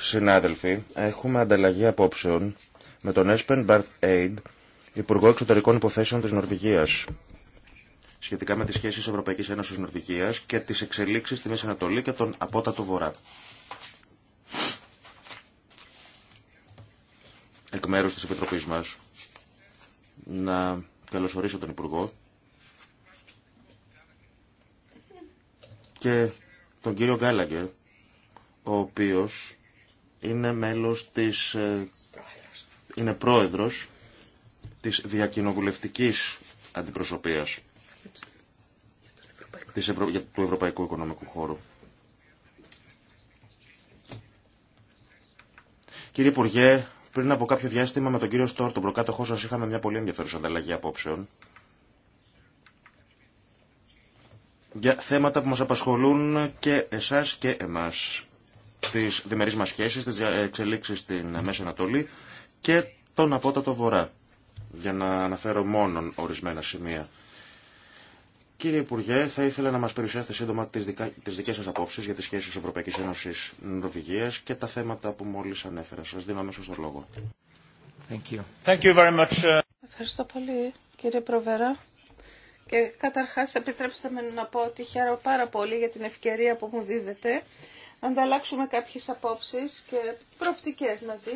Συνάδελφοι, έχουμε ανταλλαγή απόψεων με τον Espen Barth Aid, Υπουργό Εξωτερικών Υποθέσεων της Νορβηγίας, σχετικά με τις σχέσεις Ευρωπαϊκής Ένωσης Νορβηγίας και τις εξελίξεις στη Μέση Ανατολή και τον Απότατο Βορρά. Μέρο τη Επιτροπή μα. να καλωσορίσω τον Υπουργό και τον κύριο Γκάλαγκερ, ο οποίος είναι μέλος της, ε, είναι πρόεδρος της διακοινοβουλευτικής αντιπροσωπείας του Ευρωπαϊκού Οικονομικού Χώρου. Κύριε Υπουργέ, πριν από κάποιο διάστημα με τον κύριο Στόρ, τον προκάτοχό σα, είχαμε μια πολύ ενδιαφέρουσα ανταλλαγή απόψεων. Για θέματα που μα απασχολούν και εσά και εμά. Τι διμερεί μα σχέσει, τι εξελίξει στην Μέση Ανατολή και τον απότατο Βορρά. Για να αναφέρω μόνον ορισμένα σημεία. Κύριε Υπουργέ, θα ήθελα να μας περιουσιάσετε σύντομα τις, τις δικές σας απόψεις για τις σχέσεις Ευρωπαϊκής Ένωσης Νορβηγίας και τα θέματα που μόλις ανέφερα. Σας δίνω αμέσως τον λόγο. Thank you. Thank you very much. Uh, Ευχαριστώ πολύ κύριε Προβέρα. Και καταρχάς επιτρέψτε με να πω ότι χαίρομαι πάρα πολύ για την ευκαιρία που μου δίδεται να ανταλλάξουμε κάποιες απόψεις και προοπτικές μαζί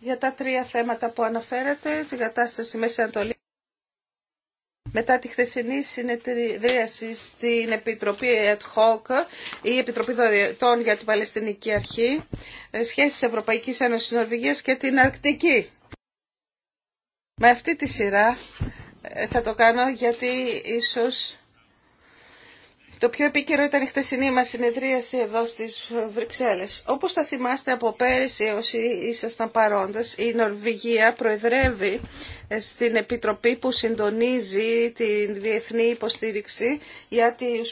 για τα τρία θέματα που αναφέρατε, την κατάσταση Μέση Ανατολή μετά τη χθεσινή συνεδρίαση στην Επιτροπή Ad Hoc, η Επιτροπή Δωρετών για την Παλαιστινική Αρχή, ε, σχέσεις Ευρωπαϊκής Ένωση και την Αρκτική. Με αυτή τη σειρά ε, θα το κάνω γιατί ίσως το πιο επίκαιρο ήταν η χτεσινή μα συνεδρίαση εδώ στι Βρυξέλλε. Όπω θα θυμάστε από πέρυσι όσοι ήσασταν παρόντες, η Νορβηγία προεδρεύει ε, στην Επιτροπή που συντονίζει την διεθνή υποστήριξη για του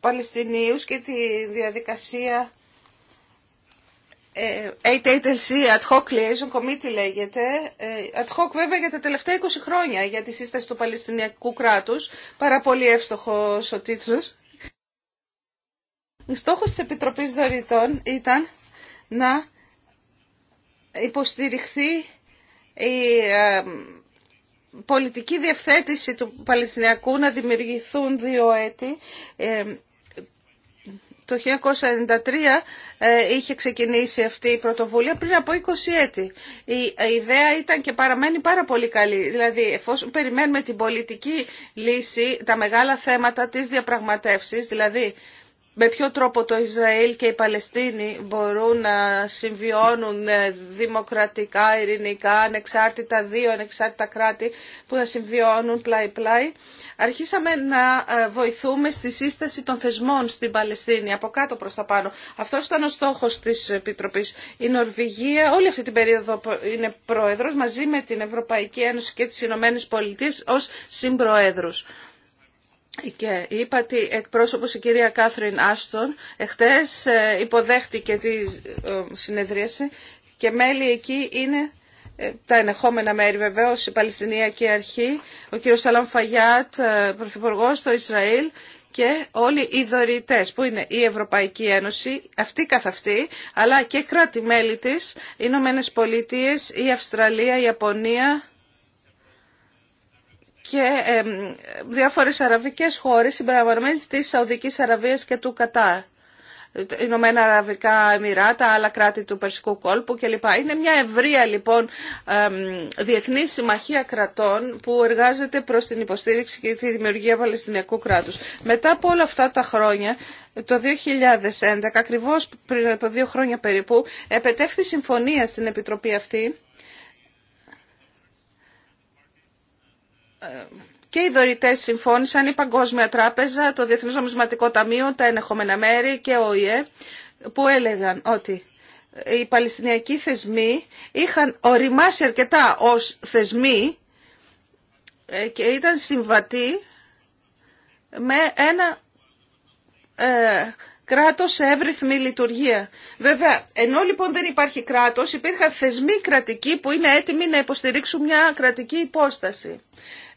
παλαιστινίου και τη διαδικασία ε, ATLC, Ad Hoc Liaison Committee λέγεται, ε, Ad Hoc βέβαια για τα τελευταία 20 χρόνια για τη σύσταση του Παλαιστινιακού κράτους, πάρα πολύ εύστοχος ο τίτλος. Στόχος της Επιτροπής Δωρητών ήταν να υποστηριχθεί η ε, πολιτική διευθέτηση του Παλαιστινιακού να δημιουργηθούν δύο έτη. Ε, το 1993 ε, είχε ξεκινήσει αυτή η πρωτοβουλία πριν από 20 έτη. Η ιδέα ήταν και παραμένει πάρα πολύ καλή. Δηλαδή, εφόσον περιμένουμε την πολιτική λύση, τα μεγάλα θέματα της διαπραγματεύσης, δηλαδή με ποιο τρόπο το Ισραήλ και η Παλαιστίνη μπορούν να συμβιώνουν ε, δημοκρατικά, ειρηνικά, ανεξάρτητα δύο ανεξάρτητα κράτη που να συμβιώνουν πλάι-πλάι. Αρχίσαμε να ε, βοηθούμε στη σύσταση των θεσμών στην Παλαιστίνη, από κάτω προς τα πάνω. Αυτό ήταν ο στόχος της Επιτροπής. Η Νορβηγία όλη αυτή την περίοδο είναι πρόεδρος μαζί με την Ευρωπαϊκή Ένωση και τις Ηνωμένε Πολιτείες ως συμπροέδρους και είπα ότι εκπρόσωπος η κυρία Κάθριν Άστον εχθές ε, υποδέχτηκε τη ε, συνεδρίαση και μέλη εκεί είναι ε, τα ενεχόμενα μέρη βεβαίως, η Παλαιστινιακή Αρχή, ο κύριος Σαλάμ Φαγιάτ, πρωθυπουργός στο Ισραήλ και όλοι οι δωρητές που είναι η Ευρωπαϊκή Ένωση, αυτή καθ' αυτή, αλλά και κράτη-μέλη της, οι Ηνωμένε Πολιτείε, η Αυστραλία, η Ιαπωνία, και διάφορες αραβικές χώρες συμπεριλαμβανομένες της Σαουδικής Αραβίας και του Κατάρ. Ηνωμένα Αραβικά Εμμυράτα, άλλα κράτη του Περσικού κόλπου κλπ. Είναι μια ευρεία λοιπόν διεθνή συμμαχία κρατών που εργάζεται προς την υποστήριξη και τη δημιουργία Παλαιστινιακού κράτους. Μετά από όλα αυτά τα χρόνια, το 2011, ακριβώς πριν από δύο χρόνια περίπου, επετεύχθη συμφωνία στην Επιτροπή αυτή και οι δωρητέ συμφώνησαν, η Παγκόσμια Τράπεζα, το Διεθνέ Νομισματικό Ταμείο, τα ενεχόμενα μέρη και ο ΙΕ, που έλεγαν ότι οι Παλαιστινιακοί θεσμοί είχαν οριμάσει αρκετά ω θεσμοί ε, και ήταν συμβατοί με ένα ε, κράτος σε εύρυθμη λειτουργία. Βέβαια, ενώ λοιπόν δεν υπάρχει κράτος, υπήρχαν θεσμοί κρατικοί που είναι έτοιμοι να υποστηρίξουν μια κρατική υπόσταση.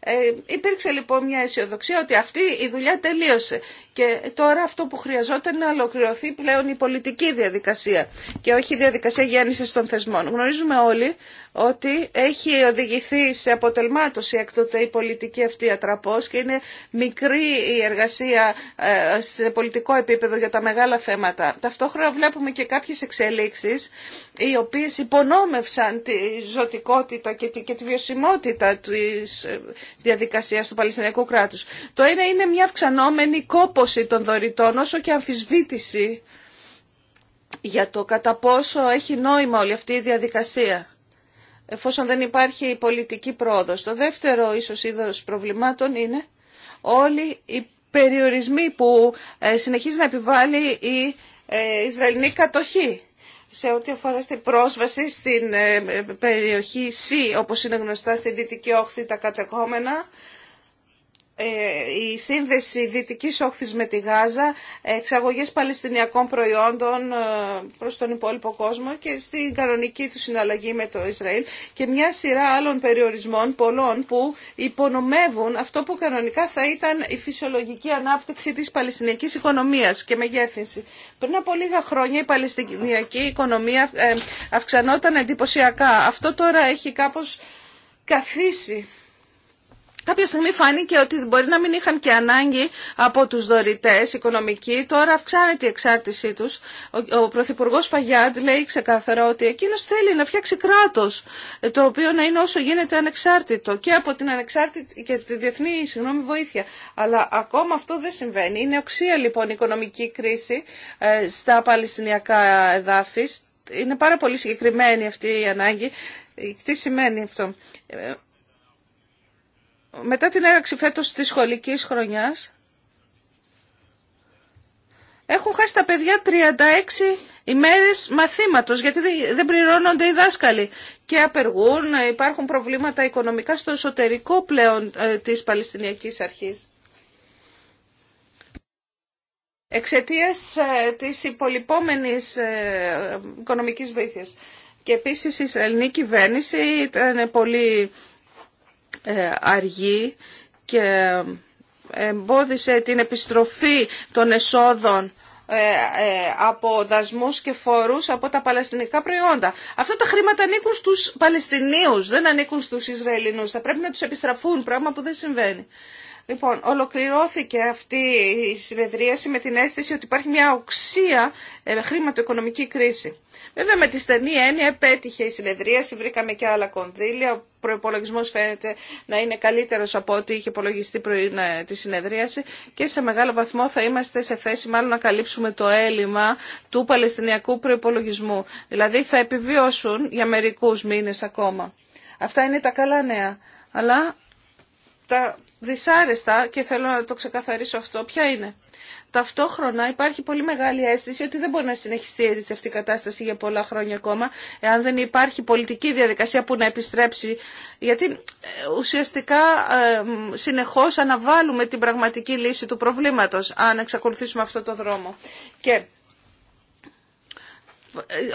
Ε, υπήρξε λοιπόν μια αισιοδοξία ότι αυτή η δουλειά τελείωσε και τώρα αυτό που χρειαζόταν να ολοκληρωθεί πλέον η πολιτική διαδικασία και όχι η διαδικασία γέννηση των θεσμών. Γνωρίζουμε όλοι ότι έχει οδηγηθεί σε αποτελμάτωση εκ τότε η πολιτική αυτή ατραπός και είναι μικρή η εργασία ε, σε πολιτικό επίπεδο για τα μεγάλα θέματα. Ταυτόχρονα βλέπουμε και κάποιες εξελίξεις οι οποίες υπονόμευσαν τη ζωτικότητα και τη βιωσιμότητα της ε, διαδικασία του Παλαιστινιακού κράτου. Το ένα είναι μια αυξανόμενη κόποση των δωρητών όσο και αμφισβήτηση για το κατά πόσο έχει νόημα όλη αυτή η διαδικασία εφόσον δεν υπάρχει η πολιτική πρόοδος. Το δεύτερο ίσως είδος προβλημάτων είναι όλοι οι περιορισμοί που ε, συνεχίζει να επιβάλλει η ε, Ισραηλινή κατοχή σε ό,τι αφορά στην πρόσβαση στην ε, ε, περιοχή C, όπως είναι γνωστά στη Δυτική Όχθη τα κατεχόμενα, ε, η σύνδεση Δυτικής Όχθης με τη Γάζα, εξαγωγές Παλαιστινιακών προϊόντων ε, προς τον υπόλοιπο κόσμο και στην κανονική του συναλλαγή με το Ισραήλ και μια σειρά άλλων περιορισμών πολλών που υπονομεύουν αυτό που κανονικά θα ήταν η φυσιολογική ανάπτυξη της Παλαιστινιακής οικονομίας και μεγέθυνση. Πριν από λίγα χρόνια η Παλαιστινιακή οικονομία ε, αυξανόταν εντυπωσιακά. Αυτό τώρα έχει κάπως καθίσει Κάποια στιγμή φάνηκε ότι μπορεί να μην είχαν και ανάγκη από τους δωρητές οικονομικοί. Τώρα αυξάνεται η εξάρτησή τους. Ο, ο Πρωθυπουργός Φαγιάντ λέει ξεκάθαρα ότι εκείνος θέλει να φτιάξει κράτος, το οποίο να είναι όσο γίνεται ανεξάρτητο και από την ανεξάρτητη και τη διεθνή συγγνώμη, βοήθεια. Αλλά ακόμα αυτό δεν συμβαίνει. Είναι οξία λοιπόν η οικονομική κρίση ε, στα παλαισθηνιακά εδάφη. Είναι πάρα πολύ συγκεκριμένη αυτή η ανάγκη. Τι σημαίνει αυτό. Ε, μετά την έραξη φέτος της σχολικής χρονιάς, έχουν χάσει τα παιδιά 36 ημέρες μαθήματος, γιατί δεν πληρώνονται οι δάσκαλοι και απεργούν, υπάρχουν προβλήματα οικονομικά στο εσωτερικό πλέον ε, της Παλαιστινιακής Αρχής. Εξαιτίας ε, της υπολοιπόμενης ε, οικονομικής βοήθειας. Και επίσης η Ισραηλινή κυβέρνηση ήταν πολύ ε, αργή και εμπόδισε την επιστροφή των εσόδων ε, ε, από δασμούς και φόρους από τα παλαιστινικά προϊόντα. Αυτά τα χρήματα ανήκουν στους Παλαιστινίους, δεν ανήκουν στους Ισραηλινούς. Θα πρέπει να τους επιστραφούν, πράγμα που δεν συμβαίνει. Λοιπόν, ολοκληρώθηκε αυτή η συνεδρίαση με την αίσθηση ότι υπάρχει μια οξία ε, χρηματοοικονομική κρίση. Βέβαια με τη στενή έννοια επέτυχε η συνεδρίαση, βρήκαμε και άλλα κονδύλια, ο προπολογισμό φαίνεται να είναι καλύτερο από ό,τι είχε υπολογιστεί πριν ε, τη συνεδρίαση και σε μεγάλο βαθμό θα είμαστε σε θέση μάλλον να καλύψουμε το έλλειμμα του Παλαιστινιακού προπολογισμού. Δηλαδή θα επιβιώσουν για μερικούς μήνε ακόμα. Αυτά είναι τα καλά νέα. Αλλά τα δυσάρεστα και θέλω να το ξεκαθαρίσω αυτό. Ποια είναι. Ταυτόχρονα υπάρχει πολύ μεγάλη αίσθηση ότι δεν μπορεί να συνεχιστεί έτσι αυτή η κατάσταση για πολλά χρόνια ακόμα, εάν δεν υπάρχει πολιτική διαδικασία που να επιστρέψει. Γιατί ε, ουσιαστικά ε, συνεχώς αναβάλουμε την πραγματική λύση του προβλήματος, αν εξακολουθήσουμε αυτό το δρόμο. Και ε,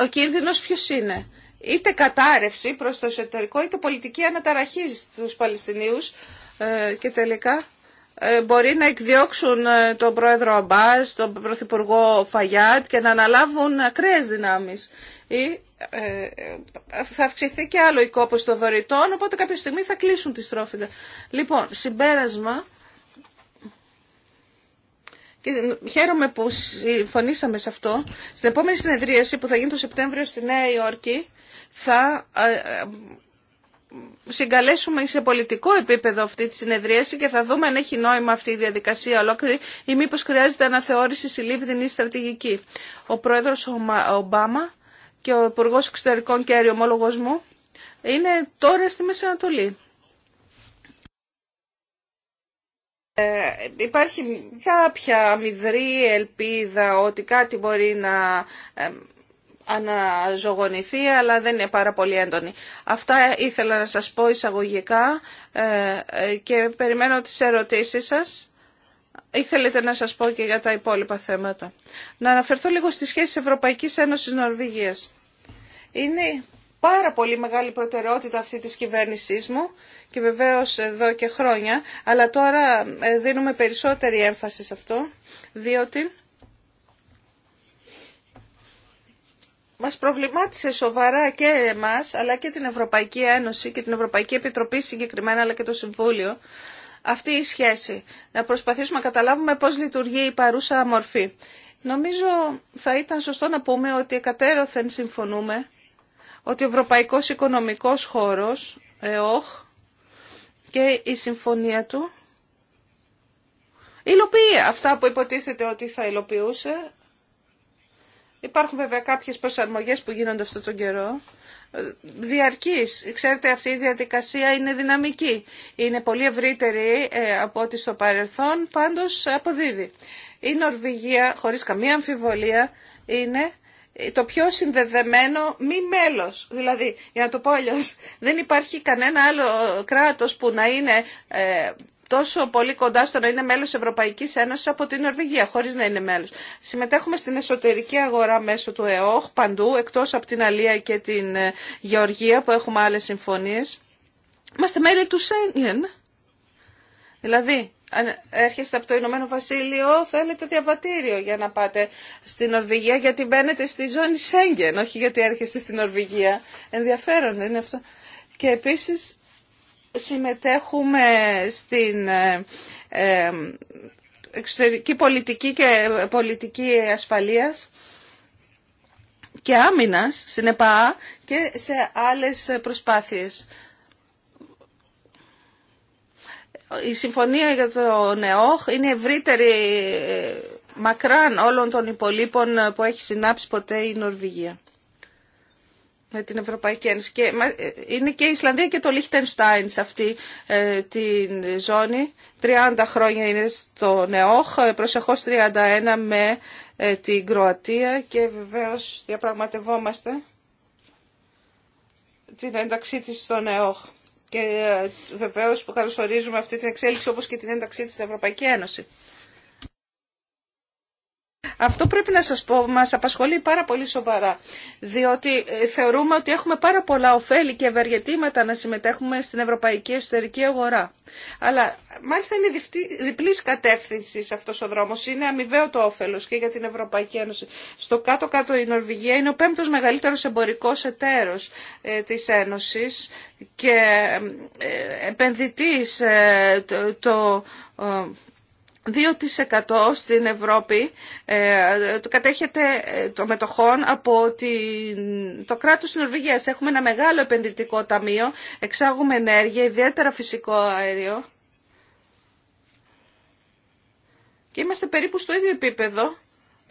ο κίνδυνος ποιος είναι. Είτε κατάρρευση προς το εσωτερικό, είτε πολιτική αναταραχή στους Παλαιστινίου. Ε, και τελικά ε, μπορεί να εκδιώξουν ε, τον πρόεδρο Αμπάς, τον πρωθυπουργό Φαγιάτ και να αναλάβουν ακραίες ακραίε αυξηθεί και άλλο η κόπος των δωρητών, οπότε κάποια στιγμή θα κλείσουν τη στρόφιγγα. Λοιπόν, συμπέρασμα... Και χαίρομαι που συμφωνήσαμε σε αυτό. Στην επόμενη συνεδρίαση που θα γίνει το Σεπτέμβριο στη Νέα Υόρκη θα συγκαλέσουμε σε πολιτικό επίπεδο αυτή τη συνεδρίαση και θα δούμε αν έχει νόημα αυτή η διαδικασία ολόκληρη ή μήπως χρειάζεται αναθεώρηση συλλήβδινή στρατηγική. Ο πρόεδρος Ομπάμα και ο υπουργό Εξωτερικών και Αεριομόλογος μου είναι τώρα στη Μέση Ανατολή. Ε, υπάρχει κάποια αμυδρή ελπίδα ότι κάτι μπορεί να ε, αναζωογονηθεί, αλλά δεν είναι πάρα πολύ έντονη. Αυτά ήθελα να σας πω εισαγωγικά ε, ε, και περιμένω τις ερωτήσεις σας. Ήθελετε να σας πω και για τα υπόλοιπα θέματα. Να αναφερθώ λίγο στις σχέσεις Ευρωπαϊκής Ένωσης Νορβηγίας. Είναι πάρα πολύ μεγάλη προτεραιότητα αυτή της κυβέρνησής μου και βεβαίως εδώ και χρόνια, αλλά τώρα ε, δίνουμε περισσότερη έμφαση σε αυτό, διότι μας προβλημάτισε σοβαρά και εμάς, αλλά και την Ευρωπαϊκή Ένωση και την Ευρωπαϊκή Επιτροπή συγκεκριμένα, αλλά και το Συμβούλιο, αυτή η σχέση. Να προσπαθήσουμε να καταλάβουμε πώς λειτουργεί η παρούσα μορφή. Νομίζω θα ήταν σωστό να πούμε ότι εκατέρωθεν συμφωνούμε ότι ο Ευρωπαϊκός Οικονομικός Χώρος, ΕΟΧ, και η συμφωνία του υλοποιεί αυτά που υποτίθεται ότι θα υλοποιούσε Υπάρχουν βέβαια κάποιες προσαρμογές που γίνονται αυτόν τον καιρό. διαρκή. Ξέρετε αυτή η διαδικασία είναι δυναμική. Είναι πολύ ευρύτερη ε, από ό,τι στο παρελθόν, πάντως αποδίδει. Η Νορβηγία, χωρίς καμία αμφιβολία, είναι το πιο συνδεδεμένο μη μέλος. Δηλαδή, για να το πω αλλιώς, δεν υπάρχει κανένα άλλο κράτος που να είναι ε, τόσο πολύ κοντά στο να είναι μέλος Ευρωπαϊκής Ένωσης από την Νορβηγία, χωρίς να είναι μέλος. Συμμετέχουμε στην εσωτερική αγορά μέσω του ΕΟΧ παντού, εκτός από την Αλία και την ε, Γεωργία που έχουμε άλλες συμφωνίες. Είμαστε μέλη του Σέγγεν. Δηλαδή, αν έρχεστε από το Ηνωμένο Βασίλειο, θέλετε διαβατήριο για να πάτε στην Νορβηγία, γιατί μπαίνετε στη ζώνη Σέγγεν, όχι γιατί έρχεστε στην Νορβηγία. Ενδιαφέρον είναι αυτό. Και επίσης, συμμετέχουμε στην ε, ε, εξωτερική πολιτική και πολιτική ασφαλείας και άμυνας στην ΕΠΑΑ και σε άλλες προσπάθειες. Η συμφωνία για το ΝΕΟΧ είναι ευρύτερη ε, μακράν όλων των υπολείπων που έχει συνάψει ποτέ η Νορβηγία με την Ευρωπαϊκή Ένωση. Και ε, είναι και η Ισλανδία και το Λίχτενστάιν σε αυτή ε, τη ζώνη. 30 χρόνια είναι στο ΝΕΟΧ, ε, προσεχώς 31 με την Κροατία και βεβαίως διαπραγματευόμαστε την ένταξή της στο ΝΕΟΧ. Και ε, βεβαίως που καλωσορίζουμε αυτή την εξέλιξη όπως και την ένταξή της στην Ευρωπαϊκή Ένωση. Αυτό πρέπει να σας πω, μας απασχολεί πάρα πολύ σοβαρά, διότι ε, θεωρούμε ότι έχουμε πάρα πολλά ωφέλη και ευεργετήματα να συμμετέχουμε στην ευρωπαϊκή εσωτερική αγορά. Αλλά μάλιστα είναι διπλής κατεύθυνση αυτός ο δρόμος, είναι αμοιβαίο το όφελος και για την Ευρωπαϊκή Ένωση. Στο κάτω-κάτω η Νορβηγία είναι ο πέμπτος μεγαλύτερος εμπορικός εταίρος ε, της Ένωσης και ε, επενδυτής το 2% στην Ευρώπη ε, κατέχεται ε, το μετοχών από τη το κράτος της Νορβηγίας. Έχουμε ένα μεγάλο επενδυτικό ταμείο, εξάγουμε ενέργεια, ιδιαίτερα φυσικό αέριο. Και είμαστε περίπου στο ίδιο επίπεδο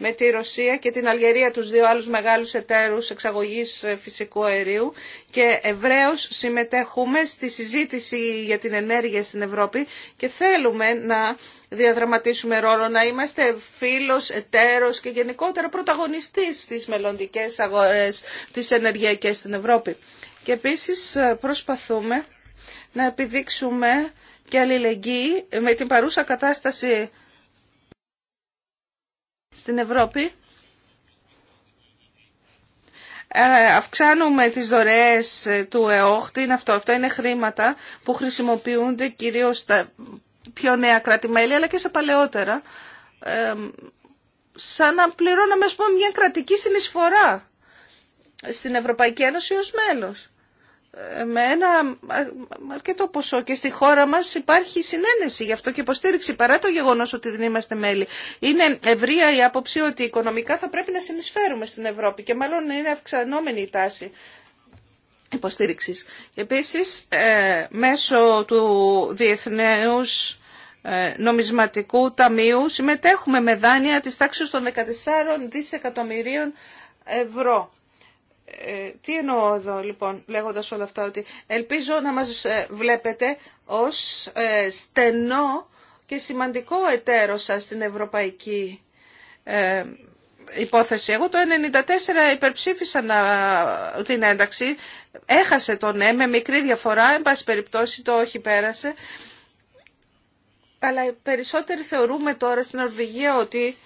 με τη Ρωσία και την Αλγερία, τους δύο άλλους μεγάλους εταίρους εξαγωγής ε, φυσικού αερίου και ευρέως συμμετέχουμε στη συζήτηση για την ενέργεια στην Ευρώπη και θέλουμε να διαδραματίσουμε ρόλο, να είμαστε φίλος, εταίρος και γενικότερα πρωταγωνιστής στις μελλοντικέ αγορές της ενεργειακές στην Ευρώπη. Και επίσης ε, προσπαθούμε να επιδείξουμε και αλληλεγγύη με την παρούσα κατάσταση στην Ευρώπη. Ε, αυξάνουμε τις δωρεές ε, του ΕΟΧ, τι είναι αυτό, αυτό είναι χρήματα που χρησιμοποιούνται κυρίως στα πιο νέα αλλά και σε παλαιότερα, ε, σαν να πληρώναμε, πούμε, μια κρατική συνεισφορά στην Ευρωπαϊκή Ένωση ως μέλος με ένα αρκετό ποσό και στη χώρα μας υπάρχει συνένεση γι' αυτό και υποστήριξη παρά το γεγονός ότι δεν είμαστε μέλη. Είναι ευρεία η άποψη ότι οικονομικά θα πρέπει να συνεισφέρουμε στην Ευρώπη και μάλλον είναι αυξανόμενη η τάση υποστήριξης. Επίσης, ε, μέσω του Διεθνέους ε, Νομισματικού Ταμείου συμμετέχουμε με δάνεια της τάξης των 14 δισεκατομμυρίων ευρώ ε, τι εννοώ εδώ λοιπόν λέγοντας όλα αυτά ότι ελπίζω να μας ε, βλέπετε ως ε, στενό και σημαντικό εταίρο σας στην ευρωπαϊκή υπόθεση. Εγώ το 1994 υπερψήφισα να, την ένταξη, έχασε τον ναι με μικρή διαφορά, εν πάση περιπτώσει το όχι πέρασε. Αλλά περισσότεροι θεωρούμε τώρα στην Ορβηγία ότι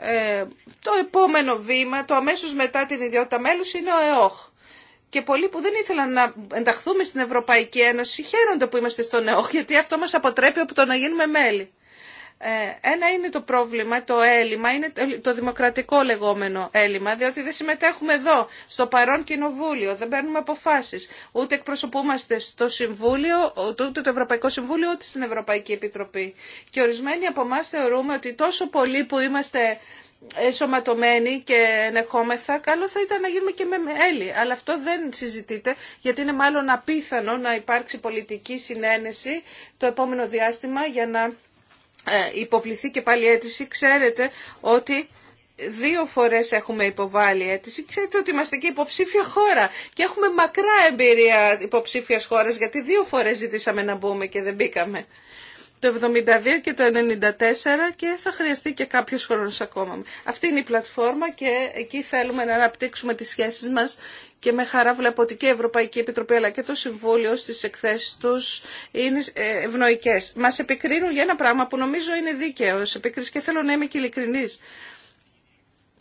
ε, το επόμενο βήμα, το αμέσως μετά την ιδιότητα μέλους, είναι ο ΕΟΧ. Και πολλοί που δεν ήθελαν να ενταχθούμε στην Ευρωπαϊκή Ένωση χαίρονται που είμαστε στον ΕΟΧ, γιατί αυτό μας αποτρέπει από το να γίνουμε μέλη. Ε, ένα είναι το πρόβλημα, το έλλειμμα, είναι το δημοκρατικό λεγόμενο έλλειμμα, διότι δεν συμμετέχουμε εδώ, στο παρόν κοινοβούλιο, δεν παίρνουμε αποφάσεις. Ούτε εκπροσωπούμαστε στο Συμβούλιο, ούτε το Ευρωπαϊκό Συμβούλιο, ούτε στην Ευρωπαϊκή Επιτροπή. Και ορισμένοι από εμά θεωρούμε ότι τόσο πολλοί που είμαστε σωματωμένοι και ενεχόμεθα, καλό θα ήταν να γίνουμε και με έλλη. Αλλά αυτό δεν συζητείται, γιατί είναι μάλλον απίθανο να υπάρξει πολιτική συνένεση το επόμενο διάστημα για να ε, υποβληθεί και πάλι αίτηση, ξέρετε ότι δύο φορές έχουμε υποβάλει αίτηση. Ξέρετε ότι είμαστε και υποψήφια χώρα και έχουμε μακρά εμπειρία υποψήφιας χώρας γιατί δύο φορές ζητήσαμε να μπούμε και δεν μπήκαμε. Το 72 και το 94 και θα χρειαστεί και κάποιος χρόνος ακόμα. Αυτή είναι η πλατφόρμα και εκεί θέλουμε να αναπτύξουμε τις σχέσεις μας και με χαρά βλέπω ότι και η Ευρωπαϊκή Επιτροπή αλλά και το Συμβούλιο στις εκθέσεις τους είναι ε, ευνοϊκές. Μας επικρίνουν για ένα πράγμα που νομίζω είναι δίκαιο σε επίκριση και θέλω να είμαι και ειλικρινής.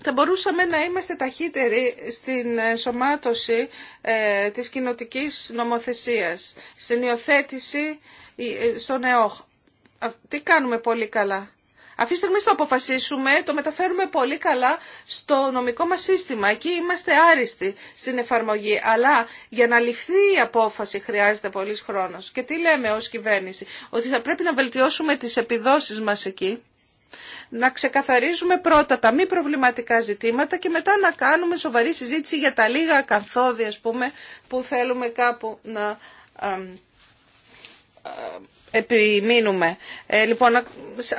Θα μπορούσαμε να είμαστε ταχύτεροι στην ενσωμάτωση ε, της κοινοτικής νομοθεσίας, στην υιοθέτηση ε, στον ΕΟΧ. Τι κάνουμε πολύ καλά. Αυτή τη στιγμή το αποφασίσουμε, το μεταφέρουμε πολύ καλά στο νομικό μας σύστημα. Εκεί είμαστε άριστοι στην εφαρμογή. Αλλά για να ληφθεί η απόφαση χρειάζεται πολύ χρόνος. Και τι λέμε ως κυβέρνηση, ότι θα πρέπει να βελτιώσουμε τις επιδόσεις μας εκεί. Να ξεκαθαρίζουμε πρώτα τα μη προβληματικά ζητήματα και μετά να κάνουμε σοβαρή συζήτηση για τα λίγα καθόδια, πούμε, που θέλουμε κάπου να επιμείνουμε. Ε, λοιπόν,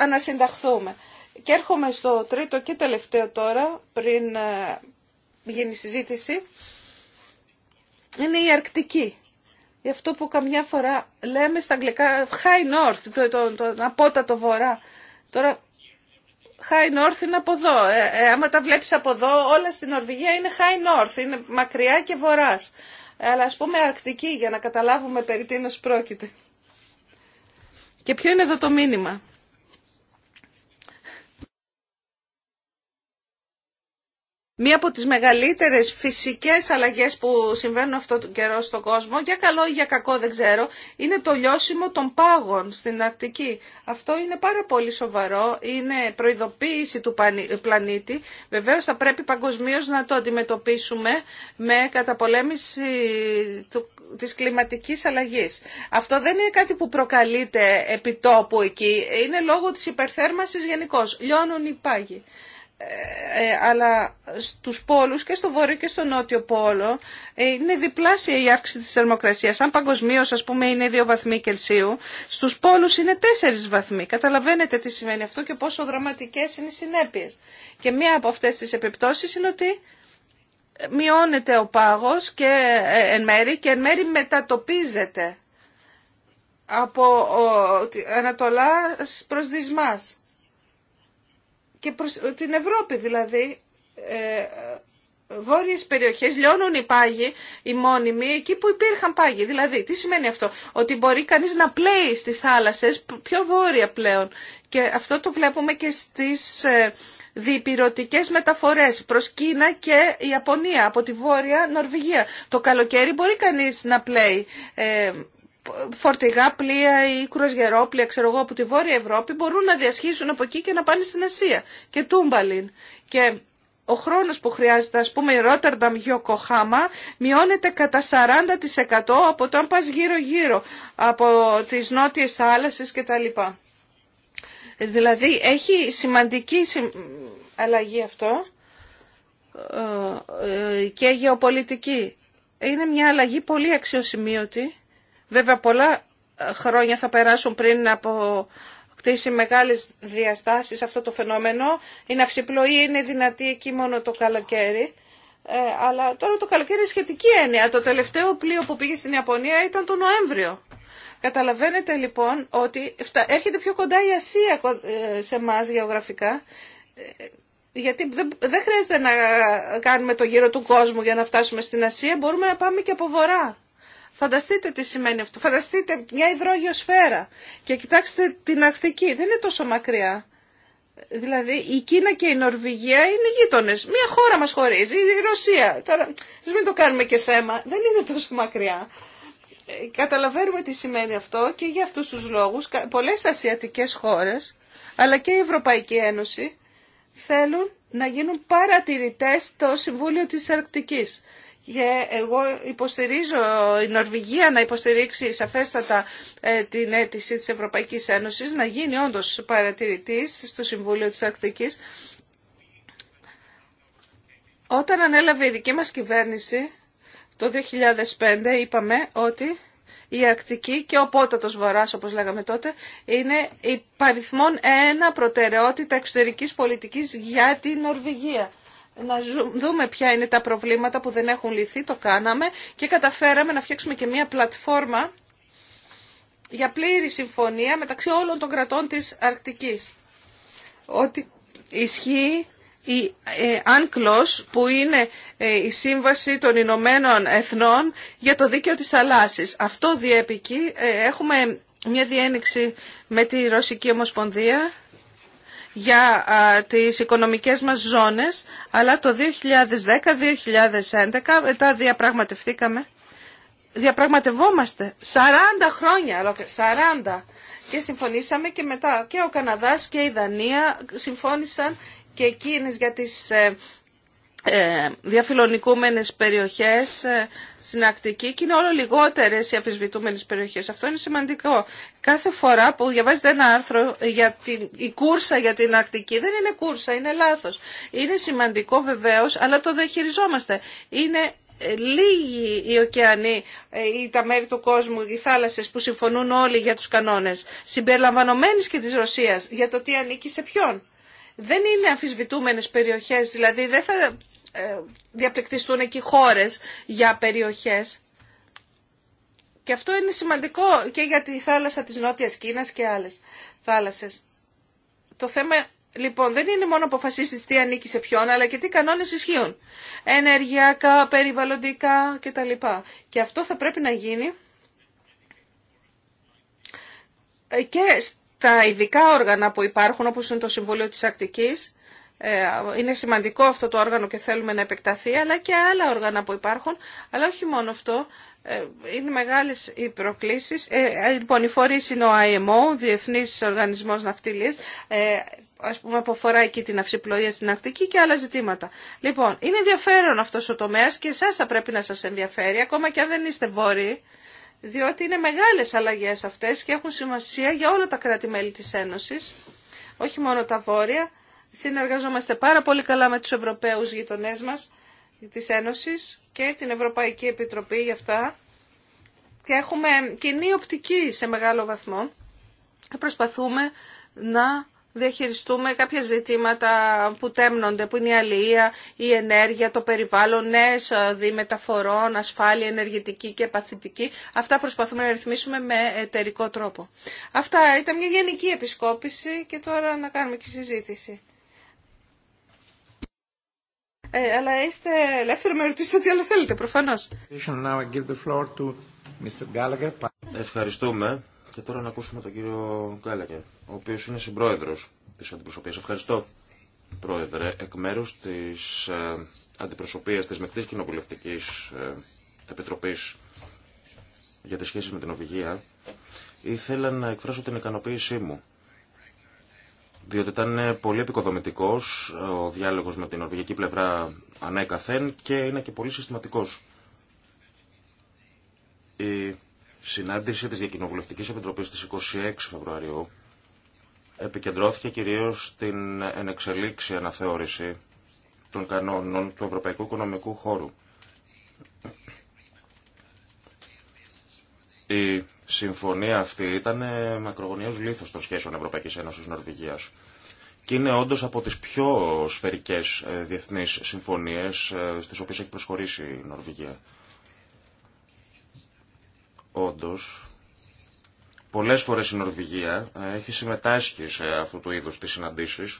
ανασυνταχθούμε. Και έρχομαι στο τρίτο και τελευταίο τώρα, πριν ε, γίνει η συζήτηση. Είναι η Αρκτική. Γι' αυτό που καμιά φορά λέμε στα αγγλικά high north, το, το, το, το απότατο βορρά. Τώρα high north είναι από εδώ. Ε, άμα τα βλέπεις από εδώ, όλα στην Νορβηγία είναι high north, είναι μακριά και βορράς. Αλλά ας πούμε αρκτική για να καταλάβουμε περί τίνος πρόκειται. Και ποιο είναι εδώ το μήνυμα. Μία από τις μεγαλύτερες φυσικές αλλαγές που συμβαίνουν αυτό τον καιρό στον κόσμο, για καλό ή για κακό δεν ξέρω, είναι το λιώσιμο των πάγων στην Αρκτική. Αυτό είναι πάρα πολύ σοβαρό, είναι προειδοποίηση του πλανήτη. Βεβαίως θα πρέπει παγκοσμίως να το αντιμετωπίσουμε με καταπολέμηση του της κλιματικής αλλαγής. Αυτό δεν είναι κάτι που προκαλείται επιτόπου εκεί. Είναι λόγω της υπερθέρμανσης γενικώ. Λιώνουν οι πάγοι. Ε, ε, αλλά στους πόλους και στο βόρειο και στο νότιο πόλο ε, είναι διπλάσια η αύξηση της θερμοκρασίας. Αν παγκοσμίω, ας πούμε είναι 2 βαθμοί Κελσίου, στους πόλους είναι 4 βαθμοί. Καταλαβαίνετε τι σημαίνει αυτό και πόσο δραματικές είναι οι συνέπειες. Και μία από αυτές τις επιπτώσεις είναι ότι μειώνεται ο πάγος και ε, εν μέρη και εν μέρη μετατοπίζεται από Ανατολά προς Δυσμάς και προς την Ευρώπη δηλαδή ε, βόρειες περιοχές λιώνουν οι πάγοι, οι μόνιμοι, εκεί που υπήρχαν πάγοι. Δηλαδή, τι σημαίνει αυτό, ότι μπορεί κανείς να πλέει στις θάλασσες πιο βόρεια πλέον. Και αυτό το βλέπουμε και στις ε, διπυρωτικές μεταφορές προς Κίνα και Ιαπωνία, από τη Βόρεια Νορβηγία. Το καλοκαίρι μπορεί κανείς να πλέει ε, φορτηγά πλοία ή κρουαζιερόπλοια, ξέρω εγώ, από τη Βόρεια Ευρώπη μπορούν να διασχίσουν από εκεί και να πάνε στην Ασία και Τούμπαλιν. Και ο χρόνος που χρειάζεται, ας πούμε, η Ρότερνταμ Γιοκοχάμα μειώνεται κατά 40% από το αν πας γύρω-γύρω από τις νότιες θάλασσες κτλ. Δηλαδή έχει σημαντική αλλαγή αυτό ε, ε, και γεωπολιτική. Είναι μια αλλαγή πολύ αξιοσημείωτη. Βέβαια πολλά ε, χρόνια θα περάσουν πριν από κτίσει μεγάλες διαστάσεις αυτό το φαινόμενο. Η ναυσιπλοή είναι δυνατή εκεί μόνο το καλοκαίρι. αλλά τώρα το καλοκαίρι είναι σχετική έννοια. Το τελευταίο πλοίο που πήγε στην Ιαπωνία ήταν το Νοέμβριο. Καταλαβαίνετε λοιπόν ότι έρχεται πιο κοντά η Ασία ε, σε εμά γεωγραφικά, ε, γιατί δεν χρειάζεται να κάνουμε το γύρο του κόσμου για να φτάσουμε στην Ασία, μπορούμε να πάμε και από βορρά. Φανταστείτε τι σημαίνει αυτό. Φανταστείτε μια υδρόγειο σφαίρα και κοιτάξτε την Αρκτική. Δεν είναι τόσο μακριά. Δηλαδή η Κίνα και η Νορβηγία είναι γείτονε. Μια χώρα μα χωρίζει, η Ρωσία. Τώρα, α μην το κάνουμε και θέμα. Δεν είναι τόσο μακριά. Καταλαβαίνουμε τι σημαίνει αυτό και για αυτούς τους λόγους πολλές ασιατικές χώρες αλλά και η Ευρωπαϊκή Ένωση θέλουν να γίνουν παρατηρητές στο Συμβούλιο της Αρκτικής. Και εγώ υποστηρίζω η Νορβηγία να υποστηρίξει σαφέστατα ε, την αίτηση της Ευρωπαϊκής Ένωσης να γίνει όντως παρατηρητής στο Συμβούλιο της Αρκτικής. Όταν ανέλαβε η δική μας κυβέρνηση το 2005 είπαμε ότι η Αρκτική και ο Πότατος Βορράς, όπως λέγαμε τότε, είναι η παριθμόν ένα προτεραιότητα εξωτερικής πολιτικής για την Νορβηγία. Να δούμε ποια είναι τα προβλήματα που δεν έχουν λυθεί, το κάναμε και καταφέραμε να φτιάξουμε και μια πλατφόρμα για πλήρη συμφωνία μεταξύ όλων των κρατών της Αρκτικής. Ότι ισχύει η UNCLOS ε, που είναι ε, η Σύμβαση των Ηνωμένων Εθνών για το Δίκαιο της Θαλάσσης. Αυτό διέπει ε, Έχουμε μια διένεξη με τη Ρωσική Ομοσπονδία για τις οικονομικές μας ζώνες, αλλά το 2010-2011 μετά διαπραγματευτήκαμε. Διαπραγματευόμαστε 40 χρόνια, 40 και συμφωνήσαμε και μετά και ο Καναδάς και η Δανία συμφώνησαν και εκείνες για τις ε, ε, διαφιλονικούμενες περιοχές ε, στην Ακτική και είναι όλο λιγότερες οι αφισβητούμενες περιοχές. Αυτό είναι σημαντικό. Κάθε φορά που διαβάζετε ένα άρθρο για την, η κούρσα για την Ακτική δεν είναι κούρσα, είναι λάθος. Είναι σημαντικό βεβαίως, αλλά το διαχειριζόμαστε. Είναι λίγοι οι ωκεανοί ή τα μέρη του κόσμου, οι θάλασσες που συμφωνούν όλοι για τους κανόνες, συμπεριλαμβανομένες και της Ρωσίας, για το τι ανήκει σε ποιον δεν είναι αμφισβητούμενες περιοχές, δηλαδή δεν θα ε, διαπληκτιστούν εκεί χώρες για περιοχές. Και αυτό είναι σημαντικό και για τη θάλασσα της Νότιας Κίνας και άλλες θάλασσες. Το θέμα Λοιπόν, δεν είναι μόνο αποφασίσει τι ανήκει σε ποιον, αλλά και τι κανόνες ισχύουν. Ενεργειακά, περιβαλλοντικά κτλ. Και αυτό θα πρέπει να γίνει και τα ειδικά όργανα που υπάρχουν, όπως είναι το Συμβούλιο της Αρκτικής, ε, είναι σημαντικό αυτό το όργανο και θέλουμε να επεκταθεί, αλλά και άλλα όργανα που υπάρχουν, αλλά όχι μόνο αυτό, ε, είναι μεγάλες οι προκλήσεις. Ε, λοιπόν, οι φορείς είναι ο IMO, Διεθνής Οργανισμός Ναυτιλίας, ας πούμε που αφορά εκεί την αυσιπλοεία στην Αρκτική και άλλα ζητήματα. Λοιπόν, είναι ενδιαφέρον αυτός ο τομέας και εσάς θα πρέπει να σας ενδιαφέρει, ακόμα και αν δεν είστε βόρειοι, διότι είναι μεγάλες αλλαγές αυτές και έχουν σημασία για όλα τα κράτη-μέλη της Ένωσης, όχι μόνο τα βόρεια. Συνεργαζόμαστε πάρα πολύ καλά με τους Ευρωπαίους γειτονές μας της Ένωσης και την Ευρωπαϊκή Επιτροπή για αυτά και έχουμε κοινή οπτική σε μεγάλο βαθμό. Προσπαθούμε να διαχειριστούμε κάποια ζητήματα που τέμνονται, που είναι η αλληλεία, η ενέργεια, το περιβάλλον, νέες διμεταφορών, ασφάλεια ενεργητική και παθητική. Αυτά προσπαθούμε να ρυθμίσουμε με εταιρικό τρόπο. Αυτά ήταν μια γενική επισκόπηση και τώρα να κάνουμε και συζήτηση. Ε, αλλά είστε ελεύθεροι να με ρωτήσετε ότι άλλο θέλετε, προφανώ. Ευχαριστούμε. Και τώρα να ακούσουμε τον κύριο Γκάλακερ ο οποίος είναι συμπρόεδρος της αντιπροσωπείας. Ευχαριστώ, Πρόεδρε, εκ μέρους της ε, αντιπροσωπείας της Μεκτής Κοινοβουλευτικής ε, Επιτροπής για τις σχέσεις με την Οβηγία, ήθελα να εκφράσω την ικανοποίησή μου διότι ήταν ε, πολύ επικοδομητικός ε, ο διάλογος με την νορβηγική πλευρά ανέκαθεν και είναι και πολύ συστηματικός. Η συνάντηση της Διακοινοβουλευτικής Επιτροπής της 26 Φεβρουαρίου επικεντρώθηκε κυρίως στην ενεξελίξη αναθεώρηση των κανόνων του Ευρωπαϊκού Οικονομικού Χώρου. Η συμφωνία αυτή ήταν μακρογωνιαίος λήθος των σχέσεων Ευρωπαϊκής Ένωσης Νορβηγίας και είναι όντως από τις πιο σφαιρικές ε, διεθνείς συμφωνίες ε, στις οποίες έχει προσχωρήσει η Νορβηγία. Όντως, Πολλές φορές η Νορβηγία ε, έχει συμμετάσχει σε αυτού του είδους τις συναντήσεις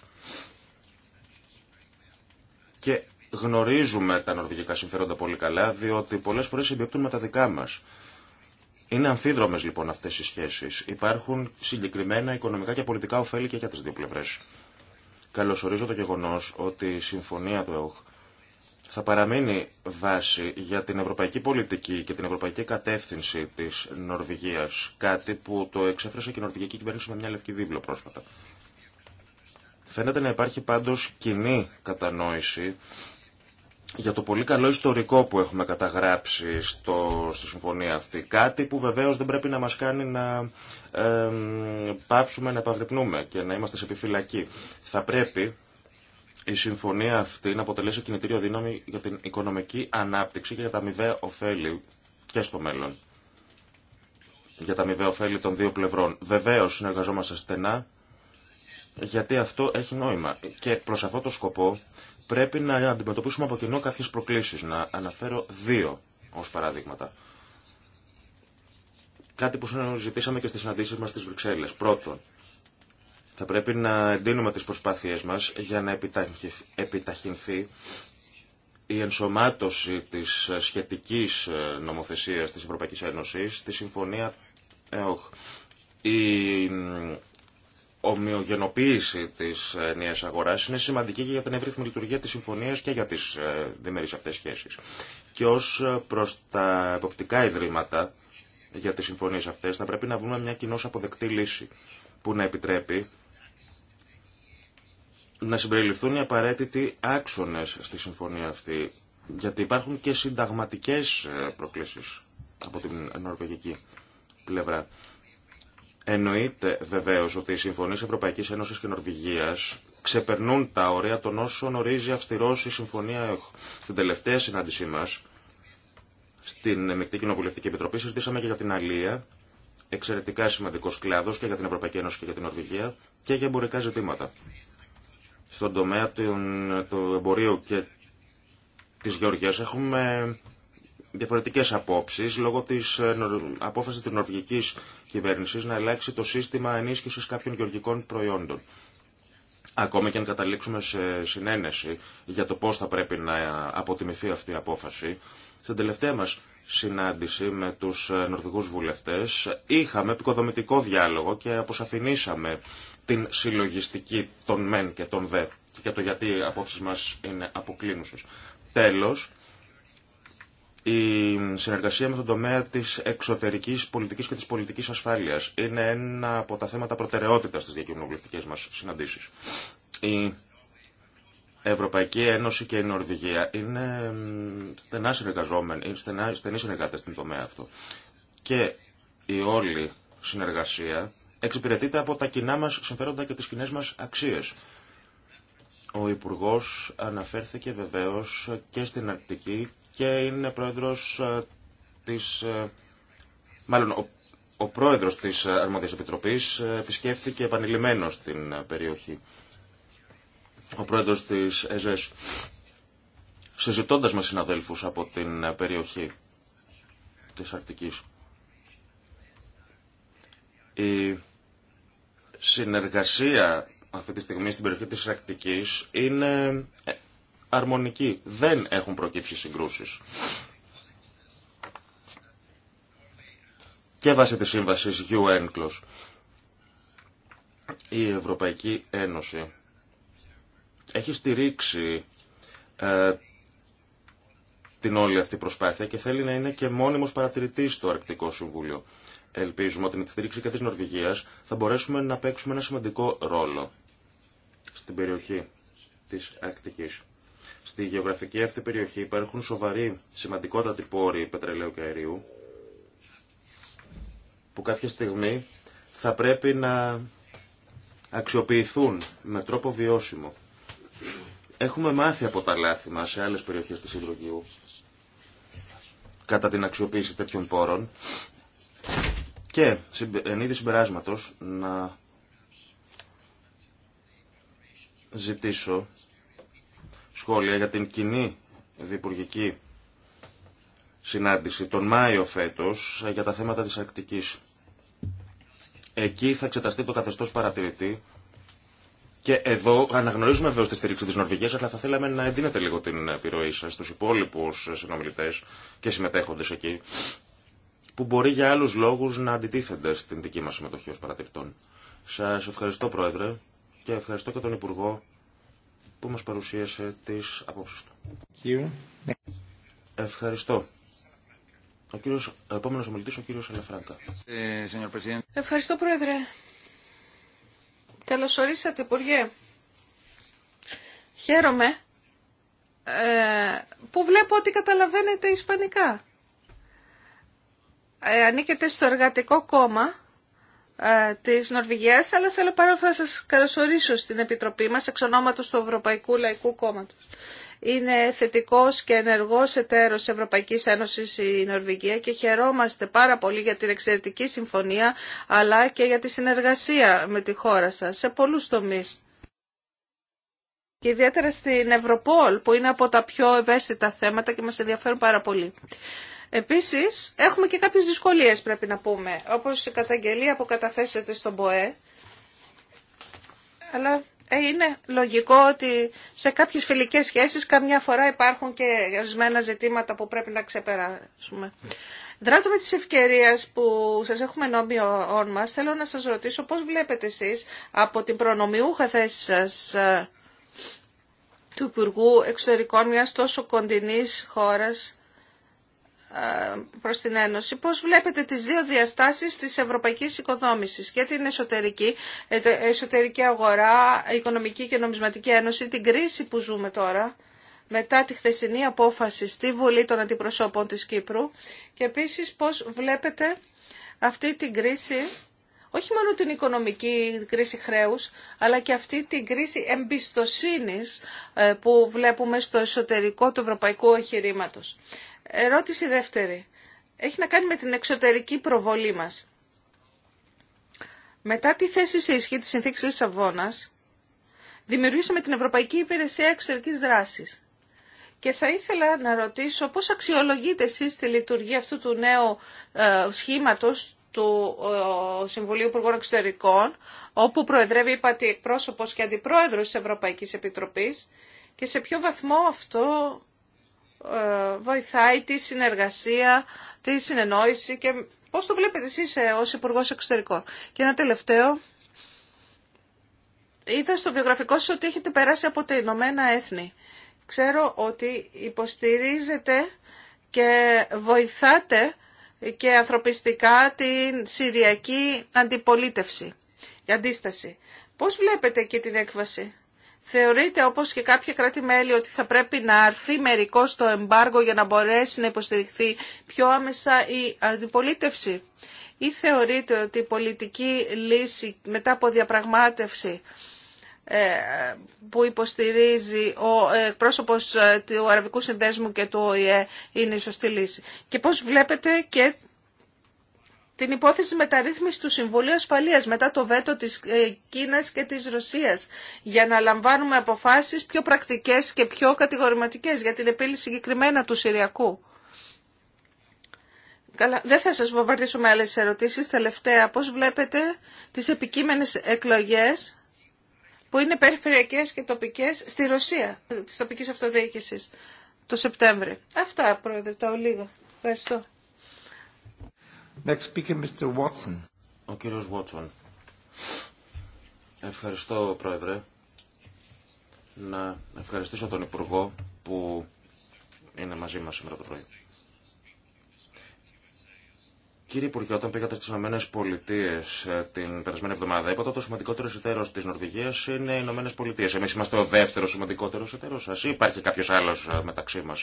και γνωρίζουμε τα νορβηγικά συμφέροντα πολύ καλά, διότι πολλές φορές συμπιέπτουν με τα δικά μας. Είναι αμφίδρομες λοιπόν αυτές οι σχέσεις. Υπάρχουν συγκεκριμένα οικονομικά και πολιτικά ωφέλη και για τις δύο πλευρές. Καλωσορίζω το γεγονός ότι η συμφωνία του ΕΟΧ θα παραμείνει βάση για την ευρωπαϊκή πολιτική και την ευρωπαϊκή κατεύθυνση της Νορβηγίας, κάτι που το εξέφρασε και η νορβηγική κυβέρνηση με μια λευκή δίβλο πρόσφατα. Φαίνεται να υπάρχει πάντως κοινή κατανόηση για το πολύ καλό ιστορικό που έχουμε καταγράψει στο, στη συμφωνία αυτή. Κάτι που βεβαίως δεν πρέπει να μας κάνει να πάυσουμε, να επαγρυπνούμε και να είμαστε σε επιφυλακή. Θα πρέπει η συμφωνία αυτή να αποτελέσει κινητήριο δύναμη για την οικονομική ανάπτυξη και για τα μηδέα ωφέλη και στο μέλλον. Για τα μηδέα ωφέλη των δύο πλευρών. Βεβαίω συνεργαζόμαστε στενά, γιατί αυτό έχει νόημα. Και προ αυτό το σκοπό πρέπει να αντιμετωπίσουμε από κοινό κάποιε προκλήσει. Να αναφέρω δύο ω παραδείγματα. Κάτι που συζητήσαμε και στι συναντήσει μα στι Βρυξέλλε. Πρώτον, θα πρέπει να εντείνουμε τις προσπάθειές μας για να επιταχυνθεί η ενσωμάτωση της σχετικής ε, νομοθεσίας της Ευρωπαϊκής Ένωσης στη Συμφωνία ΕΟΧ. Η ομοιογενοποίηση της ε, νέας αγοράς είναι σημαντική και για την εύρυθμη λειτουργία της Συμφωνίας και για τις ε, διμερείς αυτές σχέσεις. Και ως προς τα εποπτικά ιδρύματα για τις συμφωνίες αυτές θα πρέπει να βρούμε μια κοινώς αποδεκτή λύση που να επιτρέπει να συμπεριληφθούν οι απαραίτητοι άξονες στη συμφωνία αυτή, γιατί υπάρχουν και συνταγματικές ε, προκλήσεις από την νορβηγική πλευρά. Εννοείται βεβαίω ότι οι συμφωνίε Ευρωπαϊκή Ένωση και Νορβηγία ξεπερνούν τα όρια των όσων ορίζει αυστηρό η συμφωνία Στην τελευταία συνάντησή μα, στην Μεκτή Κοινοβουλευτική Επιτροπή, συζητήσαμε και για την Αλία, εξαιρετικά σημαντικό κλάδο και για την Ευρωπαϊκή Ένωση και για την Νορβηγία, και για εμπορικά ζητήματα στον τομέα του εμπορίου και της Γεωργίας έχουμε διαφορετικές απόψεις λόγω της ε, απόφασης της νορβηγικής κυβέρνησης να αλλάξει το σύστημα ενίσχυσης κάποιων γεωργικών προϊόντων. Ακόμα και αν καταλήξουμε σε συνένεση για το πώς θα πρέπει να αποτιμηθεί αυτή η απόφαση, στην τελευταία μας συνάντηση με τους ε, νορβηγούς βουλευτές είχαμε επικοδομητικό διάλογο και αποσαφηνίσαμε την συλλογιστική των μεν και των δε και για το γιατί οι απόψεις μας είναι αποκλίνουσες. Τέλος, η συνεργασία με τον τομέα της εξωτερικής πολιτικής και της πολιτικής ασφάλειας είναι ένα από τα θέματα προτεραιότητας στις διακοινοβουλευτικής μας συναντήσεις. Η Ευρωπαϊκή Ένωση και η Νορβηγία είναι στενά συνεργαζόμενοι, στενά, στενοί συνεργάτες στην τομέα αυτό. Και η όλη συνεργασία εξυπηρετείται από τα κοινά μας συμφέροντα και τις κοινέ μας αξίες. Ο Υπουργός αναφέρθηκε βεβαίως και στην Αρκτική και είναι πρόεδρος ε, της... Ε, μάλλον ο, πρόεδρος της Αρμόδιας Επιτροπής ε, επισκέφθηκε επανειλημμένος την περιοχή. Ο πρόεδρος της ΕΖΕΣ συζητώντας με συναδέλφους από την περιοχή της Αρκτικής συνεργασία αυτή τη στιγμή στην περιοχή της Ακτικής είναι ε, αρμονική. Δεν έχουν προκύψει συγκρούσεις. Και βάσει της σύμβασης UNCLOS η Ευρωπαϊκή Ένωση έχει στηρίξει ε, την όλη αυτή προσπάθεια και θέλει να είναι και μόνιμος παρατηρητής στο Αρκτικό Συμβούλιο. Ελπίζουμε ότι με τη στήριξη και τη Νορβηγία θα μπορέσουμε να παίξουμε ένα σημαντικό ρόλο στην περιοχή της Ακτικής. Στη γεωγραφική αυτή περιοχή υπάρχουν σοβαροί σημαντικότατοι πόροι πετρελαίου και αερίου που κάποια στιγμή θα πρέπει να αξιοποιηθούν με τρόπο βιώσιμο. Έχουμε μάθει από τα λάθη μας σε άλλες περιοχές της Ιδρογείου κατά την αξιοποίηση τέτοιων πόρων και εν είδη συμπεράσματος να ζητήσω σχόλια για την κοινή διπουργική συνάντηση τον Μάιο φέτος για τα θέματα της Αρκτικής. Εκεί θα εξεταστεί το καθεστώς παρατηρητή και εδώ αναγνωρίζουμε βέβαια τη στήριξη τη Νορβηγία, αλλά θα θέλαμε να εντείνετε λίγο την επιρροή σα στου υπόλοιπου συνομιλητέ και συμμετέχοντε εκεί, που μπορεί για άλλους λόγους να αντιτίθενται στην δική μας συμμετοχή ως παρατηρητών. Σας ευχαριστώ Πρόεδρε και ευχαριστώ και τον Υπουργό που μας παρουσίασε τις απόψεις του. Ευχαριστώ. Ο κύριος, επόμενος ομιλητής, ο κύριος Ελεφράγκα. Ε, ευχαριστώ Πρόεδρε. Καλώς ορίσατε Υπουργέ. Χαίρομαι ε, που βλέπω ότι καταλαβαίνετε ισπανικά. Ε, Ανήκεται στο εργατικό κόμμα ε, της Νορβηγίας, αλλά θέλω πάρα να σας καλωσορίσω στην Επιτροπή μας εξ ονόματος του Ευρωπαϊκού Λαϊκού Κόμματος. Είναι θετικός και ενεργός εταίρος Ευρωπαϊκής Ένωσης η Νορβηγία και χαιρόμαστε πάρα πολύ για την εξαιρετική συμφωνία αλλά και για τη συνεργασία με τη χώρα σας σε πολλούς τομείς. Και ιδιαίτερα στην Ευρωπόλ που είναι από τα πιο ευαίσθητα θέματα και μας ενδιαφέρουν πάρα πολύ. Επίση, έχουμε και κάποιες δυσκολίες πρέπει να πούμε, όπως η καταγγελία που καταθέσετε στον ΠΟΕ, αλλά ε, είναι λογικό ότι σε κάποιες φιλικές σχέσεις καμιά φορά υπάρχουν και ορισμένα ζητήματα που πρέπει να ξεπεράσουμε. Δράτω με τις ευκαιρίες που σας έχουμε όν μας, θέλω να σας ρωτήσω πώς βλέπετε εσείς από την προνομιούχα θέση σας ε, του Υπουργού Εξωτερικών μιας τόσο κοντινής χώρας ε, προς την Ένωση. Πώς βλέπετε τις δύο διαστάσεις της ευρωπαϊκής οικοδόμησης και την εσωτερική, ε, εσωτερική αγορά, οικονομική και νομισματική ένωση, την κρίση που ζούμε τώρα μετά τη χθεσινή απόφαση στη Βουλή των Αντιπροσώπων της Κύπρου και επίσης πώς βλέπετε αυτή την κρίση, όχι μόνο την οικονομική κρίση χρέους, αλλά και αυτή την κρίση εμπιστοσύνης ε, που βλέπουμε στο εσωτερικό του ευρωπαϊκού εγχειρήματο. Ερώτηση δεύτερη. Έχει να κάνει με την εξωτερική προβολή μας. Μετά τη θέση σε ισχύ της συνθήκης Λισαβόνας, δημιουργήσαμε την Ευρωπαϊκή Υπηρεσία Εξωτερικής Δράσης. Και θα ήθελα να ρωτήσω πώς αξιολογείτε εσείς τη λειτουργία αυτού του νέου ε, σχήματος του ε, Συμβουλίου Υπουργών Εξωτερικών, όπου προεδρεύει είπατε πρόσωπος και αντιπρόεδρος της Ευρωπαϊκής Επιτροπής και σε ποιο βαθμό αυτό ε, βοηθάει τη συνεργασία, τη συνεννόηση και πώς το βλέπετε εσείς ε, ως υπουργό Εξωτερικών. Και ένα τελευταίο. Είδα στο βιογραφικό σας ότι έχετε περάσει από τα Ηνωμένα Έθνη. Ξέρω ότι υποστηρίζετε και βοηθάτε και ανθρωπιστικά την Συριακή αντιπολίτευση, η αντίσταση. Πώς βλέπετε εκεί την έκβαση. Θεωρείται όπως και κάποια κράτη-μέλη ότι θα πρέπει να αρθεί μερικό το εμπάργο για να μπορέσει να υποστηριχθεί πιο άμεσα η αντιπολίτευση. Ή θεωρείτε ότι η πολιτική λύση μετά από διαπραγμάτευση ε, που υποστηρίζει ο πρόσωπος ε, του Αραβικού Συνδέσμου και του ΟΗΕ είναι η σωστή λύση. Και πώς βλέπετε και την υπόθεση μεταρρύθμισης του Συμβουλίου Ασφαλείας μετά το βέτο της ε, Κίνας και της Ρωσίας για να λαμβάνουμε αποφάσεις πιο πρακτικές και πιο κατηγορηματικές για την επίλυση συγκεκριμένα του Συριακού. Καλά, δεν θα σας βομβαρδίσω με άλλες ερωτήσεις. Τελευταία, πώς βλέπετε τις επικείμενες εκλογές που είναι περιφερειακές και τοπικές στη Ρωσία, της τοπικής αυτοδιοίκησης, το Σεπτέμβριο. Αυτά, Πρόεδρε, τα ολίγα. Ευχαριστώ. Next speaker, Mr. Watson. Ο κύριος Βότσον. Ευχαριστώ, Πρόεδρε. Να ευχαριστήσω τον Υπουργό που είναι μαζί μας σήμερα το πρωί. Κύριε Υπουργέ, όταν πήγατε στι Ηνωμένε Πολιτείε ε, την περασμένη εβδομάδα, είπατε ότι ο σημαντικότερος εταίρος τη Νορβηγία είναι οι Ηνωμένε Πολιτείε. Εμεί είμαστε ο δεύτερο σημαντικότερο εταίρος σα ή υπάρχει κάποιο άλλο ε, μεταξύ μα.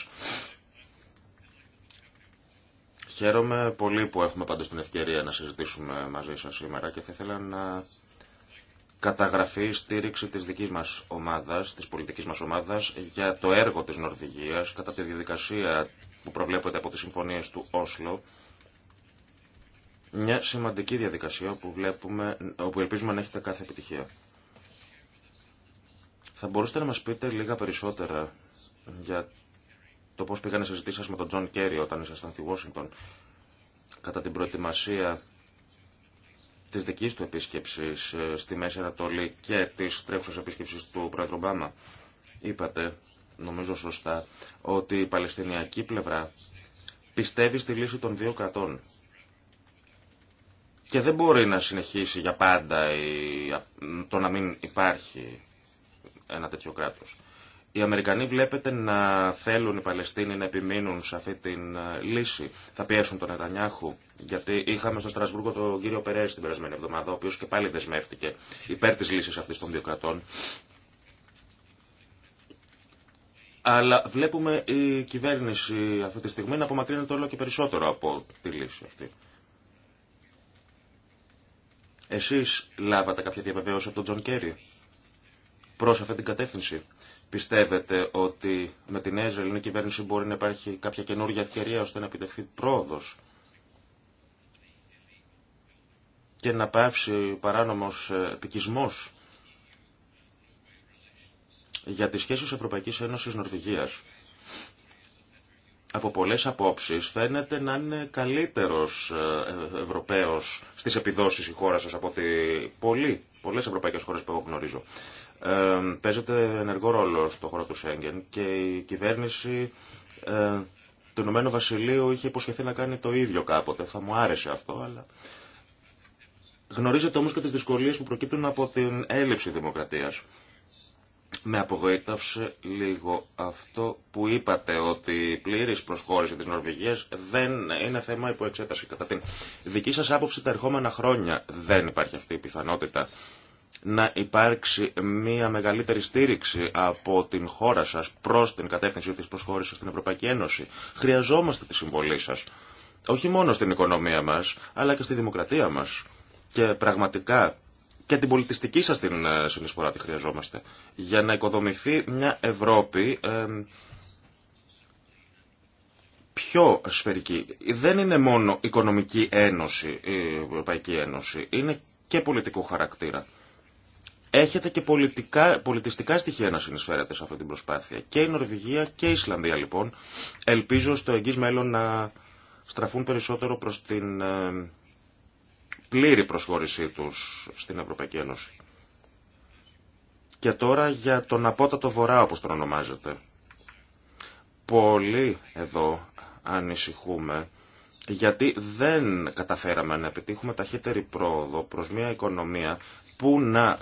Χαίρομαι πολύ που έχουμε πάντως την ευκαιρία να συζητήσουμε μαζί σας σήμερα και θα ήθελα να καταγραφεί η στήριξη της δικής μας ομάδας, της πολιτικής μας ομάδας για το έργο της Νορβηγίας κατά τη διαδικασία που προβλέπεται από τις συμφωνίες του Όσλο μια σημαντική διαδικασία που, βλέπουμε, όπου ελπίζουμε να έχετε κάθε επιτυχία. Θα μπορούσατε να μας πείτε λίγα περισσότερα για το πώς πήγαν οι συζητήσεις με τον Τζον Κέρι όταν ήσασταν στη Washington κατά την προετοιμασία της δικής του επίσκεψης ε, στη Μέση Ανατολή και της τρέχουσας επίσκεψης του Πρόεδρου Ομπάμα. Είπατε, νομίζω σωστά, ότι η Παλαιστινιακή πλευρά πιστεύει στη λύση των δύο κρατών. Και δεν μπορεί να συνεχίσει για πάντα το να μην υπάρχει ένα τέτοιο κράτος. Οι Αμερικανοί βλέπετε να θέλουν οι Παλαιστίνοι να επιμείνουν σε αυτή την ε, λύση. Θα πιέσουν τον Νετανιάχου. Γιατί είχαμε στο Στρασβούργο τον κύριο Περέ την περασμένη εβδομάδα, ο οποίο και πάλι δεσμεύτηκε υπέρ τη λύση αυτή των δύο κρατών. Αλλά βλέπουμε η κυβέρνηση αυτή τη στιγμή να απομακρύνεται όλο και περισσότερο από τη λύση αυτή. Εσείς λάβατε κάποια διαβεβαίωση από τον Τζον Κέρι προς αυτή την κατεύθυνση. Πιστεύετε ότι με την νέα Ισραηλινή κυβέρνηση μπορεί να υπάρχει κάποια καινούργια ευκαιρία ώστε να επιτευχθεί πρόοδος και να πάυσει παράνομος ε, επικισμός για τις σχέσεις Ευρωπαϊκής Ένωσης Νορβηγίας. Από πολλές απόψεις φαίνεται να είναι καλύτερος ε, ε, Ευρωπαίος στις επιδόσεις η χώρα σας από ότι πολλοί, πολλές ευρωπαϊκές χώρες που εγώ γνωρίζω παίζεται ενεργό ρόλο στο χώρο του Σέγγεν και η κυβέρνηση του Ηνωμένου Βασιλείου είχε υποσχεθεί να κάνει το ίδιο κάποτε. Θα μου άρεσε αυτό, αλλά... Γνωρίζετε όμως και τις δυσκολίες που προκύπτουν από την έλλειψη δημοκρατίας. Με απογοήτευσε λίγο αυτό που είπατε ότι η πλήρης προσχώρηση της Νορβηγίας δεν είναι θέμα υπό εξέταση. Κατά την δική σας άποψη τα ερχόμενα χρόνια δεν υπάρχει αυτή η πιθανότητα να υπάρξει μια μεγαλύτερη στήριξη από την χώρα σας προς την κατεύθυνση της προσχώρησης στην Ευρωπαϊκή Ένωση. Χρειαζόμαστε τη συμβολή σας, όχι μόνο στην οικονομία μας, αλλά και στη δημοκρατία μας. Και πραγματικά και την πολιτιστική σας την ε, συνεισφορά τη χρειαζόμαστε, για να οικοδομηθεί μια Ευρώπη ε, πιο σφαιρική. Δεν είναι μόνο οικονομική ένωση η Ευρωπαϊκή Ένωση, είναι και πολιτικού χαρακτήρα έχετε και πολιτικά, πολιτιστικά στοιχεία να συνεισφέρετε σε αυτή την προσπάθεια. Και η Νορβηγία και η Ισλανδία λοιπόν ελπίζω στο εγγύ μέλλον να στραφούν περισσότερο προς την ε, πλήρη προσχώρησή τους στην Ευρωπαϊκή Ένωση. Και τώρα για τον απότατο βορρά όπως τον ονομάζεται. Πολλοί εδώ ανησυχούμε γιατί δεν καταφέραμε να επιτύχουμε ταχύτερη πρόοδο προς μια οικονομία που να,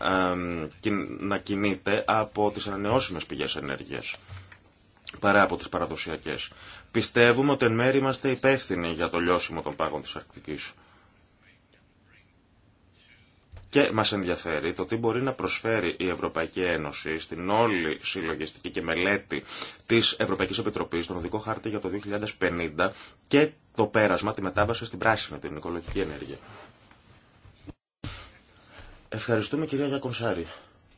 να κινείται από τις ανανεώσιμες πηγές ενέργειας παρά από τις παραδοσιακές. Πιστεύουμε ότι εν μέρει είμαστε υπεύθυνοι για το λιώσιμο των πάγων της Αρκτικής. Και μας ενδιαφέρει το τι μπορεί να προσφέρει η Ευρωπαϊκή Ένωση στην όλη συλλογιστική και μελέτη της Ευρωπαϊκής Επιτροπής, τον Οδικό Χάρτη για το 2050 και το πέρασμα, τη μετάβαση στην πράσινη, την οικολογική ενέργεια. Ευχαριστούμε κυρία Γιακονσάρη,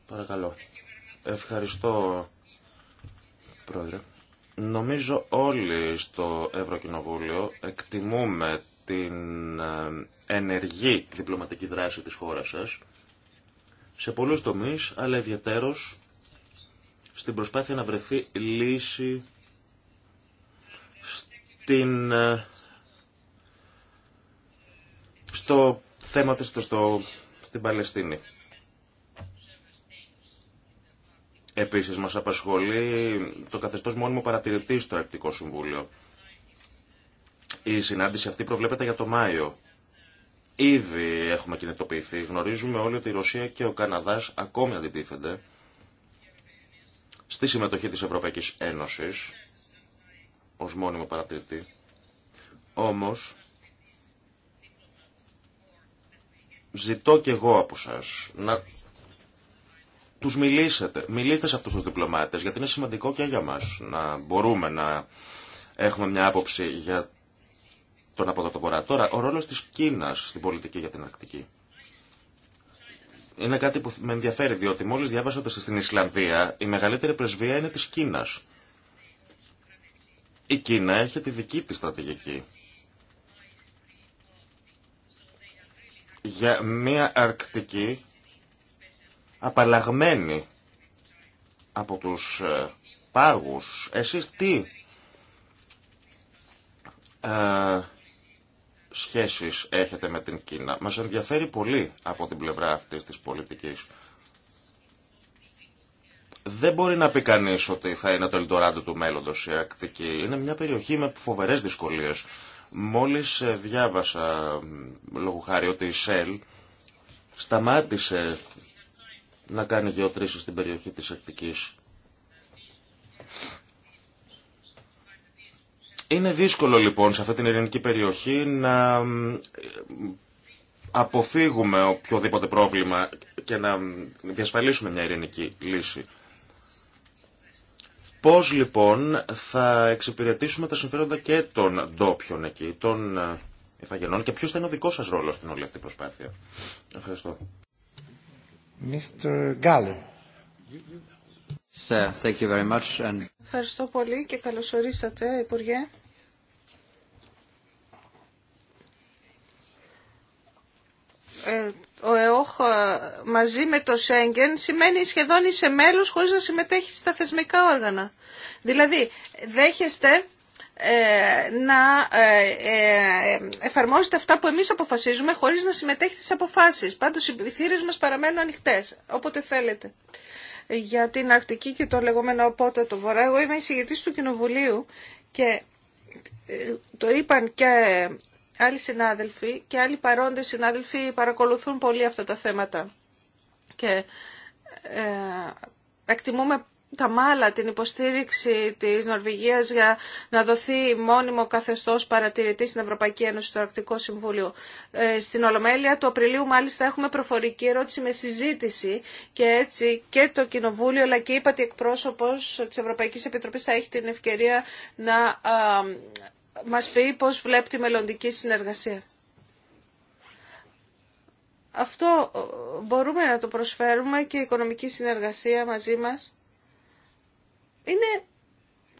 Παρακαλώ. Ευχαριστώ πρόεδρε. Νομίζω όλοι στο Ευρωκοινοβούλιο εκτιμούμε την ε, ενεργή διπλωματική δράση της χώρας σας σε πολλούς τομείς, αλλά ιδιαίτερος στην προσπάθεια να βρεθεί λύση στην, ε, στο θέμα της, στο στην Παλαιστίνη. Επίσης μας απασχολεί το καθεστώς μόνιμο παρατηρητή στο Αρκτικό Συμβούλιο. Η συνάντηση αυτή προβλέπεται για το Μάιο. Ήδη έχουμε κινητοποιηθεί. Γνωρίζουμε όλοι ότι η Ρωσία και ο Καναδάς ακόμη αντιτίθενται στη συμμετοχή της Ευρωπαϊκής Ένωσης ως μόνιμο παρατηρητή. Όμως ζητώ κι εγώ από σας να τους μιλήσετε. Μιλήστε σε αυτούς τους διπλωμάτες, γιατί είναι σημαντικό και για μα να μπορούμε να έχουμε μια άποψη για τον από το βορρά. Τώρα, ο ρόλος της Κίνας στην πολιτική για την Αρκτική. Είναι κάτι που με ενδιαφέρει, διότι μόλις διάβασα ότι στην Ισλανδία η μεγαλύτερη πρεσβεία είναι της Κίνας. Η Κίνα έχει τη δική της στρατηγική για μια Αρκτική απαλλαγμένη από τους ε, πάγους. Εσείς τι ε, σχέσεις έχετε με την Κίνα. Μας ενδιαφέρει πολύ από την πλευρά αυτής της πολιτικής. Δεν μπορεί να πει κανεί ότι θα είναι το Ελντοράντο του μέλλοντος η Αρκτική. Είναι μια περιοχή με φοβερές δυσκολίες. Μόλις ε, διάβασα, λόγω χάρη, ότι η ΣΕΛ σταμάτησε να κάνει γεωτρήσεις στην περιοχή της Αρκτικής. Είναι δύσκολο λοιπόν σε αυτή την ειρηνική περιοχή να αποφύγουμε οποιοδήποτε πρόβλημα και να διασφαλίσουμε μια ειρηνική λύση. Πώς λοιπόν θα εξυπηρετήσουμε τα συμφέροντα και των ντόπιων εκεί, των ε, ηθαγενών και ποιος θα είναι ο δικός σας ρόλος στην όλη αυτή προσπάθεια. Ευχαριστώ. Mr. Gallen. Sir, thank you very much and... Ευχαριστώ πολύ και καλωσορίσατε, Υπουργέ. Ε, ο ΕΟΧ ε, μαζί με το Σέγγεν σημαίνει σχεδόν είσαι μέλος χωρίς να συμμετέχει στα θεσμικά όργανα. Δηλαδή δέχεστε ε, να ε, εφαρμόζετε αυτά που εμείς αποφασίζουμε χωρίς να συμμετέχετε στις αποφάσεις. Πάντως οι θύρες μας παραμένουν ανοιχτές, όποτε θέλετε. Για την Αρκτική και το λεγόμενο όποτε το Βορρά, εγώ είμαι εισηγητής του Κοινοβουλίου και το είπαν και άλλοι συνάδελφοι και άλλοι παρόντες συνάδελφοι παρακολουθούν πολύ αυτά τα θέματα. Και ε, εκτιμούμε τα μάλα την υποστήριξη της Νορβηγίας για να δοθεί μόνιμο καθεστώς παρατηρητή στην Ευρωπαϊκή Ένωση στο Αρκτικό Συμβούλιο. Ε, στην Ολομέλεια του Απριλίου μάλιστα έχουμε προφορική ερώτηση με συζήτηση και έτσι και το Κοινοβούλιο αλλά και είπα ότι εκπρόσωπος της Ευρωπαϊκής Επιτροπής θα έχει την ευκαιρία να μας πει πώς βλέπει τη μελλοντική συνεργασία. Αυτό ε, μπορούμε να το προσφέρουμε και η οικονομική συνεργασία μαζί μας. Είναι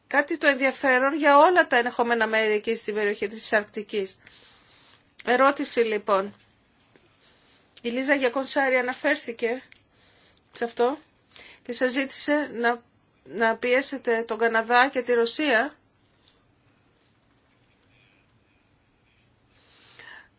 κάτι το ενδιαφέρον για όλα τα ενεχόμενα μέρη εκεί στην περιοχή της Αρκτικής. Ερώτηση λοιπόν. Η Λίζα Γιακονσάρη αναφέρθηκε σε αυτό και σας ζήτησε να, να πιέσετε τον Καναδά και τη Ρωσία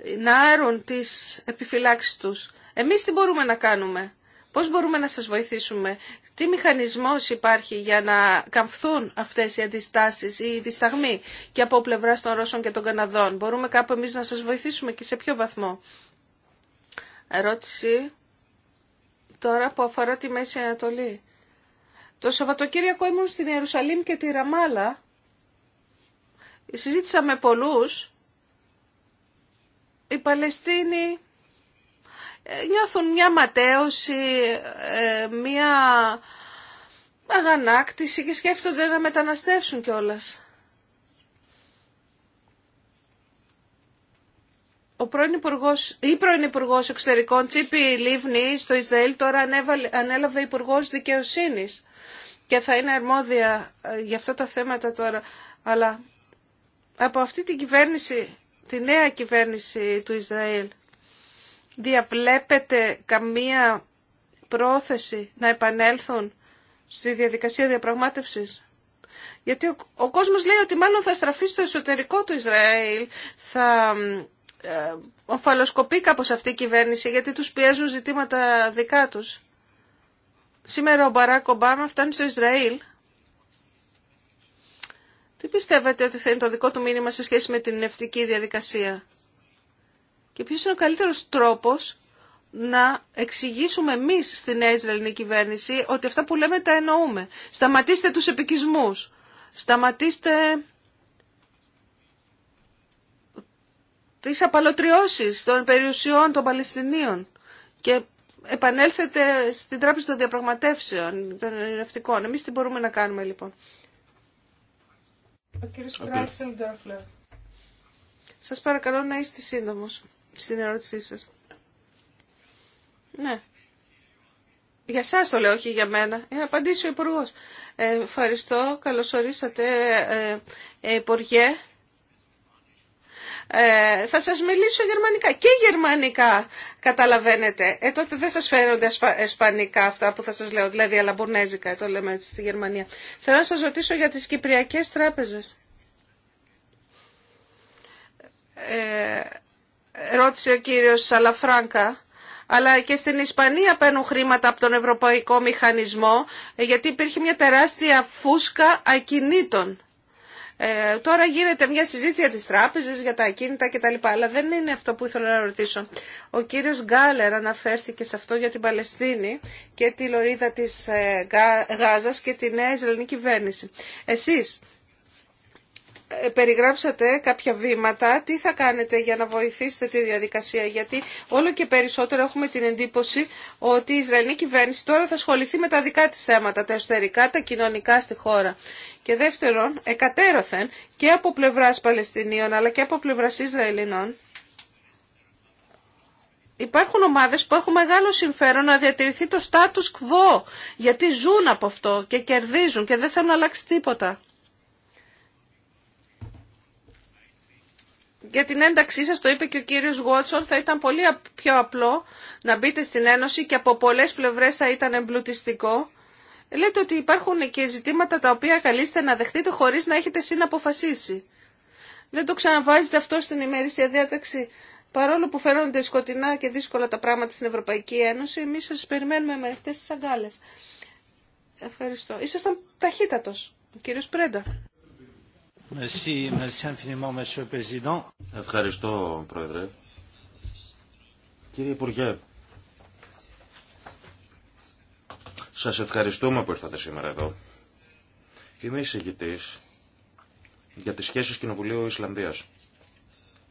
να άρουν τις επιφυλάξεις τους. Εμείς τι μπορούμε να κάνουμε, πώς μπορούμε να σας βοηθήσουμε, τι μηχανισμός υπάρχει για να καμφθούν αυτές οι αντιστάσεις ή οι δισταγμοί και από πλευρά των Ρώσων και των Καναδών. Μπορούμε κάπου εμείς να σας βοηθήσουμε και σε ποιο βαθμό. Ερώτηση τώρα που αφορά τη Μέση Ανατολή. Το Σαββατοκύριακο ήμουν στην Ιερουσαλήμ και τη Ραμάλα. Συζήτησα με πολλούς οι Παλαιστίνοι ε, νιώθουν μια ματέωση, ε, μια αγανάκτηση και σκέφτονται να μεταναστεύσουν κιόλας. ο πρώην υπουργός, ή πρώην υπουργός Εξωτερικών Τσίπη Λίβνη στο Ισραήλ τώρα ανέβαλε, ανέλαβε υπουργό δικαιοσύνης και θα είναι αρμόδια ε, για αυτά τα θέματα τώρα. Αλλά από αυτή την κυβέρνηση τη νέα κυβέρνηση του Ισραήλ διαβλέπετε καμία πρόθεση να επανέλθουν στη διαδικασία διαπραγμάτευσης. Γιατί ο, ο κόσμος λέει ότι μάλλον θα στραφεί στο εσωτερικό του Ισραήλ, θα ε, ομφαλοσκοπεί κάπως αυτή η κυβέρνηση γιατί τους πιέζουν ζητήματα δικά τους. Σήμερα ο Μπαράκ Ομπάμα φτάνει στο Ισραήλ τι πιστεύετε ότι θα είναι το δικό του μήνυμα σε σχέση με την ενευτική διαδικασία. Και ποιος είναι ο καλύτερος τρόπος να εξηγήσουμε εμεί στην νέα Ισραηλινή κυβέρνηση ότι αυτά που λέμε τα εννοούμε. Σταματήστε τους επικισμούς. Σταματήστε τις απαλωτριώσεις των περιουσιών των Παλαιστινίων και επανέλθετε στην τράπεζα των διαπραγματεύσεων των ενευτικών. Εμείς τι μπορούμε να κάνουμε λοιπόν. Ο κύριος Σας παρακαλώ να είστε σύντομος στην ερώτησή σας. Ναι. Για εσά το λέω, όχι για μένα. Είναι απαντήσει ο Υπουργό. Ε, ευχαριστώ. Καλωσορίσατε ε, ε, Υπουργέ ε, θα σας μιλήσω γερμανικά και γερμανικά καταλαβαίνετε. Ε, τότε δεν σας φαίνονται ισπανικά αυτά που θα σας λέω, δηλαδή αλαμπουρνέζικα, το λέμε έτσι στη Γερμανία. Θέλω να σας ρωτήσω για τις κυπριακές τράπεζες. Ε, ρώτησε ο κύριος Σαλαφράνκα αλλά και στην Ισπανία παίρνουν χρήματα από τον Ευρωπαϊκό Μηχανισμό, ε, γιατί υπήρχε μια τεράστια φούσκα ακινήτων. Ε, τώρα γίνεται μια συζήτηση για τις τράπεζες, για τα ακίνητα κτλ. Αλλά δεν είναι αυτό που ήθελα να ρωτήσω. Ο κύριος Γκάλερ αναφέρθηκε σε αυτό για την Παλαιστίνη και τη λωρίδα της ε, Γάζας και τη νέα Ισραηλινή κυβέρνηση. Εσείς ε, περιγράψατε κάποια βήματα, τι θα κάνετε για να βοηθήσετε τη διαδικασία, γιατί όλο και περισσότερο έχουμε την εντύπωση ότι η Ισραηλή κυβέρνηση τώρα θα ασχοληθεί με τα δικά της θέματα, τα εσωτερικά, τα κοινωνικά στη χώρα. Και δεύτερον, εκατέρωθεν και από πλευράς Παλαιστινίων αλλά και από πλευράς Ισραηλινών, Υπάρχουν ομάδες που έχουν μεγάλο συμφέρον να διατηρηθεί το status quo, γιατί ζουν από αυτό και κερδίζουν και δεν θέλουν να αλλάξει τίποτα. για την ένταξή σας, το είπε και ο κύριος Γουότσον, θα ήταν πολύ πιο απλό να μπείτε στην Ένωση και από πολλές πλευρές θα ήταν εμπλουτιστικό. Λέτε ότι υπάρχουν και ζητήματα τα οποία καλείστε να δεχτείτε χωρίς να έχετε συναποφασίσει. Δεν το ξαναβάζετε αυτό στην ημερήσια διάταξη. Παρόλο που φαίνονται σκοτεινά και δύσκολα τα πράγματα στην Ευρωπαϊκή Ένωση, εμείς σας περιμένουμε με αυτές τις αγκάλες. Ευχαριστώ. Ήσασταν ταχύτατος, ο κύριος Πρέντα. Ευχαριστώ, Πρόεδρε. Κύριε Υπουργέ, σας ευχαριστούμε που ήρθατε σήμερα εδώ. Είμαι εισηγητής για τις σχέσεις Κοινοβουλίου Ισλανδίας.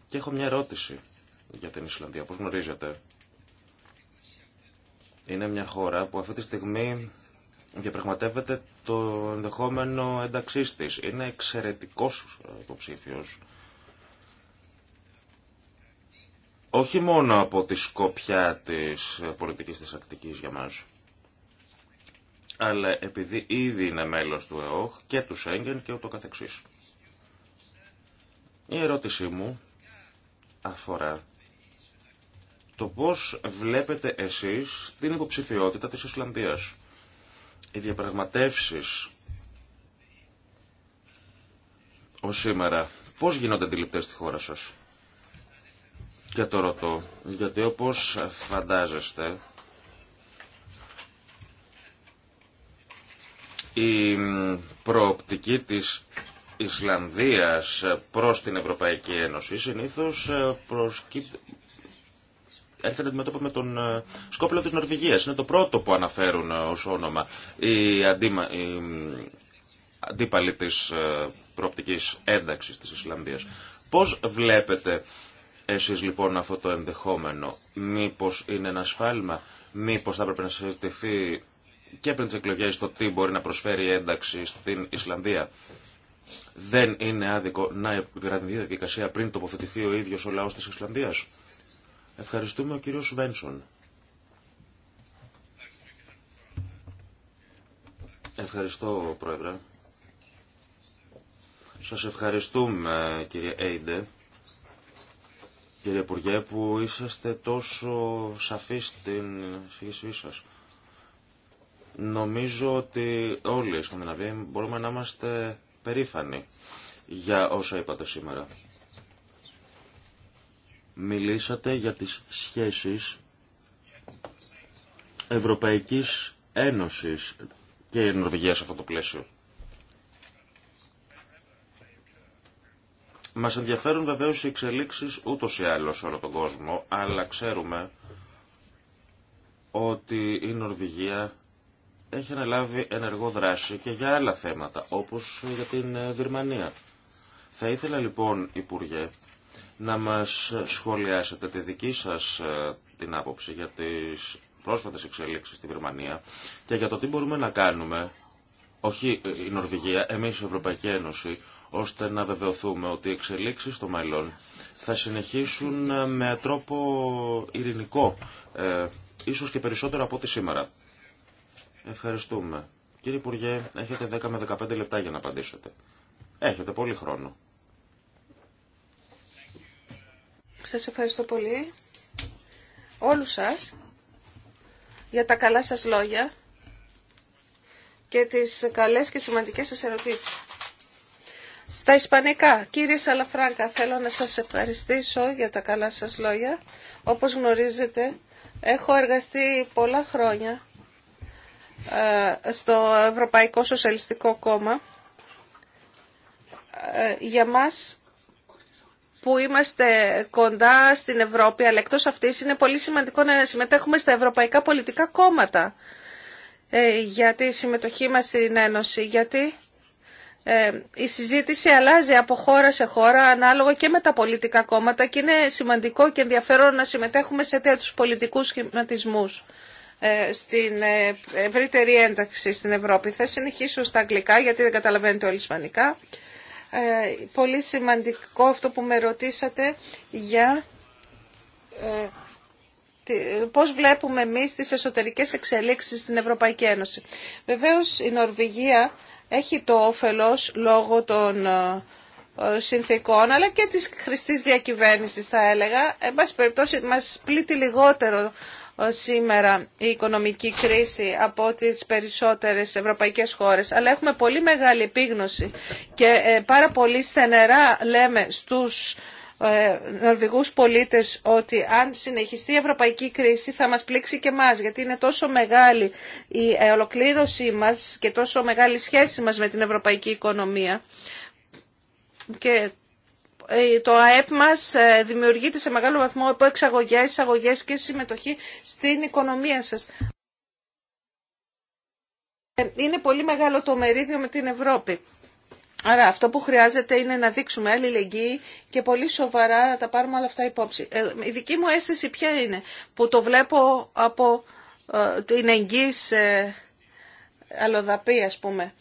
Και έχω μια ερώτηση για την Ισλανδία. Πώς γνωρίζετε, είναι μια χώρα που αυτή τη στιγμή διαπραγματεύεται το ενδεχόμενο ένταξή τη. Είναι εξαιρετικό ε, υποψήφιο. Όχι μόνο από τη σκοπιά της ε, πολιτικής της ακτικής για μας, αλλά επειδή ήδη είναι μέλος του ΕΟΧ και του Σέγγεν και ούτω καθεξής. Η ερώτησή μου αφορά το πώς βλέπετε εσείς την υποψηφιότητα της Ισλανδίας οι διαπραγματεύσεις ως σήμερα πώς γίνονται αντιληπτές στη χώρα σας. Και το ρωτώ, γιατί όπως φαντάζεστε, η προοπτική της Ισλανδίας προς την Ευρωπαϊκή Ένωση συνήθως ε, προσκύπτει, έρχεται να με τον ε, σκόπλο της Νορβηγίας. Είναι το πρώτο που αναφέρουν ε, ως όνομα οι, αντίμα, οι αντίπαλοι της ε, προοπτικής ένταξης της Ισλανδίας. Πώς βλέπετε εσείς λοιπόν αυτό το ενδεχόμενο, μήπως είναι ένα σφάλμα, μήπως θα έπρεπε να συζητηθεί και πριν τι εκλογέ το τι μπορεί να προσφέρει η ένταξη στην Ισλανδία. Δεν είναι άδικο να επικρατηθεί η διαδικασία πριν τοποθετηθεί ο ίδιο ο λαό τη Ισλανδία. Ευχαριστούμε ο κύριος Βένσον. Ευχαριστώ, Πρόεδρε. Σας ευχαριστούμε, κύριε Έιντε, κύριε Υπουργέ, που είσαστε τόσο σαφείς στην σχέση σας. Νομίζω ότι όλοι οι Σκανδιναβοί μπορούμε να είμαστε περήφανοι για όσα είπατε σήμερα. Μιλήσατε για τις σχέσεις Ευρωπαϊκής Ένωσης και Νορβηγία σε αυτό το πλαίσιο. Μας ενδιαφέρουν βεβαίως οι εξελίξεις ούτως ή άλλως σε όλο τον κόσμο, αλλά ξέρουμε ότι η Νορβηγία έχει αναλάβει ενεργό δράση και για άλλα θέματα, όπως για την ε, Γερμανία. Θα ήθελα λοιπόν, Υπουργέ, να μας σχολιάσετε τη δική σας ε, την άποψη για τις πρόσφατες εξελίξεις στην Γερμανία και για το τι μπορούμε να κάνουμε, όχι ε, η Νορβηγία, εμείς η Ευρωπαϊκή Ένωση, ώστε να βεβαιωθούμε ότι οι εξελίξεις στο μέλλον θα συνεχίσουν ε, με τρόπο ειρηνικό, ε, ίσως και περισσότερο από ό,τι σήμερα. Ευχαριστούμε. Κύριε Υπουργέ, έχετε 10 με 15 λεπτά για να απαντήσετε. Έχετε πολύ χρόνο. Σας ευχαριστώ πολύ όλους σας για τα καλά σας λόγια και τις καλές και σημαντικές σας ερωτήσεις. Στα Ισπανικά, κύριε Σαλαφράγκα, θέλω να σας ευχαριστήσω για τα καλά σας λόγια. Όπως γνωρίζετε, έχω εργαστεί πολλά χρόνια ε, στο Ευρωπαϊκό Σοσιαλιστικό Κόμμα. Ε, για μας που είμαστε κοντά στην Ευρώπη, αλλά εκτός αυτής είναι πολύ σημαντικό να συμμετέχουμε στα ευρωπαϊκά πολιτικά κόμματα ε, για τη συμμετοχή μας στην Ένωση, γιατί ε, η συζήτηση αλλάζει από χώρα σε χώρα ανάλογα και με τα πολιτικά κόμματα και είναι σημαντικό και ενδιαφέρον να συμμετέχουμε σε τέτοιους πολιτικούς σχηματισμούς ε, στην ευρύτερη ένταξη στην Ευρώπη. Θα συνεχίσω στα αγγλικά γιατί δεν καταλαβαίνετε όλοι ισπανικά. Ε, πολύ σημαντικό αυτό που με ρωτήσατε για ε, πώς βλέπουμε εμείς τις εσωτερικές εξελίξεις στην Ευρωπαϊκή Ένωση. Βεβαίως η Νορβηγία έχει το όφελος λόγω των ε, συνθήκων αλλά και της χρηστής διακυβέρνησης θα έλεγα. Εν πάση περιπτώσει μας πλήττει λιγότερο σήμερα η οικονομική κρίση από τις περισσότερες ευρωπαϊκές χώρες, αλλά έχουμε πολύ μεγάλη επίγνωση και ε, πάρα πολύ στενερά λέμε στους ε, Νορβηγούς πολίτες ότι αν συνεχιστεί η ευρωπαϊκή κρίση θα μας πλήξει και μας γιατί είναι τόσο μεγάλη η ε, ολοκλήρωσή μας και τόσο μεγάλη η σχέση μας με την ευρωπαϊκή οικονομία και ε, το ΑΕΠ μας ε, δημιουργείται σε μεγάλο βαθμό από εξαγωγές, εισαγωγέ και συμμετοχή στην οικονομία σας. Ε, είναι πολύ μεγάλο το μερίδιο με την Ευρώπη. Άρα αυτό που χρειάζεται είναι να δείξουμε αλληλεγγύη και πολύ σοβαρά να τα πάρουμε όλα αυτά υπόψη. Η δική μου αίσθηση ποια είναι, που το βλέπω από την εγγύης αλλοδαπή ας πούμε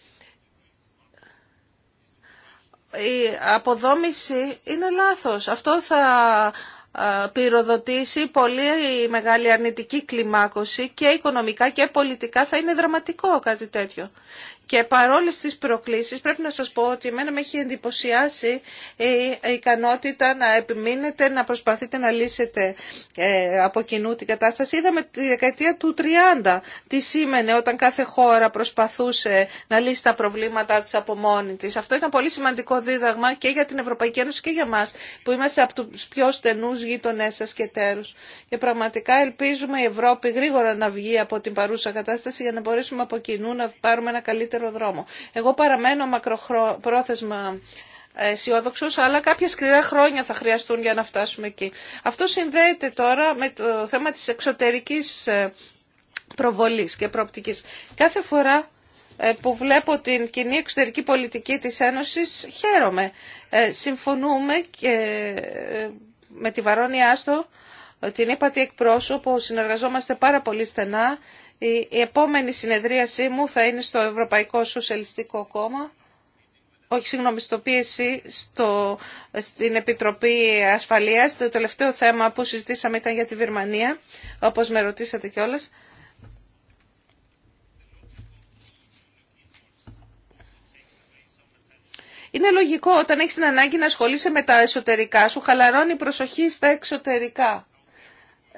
η αποδόμηση είναι λάθος. Αυτό θα πυροδοτήσει πολύ μεγάλη αρνητική κλιμάκωση και οικονομικά και πολιτικά θα είναι δραματικό κάτι τέτοιο. Και παρόλε τι προκλήσει, πρέπει να σα πω ότι εμένα με έχει εντυπωσιάσει η ικανότητα να επιμείνετε, να προσπαθείτε να λύσετε ε, από κοινού την κατάσταση. Είδαμε τη δεκαετία του 30 τι σήμαινε όταν κάθε χώρα προσπαθούσε να λύσει τα προβλήματά τη από μόνη τη. Αυτό ήταν πολύ σημαντικό δίδαγμα και για την Ευρωπαϊκή Ένωση και για εμά, που είμαστε από του πιο στενού γείτονέ σα και τέρου. Και πραγματικά ελπίζουμε η Ευρώπη γρήγορα να βγει από την παρούσα κατάσταση για να μπορέσουμε από κοινού να πάρουμε ένα καλύτερο εγώ παραμένω μακροπρόθεσμα αισιόδοξο, αλλά κάποια σκληρά χρόνια θα χρειαστούν για να φτάσουμε εκεί. Αυτό συνδέεται τώρα με το θέμα της εξωτερικής ε, προβολής και προοπτικής. Κάθε φορά ε, που βλέπω την κοινή εξωτερική πολιτική της Ένωσης, χαίρομαι. Ε, συμφωνούμε και με τη Βαρόνια Άστο την είπατε εκπρόσωπο, συνεργαζόμαστε πάρα πολύ στενά. Η, επόμενη συνεδρίασή μου θα είναι στο Ευρωπαϊκό Σοσιαλιστικό Κόμμα, όχι συγγνώμη, στο πίεση, στο, στην Επιτροπή Ασφαλείας. Το τελευταίο θέμα που συζητήσαμε ήταν για τη Βερμανία, όπως με ρωτήσατε κιόλας. Είναι λογικό όταν έχεις την ανάγκη να ασχολείσαι με τα εσωτερικά σου, χαλαρώνει η προσοχή στα εξωτερικά.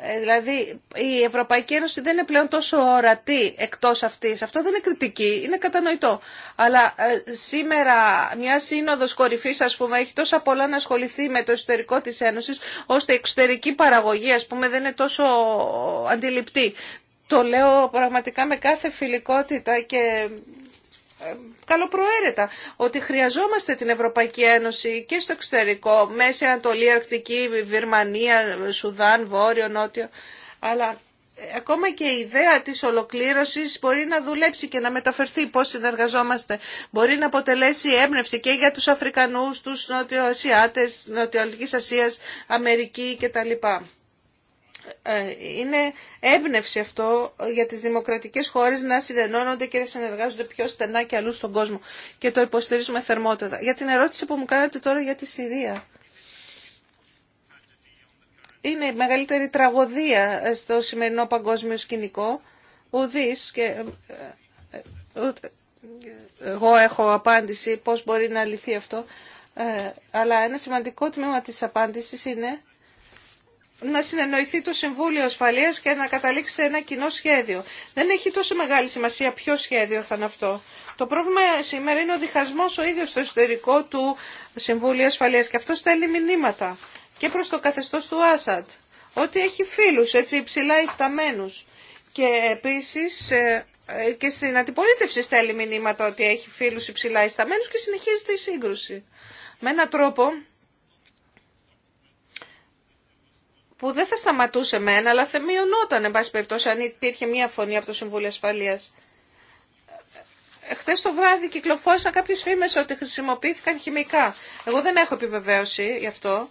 Ε, δηλαδή η Ευρωπαϊκή Ένωση δεν είναι πλέον τόσο ορατή εκτός αυτής. Αυτό δεν είναι κριτική, είναι κατανοητό. Αλλά ε, σήμερα μια σύνοδος κορυφής ας πούμε έχει τόσα πολλά να ασχοληθεί με το εσωτερικό της Ένωσης ώστε η εξωτερική παραγωγή ας πούμε δεν είναι τόσο αντιληπτή. Το λέω πραγματικά με κάθε φιλικότητα και καλοπροαίρετα ότι χρειαζόμαστε την Ευρωπαϊκή Ένωση και στο εξωτερικό, Μέση Ανατολή, Αρκτική, Βυρμανία, Σουδάν, Βόρειο, Νότιο, αλλά ε, ακόμα και η ιδέα της ολοκλήρωσης μπορεί να δουλέψει και να μεταφερθεί πώς συνεργαζόμαστε. Μπορεί να αποτελέσει έμπνευση και για τους Αφρικανούς, τους Νότιο Ασιάτες, Ασίας, Αμερική κτλ. Ε, είναι έμπνευση αυτό για τις δημοκρατικές χώρες να συνενώνονται και να συνεργάζονται πιο στενά και αλλού στον κόσμο. Και το υποστηρίζουμε θερμότατα. Για την ερώτηση που μου κάνατε τώρα για τη Συρία. Είναι η μεγαλύτερη τραγωδία στο σημερινό παγκόσμιο σκηνικό. Ουδής και ε, ε, εγώ έχω απάντηση πώς μπορεί να λυθεί αυτό. αλλά ένα σημαντικό τμήμα της απάντησης είναι να συνεννοηθεί το Συμβούλιο ασφαλεία και να καταλήξει σε ένα κοινό σχέδιο. Δεν έχει τόσο μεγάλη σημασία ποιο σχέδιο θα είναι αυτό. Το πρόβλημα σήμερα είναι ο διχασμός ο ίδιο στο εσωτερικό του Συμβούλιο Ασφαλείας και αυτό στέλνει μηνύματα και προ το καθεστώ του Άσαντ. Ότι έχει φίλου, έτσι υψηλά ισταμένου. και επίσης ε, ε, και στην αντιπολίτευση στέλνει μηνύματα ότι έχει φίλου υψηλά ισταμένου και συνεχίζεται η σύγκρουση. Με έναν τρόπο που δεν θα σταματούσε μένα, αλλά θα μειωνόταν, εν πάση περιπτώσει, αν υπήρχε μία φωνή από το Συμβούλιο Ασφαλείας. Χθε το βράδυ κυκλοφόρησαν κάποιες φήμες ότι χρησιμοποιήθηκαν χημικά. Εγώ δεν έχω επιβεβαίωση γι' αυτό,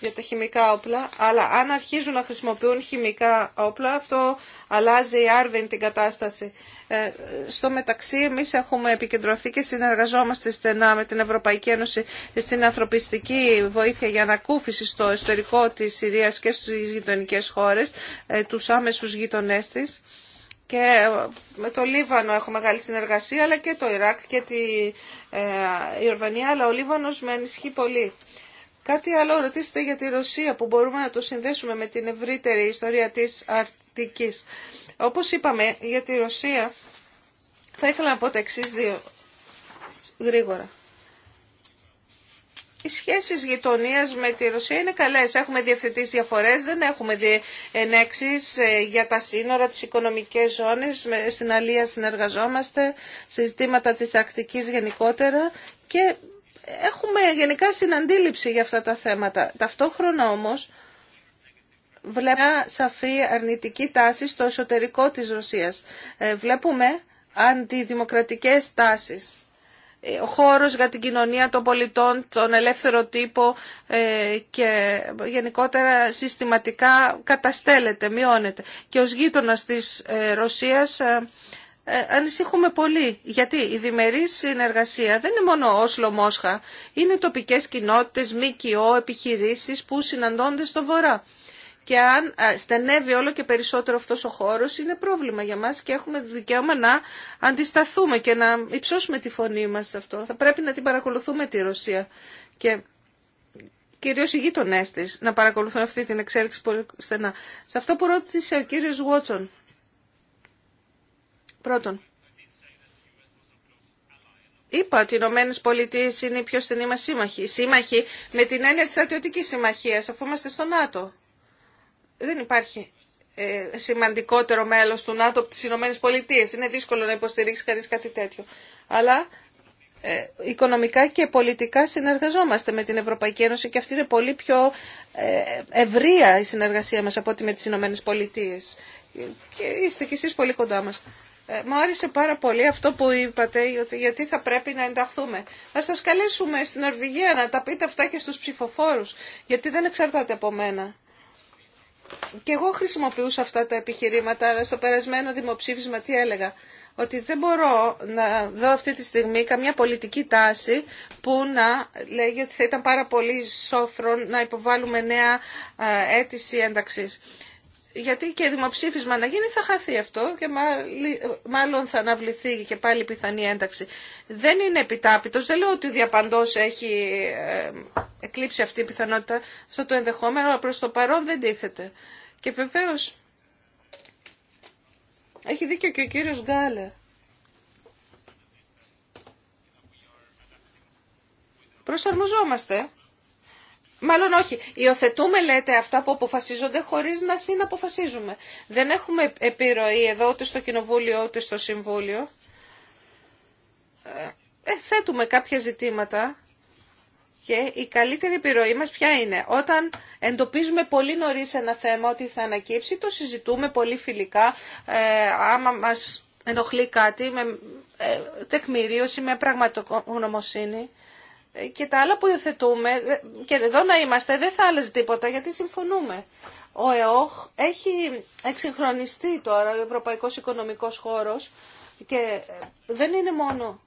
για τα χημικά όπλα, αλλά αν αρχίζουν να χρησιμοποιούν χημικά όπλα, αυτό αλλάζει η άρδιν την κατάσταση. Ε, στο μεταξύ, εμείς έχουμε επικεντρωθεί και συνεργαζόμαστε στενά με την Ευρωπαϊκή Ένωση στην ανθρωπιστική βοήθεια για ανακούφιση στο εσωτερικό της Συρίας και στις γειτονικέ χώρες, ε, τους άμεσους γειτονές της. Και ε, με το Λίβανο έχω μεγάλη συνεργασία, αλλά και το Ιράκ και τη η αλλά ο Λίβανος με ενισχύει πολύ. Κάτι άλλο ρωτήσετε για τη Ρωσία που μπορούμε να το συνδέσουμε με την ευρύτερη ιστορία της Αρτικής. Όπως είπαμε για τη Ρωσία θα ήθελα να πω τα εξής δύο γρήγορα. Οι σχέσεις γειτονίας με τη Ρωσία είναι καλές. Έχουμε διευθετήσει διαφορές, δεν έχουμε ενέξεις ε, για τα σύνορα, τις οικονομικές ζώνες. Στην Αλία συνεργαζόμαστε, συζητήματα της Αρκτικής γενικότερα και Έχουμε γενικά συναντήληψη για αυτά τα θέματα. Ταυτόχρονα όμως βλέπουμε σαφή αρνητική τάση στο εσωτερικό της Ρωσίας. Ε, βλέπουμε αντιδημοκρατικές τάσεις. Ε, ο χώρος για την κοινωνία των πολιτών, τον ελεύθερο τύπο ε, και γενικότερα συστηματικά καταστέλλεται, μειώνεται. Και ως γείτονας της Ρωσίας ε, ανησυχούμε πολύ. Γιατί η διμερή συνεργασία δεν είναι μόνο Όσλο Μόσχα. Είναι τοπικές κοινότητες, ΜΚΟ, επιχειρήσεις που συναντώνται στο βορρά. Και αν ε, στενεύει όλο και περισσότερο αυτός ο χώρος είναι πρόβλημα για μας και έχουμε δικαίωμα να αντισταθούμε και να υψώσουμε τη φωνή μας σε αυτό. Θα πρέπει να την παρακολουθούμε τη Ρωσία και κυρίως οι γείτονές της να παρακολουθούν αυτή την εξέλιξη πολύ στενά. Σε αυτό που ρώτησε ο κύριος Βότσον, Πρώτον, είπα ότι οι Ηνωμένε Πολιτείε είναι οι πιο στενοί μα σύμμαχοι. Σύμμαχοι με την έννοια τη στρατιωτική συμμαχία, αφού είμαστε στο ΝΑΤΟ. Δεν υπάρχει ε, σημαντικότερο μέλος του ΝΑΤΟ από τις Ηνωμένες Πολιτείες. Είναι δύσκολο να υποστηρίξει κανείς κάτι τέτοιο. Αλλά ε, οικονομικά και πολιτικά συνεργαζόμαστε με την Ευρωπαϊκή Ένωση και αυτή είναι πολύ πιο ε, ευρεία η συνεργασία μας από ό,τι με τις Ηνωμένες Πολιτείες. Και είστε κι εσείς πολύ κοντά μας. Ε, μου άρεσε πάρα πολύ αυτό που είπατε, γιατί θα πρέπει να ενταχθούμε. Να σας καλέσουμε στην Νορβηγία να τα πείτε αυτά και στους ψηφοφόρους, γιατί δεν εξαρτάται από μένα. Και εγώ χρησιμοποιούσα αυτά τα επιχειρήματα, αλλά στο περασμένο δημοψήφισμα τι έλεγα. Ότι δεν μπορώ να δω αυτή τη στιγμή καμιά πολιτική τάση που να λέγει ότι θα ήταν πάρα πολύ σόφρον να υποβάλουμε νέα ε, αίτηση ένταξης γιατί και δημοψήφισμα να γίνει θα χαθεί αυτό και μάλλον θα αναβληθεί και πάλι η πιθανή ένταξη. Δεν είναι επιτάπητος, δεν λέω ότι διαπαντός έχει ε, εκλείψει αυτή η πιθανότητα αυτό το ενδεχόμενο, αλλά προς το παρόν δεν τίθεται. Και βεβαίω. έχει δίκιο και ο κύριος Γκάλε. Προσαρμοζόμαστε Μάλλον όχι. Υιοθετούμε, λέτε, αυτά που αποφασίζονται χωρί να συναποφασίζουμε. Δεν έχουμε επιρροή εδώ ούτε στο Κοινοβούλιο ούτε στο Συμβούλιο. Ε, ε, θέτουμε κάποια ζητήματα και η καλύτερη επιρροή μας ποια είναι. Όταν εντοπίζουμε πολύ νωρίς ένα θέμα ότι θα ανακύψει, το συζητούμε πολύ φιλικά. Ε, άμα μας ενοχλεί κάτι με ε, τεκμηρίωση, με πραγματογνωμοσύνη και τα άλλα που υιοθετούμε, και εδώ να είμαστε, δεν θα άλλαζε τίποτα γιατί συμφωνούμε. Ο ΕΟΧ έχει εξυγχρονιστεί τώρα ο Ευρωπαϊκός Οικονομικός Χώρος και ε, δεν είναι μόνο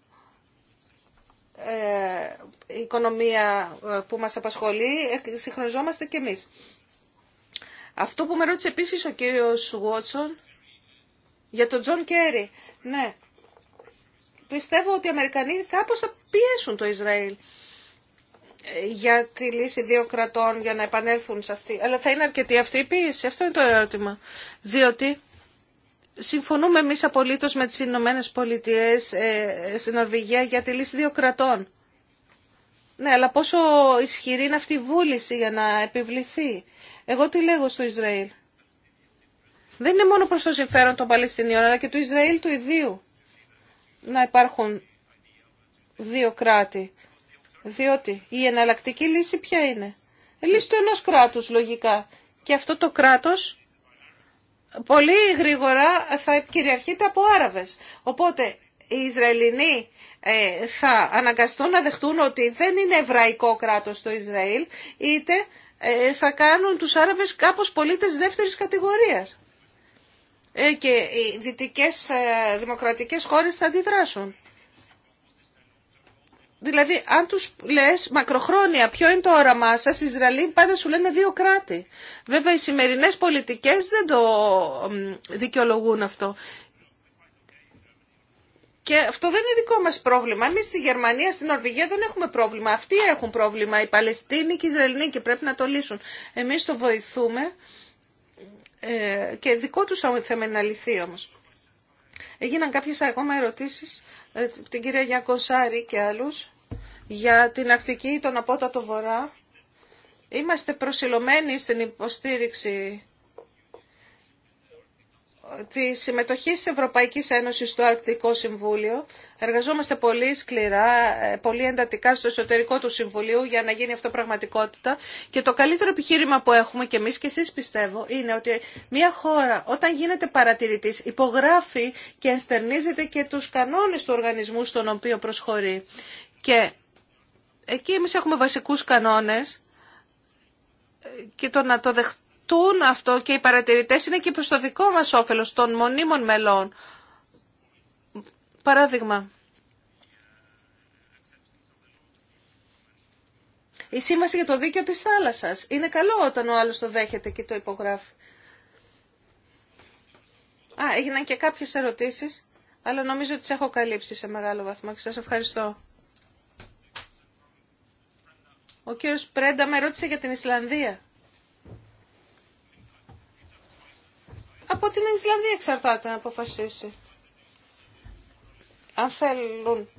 ε, η οικονομία ε, που μας απασχολεί, συγχρονιζόμαστε και εμείς. Αυτό που με ρώτησε επίσης ο κύριος Βότσον για τον Τζον Κέρι. Ναι, πιστεύω ότι οι Αμερικανοί κάπως θα πιέσουν το Ισραήλ ε, για τη λύση δύο κρατών για να επανέλθουν σε αυτή. Αλλά θα είναι αρκετή αυτή η πίεση. Αυτό είναι το ερώτημα. Διότι συμφωνούμε εμείς απολύτως με τις Ηνωμένε Πολιτείες ε, ε, στην Νορβηγία για τη λύση δύο κρατών. Ναι, αλλά πόσο ισχυρή είναι αυτή η βούληση για να επιβληθεί. Εγώ τι λέγω στο Ισραήλ. Δεν είναι μόνο προς το συμφέρον των Παλαιστινίων, αλλά και του Ισραήλ του ιδίου να υπάρχουν δύο κράτη. Διότι η εναλλακτική λύση ποια είναι. Λύση του ενός κράτους λογικά. Και αυτό το κράτος πολύ γρήγορα θα κυριαρχείται από Άραβες. Οπότε οι Ισραηλινοί ε, θα αναγκαστούν να δεχτούν ότι δεν είναι εβραϊκό κράτος το Ισραήλ, είτε ε, θα κάνουν τους Άραβες κάπως πολίτες δεύτερης κατηγορίας. Ε, και οι δυτικές ε, δημοκρατικές χώρες θα αντιδράσουν. Δηλαδή, αν τους λες μακροχρόνια ποιο είναι το όραμά σας, οι Ισραηλοί πάντα σου λένε δύο κράτη. Βέβαια, οι σημερινές πολιτικές δεν το δικαιολογούν αυτό. Και αυτό δεν είναι δικό μας πρόβλημα. Εμείς στη Γερμανία, στην Νορβηγία δεν έχουμε πρόβλημα. Αυτοί έχουν πρόβλημα, οι Παλαιστίνοι και οι Ισραηλοί και πρέπει να το λύσουν. Εμείς το βοηθούμε ε, και δικό τους θέμα να λυθεί όμως. Έγιναν κάποιες ακόμα ερωτήσεις, ε, την κυρία Γιάκοσαρη και άλλους, για την ακτική, τον απότατο βορρά. Είμαστε προσιλωμένοι στην υποστήριξη τη συμμετοχή της Ευρωπαϊκής Ένωσης στο Αρκτικό Συμβούλιο. Εργαζόμαστε πολύ σκληρά, ε, πολύ εντατικά στο εσωτερικό του Συμβουλίου για να γίνει αυτό πραγματικότητα. Και το καλύτερο επιχείρημα που έχουμε και εμείς και εσείς πιστεύω είναι ότι μια χώρα όταν γίνεται παρατηρητής υπογράφει και ενστερνίζεται και τους κανόνες του οργανισμού στον οποίο προσχωρεί. Και εκεί εμείς έχουμε βασικούς κανόνες ε, και το να το δεχτούμε τούν αυτό και οι παρατηρητές είναι και προς το δικό μας όφελος των μονίμων μελών. Παράδειγμα, η σήμαση για το δίκαιο της θάλασσας. Είναι καλό όταν ο άλλος το δέχεται και το υπογράφει. Α, έγιναν και κάποιες ερωτήσεις, αλλά νομίζω ότι τις έχω καλύψει σε μεγάλο βαθμό και σας ευχαριστώ. Ο κύριος Πρέντα με ρώτησε για την Ισλανδία. από την Ισλανδία εξαρτάται να αποφασίσει. Αν θέλουν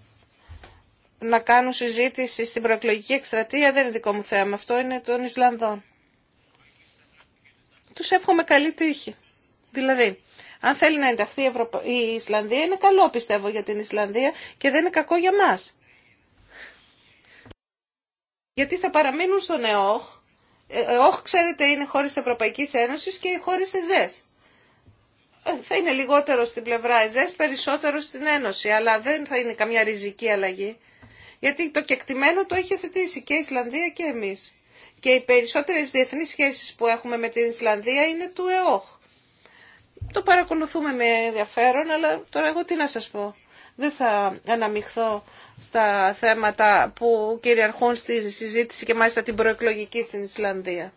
να κάνουν συζήτηση στην προεκλογική εκστρατεία δεν είναι δικό μου θέμα. Αυτό είναι των Ισλανδών. Τους εύχομαι καλή τύχη. Δηλαδή, αν θέλει να ενταχθεί η Ισλανδία, είναι καλό πιστεύω για την Ισλανδία και δεν είναι κακό για μας. Γιατί θα παραμείνουν στον ΕΟΧ. Ε, ΕΟΧ, ξέρετε, είναι χώρε Ευρωπαϊκή Ένωση και χώρε ΕΖΕΣ. Ε, θα είναι λιγότερο στην πλευρά ΕΖΕΣ, περισσότερο στην Ένωση, αλλά δεν θα είναι καμιά ριζική αλλαγή. Γιατί το κεκτημένο το έχει θετήσει και η Ισλανδία και εμείς. Και οι περισσότερες διεθνείς σχέσεις που έχουμε με την Ισλανδία είναι του ΕΟΧ. Το παρακολουθούμε με ενδιαφέρον, αλλά τώρα εγώ τι να σας πω. Δεν θα αναμειχθώ στα θέματα που κυριαρχούν στη συζήτηση και μάλιστα την προεκλογική στην Ισλανδία.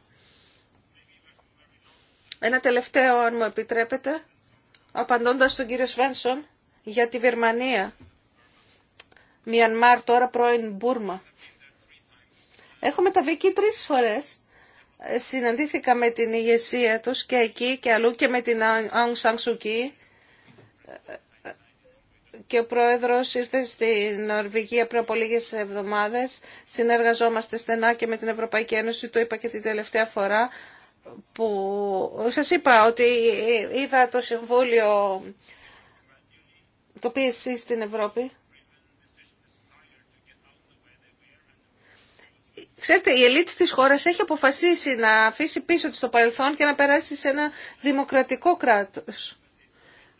Ένα τελευταίο, αν μου επιτρέπετε απαντώντας στον κύριο Σβένσον για τη Βερμανία. Μιανμάρ, τώρα πρώην Μπούρμα. Έχουμε μεταβεί εκεί τρεις φορές. Ε, συναντήθηκα με την ηγεσία τους και εκεί και αλλού και με την Aung San Και ο πρόεδρος ήρθε στην Νορβηγία πριν από λίγες εβδομάδες. Συνεργαζόμαστε στενά και με την Ευρωπαϊκή Ένωση, το είπα και την τελευταία φορά που σας είπα ότι είδα το Συμβούλιο το εσείς στην Ευρώπη. Ξέρετε, η ελίτ της χώρας έχει αποφασίσει να αφήσει πίσω της το παρελθόν και να περάσει σε ένα δημοκρατικό κράτος.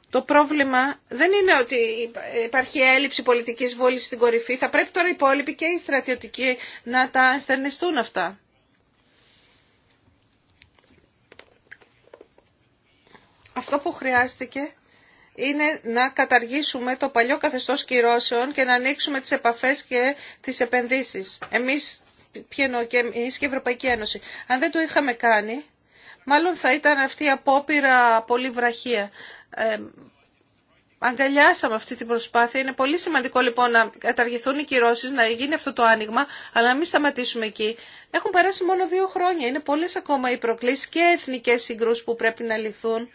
Το πρόβλημα δεν είναι ότι υπάρχει έλλειψη πολιτικής βόλης στην κορυφή. Θα πρέπει τώρα οι υπόλοιποι και οι στρατιωτικοί να τα στερνιστούν αυτά. Αυτό που χρειάστηκε είναι να καταργήσουμε το παλιό καθεστώς κυρώσεων και να ανοίξουμε τις επαφές και τις επενδύσεις. Εμείς, και εμείς και η Ευρωπαϊκή Ένωση. Αν δεν το είχαμε κάνει, μάλλον θα ήταν αυτή η απόπειρα πολύ βραχία. Ε, αγκαλιάσαμε αυτή την προσπάθεια. Είναι πολύ σημαντικό λοιπόν να καταργηθούν οι κυρώσεις, να γίνει αυτό το άνοιγμα, αλλά να μην σταματήσουμε εκεί. Έχουν περάσει μόνο δύο χρόνια. Είναι πολλές ακόμα οι προκλήσεις και εθνικές συγκρούσεις που πρέπει να λυθούν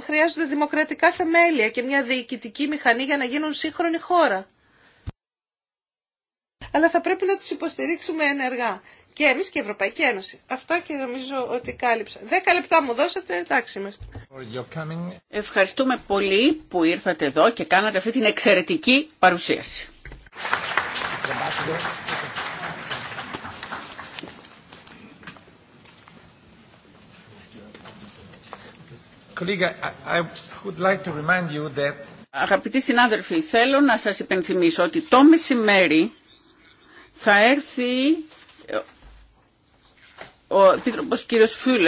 χρειάζονται δημοκρατικά θεμέλια και μια διοικητική μηχανή για να γίνουν σύγχρονη χώρα. Αλλά θα πρέπει να τους υποστηρίξουμε ενεργά. Και εμείς και η Ευρωπαϊκή Ένωση. Αυτά και νομίζω ότι κάλυψα. Δέκα λεπτά μου δώσατε, εντάξει είμαστε. Ευχαριστούμε πολύ που ήρθατε εδώ και κάνατε αυτή την εξαιρετική παρουσίαση. Αγαπητοί συνάδελφοι, θέλω να σας υπενθυμίσω ότι το μεσημέρι θα έρθει ε, ο Επίτροπος κ.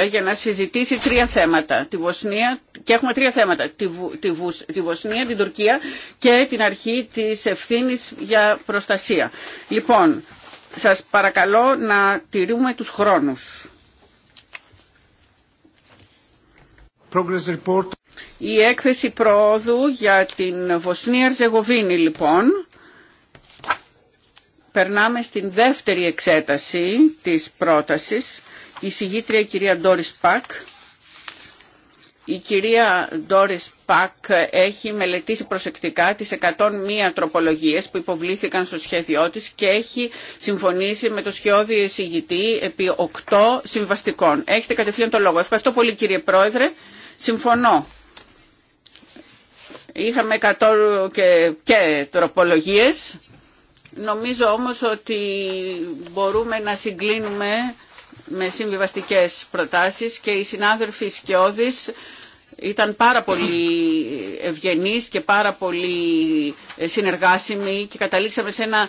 για να συζητήσει τρία θέματα. Τη Βοσνία, και έχουμε τρία θέματα. Τη, τη, τη Βοσνία, την Τουρκία και την αρχή της ευθύνης για προστασία. Λοιπόν, σας παρακαλώ να τηρούμε τους χρόνους. Η έκθεση προόδου για την Βοσνία Ερζεγοβίνη λοιπόν. Περνάμε στην δεύτερη εξέταση της πρότασης. Η συγγήτρια η κυρία Ντόρις Πακ. Η κυρία Ντόρις Πακ έχει μελετήσει προσεκτικά τις 101 τροπολογίες που υποβλήθηκαν στο σχέδιό της και έχει συμφωνήσει με το σχεδιό εισηγητή επί 8 συμβαστικών. Έχετε κατευθείαν το λόγο. Ευχαριστώ πολύ κύριε Πρόεδρε. Συμφωνώ. Είχαμε 100 και, και τροπολογίες. Νομίζω όμως ότι μπορούμε να συγκλίνουμε με συμβιβαστικές προτάσεις και οι συνάδελφοι Σκιώδης ήταν πάρα πολύ ευγενείς και πάρα πολύ συνεργάσιμοι και καταλήξαμε σε ένα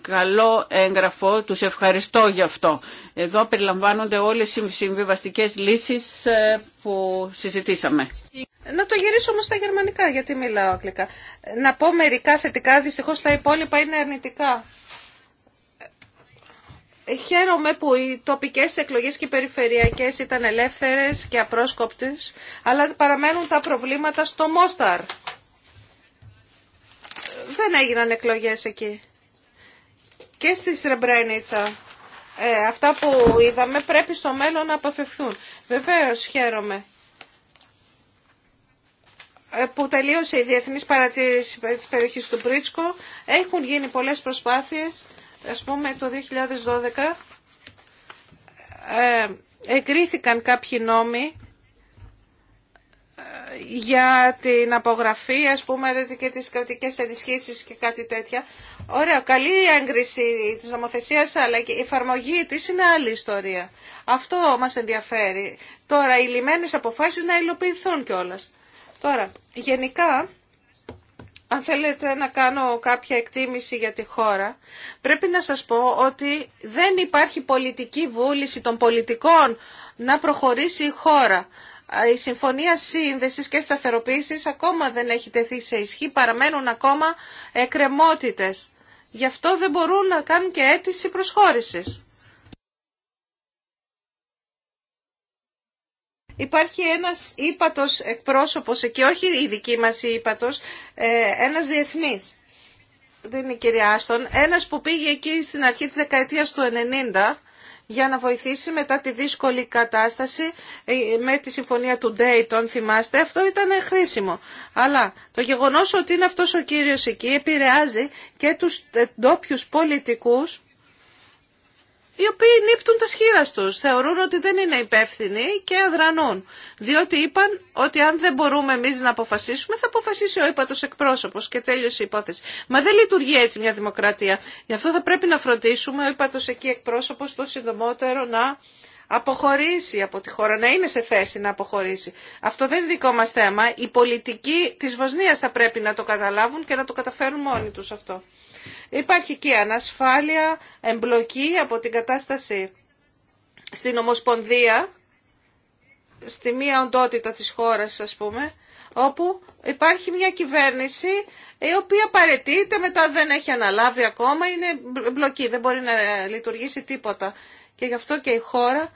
καλό έγγραφο, τους ευχαριστώ γι' αυτό. Εδώ περιλαμβάνονται όλες οι συμβιβαστικές λύσεις ε, που συζητήσαμε. Να το γυρίσω όμως στα γερμανικά, γιατί μιλάω αγγλικά. Να πω μερικά θετικά, δυστυχώς τα υπόλοιπα είναι αρνητικά. Ε, χαίρομαι που οι τοπικές εκλογές και οι περιφερειακές ήταν ελεύθερες και απρόσκοπτες, αλλά παραμένουν τα προβλήματα στο Μόσταρ. Ε, δεν έγιναν εκλογές εκεί και στη Σρεμπρένιτσα. Ε, αυτά που είδαμε πρέπει στο μέλλον να αποφευθούν. Βεβαίως χαίρομαι ε, που τελείωσε η Διεθνής Παρατήρηση της περιοχής του Πρίτσκο. Έχουν γίνει πολλές προσπάθειες. Ας πούμε το 2012 ε, εγκρίθηκαν κάποιοι νόμοι για την απογραφή ας πούμε και τις κρατικές ενισχύσεις και κάτι τέτοια Ωραία, καλή η έγκριση της νομοθεσίας, αλλά και η εφαρμογή τη είναι άλλη ιστορία. Αυτό μα ενδιαφέρει. Τώρα, οι λιμένες αποφάσεις να υλοποιηθούν κιόλα. Τώρα, γενικά, αν θέλετε να κάνω κάποια εκτίμηση για τη χώρα, πρέπει να σας πω ότι δεν υπάρχει πολιτική βούληση των πολιτικών να προχωρήσει η χώρα. Η συμφωνία σύνδεσης και σταθεροποίησης ακόμα δεν έχει τεθεί σε ισχύ, παραμένουν ακόμα εκκρεμότητες. Γι' αυτό δεν μπορούν να κάνουν και αίτηση προσχώρησης. Υπάρχει ένας ύπατος εκπρόσωπος εκεί, όχι η δική μας η ύπατος, ε, ένας διεθνής. Δεν είναι η κυρία Άστον. Ένας που πήγε εκεί στην αρχή της δεκαετίας του 90 για να βοηθήσει μετά τη δύσκολη κατάσταση ε, με τη συμφωνία του Ντέιτον, θυμάστε, αυτό ήταν χρήσιμο. Αλλά το γεγονός ότι είναι αυτός ο κύριος εκεί επηρεάζει και τους ε, ντόπιου πολιτικούς οι οποίοι νύπτουν τα σχήρα τους, θεωρούν ότι δεν είναι υπεύθυνοι και αδρανούν. Διότι είπαν ότι αν δεν μπορούμε εμείς να αποφασίσουμε, θα αποφασίσει ο ύπατος εκπρόσωπος και τέλειωσε η υπόθεση. Μα δεν λειτουργεί έτσι μια δημοκρατία. Γι' αυτό θα πρέπει να φροντίσουμε ο ύπατος εκεί εκπρόσωπος το συντομότερο να αποχωρήσει από τη χώρα, να είναι σε θέση να αποχωρήσει. Αυτό δεν είναι δικό μας θέμα. Οι πολιτικοί της Βοσνίας θα πρέπει να το καταλάβουν και να το καταφέρουν μόνοι τους αυτό. Υπάρχει και ανασφάλεια, εμπλοκή από την κατάσταση στην Ομοσπονδία, στη μία οντότητα της χώρας ας πούμε, όπου υπάρχει μια κυβέρνηση η οποία παρετείται, μετά δεν έχει αναλάβει ακόμα, είναι μπλοκή, δεν μπορεί να λειτουργήσει τίποτα. Και γι' αυτό και η χώρα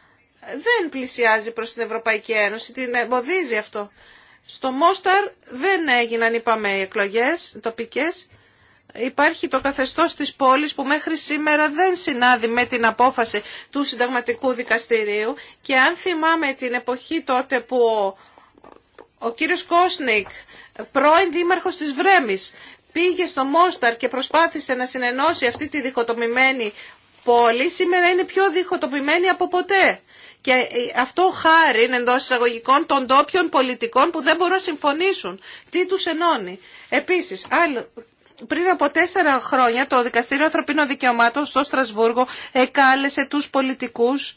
δεν πλησιάζει προς την Ευρωπαϊκή Ένωση, την εμποδίζει αυτό. Στο Μόσταρ δεν έγιναν, είπαμε, εκλογές τοπικές Υπάρχει το καθεστώς της πόλης που μέχρι σήμερα δεν συνάδει με την απόφαση του συνταγματικού δικαστηρίου και αν θυμάμαι την εποχή τότε που ο, ο κύριος Κόσνικ, πρώην δήμαρχος της Βρέμης, πήγε στο Μόσταρ και προσπάθησε να συνενώσει αυτή τη διχοτομημένη πόλη, σήμερα είναι πιο διχοτομημένη από ποτέ. Και ε, αυτό χάρη εντό εισαγωγικών των τόπιων πολιτικών που δεν μπορούν να συμφωνήσουν. Τι του ενώνει. Επίσης, άλλο πριν από τέσσερα χρόνια το Δικαστήριο Ανθρωπίνων Δικαιωμάτων στο Στρασβούργο εκάλεσε τους πολιτικούς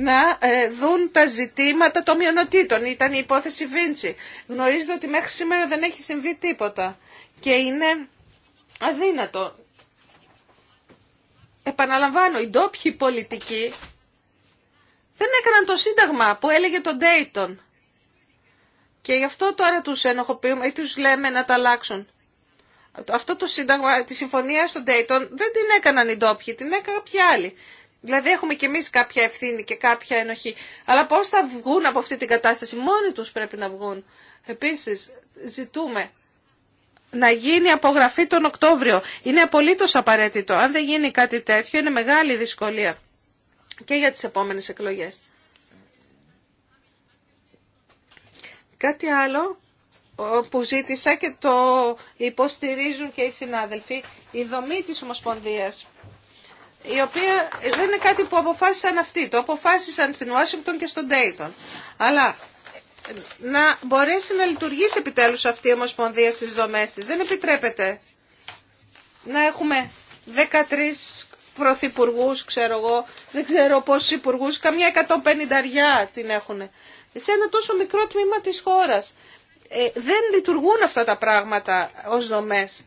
να ε, δουν τα ζητήματα των μειονοτήτων. Ήταν η υπόθεση Βίντσι. Γνωρίζετε ότι μέχρι σήμερα δεν έχει συμβεί τίποτα και είναι αδύνατο. Επαναλαμβάνω, οι ντόπιοι πολιτικοί δεν έκαναν το σύνταγμα που έλεγε τον Ντέιτον. Και γι' αυτό τώρα τους ενοχοποιούμε ή τους λέμε να τα αλλάξουν. Αυτό το σύνταγμα, τη συμφωνία στον Dayton δεν την έκαναν οι ντόπιοι, την έκαναν κάποιοι άλλοι. Δηλαδή έχουμε κι εμείς κάποια ευθύνη και κάποια ενοχή. Αλλά πώς θα βγουν από αυτή την κατάσταση, μόνοι τους πρέπει να βγουν. Επίσης ζητούμε να γίνει απογραφή τον Οκτώβριο. Είναι απολύτως απαραίτητο. Αν δεν γίνει κάτι τέτοιο είναι μεγάλη δυσκολία και για τις επόμενες εκλογές. Κάτι άλλο που ζήτησα και το υποστηρίζουν και οι συνάδελφοι, η δομή της Ομοσπονδίας, η οποία δεν είναι κάτι που αποφάσισαν αυτοί, το αποφάσισαν στην Ουάσιγκτον και στον Τέιτον. Αλλά να μπορέσει να λειτουργήσει επιτέλους αυτή η Ομοσπονδία στις δομές της. Δεν επιτρέπεται να έχουμε 13 πρωθυπουργού, ξέρω εγώ, δεν ξέρω πόσους υπουργού, καμιά καμία 150ρια την έχουν σε ένα τόσο μικρό τμήμα της χώρας. Ε, δεν λειτουργούν αυτά τα πράγματα ως δομές.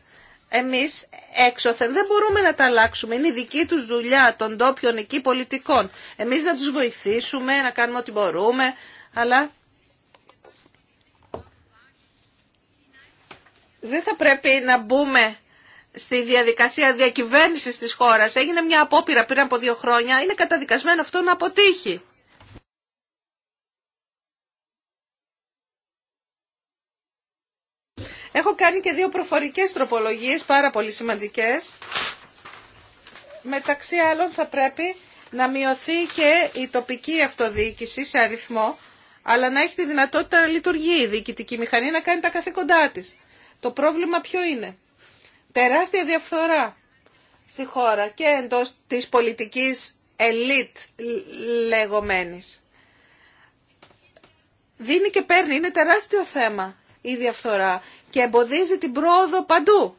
Εμείς έξωθεν δεν μπορούμε να τα αλλάξουμε. Είναι η δική τους δουλειά των ντόπιων εκεί πολιτικών. Εμείς να τους βοηθήσουμε, να κάνουμε ό,τι μπορούμε, αλλά δεν θα πρέπει να μπούμε στη διαδικασία διακυβέρνησης της χώρας. Έγινε μια απόπειρα πριν από δύο χρόνια. Είναι καταδικασμένο αυτό να αποτύχει. Έχω κάνει και δύο προφορικές τροπολογίες, πάρα πολύ σημαντικές. Μεταξύ άλλων θα πρέπει να μειωθεί και η τοπική αυτοδιοίκηση σε αριθμό, αλλά να έχει τη δυνατότητα να λειτουργεί η διοικητική μηχανή, να κάνει τα καθήκοντά της. Το πρόβλημα ποιο είναι. Τεράστια διαφθορά στη χώρα και εντός της πολιτικής ελίτ λεγόμενης. Δίνει και παίρνει, είναι τεράστιο θέμα η διαφθορά και εμποδίζει την πρόοδο παντού.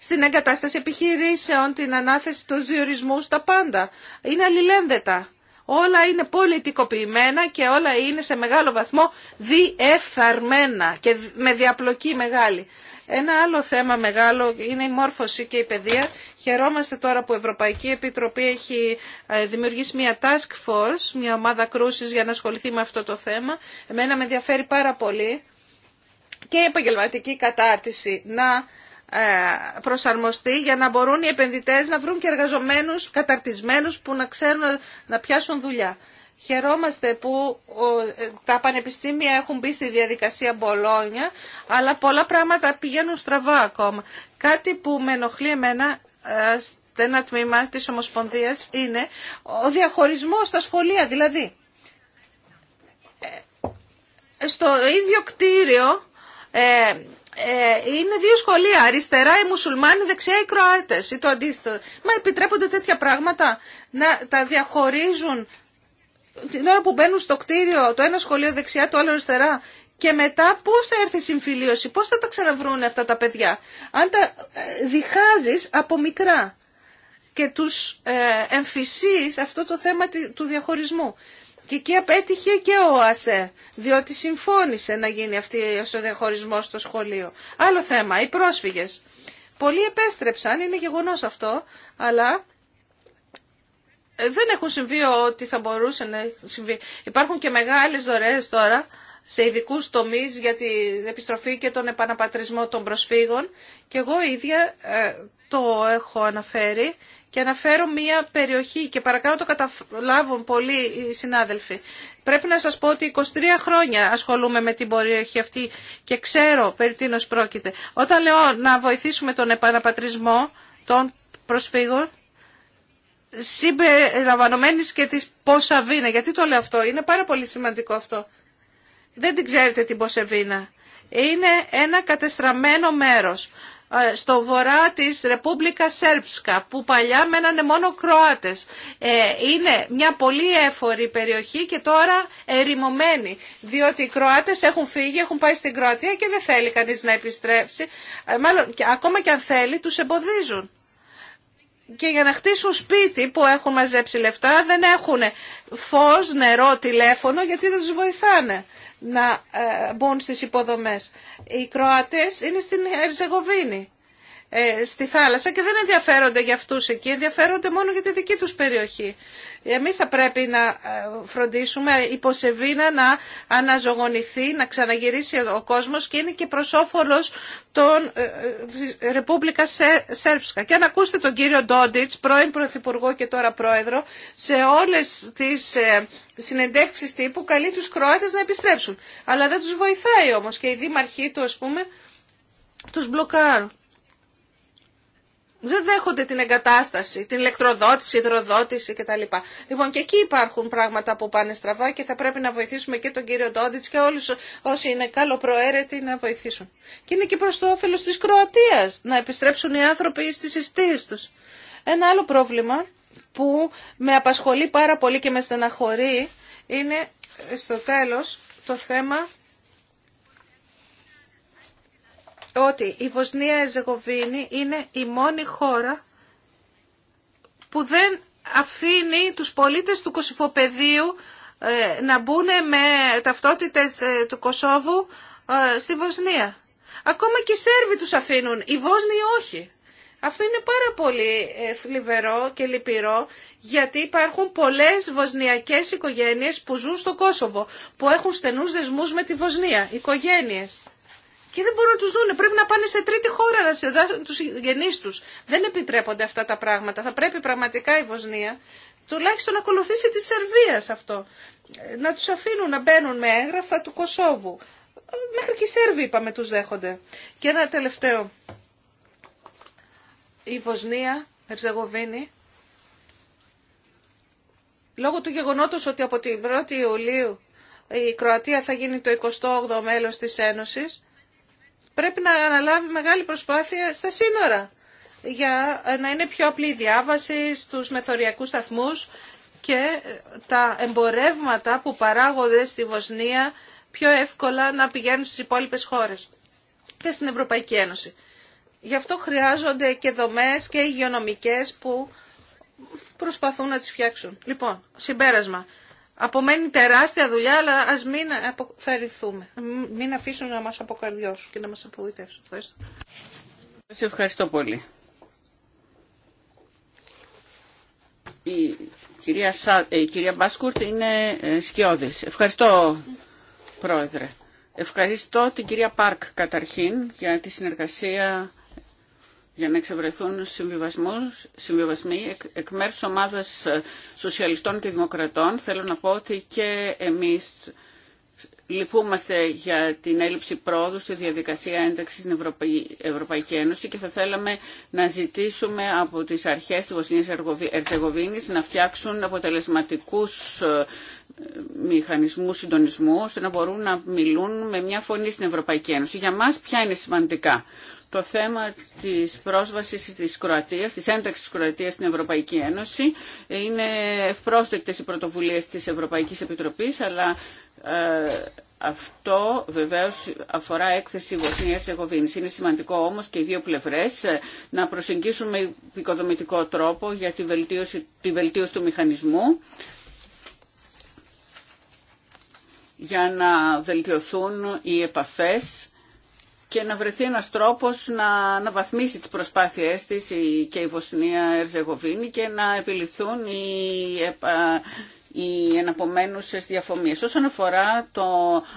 Στην εγκατάσταση επιχειρήσεων, την ανάθεση των διορισμού, τα πάντα. Είναι αλληλένδετα. Όλα είναι πολιτικοποιημένα και όλα είναι σε μεγάλο βαθμό διεφθαρμένα και με διαπλοκή μεγάλη. Ένα άλλο θέμα μεγάλο είναι η μόρφωση και η παιδεία. Χαιρόμαστε τώρα που η Ευρωπαϊκή Επιτροπή έχει ε, δημιουργήσει μια task force, μια ομάδα κρούσης για να ασχοληθεί με αυτό το θέμα. Εμένα με ενδιαφέρει πάρα πολύ και η επαγγελματική κατάρτιση να ε, προσαρμοστεί για να μπορούν οι επενδυτές να βρουν και εργαζομένους καταρτισμένους που να ξέρουν να πιάσουν δουλειά. Χαιρόμαστε που ε, τα πανεπιστήμια έχουν μπει στη διαδικασία Μπολόνια, αλλά πολλά πράγματα πηγαίνουν στραβά ακόμα. Κάτι που με ενοχλεί εμένα ε, ένα τμήμα της Ομοσπονδίας είναι ο διαχωρισμός στα σχολεία. Δηλαδή, στο ίδιο κτίριο ε, ε, είναι δύο σχολεία, αριστερά οι μουσουλμάνοι, δεξιά οι Κροάτες ή το αντίθετο. Μα επιτρέπονται τέτοια πράγματα να τα διαχωρίζουν την ώρα που μπαίνουν στο κτίριο το ένα σχολείο δεξιά, το άλλο αριστερά και μετά πώς θα έρθει η συμφιλίωση, πώς θα τα ξαναβρούν αυτά τα παιδιά. Αν τα ε, διχάζεις από μικρά και τους εμφυσείς αυτό το θέμα του διαχωρισμού. Και εκεί απέτυχε και ο ΑΣΕ, διότι συμφώνησε να γίνει αυτή ο διαχωρισμό στο σχολείο. Άλλο θέμα, οι πρόσφυγες. Πολλοί επέστρεψαν, είναι γεγονός αυτό, αλλά ε, δεν έχουν συμβεί ότι θα μπορούσε να συμβεί. Υπάρχουν και μεγάλες δωρεές τώρα σε ειδικού τομεί για την επιστροφή και τον επαναπατρισμό των προσφύγων και εγώ ίδια ε, το έχω αναφέρει και αναφέρω μία περιοχή και παρακαλώ το καταλάβουν πολλοί οι συνάδελφοι. Πρέπει να σας πω ότι 23 χρόνια ασχολούμαι με την περιοχή αυτή και ξέρω περί τίνος πρόκειται. Όταν λέω να βοηθήσουμε τον επαναπατρισμό των προσφύγων, συμπεριλαμβανομένης και της βίνα. Γιατί το λέω αυτό, είναι πάρα πολύ σημαντικό αυτό. Δεν την ξέρετε την Ποσεβίνα. Είναι ένα κατεστραμμένο μέρος ε, στο βορρά της Ρεπούμπλικα Σέρψκα που παλιά μένανε μόνο Κροάτες. Ε, είναι μια πολύ έφορη περιοχή και τώρα ερημωμένη διότι οι Κροάτες έχουν φύγει, έχουν πάει στην Κροατία και δεν θέλει κανείς να επιστρέψει. Ε, μάλλον ακόμα και αν θέλει τους εμποδίζουν. Και για να χτίσουν σπίτι που έχουν μαζέψει λεφτά δεν έχουν φως, νερό, τηλέφωνο γιατί δεν τους βοηθάνε να ε, μπουν στις υποδομές. Οι Κροατές είναι στην Ερζεγοβίνη, ε, στη θάλασσα και δεν ενδιαφέρονται για αυτούς εκεί, ενδιαφέρονται μόνο για τη δική τους περιοχή. Εμείς θα πρέπει να ε, φροντίσουμε η να αναζωογονηθεί, να ξαναγυρίσει ο κόσμος και είναι και προσώφορο των ε, ε, Ρεπούμπλικα Σέρψκα. Και αν ακούσετε τον κύριο Ντόντιτς, πρώην Πρωθυπουργό και τώρα Πρόεδρο, σε όλες τις συνεντεύξεις τύπου καλεί τους Κροάτες να επιστρέψουν. Αλλά δεν τους βοηθάει όμως και οι δήμαρχοί του, ας πούμε, τους μπλοκάρουν δεν δέχονται την εγκατάσταση, την ηλεκτροδότηση, υδροδότηση κτλ. Λοιπόν, και εκεί υπάρχουν πράγματα που πάνε στραβά και θα πρέπει να βοηθήσουμε και τον κύριο Ντόντιτ και όλου όσοι είναι καλοπροαίρετοι να βοηθήσουν. Και είναι και προ το όφελο τη Κροατία να επιστρέψουν οι άνθρωποι στι ιστίε του. Ένα άλλο πρόβλημα που με απασχολεί πάρα πολύ και με στεναχωρεί είναι στο τέλος το θέμα ότι η Βοσνία ζεγοβινη είναι η μόνη χώρα που δεν αφήνει τους πολίτες του Κωσυφοπεδίου ε, να μπουν με ταυτότητες ε, του Κωσόβου ε, στη Βοσνία. Ακόμα και οι Σέρβοι τους αφήνουν, οι Βόσνοι όχι. Αυτό είναι πάρα πολύ θλιβερό και λυπηρό γιατί υπάρχουν πολλές βοσνιακές οικογένειες που ζουν στο Κόσοβο, που έχουν στενούς δεσμούς με τη Βοσνία, οικογένειες και δεν μπορούν να του δουν. Πρέπει να πάνε σε τρίτη χώρα να συνδάσουν του γενεί του. Δεν επιτρέπονται αυτά τα πράγματα. Θα πρέπει πραγματικά η Βοσνία τουλάχιστον να ακολουθήσει τη Σερβία σε αυτό. Να του αφήνουν να μπαίνουν με έγγραφα του Κωσόβου. Μέχρι και οι Σέρβοι είπαμε του δέχονται. Και ένα τελευταίο. Η Βοσνία, Ερζεγοβίνη, λόγω του γεγονότος ότι από την 1η Ιουλίου η Κροατία θα γίνει το 28ο μέλος της Ένωσης, πρέπει να αναλάβει μεγάλη προσπάθεια στα σύνορα για να είναι πιο απλή η διάβαση στους μεθοριακούς σταθμούς και τα εμπορεύματα που παράγονται στη Βοσνία πιο εύκολα να πηγαίνουν στις υπόλοιπες χώρες και στην Ευρωπαϊκή Ένωση. Γι' αυτό χρειάζονται και δομές και υγειονομικές που προσπαθούν να τις φτιάξουν. Λοιπόν, συμπέρασμα. Απομένει τεράστια δουλειά, αλλά α μην αποθαρρυνθούμε. Μην αφήσουν να μας αποκαρδιώσουν και να μας απογοητεύσουν. Ευχαριστώ. ευχαριστώ πολύ. Η κυρία, Σα... Ε, η κυρία Μπάσκουρτ είναι ε, σκιώδη. Ευχαριστώ, Πρόεδρε. Ευχαριστώ την κυρία Πάρκ καταρχήν για τη συνεργασία για να εξευρεθούν συμβιβασμοί εκ, εκ μέρους ομάδας ε, σοσιαλιστών και δημοκρατών. Θέλω να πω ότι και εμείς λυπούμαστε για την έλλειψη πρόοδου στη διαδικασία ένταξης στην Ευρωπαϊκή Ένωση και θα θέλαμε να ζητήσουμε από τις αρχές της Βοσνίας Ερζεγοβίνης να φτιάξουν αποτελεσματικούς ε, μηχανισμούς συντονισμού ώστε να μπορούν να μιλούν με μια φωνή στην Ευρωπαϊκή Ένωση. Για μας ποια είναι σημαντικά το θέμα της πρόσβασης της Κροατίας, της ένταξης της Κροατίας στην Ευρωπαϊκή Ένωση. Είναι ευπρόσδεκτες οι πρωτοβουλίες της Ευρωπαϊκής Επιτροπής, αλλά ε, αυτό βεβαίως αφορά έκθεση Βοσνία-Ερσεγοβίνης. Είναι σημαντικό όμως και οι δύο πλευρές ε, να προσεγγίσουν με οικοδομητικό τρόπο για τη βελτίωση, τη βελτίωση του μηχανισμού για να βελτιωθούν οι επαφές και να βρεθεί ένας τρόπος να, να βαθμίσει τις προσπάθειές της και η Βοσνία Ερζεγοβίνη και να επιληθούν οι, οι εναπομένουσες διαφομίες. Όσον αφορά το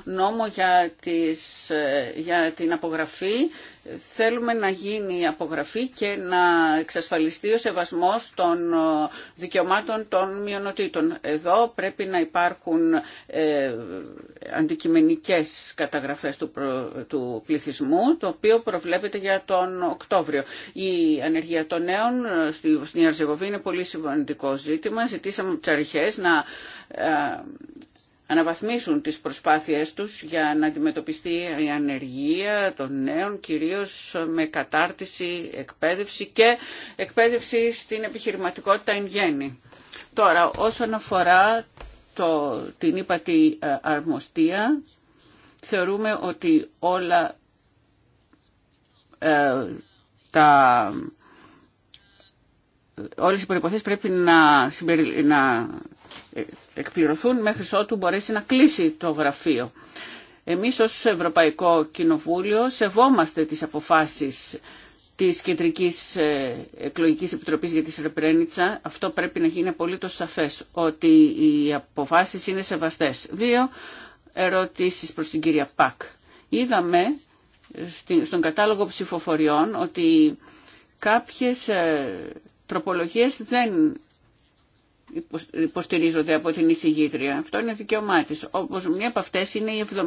νόμο για, ε, για την απογραφή, θέλουμε να γίνει απογραφή και να εξασφαλιστεί ο σεβασμός των ε, δικαιωμάτων των μειονοτήτων. Εδώ πρέπει να υπάρχουν ε, αντικειμενικές καταγραφές του πληθυσμού, το οποίο προβλέπεται για τον Οκτώβριο. Η ανεργία των νέων ε, στη Βοσνία Αρζεγοβή είναι πολύ σημαντικό ζήτημα. Ζητήσαμε από τις αρχές να αναβαθμίσουν τις προσπάθειές τους για να αντιμετωπιστεί η ανεργία των νέων, κυρίως με κατάρτιση, εκπαίδευση και εκπαίδευση στην επιχειρηματικότητα εν γέννη. Τώρα, όσον αφορά το, την ύπατη ε, αρμοστία, θεωρούμε ότι όλα ε, τα, ε, όλες οι προϋποθέσεις πρέπει να, να εκπληρωθούν μέχρι ότου μπορέσει να κλείσει το γραφείο. Εμείς ως Ευρωπαϊκό Κοινοβούλιο σεβόμαστε τις αποφάσεις της Κεντρικής ε, Εκλογικής Επιτροπής για τη Σρεπρένιτσα, αυτό πρέπει να γίνει απολύτω σαφές, ότι οι αποφάσεις είναι σεβαστές. Δύο ερωτήσεις προς την κυρία Πακ. Είδαμε στον κατάλογο ψηφοφοριών ότι κάποιες ε, τροπολογίες δεν υποστηρίζονται από την εισηγήτρια. Αυτό είναι δικαίωμά τη. Όπως μία από αυτέ είναι η 71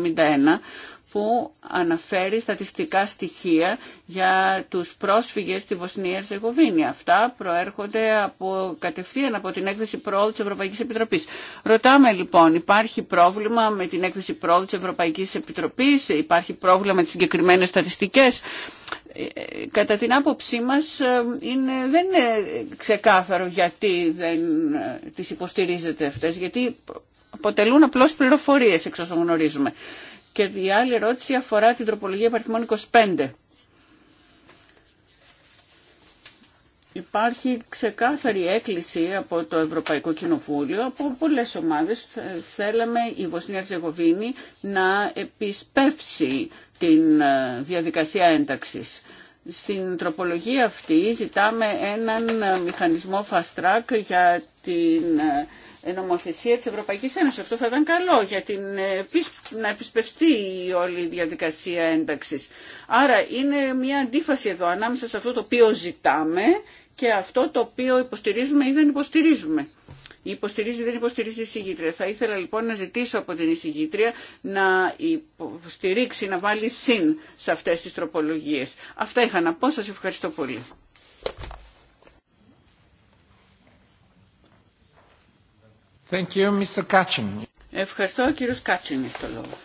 που αναφέρει στατιστικά στοιχεία για τους πρόσφυγες στη Βοσνία Ερζεγοβίνη. Αυτά προέρχονται από, κατευθείαν από την έκθεση πρόοδου της Ευρωπαϊκής Επιτροπής. Ρωτάμε λοιπόν, υπάρχει πρόβλημα με την έκθεση πρόοδου της Ευρωπαϊκής Επιτροπής, υπάρχει πρόβλημα με τις συγκεκριμένες στατιστικές κατά την άποψή μας ε, είναι, δεν είναι ξεκάθαρο γιατί δεν ε, τις υποστηρίζετε αυτές, γιατί αποτελούν απλώς πληροφορίες εξ όσων γνωρίζουμε. Και η άλλη ερώτηση αφορά την τροπολογία παριθμών 25. Υπάρχει ξεκάθαρη έκκληση από το Ευρωπαϊκό Κοινοβούλιο, από πολλές ομάδες. Θέλαμε η Βοσνία Τζεγοβίνη να επισπεύσει την ε, διαδικασία ένταξης. Στην τροπολογία αυτή ζητάμε έναν ε, μηχανισμό fast track για την ε, νομοθεσία της Ευρωπαϊκής Ένωσης. Αυτό θα ήταν καλό για την, να επισπευστεί όλη η διαδικασία ένταξης. Άρα είναι μια αντίφαση εδώ ανάμεσα σε αυτό το οποίο ζητάμε και αυτό το οποίο υποστηρίζουμε ή δεν υποστηρίζουμε υποστηρίζει ή δεν υποστηρίζει η εισηγήτρια. Θα ήθελα λοιπόν να ζητήσω από την εισηγήτρια να υποστηρίξει, να βάλει συν σε αυτές τις τροπολογίες. Αυτά είχα να πω. Σας ευχαριστώ πολύ. Thank you, Mr. Ευχαριστώ, κύριος Κάτσιν, λόγο.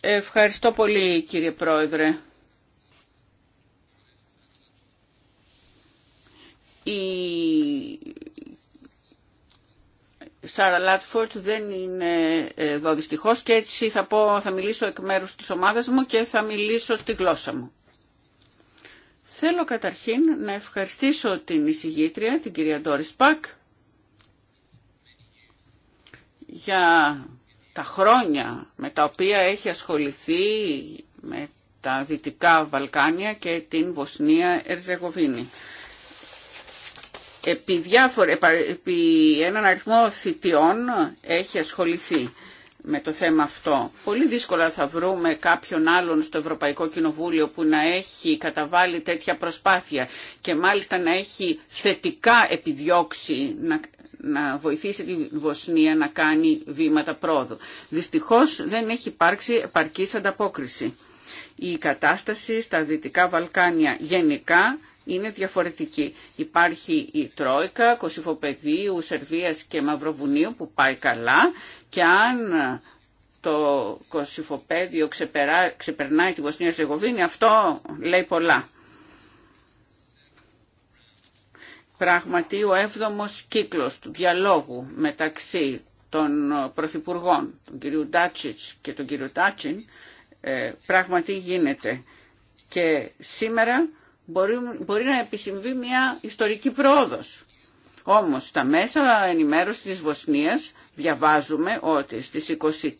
Ευχαριστώ πολύ, κύριε Πρόεδρε. Η Σάρα Λάτφορτ δεν είναι εδώ δυστυχώς και έτσι θα, πω, θα μιλήσω εκ μέρους της ομάδας μου και θα μιλήσω στη γλώσσα μου. Θέλω καταρχήν να ευχαριστήσω την εισηγήτρια, την κυρία Ντόρις Πακ, για τα χρόνια με τα οποία έχει ασχοληθεί με τα Δυτικά Βαλκάνια και την Βοσνία Ερζεγοβίνη επί, επί έναν αριθμό θητιών έχει ασχοληθεί με το θέμα αυτό. Πολύ δύσκολα θα βρούμε κάποιον άλλον στο Ευρωπαϊκό Κοινοβούλιο που να έχει καταβάλει τέτοια προσπάθεια και μάλιστα να έχει θετικά επιδιώξει να, να βοηθήσει τη Βοσνία να κάνει βήματα πρόοδου. Δυστυχώς δεν έχει υπάρξει επαρκής ανταπόκριση. Η κατάσταση στα Δυτικά Βαλκάνια γενικά είναι διαφορετική. Υπάρχει η Τρόικα, Κωσυφοπεδίου, Σερβίας και Μαυροβουνίου που πάει καλά και αν το Κωσυφοπέδιο ξεπερνάει τη Βοσνία Ζεγοβίνη, αυτό λέει πολλά. Πραγματι ο έβδομος κύκλος του διαλόγου μεταξύ των πρωθυπουργών, τον κύριο Ντάτσιτς και τον κύριο Τάτσιν, ε, πράγματι γίνεται. Και σήμερα Μπορεί, να επισυμβεί μια ιστορική πρόοδος. Όμως στα μέσα ενημέρωση της Βοσνίας διαβάζουμε ότι στις 23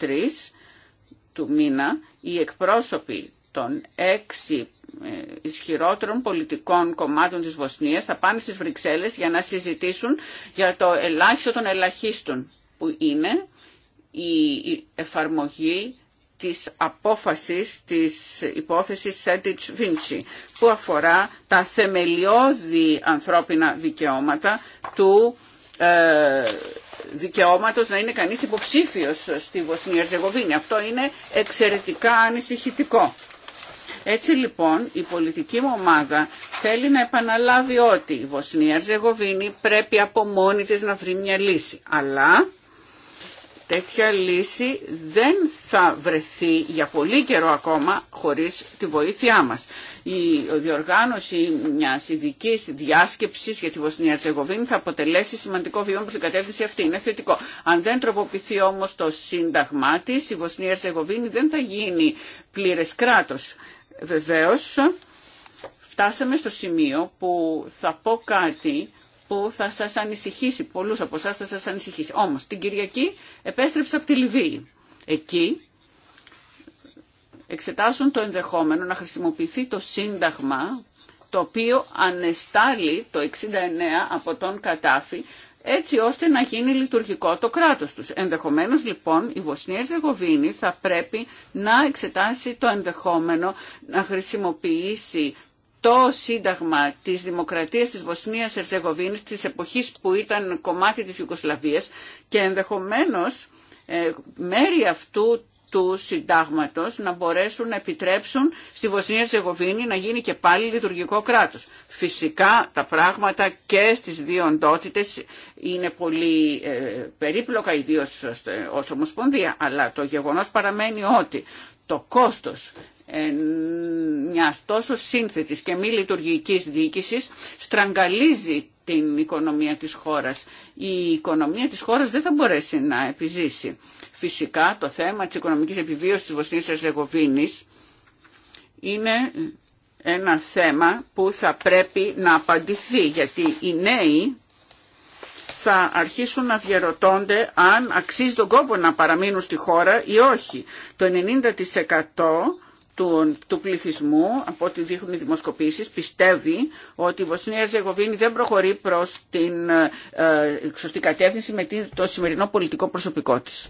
του μήνα οι εκπρόσωποι των έξι ε, ισχυρότερων πολιτικών κομμάτων της Βοσνίας θα πάνε στις Βρυξέλλες για να συζητήσουν για το ελάχιστο των ελαχίστων που είναι η εφαρμογή της απόφασης της υπόθεσης Σέντιτς Βίντσι που αφορά τα θεμελιώδη ανθρώπινα δικαιώματα του ε, δικαιώματος να είναι κανείς υποψήφιος στη Βοσνία Ζεγοβίνη. Αυτό είναι εξαιρετικά ανησυχητικό. Έτσι λοιπόν η πολιτική μου ομάδα θέλει να επαναλάβει ότι η Βοσνία Ζεγοβίνη πρέπει από μόνη της να βρει μια λύση. Αλλά τέτοια λύση δεν θα βρεθεί για πολύ καιρό ακόμα χωρίς τη βοήθειά μας. Η διοργάνωση μιας ειδική διάσκεψης για τη Βοσνία ριζεγοβινη θα αποτελέσει σημαντικό βήμα προς την κατεύθυνση αυτή. Είναι θετικό. Αν δεν τροποποιηθεί όμως το σύνταγμά της, η Βοσνία ριζεγοβινη δεν θα γίνει πλήρες κράτος. Βεβαίως, φτάσαμε στο σημείο που θα πω κάτι που θα σα ανησυχήσει, πολλού από εσά θα σα ανησυχήσει. όμω την Κυριακή επέστρεψα από τη Λιβύη. Εκεί εξετάσουν το ενδεχόμενο να χρησιμοποιηθεί το Σύνταγμα, το οποίο ανεστάλλει το 69 από τον Κατάφη, έτσι ώστε να γίνει λειτουργικό το κράτος τους. Ενδεχομένως λοιπόν η Βοσνία Ζεγοβίνη θα πρέπει να εξετάσει το ενδεχόμενο να χρησιμοποιήσει το σύνταγμα της Δημοκρατίας της Βοσνίας Ερζεγοβίνης της εποχής που ήταν κομμάτι της Ιουγκοσλαβίας και ενδεχομένως ε, μέρη αυτού του συντάγματος να μπορέσουν να επιτρέψουν στη Βοσνία Ζεγοβίνη να γίνει και πάλι λειτουργικό κράτος. Φυσικά τα πράγματα και στις δύο οντότητε είναι πολύ ε, περίπλοκα, ιδίως ως Ομοσπονδία, αλλά το γεγονός παραμένει ότι το κόστος ε, Μια τόσο σύνθετης και μη λειτουργική διοίκηση στραγγαλίζει την οικονομία της χώρας. Η οικονομία της χώρας δεν θα μπορέσει να επιζήσει. Φυσικά το θέμα της οικονομικής επιβίωσης της Βοσνίας Ερζεγοβίνης είναι ένα θέμα που θα πρέπει να απαντηθεί γιατί οι νέοι θα αρχίσουν να διαρωτώνται αν αξίζει τον κόπο να παραμείνουν στη χώρα ή όχι. Το 90% του, πληθυσμού, από ό,τι δείχνουν οι δημοσκοπήσεις, πιστεύει ότι η Βοσνία Ζεγοβίνη δεν προχωρεί προς την ε, σωστή κατεύθυνση με το σημερινό πολιτικό προσωπικό της.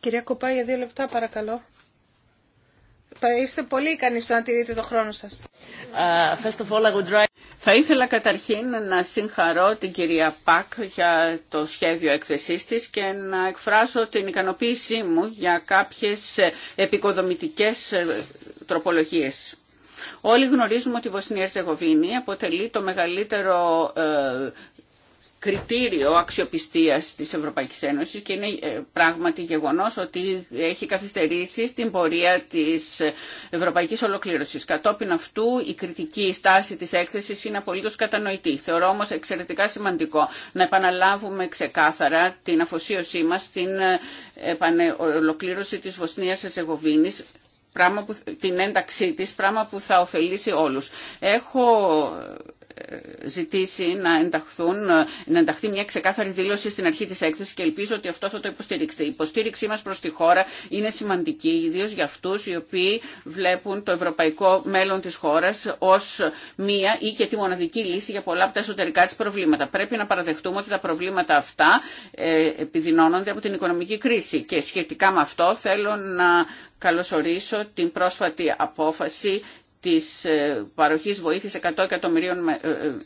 κυρία Κοπά για δύο λεπτά παρακαλώ είστε πολύ ικανοί στο να τηρείτε το χρόνο σας. Ε, Θα ήθελα καταρχήν να συγχαρώ την κυρία Πακ για το σχέδιο έκθεσής της και να εκφράσω την ικανοποίησή μου για κάποιες επικοδομητικές ε, τροπολογίες. Όλοι γνωρίζουμε ότι η Βοσνία Ζεγοβίνη αποτελεί το μεγαλύτερο ε, κριτήριο αξιοπιστίας της Ευρωπαϊκής Ένωσης και είναι ε, πράγματι γεγονός ότι έχει καθυστερήσει στην πορεία της ευρωπαϊκής ολοκλήρωσης. Κατόπιν αυτού η κριτική στάση της έκθεσης είναι απολύτως κατανοητή. Θεωρώ όμως εξαιρετικά σημαντικό να επαναλάβουμε ξεκάθαρα την αφοσίωσή μας στην ε, ολοκλήρωση της Βοσνίας Εζεγοβίνης πράγμα που, την ένταξή της, πράγμα που θα ωφελήσει όλους. Έχω ζητήσει να, ενταχθούν, να ενταχθεί μια ξεκάθαρη δήλωση στην αρχή της έκθεσης και ελπίζω ότι αυτό θα το υποστηρίξετε. Η υποστήριξή μας προς τη χώρα είναι σημαντική, ιδίω για αυτούς οι οποίοι βλέπουν το ευρωπαϊκό μέλλον της χώρας ως μία ή και τη μοναδική λύση για πολλά από τα εσωτερικά της προβλήματα. Πρέπει να παραδεχτούμε ότι τα προβλήματα αυτά ε, επιδεινώνονται από την οικονομική κρίση και σχετικά με αυτό θέλω να καλωσορίσω την πρόσφατη απόφαση της ε, παροχής βοήθειας 100 εκατομμυρίων ε,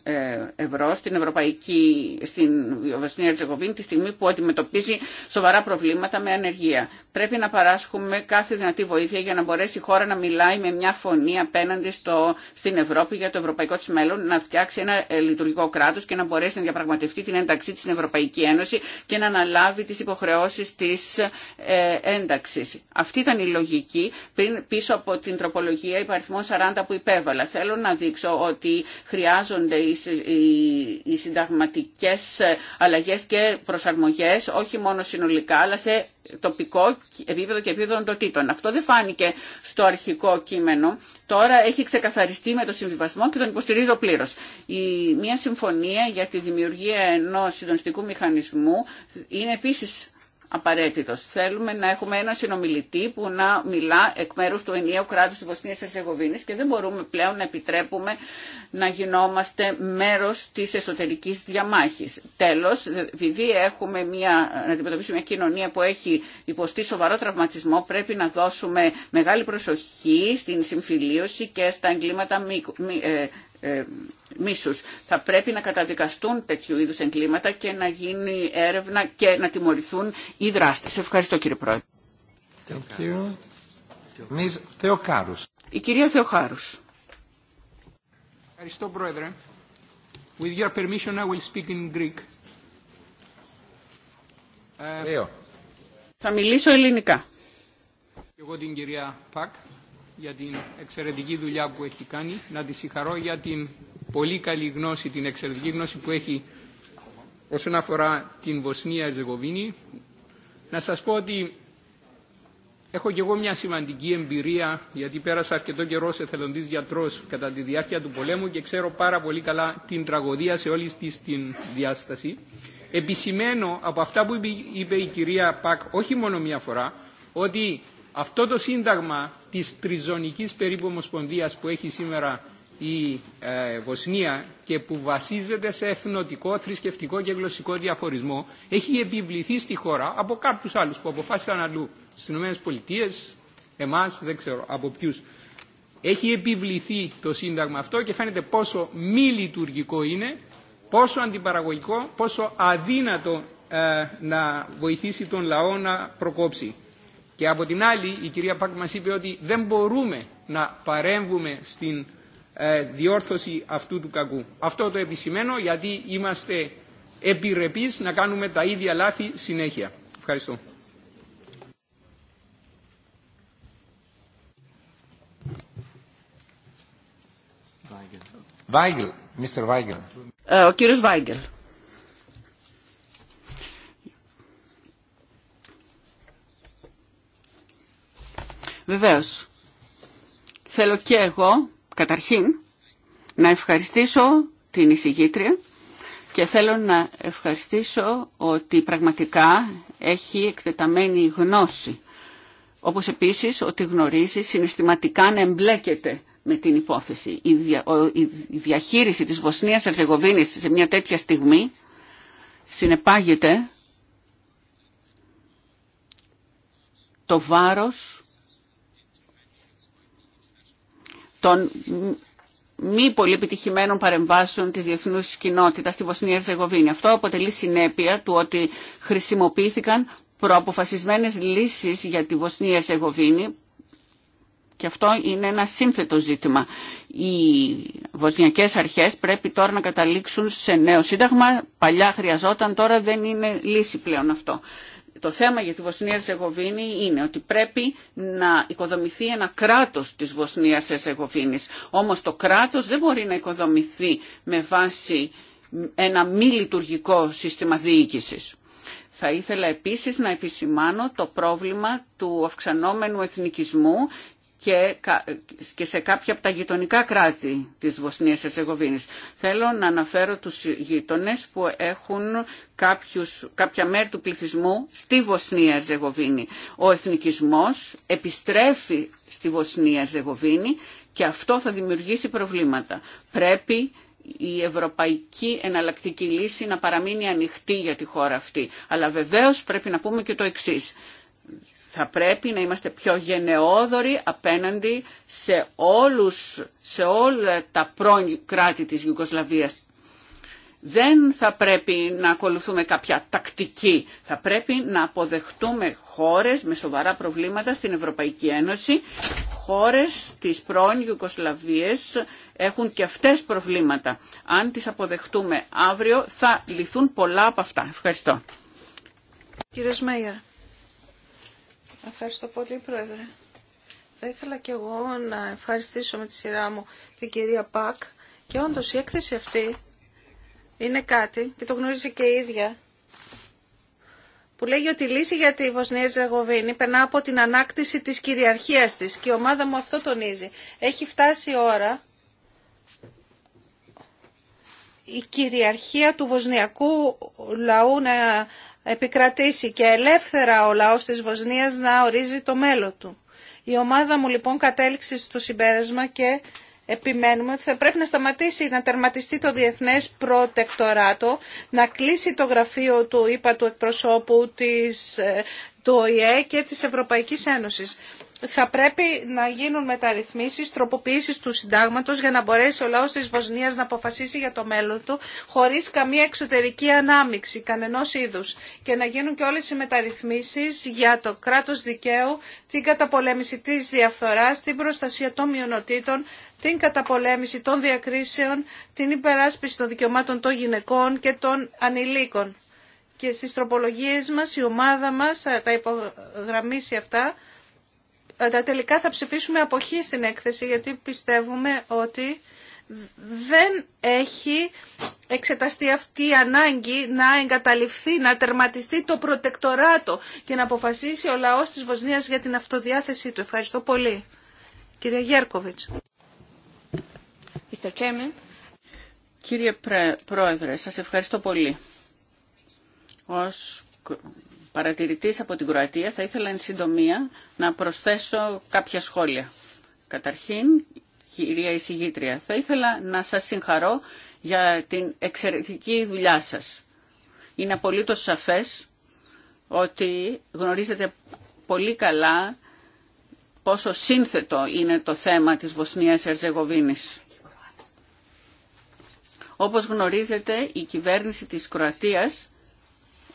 ε, ευρώ στην Ευρωπαϊκή, στην Βοσνία Ερτζεγοβίνη τη στιγμή που αντιμετωπίζει σοβαρά προβλήματα με ανεργία. Πρέπει να παράσχουμε κάθε δυνατή βοήθεια για να μπορέσει η χώρα να μιλάει με μια φωνή απέναντι στο, στην Ευρώπη για το ευρωπαϊκό της μέλλον, να φτιάξει ένα λειτουργικό κράτος και να μπορέσει να διαπραγματευτεί την ένταξή της στην Ευρωπαϊκή Ένωση και να αναλάβει τις υποχρεώσεις της ένταξης. Αυτή ήταν η λογική πριν, πίσω από την τροπολογία υπαριθμών που υπέβαλα. Θέλω να δείξω ότι χρειάζονται οι συνταγματικές αλλαγές και προσαρμογές, όχι μόνο συνολικά, αλλά σε τοπικό επίπεδο και επίπεδο οντοτήτων. Αυτό δεν φάνηκε στο αρχικό κείμενο. Τώρα έχει ξεκαθαριστεί με το συμβιβασμό και τον υποστηρίζω πλήρως. Η, μια συμφωνία για τη δημιουργία ενός συντονιστικού μηχανισμού είναι επίσης απαραίτητος. Θέλουμε να έχουμε ένα συνομιλητή που να μιλά εκ μέρους του ενιαίου κράτους της Βοσνίας Ερσεγοβίνης και δεν μπορούμε πλέον να επιτρέπουμε να γινόμαστε μέρος της εσωτερικής διαμάχης. Τέλος, επειδή έχουμε μια, να αντιμετωπίσουμε μια κοινωνία που έχει υποστεί σοβαρό τραυματισμό, πρέπει να δώσουμε μεγάλη προσοχή στην συμφιλίωση και στα εγκλήματα ε, ε, μίσους. Θα πρέπει να καταδικαστούν τέτοιου είδους εγκλήματα και να γίνει έρευνα και να τιμωρηθούν οι δράστες. Ευχαριστώ κύριε Πρόεδρε. Ευχαριστώ. Η κυρία Θεοχάρους. Ευχαριστώ Πρόεδρε. With your permission I will speak in Greek. Ε, θα μιλήσω ελληνικά. Εγώ την κυρία Πακ για την εξαιρετική δουλειά που έχει κάνει, να τη συγχαρώ για την πολύ καλή γνώση, την εξαιρετική γνώση που έχει όσον αφορά την Βοσνία ζεγοβινη Να σας πω ότι έχω και εγώ μια σημαντική εμπειρία, γιατί πέρασα αρκετό καιρό σε θελοντής γιατρός κατά τη διάρκεια του πολέμου και ξέρω πάρα πολύ καλά την τραγωδία σε όλη τη την διάσταση. Επισημένω από αυτά που είπε η κυρία Πακ όχι μόνο μια φορά, ότι αυτό το σύνταγμα της τριζωνικής περίπου ομοσπονδίας που έχει σήμερα η ε, Βοσνία και που βασίζεται σε εθνοτικό, θρησκευτικό και γλωσσικό διαχωρισμό έχει επιβληθεί στη χώρα από κάποιους άλλους που αποφάσισαν αλλού στις ΗΠΑ, εμάς, δεν ξέρω από ποιους. Έχει επιβληθεί το Σύνταγμα αυτό και φαίνεται πόσο μη λειτουργικό είναι, πόσο αντιπαραγωγικό, πόσο αδύνατο ε, να βοηθήσει τον λαό να προκόψει. Και από την άλλη η κυρία Πακ μας είπε ότι δεν μπορούμε να παρέμβουμε στην ε, διόρθωση αυτού του κακού. Αυτό το επισημαίνω γιατί είμαστε επιρρεπείς να κάνουμε τα ίδια λάθη συνέχεια. Ευχαριστώ. Mr. Ε, ο κύριος Βεβαίως, θέλω και εγώ, καταρχήν, να ευχαριστήσω την εισηγήτρια και θέλω να ευχαριστήσω ότι πραγματικά έχει εκτεταμένη γνώση. Όπως επίσης ότι γνωρίζει συναισθηματικά να εμπλέκεται με την υπόθεση. Η, διαχείριση της Βοσνίας Ερζεγοβίνης σε μια τέτοια στιγμή συνεπάγεται το βάρος των μη πολύ επιτυχημένων παρεμβάσεων της διεθνούς κοινότητας στη Βοσνία Ερζεγοβίνη. Αυτό αποτελεί συνέπεια του ότι χρησιμοποιήθηκαν προαποφασισμένες λύσεις για τη Βοσνία Ερζεγοβίνη και αυτό είναι ένα σύνθετο ζήτημα. Οι βοσνιακές αρχές πρέπει τώρα να καταλήξουν σε νέο σύνταγμα. Παλιά χρειαζόταν, τώρα δεν είναι λύση πλέον αυτό το θέμα για τη βοσνια Ζεγοβίνη είναι ότι πρέπει να οικοδομηθεί ένα κράτος της βοσνιας Ζεγοβίνης. Όμως το κράτος δεν μπορεί να οικοδομηθεί με βάση ένα μη λειτουργικό σύστημα διοίκησης. Θα ήθελα επίσης να επισημάνω το πρόβλημα του αυξανόμενου εθνικισμού και σε κάποια από τα γειτονικά κράτη της Βοσνίας Ερσεγοβίνης. Θέλω να αναφέρω τους γείτονες που έχουν κάποιους, κάποια μέρη του πληθυσμού στη Βοσνία Ερσεγοβίνη. Ο εθνικισμός επιστρέφει στη Βοσνία Ερσεγοβίνη και αυτό θα δημιουργήσει προβλήματα. Πρέπει η ευρωπαϊκή εναλλακτική λύση να παραμείνει ανοιχτή για τη χώρα αυτή. Αλλά βεβαίως πρέπει να πούμε και το εξής θα πρέπει να είμαστε πιο γενναιόδοροι απέναντι σε, όλους, σε όλα τα πρώην κράτη της Ιουγκοσλαβίας. Δεν θα πρέπει να ακολουθούμε κάποια τακτική. Θα πρέπει να αποδεχτούμε χώρες με σοβαρά προβλήματα στην Ευρωπαϊκή Ένωση. Χώρες της πρώην Ιουγκοσλαβίας έχουν και αυτές προβλήματα. Αν τις αποδεχτούμε αύριο θα λυθούν πολλά από αυτά. Ευχαριστώ. Ευχαριστώ πολύ, Πρόεδρε. Θα ήθελα και εγώ να ευχαριστήσω με τη σειρά μου την κυρία Πακ. Και όντως η έκθεση αυτή είναι κάτι, και το γνωρίζει και η ίδια, που λέγει ότι η λύση για τη Βοσνία Ζεγοβίνη περνά από την ανάκτηση της κυριαρχίας της και η ομάδα μου αυτό τονίζει. Έχει φτάσει η ώρα η κυριαρχία του βοσνιακού λαού να επικρατήσει και ελεύθερα ο λαός της Βοσνίας να ορίζει το μέλλον του. Η ομάδα μου λοιπόν κατέληξε στο συμπέρασμα και επιμένουμε ότι θα πρέπει να σταματήσει να τερματιστεί το Διεθνές Προτεκτοράτο, να κλείσει το γραφείο του ΙΠΑ του εκπροσώπου της, ε, του και της Ευρωπαϊκής Ένωσης θα πρέπει να γίνουν μεταρρυθμίσεις, τροποποιήσεις του συντάγματος για να μπορέσει ο λαός της Βοσνίας να αποφασίσει για το μέλλον του χωρίς καμία εξωτερική ανάμειξη, κανενός είδους και να γίνουν και όλες οι μεταρρυθμίσεις για το κράτος δικαίου, την καταπολέμηση της διαφθοράς, την προστασία των μειονοτήτων, την καταπολέμηση των διακρίσεων, την υπεράσπιση των δικαιωμάτων των γυναικών και των ανηλίκων. Και στις τροπολογίες μας η ομάδα μας θα τα υπογραμμίσει αυτά ε, τα τελικά θα ψηφίσουμε αποχή στην έκθεση γιατί πιστεύουμε ότι δεν έχει εξεταστεί αυτή η ανάγκη να εγκαταλειφθεί, να τερματιστεί το προτεκτοράτο και να αποφασίσει ο λαός της Βοσνίας για την αυτοδιάθεσή του. Ευχαριστώ πολύ. Κύριε Γέρκοβιτς. Κύριε Πρόεδρε, σας ευχαριστώ πολύ. Ως παρατηρητής από την Κροατία, θα ήθελα εν συντομία να προσθέσω κάποια σχόλια. Καταρχήν, κυρία εισηγήτρια, θα ήθελα να σας συγχαρώ για την εξαιρετική δουλειά σας. Είναι απολύτως σαφές ότι γνωρίζετε πολύ καλά πόσο σύνθετο είναι το θέμα της Βοσνίας Ερζεγοβίνης. Όπως γνωρίζετε, η κυβέρνηση της Κροατίας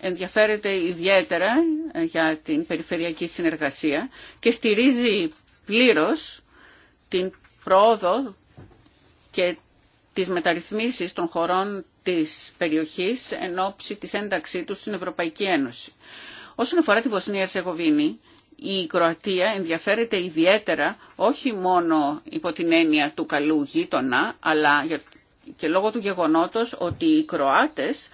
ενδιαφέρεται ιδιαίτερα ε, για την περιφερειακή συνεργασία και στηρίζει πλήρως την πρόοδο και τις μεταρρυθμίσεις των χωρών της περιοχής εν ώψη της ένταξή τους στην Ευρωπαϊκή Ένωση. Όσον αφορά τη Βοσνία-Ερσεγοβίνη, η Κροατία ενδιαφέρεται ιδιαίτερα όχι μόνο υπό την έννοια του καλού γείτονα, αλλά και λόγω του γεγονότος ότι οι Κροάτες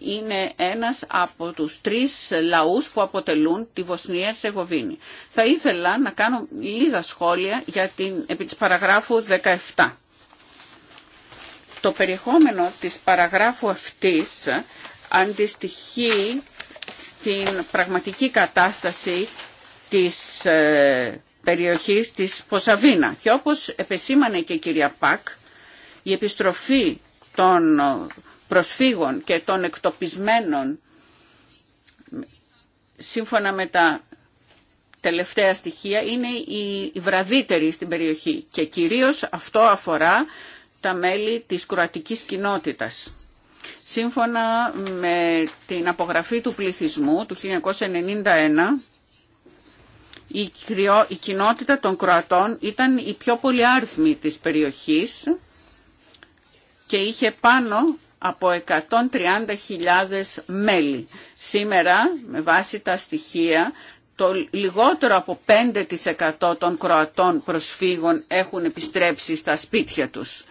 είναι ένας από τους τρεις λαούς που αποτελούν τη Βοσνία σεγοβινη Θα ήθελα να κάνω λίγα σχόλια για την, επί της παραγράφου 17. Το περιεχόμενο της παραγράφου αυτής αντιστοιχεί στην πραγματική κατάσταση της ε, περιοχής της Ποσαβίνα. Και όπως επεσήμανε και η κυρία Πακ, η επιστροφή των προσφύγων και των εκτοπισμένων σύμφωνα με τα τελευταία στοιχεία είναι οι βραδύτερη στην περιοχή και κυρίως αυτό αφορά τα μέλη της κροατικής κοινότητας. Σύμφωνα με την απογραφή του πληθυσμού του 1991, η κοινότητα των Κροατών ήταν η πιο πολυάριθμη της περιοχής και είχε πάνω από 130.000 μέλη. Σήμερα, με βάση τα στοιχεία, το λιγότερο από 5% των Κροατών προσφύγων έχουν επιστρέψει στα σπίτια τους.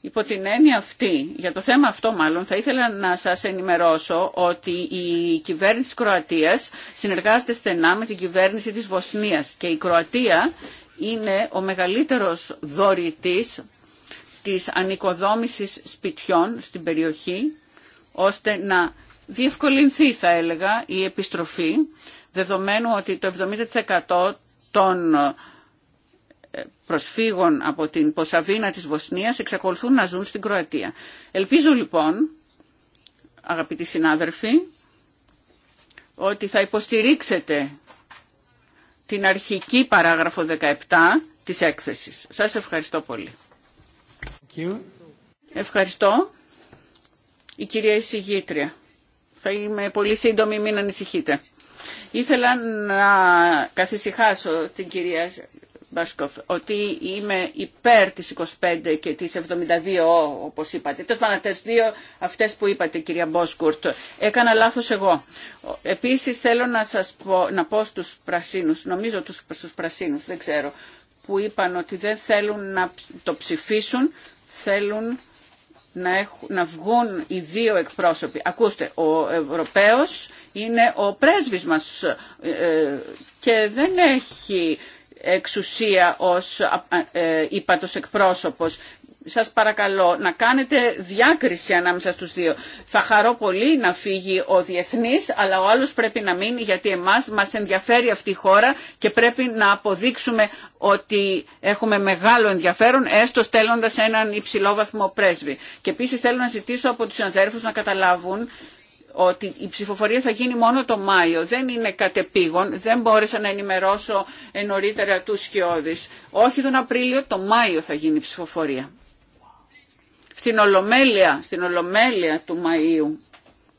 Υπό την έννοια αυτή, για το θέμα αυτό μάλλον, θα ήθελα να σας ενημερώσω ότι η κυβέρνηση της Κροατίας συνεργάζεται στενά με την κυβέρνηση της Βοσνίας και η Κροατία είναι ο μεγαλύτερος δωρητής της ανοικοδόμησης σπιτιών στην περιοχή, ώστε να διευκολυνθεί, θα έλεγα, η επιστροφή, δεδομένου ότι το 70% των ε, προσφύγων από την Ποσαβίνα της Βοσνίας εξακολουθούν να ζουν στην Κροατία. Ελπίζω λοιπόν, αγαπητοί συνάδελφοι, ότι θα υποστηρίξετε την αρχική παράγραφο 17 της έκθεσης. Σας ευχαριστώ πολύ. Ευχαριστώ. Η κυρία εισηγήτρια. Θα είμαι πολύ σύντομη, μην ανησυχείτε. Ήθελα να καθησυχάσω την κυρία Μπάσκοφ ότι είμαι υπέρ της 25 και της 72 όπως είπατε. Τις πάντων δύο αυτές που είπατε κυρία Μπόσκουρτ. Έκανα λάθος εγώ. Επίσης θέλω να σας πω, να πω στους πρασίνους, νομίζω τους, στους πρασίνους, δεν ξέρω, που είπαν ότι δεν θέλουν να το ψηφίσουν θέλουν να, να βγουν οι δύο εκπρόσωποι. Ακούστε, ο Ευρωπαίος είναι ο πρέσβης μας ε, και δεν έχει εξουσία ως ε, υπατος εκπρόσωπος σας παρακαλώ να κάνετε διάκριση ανάμεσα στους δύο. Θα χαρώ πολύ να φύγει ο διεθνής, αλλά ο άλλος πρέπει να μείνει γιατί εμάς μας ενδιαφέρει αυτή η χώρα και πρέπει να αποδείξουμε ότι έχουμε μεγάλο ενδιαφέρον, έστω στέλνοντας έναν βαθμό πρέσβη. Και επίσης θέλω να ζητήσω από τους συναδέρφους να καταλάβουν ότι η ψηφοφορία θα γίνει μόνο το Μάιο. Δεν είναι κατεπήγον, δεν μπόρεσα να ενημερώσω νωρίτερα του Σκιώδης. Όχι τον Απρίλιο, το Μάιο θα γίνει η ψηφοφορία στην Ολομέλεια, στην Ολομέλεια του Μαΐου.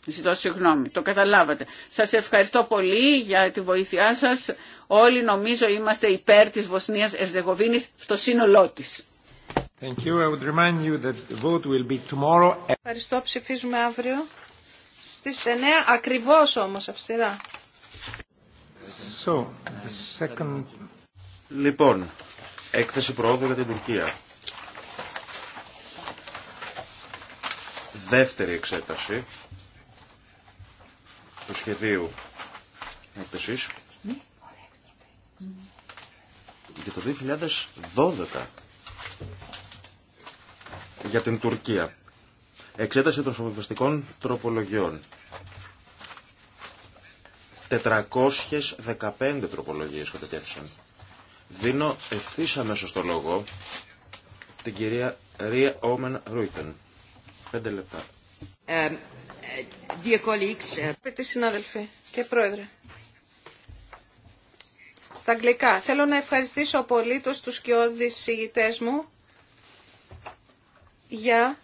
Ζητώ συγγνώμη, το καταλάβατε. Σας ευχαριστώ πολύ για τη βοήθειά σας. Όλοι νομίζω είμαστε υπέρ της Βοσνίας Ερζεγοβίνης στο σύνολό της. Thank you. I would remind you that the vote will be tomorrow. Ευχαριστώ. Ψηφίζουμε αύριο στις 9 ακριβώς όμως αυστηρά. So, the second... Λοιπόν, έκθεση προόδου για την Τουρκία. δεύτερη εξέταση του σχεδίου έκθεσης για το 2012 για την Τουρκία. Εξέταση των σοβιβαστικών τροπολογιών. 415 τροπολογίες κατατέθησαν. Δίνω ευθύ αμέσως το λόγο την κυρία Ρία Όμεν Ρούιτεν λεπτά. Ε, ε, και Στα αγγλικά. Θέλω να ευχαριστήσω πολύ τους κοιόδης συγητές μου για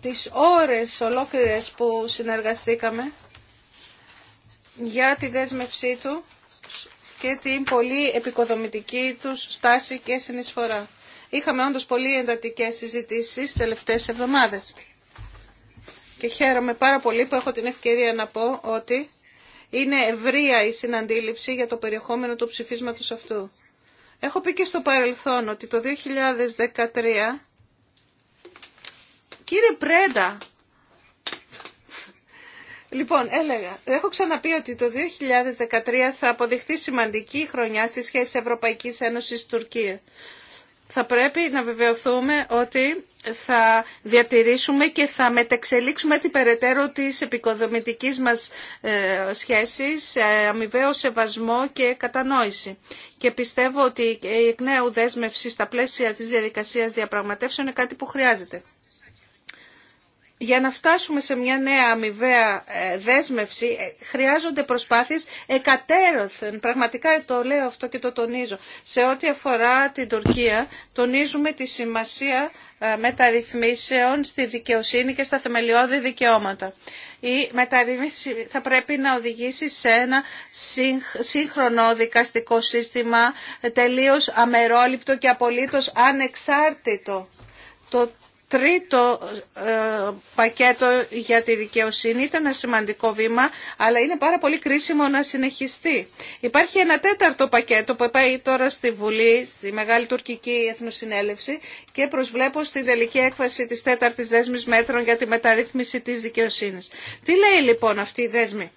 τις ώρες ολόκληρες που συνεργαστήκαμε για τη δέσμευσή του και την πολύ επικοδομητική τους στάση και συνεισφορά. Είχαμε όντως πολύ εντατικές συζητήσεις τις τελευταίες εβδομάδες. Και χαίρομαι πάρα πολύ που έχω την ευκαιρία να πω ότι είναι ευρεία η συναντήληψη για το περιεχόμενο του ψηφίσματος αυτού. Έχω πει και στο παρελθόν ότι το 2013... Κύριε Πρέντα, Λοιπόν, έλεγα, έχω ξαναπεί ότι το 2013 θα αποδειχθεί σημαντική χρονιά στη σχεση Ευρωπαϊκής Ένωσης Τουρκία θα πρέπει να βεβαιωθούμε ότι θα διατηρήσουμε και θα μετεξελίξουμε την περαιτέρω της επικοδομητικής μας ε, σχέσης σε αμοιβαίο σεβασμό και κατανόηση. Και πιστεύω ότι η εκ νέου δέσμευση στα πλαίσια της διαδικασίας διαπραγματεύσεων είναι κάτι που χρειάζεται για να φτάσουμε σε μια νέα αμοιβαία ε, δέσμευση ε, χρειάζονται προσπάθειες εκατέρωθεν. Πραγματικά το λέω αυτό και το τονίζω. Σε ό,τι αφορά την Τουρκία, τονίζουμε τη σημασία ε, μεταρρυθμίσεων στη δικαιοσύνη και στα θεμελιώδη δικαιώματα. Η μεταρρύθμιση θα πρέπει να οδηγήσει σε ένα σύγχρονο δικαστικό σύστημα τελείως αμερόληπτο και απολύτως ανεξάρτητο. Το τρίτο ε, πακέτο για τη δικαιοσύνη ήταν ένα σημαντικό βήμα, αλλά είναι πάρα πολύ κρίσιμο να συνεχιστεί. Υπάρχει ένα τέταρτο πακέτο που πάει τώρα στη Βουλή, στη Μεγάλη Τουρκική Εθνοσυνέλευση και προσβλέπω στην τελική έκφαση της τέταρτης δέσμης μέτρων για τη μεταρρύθμιση της δικαιοσύνης. Τι λέει λοιπόν αυτή η δέσμη.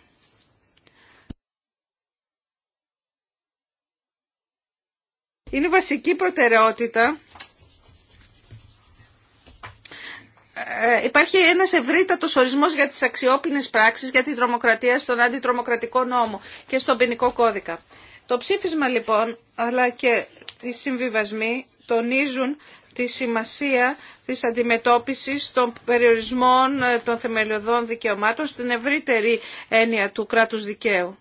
Είναι βασική προτεραιότητα Ε, υπάρχει ένας ευρύτατος ορισμός για τις αξιόπινες πράξεις, για την τρομοκρατία στον αντιτρομοκρατικό νόμο και στον ποινικό κώδικα. Το ψήφισμα λοιπόν, αλλά και οι συμβιβασμοί τονίζουν τη σημασία της αντιμετώπισης των περιορισμών ε, των θεμελιωδών δικαιωμάτων στην ευρύτερη έννοια του κράτους δικαίου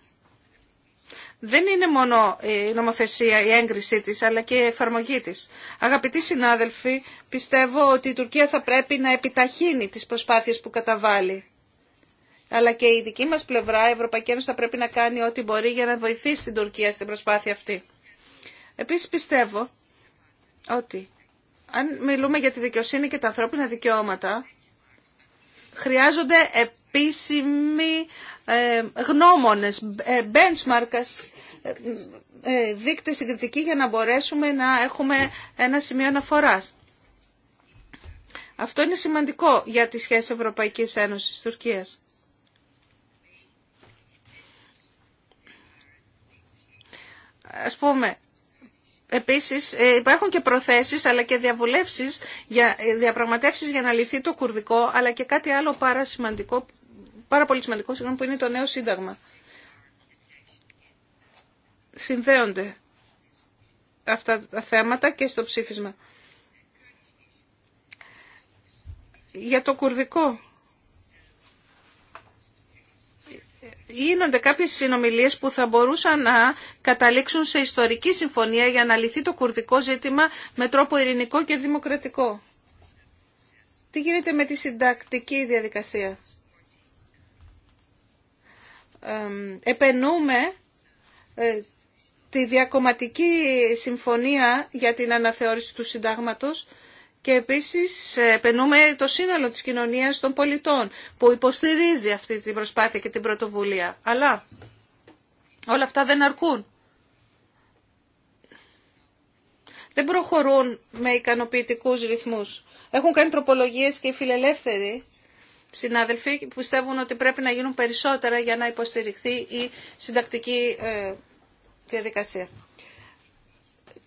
δεν είναι μόνο η νομοθεσία, η έγκρισή της, αλλά και η εφαρμογή της. Αγαπητοί συνάδελφοι, πιστεύω ότι η Τουρκία θα πρέπει να επιταχύνει τις προσπάθειες που καταβάλει. Αλλά και η δική μας πλευρά, η Ευρωπαϊκή Ένωση, θα πρέπει να κάνει ό,τι μπορεί για να βοηθήσει την Τουρκία στην προσπάθεια αυτή. Επίσης πιστεύω ότι αν μιλούμε για τη δικαιοσύνη και τα ανθρώπινα δικαιώματα, χρειάζονται επίσημη ε, γνώμονες, ε, benchmark, ε, δείκτε συγκριτικοί για να μπορέσουμε να έχουμε ένα σημείο αναφοράς. Αυτό είναι σημαντικό για τη σχέση Ευρωπαϊκής Ένωσης Τουρκίας. Ας πούμε, Επίσης υπάρχουν και προθέσεις αλλά και διαβουλεύσεις, για, διαπραγματεύσεις για να λυθεί το κουρδικό αλλά και κάτι άλλο πάρα σημαντικό πάρα πολύ σημαντικό, συγγνώμη, που είναι το νέο σύνταγμα. Συνδέονται αυτά τα θέματα και στο ψήφισμα. Για το κουρδικό. Γίνονται κάποιες συνομιλίες που θα μπορούσαν να καταλήξουν σε ιστορική συμφωνία για να λυθεί το κουρδικό ζήτημα με τρόπο ειρηνικό και δημοκρατικό. Τι γίνεται με τη συντακτική διαδικασία επενούμε ε, τη διακομματική συμφωνία για την αναθεώρηση του συντάγματος και επίσης επενούμε το σύνολο της κοινωνίας των πολιτών που υποστηρίζει αυτή την προσπάθεια και την πρωτοβουλία. Αλλά όλα αυτά δεν αρκούν. Δεν προχωρούν με ικανοποιητικούς ρυθμούς. Έχουν κάνει τροπολογίες και οι φιλελεύθεροι συνάδελφοι που πιστεύουν ότι πρέπει να γίνουν περισσότερα για να υποστηριχθεί η συντακτική ε, διαδικασία.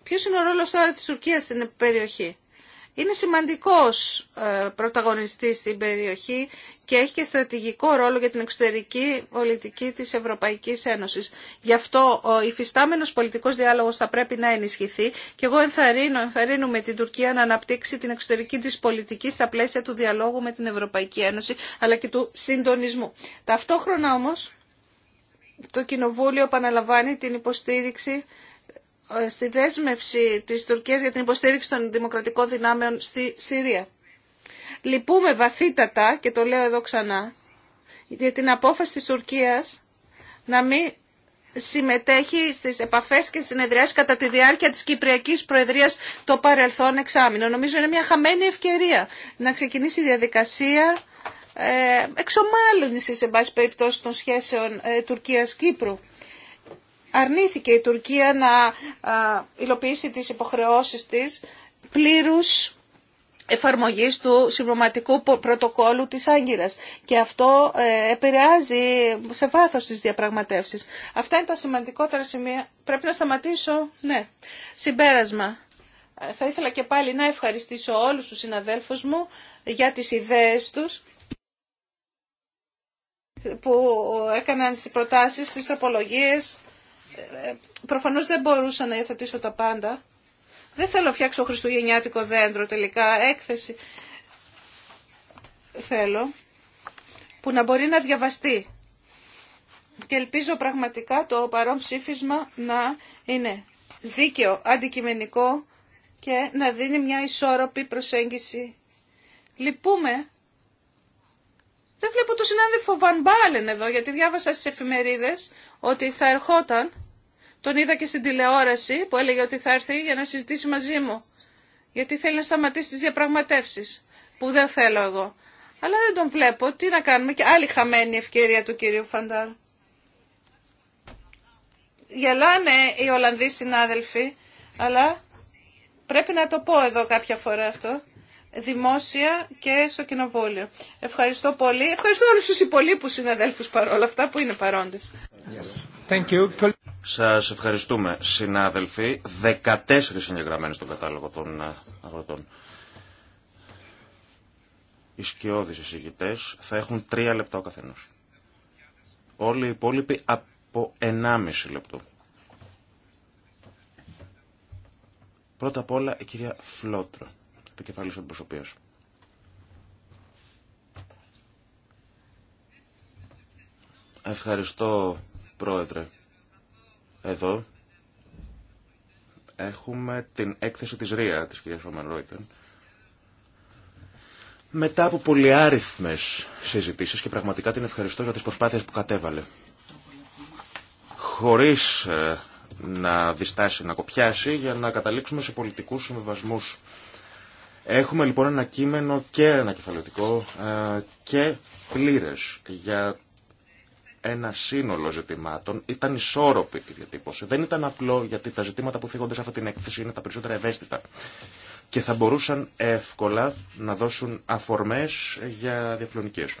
Ποιος είναι ο ρόλος τώρα της Τουρκίας στην περιοχή είναι σημαντικός ε, πρωταγωνιστής στην περιοχή και έχει και στρατηγικό ρόλο για την εξωτερική πολιτική της Ευρωπαϊκής Ένωσης. Γι' αυτό ο υφιστάμενος πολιτικός διάλογος θα πρέπει να ενισχυθεί και εγώ ενθαρρύνω, ενθαρρύνουμε την Τουρκία να αναπτύξει την εξωτερική της πολιτική στα πλαίσια του διαλόγου με την Ευρωπαϊκή Ένωση αλλά και του συντονισμού. Ταυτόχρονα όμως το Κοινοβούλιο επαναλαμβάνει την υποστήριξη ε, στη δέσμευση της Τουρκίας για την υποστήριξη των δημοκρατικών δυνάμεων στη Συρία. Λυπούμε βαθύτατα, και το λέω εδώ ξανά, για την απόφαση της Τουρκίας να μην συμμετέχει στις επαφές και συνεδριάσεις κατά τη διάρκεια της Κυπριακής Προεδρίας το παρελθόν εξάμεινο. Νομίζω είναι μια χαμένη ευκαιρία να ξεκινήσει η διαδικασία ε, εξομάλυνσης, σε πάση περιπτώσει, των σχέσεων ε, Τουρκίας-Κύπρου αρνήθηκε η Τουρκία να υλοποιήσει τις υποχρεώσεις της πλήρους εφαρμογής του συμπληρωματικού πρωτοκόλου της Άγκυρας. Και αυτό ε, επηρεάζει σε βάθος τις διαπραγματεύσεις. Αυτά είναι τα σημαντικότερα σημεία. Πρέπει να σταματήσω. Ναι. Συμπέρασμα. Ε, θα ήθελα και πάλι να ευχαριστήσω όλους τους συναδέλφους μου για τις ιδέες τους που έκαναν στις προτάσεις, στις απολογίες προφανώς δεν μπορούσα να υιοθετήσω τα πάντα. Δεν θέλω να φτιάξω χριστουγεννιάτικο δέντρο τελικά, έκθεση θέλω που να μπορεί να διαβαστεί. Και ελπίζω πραγματικά το παρόν ψήφισμα να είναι δίκαιο, αντικειμενικό και να δίνει μια ισόρροπη προσέγγιση. Λυπούμε. Δεν βλέπω τον συνάδελφο Βαν Μπάλεν εδώ, γιατί διάβασα στις εφημερίδες ότι θα ερχόταν. Τον είδα και στην τηλεόραση που έλεγε ότι θα έρθει για να συζητήσει μαζί μου. Γιατί θέλει να σταματήσει τι διαπραγματεύσεις που δεν θέλω εγώ. Αλλά δεν τον βλέπω. Τι να κάνουμε και άλλη χαμένη ευκαιρία του κυρίου Φαντάλ. Γελάνε οι Ολλανδοί συνάδελφοι, αλλά πρέπει να το πω εδώ κάποια φορά αυτό δημόσια και στο κοινοβούλιο. Ευχαριστώ πολύ. Ευχαριστώ όλους τους υπολείπους συναδέλφους παρόλα αυτά που είναι παρόντες. Σας ευχαριστούμε, συνάδελφοι. 14 εγγεγραμμένοι στον κατάλογο των ε, αγροτών. Οι σκιώδεις εισηγητές θα έχουν 3 λεπτά ο καθένας. Όλοι οι υπόλοιποι από 1,5 λεπτό. Πρώτα απ' όλα η κυρία Φλότρο, της αντιπροσωπείας. Ευχαριστώ, Πρόεδρε. Εδώ έχουμε την έκθεση της ΡΙΑ, της κυρίας Φαμανρόιτεν, μετά από πολυάριθμες συζητήσεις και πραγματικά την ευχαριστώ για τις προσπάθειες που κατέβαλε. Χωρίς ε, να διστάσει, να κοπιάσει για να καταλήξουμε σε πολιτικούς συμβασμούς. Έχουμε λοιπόν ένα κείμενο και ένα ε, και πλήρες για ένα σύνολο ζητημάτων. Ήταν ισόρροπη η διατύπωση. Δεν ήταν απλό γιατί τα ζητήματα που θίγονται σε αυτή την έκθεση είναι τα περισσότερα ευαίσθητα και θα μπορούσαν εύκολα να δώσουν αφορμές για διαφιλονικίες.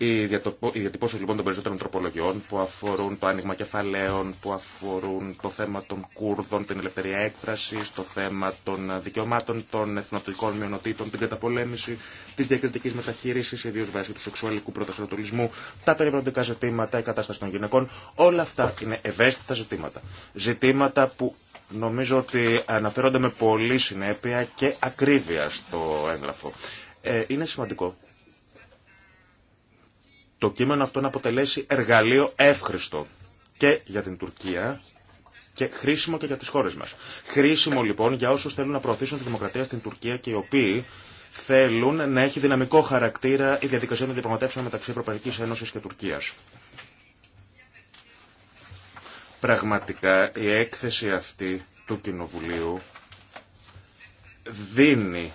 Οι διατυπώσεις λοιπόν των περισσότερων τροπολογιών που αφορούν το άνοιγμα κεφαλαίων, που αφορούν το θέμα των Κούρδων, την ελευθερία έκφραση, το θέμα των δικαιωμάτων των εθνοτικών μειονοτήτων, την καταπολέμηση τη διακριτική μεταχείριση, ιδίω βάσει του σεξουαλικού πρωτοστατολισμού, τα περιβαλλοντικά ζητήματα, η κατάσταση των γυναικών, όλα αυτά είναι ευαίσθητα ζητήματα. Ζητήματα που νομίζω ότι αναφέρονται με πολύ συνέπεια και ακρίβεια στο έγγραφο. Ε, είναι σημαντικό το κείμενο αυτό να αποτελέσει εργαλείο εύχριστο και για την Τουρκία και χρήσιμο και για τις χώρες μας. Χρήσιμο λοιπόν για όσους θέλουν να προωθήσουν τη δημοκρατία στην Τουρκία και οι οποίοι θέλουν να έχει δυναμικό χαρακτήρα η διαδικασία των διαπραγματεύσεων μεταξύ Ευρωπαϊκής Ένωσης και Τουρκίας. Πραγματικά η έκθεση αυτή του Κοινοβουλίου δίνει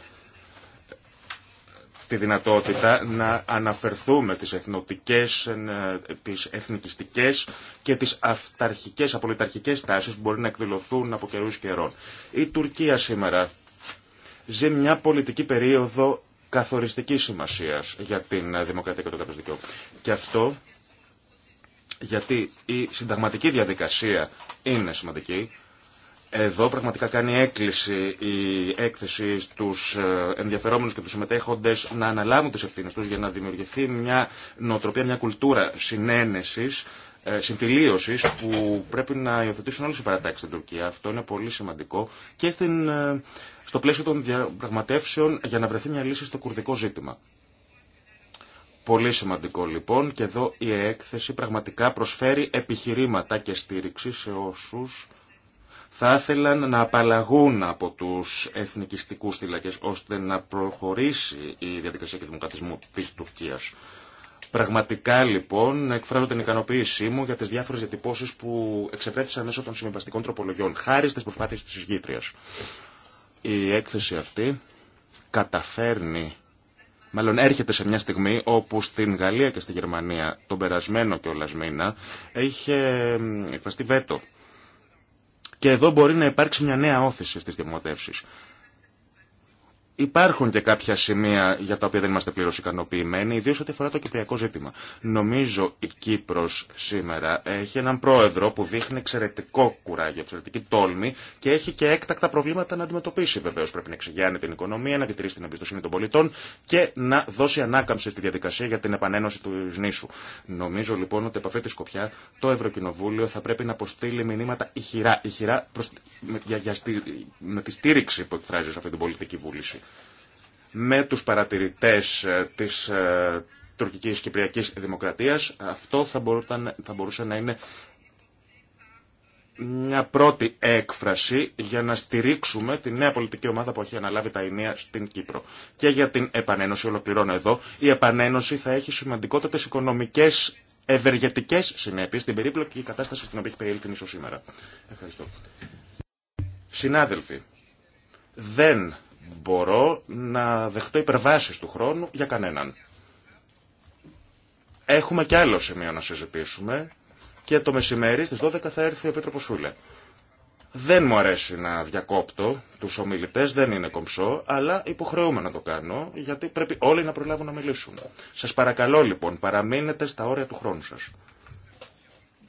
τη δυνατότητα να αναφερθούμε τις εθνοτικές, ε, τις εθνικιστικές και τις αυταρχικές, απολυταρχικές τάσεις που μπορεί να εκδηλωθούν από καιρούς καιρών. Η Τουρκία σήμερα ζει μια πολιτική περίοδο καθοριστικής σημασίας για την ε, δημοκρατία και το κράτος δικαίου. Και αυτό γιατί η συνταγματική διαδικασία είναι σημαντική, εδώ πραγματικά κάνει έκκληση η έκθεση στους ε, ενδιαφερόμενους και τους συμμετέχοντες να αναλάβουν τις ευθύνες τους για να δημιουργηθεί μια νοοτροπία, μια κουλτούρα συνένεσης, ε, συμφιλίωσης που πρέπει να υιοθετήσουν όλες οι παρατάξεις στην Τουρκία. Αυτό είναι πολύ σημαντικό και στην, ε, στο πλαίσιο των διαπραγματεύσεων για να βρεθεί μια λύση στο κουρδικό ζήτημα. Πολύ σημαντικό λοιπόν και εδώ η έκθεση πραγματικά προσφέρει επιχειρήματα και στήριξη σε όσου θα ήθελαν να απαλλαγούν από τους εθνικιστικούς θύλακες ώστε να προχωρήσει η διαδικασία και δημοκρατισμού της Τουρκίας. Πραγματικά λοιπόν εκφράζω την ικανοποίησή μου για τις διάφορες διατυπώσεις που εξεπρέθησαν μέσω των συμβαστικών τροπολογιών, χάρη στις προσπάθειες της Ισγήτριας. Η έκθεση αυτή καταφέρνει Μάλλον έρχεται σε μια στιγμή όπου στην Γαλλία και στη Γερμανία τον περασμένο και μήνα είχε εκφραστεί βέτο και εδώ μπορεί να υπάρξει μια νέα όθηση στις δημοτεύσεις. Υπάρχουν και κάποια σημεία για τα οποία δεν είμαστε πλήρω ικανοποιημένοι, ιδίω ό,τι αφορά το κυπριακό ζήτημα. Νομίζω η Κύπρο σήμερα έχει έναν πρόεδρο που δείχνει εξαιρετικό κουράγιο, εξαιρετική τόλμη και έχει και έκτακτα προβλήματα να αντιμετωπίσει. Βεβαίω πρέπει να εξηγιάνει την οικονομία, να διτηρήσει την εμπιστοσύνη των πολιτών και να δώσει ανάκαμψη στη διαδικασία για την επανένωση του νήσου. Νομίζω λοιπόν ότι από αυτή τη σκοπιά το Ευρωκοινοβούλιο θα πρέπει να αποστείλει μηνύματα ηχηρά, ηχηρά προς... με, για, για, με τη στήριξη που εκφράζει σε αυτή την πολιτική βούληση με τους παρατηρητές ε, της ε, τουρκικής κυπριακής δημοκρατίας. Αυτό θα, θα μπορούσε να είναι μια πρώτη έκφραση για να στηρίξουμε τη νέα πολιτική ομάδα που έχει αναλάβει τα Ινία στην Κύπρο. Και για την επανένωση, ολοκληρώνω εδώ, η επανένωση θα έχει σημαντικότατες οικονομικές ευεργετικές συνέπειες στην περίπλοκη κατάσταση στην οποία έχει περιέλθει την σήμερα. Ευχαριστώ. Συνάδελφοι, δεν μπορώ να δεχτώ υπερβάσεις του χρόνου για κανέναν. Έχουμε και άλλο σημείο να συζητήσουμε και το μεσημέρι στις 12 θα έρθει ο Επίτροπος Φούλε. Δεν μου αρέσει να διακόπτω τους ομιλητές, δεν είναι κομψό, αλλά υποχρεούμε να το κάνω, γιατί πρέπει όλοι να προλάβουν να μιλήσουν. Σας παρακαλώ λοιπόν, παραμείνετε στα όρια του χρόνου σας.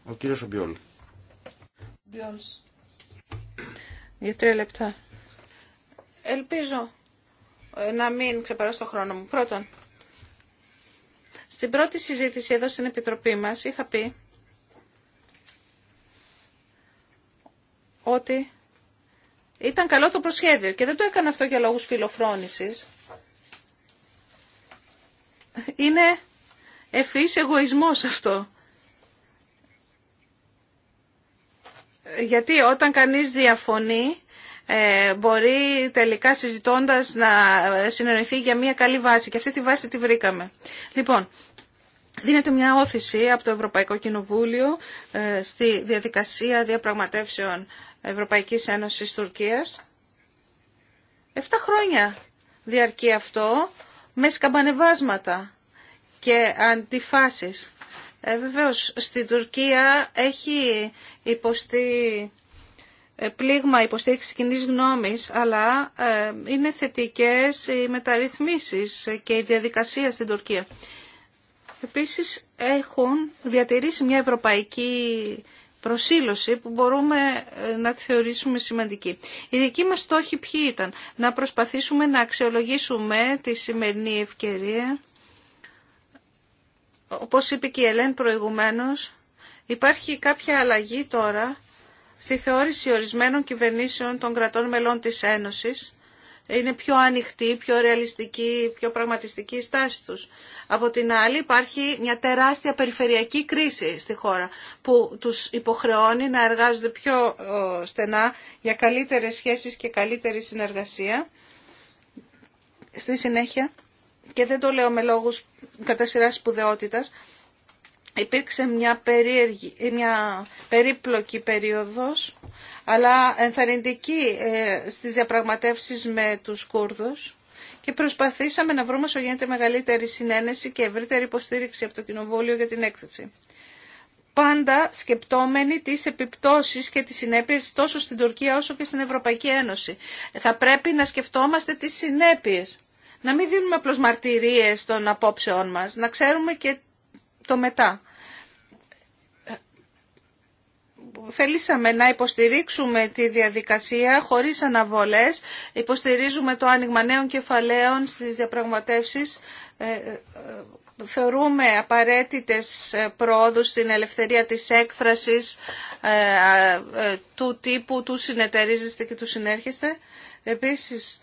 Ο κύριος Ομπιόλ. Για τρία λεπτά. Ελπίζω ε, να μην ξεπεράσω το χρόνο μου. Πρώτον, στην πρώτη συζήτηση εδώ στην Επιτροπή μας είχα πει ότι ήταν καλό το προσχέδιο και δεν το έκανα αυτό για λόγους φιλοφρόνησης. Είναι ευφύς εγωισμός αυτό. Γιατί όταν κανείς διαφωνεί, ε, μπορεί τελικά συζητώντας να συνεννοηθεί για μια καλή βάση. Και αυτή τη βάση τη βρήκαμε. Λοιπόν, δίνεται μια όθηση από το Ευρωπαϊκό Κοινοβούλιο ε, στη διαδικασία διαπραγματεύσεων Ευρωπαϊκής Ένωσης Τουρκίας. Εφτά χρόνια διαρκεί αυτό με σκαμπανεβάσματα και αντιφάσεις. Ε, βεβαίως, στην Τουρκία έχει υποστεί ε, πλήγμα υποστήριξη κοινή γνώμη, αλλά ε, είναι θετικές οι μεταρρυθμίσει και η διαδικασία στην Τουρκία. Επίσης έχουν διατηρήσει μια ευρωπαϊκή προσήλωση που μπορούμε ε, να τη θεωρήσουμε σημαντική. Η δική μας στόχη ποιοι ήταν. Να προσπαθήσουμε να αξιολογήσουμε τη σημερινή ευκαιρία. Όπως είπε και η Ελέν προηγουμένως, υπάρχει κάποια αλλαγή τώρα στη θεώρηση ορισμένων κυβερνήσεων των κρατών μελών της Ένωσης είναι πιο ανοιχτή, πιο ρεαλιστική, πιο πραγματιστική η στάση τους. Από την άλλη υπάρχει μια τεράστια περιφερειακή κρίση στη χώρα που τους υποχρεώνει να εργάζονται πιο στενά για καλύτερες σχέσεις και καλύτερη συνεργασία. Στη συνέχεια, και δεν το λέω με λόγους κατά σειρά σπουδαιότητας, υπήρξε μια, μια περίπλοκη περίοδος, αλλά ενθαρρυντική ε, στις διαπραγματεύσεις με τους Κούρδους και προσπαθήσαμε να βρούμε όσο γίνεται μεγαλύτερη συνένεση και ευρύτερη υποστήριξη από το Κοινοβούλιο για την έκθεση. Πάντα σκεπτόμενοι τις επιπτώσεις και τις συνέπειες τόσο στην Τουρκία όσο και στην Ευρωπαϊκή Ένωση. Θα πρέπει να σκεφτόμαστε τις συνέπειες. Να μην δίνουμε απλώς μαρτυρίες των απόψεών μας. Να ξέρουμε και το μετά. Θελήσαμε να υποστηρίξουμε τη διαδικασία χωρίς αναβολές. Υποστηρίζουμε το άνοιγμα νέων κεφαλαίων στις διαπραγματεύσεις ε, ε, θεωρούμε απαραίτητες ε, πρόοδους στην ελευθερία της έκφρασης του τύπου, του συνεταιρίζεστε και του συνέρχεστε. Επίσης,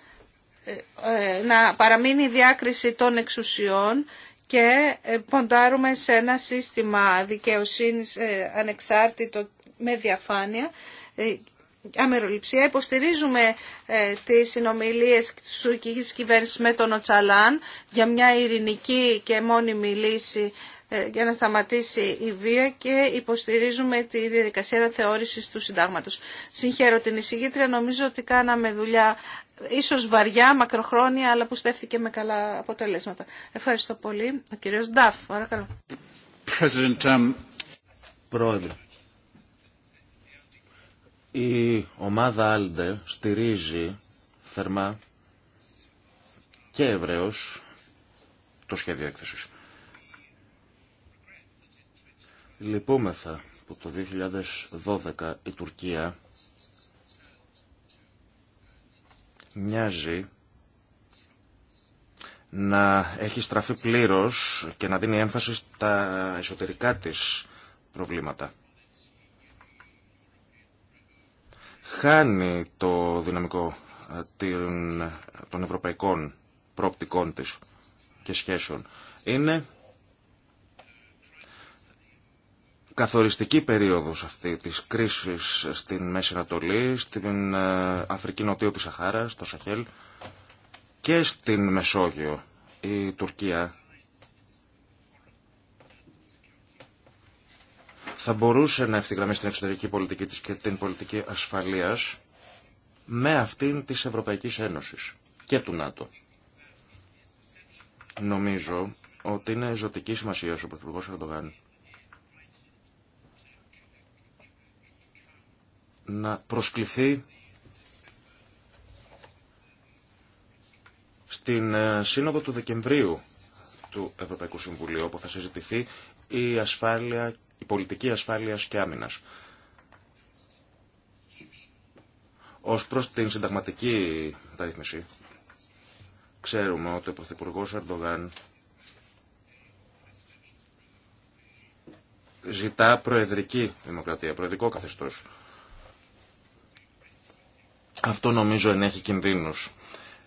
να παραμείνει η διάκριση των εξουσιών και ε, ποντάρουμε σε ένα σύστημα δικαιοσύνης ε, ανεξάρτητο με διαφάνεια ε, αμεροληψία. Υποστηρίζουμε ε, τις συνομιλίες της κυβέρνηση κυβέρνησης με τον Οτσαλάν για μια ειρηνική και μόνιμη λύση για να σταματήσει η βία και υποστηρίζουμε τη διαδικασία θεώρησης του συντάγματος. Συγχαίρω την εισηγήτρια. Νομίζω ότι κάναμε δουλειά ίσως βαριά, μακροχρόνια, αλλά που στέφθηκε με καλά αποτελέσματα. Ευχαριστώ πολύ. Ο κύριος Νταφ, παρακαλώ. Um, Πρόεδρε, η ομάδα Άλντε στηρίζει θερμά και ευρέως το σχέδιο έκθεσης. Λυπούμεθα που το 2012 η Τουρκία μοιάζει να έχει στραφεί πλήρως και να δίνει έμφαση στα εσωτερικά της προβλήματα. Χάνει το δυναμικό ε, των ευρωπαϊκών προοπτικών της και σχέσεων. Είναι καθοριστική περίοδος αυτή της κρίσης στην Μέση Ανατολή, στην ε, Αφρική Νοτίου της Σαχάρα, στο Σαχέλ και στην Μεσόγειο. Η Τουρκία θα μπορούσε να ευθυγραμμίσει την εξωτερική πολιτική της και την πολιτική ασφαλείας με αυτήν της Ευρωπαϊκής Ένωσης και του ΝΑΤΟ. Νομίζω ότι είναι ζωτική σημασία ο Πρωθυπουργός Ερντογάν να προσκληθεί στην ε, Σύνοδο του Δεκεμβρίου του Ευρωπαϊκού Συμβουλίου, όπου θα συζητηθεί η, ασφάλεια, η πολιτική ασφάλειας και άμυνας. Ως προς την συνταγματική μεταρρύθμιση, ξέρουμε ότι ο Πρωθυπουργό Ερντογάν ζητά προεδρική δημοκρατία, προεδρικό καθεστώς. Αυτό νομίζω ενέχει κινδύνους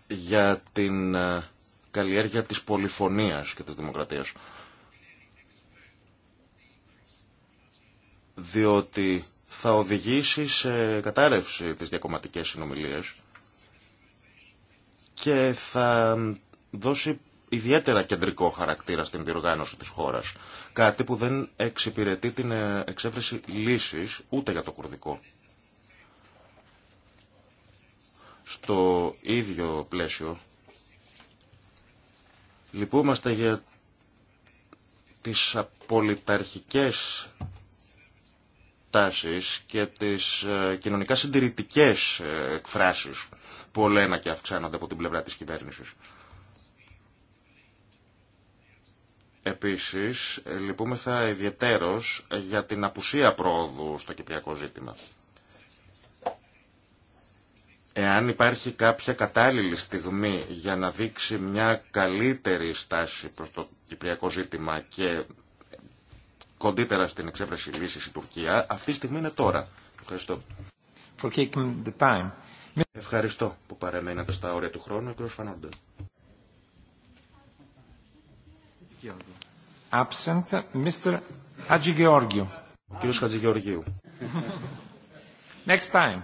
για την ε, καλλιέργεια της πολυφωνίας και της δημοκρατίας. Διότι θα οδηγήσει σε κατάρρευση τις διακομματικές συνομιλίες και θα δώσει ιδιαίτερα κεντρικό χαρακτήρα στην διοργάνωση της χώρας. Κάτι που δεν εξυπηρετεί την ε, εξέβρεση λύσης ούτε για το κουρδικό στο ίδιο πλαίσιο. Λυπούμαστε για τις απολυταρχικές τάσεις και τις ε, κοινωνικά συντηρητικές ε, εκφράσεις που ολένα και αυξάνονται από την πλευρά της κυβέρνησης. Επίσης, ε, λυπούμεθα ιδιαιτέρως για την απουσία πρόοδου στο κυπριακό ζήτημα. Εάν υπάρχει κάποια κατάλληλη στιγμή για να δείξει μια καλύτερη στάση προς το κυπριακό ζήτημα και κοντύτερα στην εξέφραση λύση η Τουρκία, αυτή η στιγμή είναι τώρα. Ευχαριστώ. For the time. Ευχαριστώ που παρεμένατε στα όρια του χρόνου, κ. Φανόντε. Absent, Mr. Χατζηγεώργιου. Ο κ. Χατζηγεωργίου. Next time.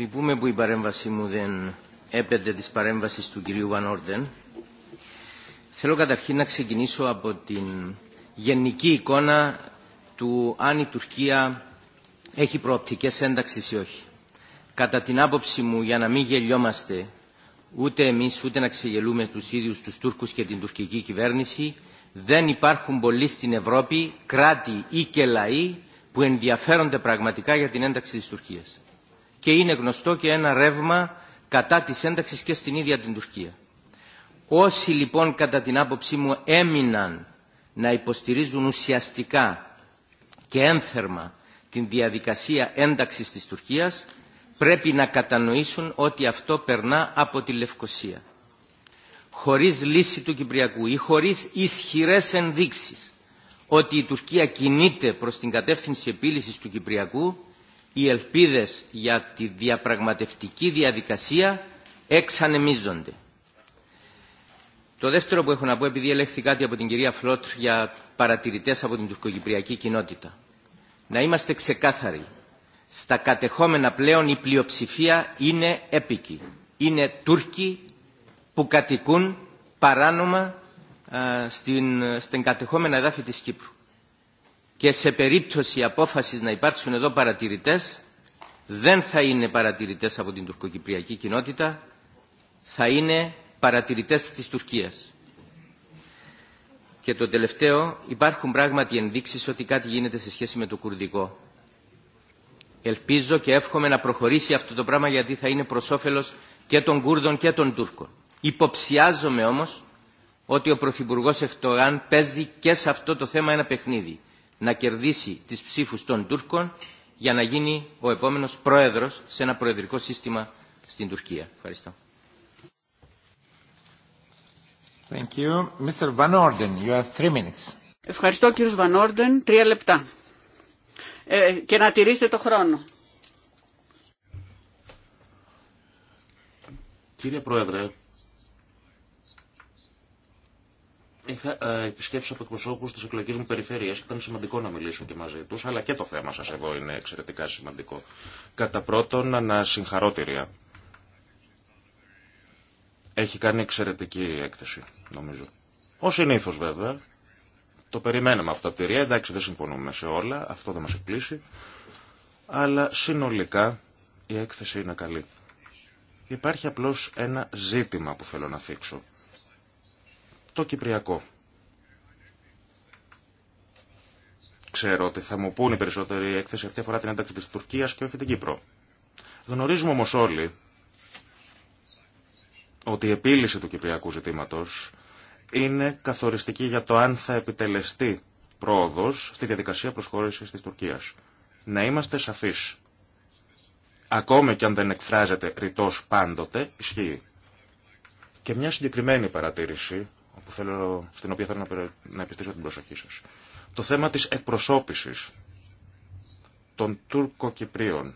Λυπούμε που η παρέμβασή μου δεν έπαιρνε της παρέμβαση του κυρίου Βανόρντεν. Θέλω καταρχήν να ξεκινήσω από την γενική εικόνα του αν η Τουρκία έχει προοπτικές ένταξης ή όχι. Κατά την άποψη μου, για να μην γελιόμαστε ούτε εμείς ούτε να ξεγελούμε τους ίδιους τους Τούρκους και την τουρκική κυβέρνηση, δεν υπάρχουν πολλοί στην Ευρώπη κράτη ή και λαοί που ενδιαφέρονται πραγματικά για την ένταξη της Τουρκίας και είναι γνωστό και ένα ρεύμα κατά της ένταξης και στην ίδια την Τουρκία. Όσοι λοιπόν κατά την άποψή μου έμειναν να υποστηρίζουν ουσιαστικά και ένθερμα την διαδικασία ένταξης της Τουρκίας πρέπει να κατανοήσουν ότι αυτό περνά από τη Λευκοσία. Χωρίς λύση του Κυπριακού ή χωρίς ισχυρές ενδείξεις ότι η Τουρκία κινείται προς την κατεύθυνση επίλυσης του Κυπριακού οι ελπίδες για τη διαπραγματευτική διαδικασία εξανεμίζονται. Το δεύτερο που έχω να πω, επειδή ελέγχθη κάτι από την κυρία Φλότρ για παρατηρητές από την τουρκοκυπριακή κοινότητα, να είμαστε ξεκάθαροι. Στα κατεχόμενα πλέον η πλειοψηφία είναι έπικη. Είναι Τούρκοι που κατοικούν παράνομα ε, στην, στην κατεχόμενα εδάφη της Κύπρου και σε περίπτωση απόφασης να υπάρξουν εδώ παρατηρητές, δεν θα είναι παρατηρητές από την τουρκοκυπριακή κοινότητα, θα είναι παρατηρητές της Τουρκίας. Και το τελευταίο, υπάρχουν πράγματι ενδείξεις ότι κάτι γίνεται σε σχέση με το κουρδικό. Ελπίζω και εύχομαι να προχωρήσει αυτό το πράγμα γιατί θα είναι προς όφελος και των Κούρδων και των Τούρκων. Υποψιάζομαι όμως ότι ο Πρωθυπουργός Εκτογάν παίζει και σε αυτό το θέμα ένα παιχνίδι να κερδίσει τις ψήφους των Τούρκων για να γίνει ο επόμενος πρόεδρος σε ένα προεδρικό σύστημα στην Τουρκία. Ευχαριστώ. Thank you. Mr. Van Orden, you have minutes. Ευχαριστώ κύριος Βανόρντεν. Orden. Τρία λεπτά. Ε, και να τηρήσετε το χρόνο. Κύριε Πρόεδρε, Είχα ε, επισκέψει από εκπροσώπου τη εκλογική μου περιφέρεια και ήταν σημαντικό να μιλήσω και μαζί του, αλλά και το θέμα σα εδώ είναι εξαιρετικά σημαντικό. Κατά πρώτον, ανασυγχαρότηρια. Έχει κάνει εξαιρετική έκθεση, νομίζω. Ω συνήθω, βέβαια. Το περιμέναμε αυτό από τη ΡΙΑ. Εντάξει, δεν συμφωνούμε σε όλα. Αυτό δεν μα εκπλήσει. Αλλά συνολικά η έκθεση είναι καλή. Υπάρχει απλώ ένα ζήτημα που θέλω να θίξω το Κυπριακό. Ξέρω ότι θα μου πουνε οι περισσότεροι έκθεση αυτή αφορά την ένταξη της Τουρκίας και όχι την Κύπρο. Γνωρίζουμε όμως όλοι ότι η επίλυση του Κυπριακού ζητήματος είναι καθοριστική για το αν θα επιτελεστεί πρόοδος στη διαδικασία προσχώρησης της Τουρκίας. Να είμαστε σαφείς. Ακόμη και αν δεν εκφράζεται ρητός πάντοτε, ισχύει. Και μια συγκεκριμένη παρατήρηση θέλω, στην οποία θέλω να, επιστήσω την προσοχή σας. Το θέμα της εκπροσώπησης των Τούρκο-Κυπρίων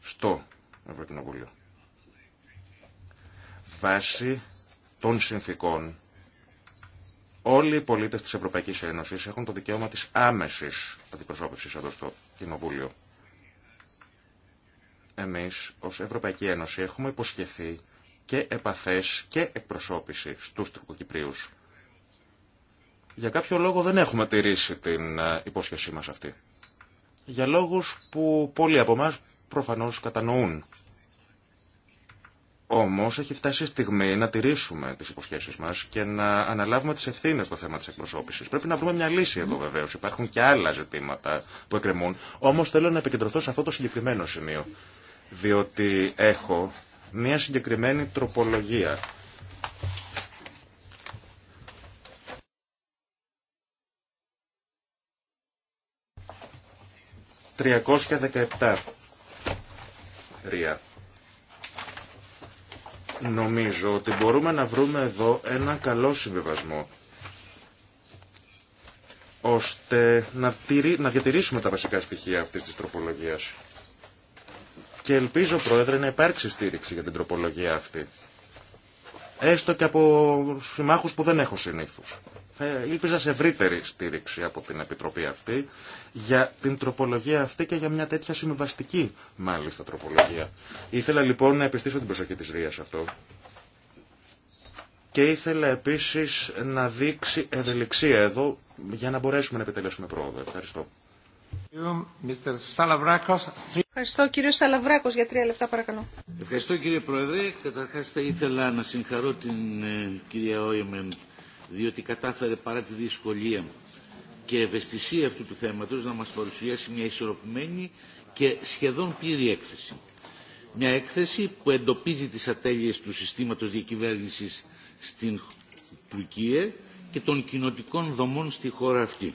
στο Ευρωκοινοβούλιο. Βάσει των συνθήκων, όλοι οι πολίτες της Ευρωπαϊκής Ένωσης έχουν το δικαίωμα της άμεσης αντιπροσώπησης εδώ στο Κοινοβούλιο. Εμείς ως Ευρωπαϊκή Ένωση έχουμε υποσχεθεί και επαφές και εκπροσώπηση στους Τουρκοκυπρίους. Για κάποιο λόγο δεν έχουμε τηρήσει την ε, υπόσχεσή μας αυτή. Για λόγους που πολλοί από εμά προφανώς κατανοούν. Όμως έχει φτάσει η στιγμή να τηρήσουμε τις υποσχέσεις μας και να αναλάβουμε τις ευθύνες στο θέμα της εκπροσώπησης. Πρέπει να βρούμε μια λύση εδώ βεβαίως. Υπάρχουν και άλλα ζητήματα που εκκρεμούν. Όμως θέλω να επικεντρωθώ σε αυτό το συγκεκριμένο σημείο. Διότι έχω μια συγκεκριμένη τροπολογία. 317. Νομίζω ότι μπορούμε να βρούμε εδώ ένα καλό συμβιβασμό ώστε να, διατηρήσουμε τα βασικά στοιχεία αυτής της τροπολογίας και ελπίζω, Πρόεδρε, να υπάρξει στήριξη για την τροπολογία αυτή. Έστω και από συμμάχους που δεν έχω συνήθους. Θα ήλπιζα σε ευρύτερη στήριξη από την Επιτροπή αυτή για την τροπολογία αυτή και για μια τέτοια συμβαστική μάλιστα τροπολογία. Ήθελα λοιπόν να επιστήσω την προσοχή της Ρίας αυτό και ήθελα επίσης να δείξει ευελιξία εδώ για να μπορέσουμε να επιτελέσουμε πρόοδο. Ευχαριστώ. Ευχαριστώ κύριο Σαλαβράκος για τρία λεπτά παρακαλώ. Ευχαριστώ κύριε Πρόεδρε. Καταρχάς θα ήθελα να συγχαρώ την ε, κυρία Όιμεν διότι κατάφερε παρά τη δυσκολία και ευαισθησία αυτού του θέματος να μας παρουσιάσει μια ισορροπημένη και σχεδόν πλήρη έκθεση. Μια έκθεση που εντοπίζει τις ατέλειες του συστήματος διακυβέρνησης στην Τουρκία και των κοινοτικών δομών στη χώρα αυτή.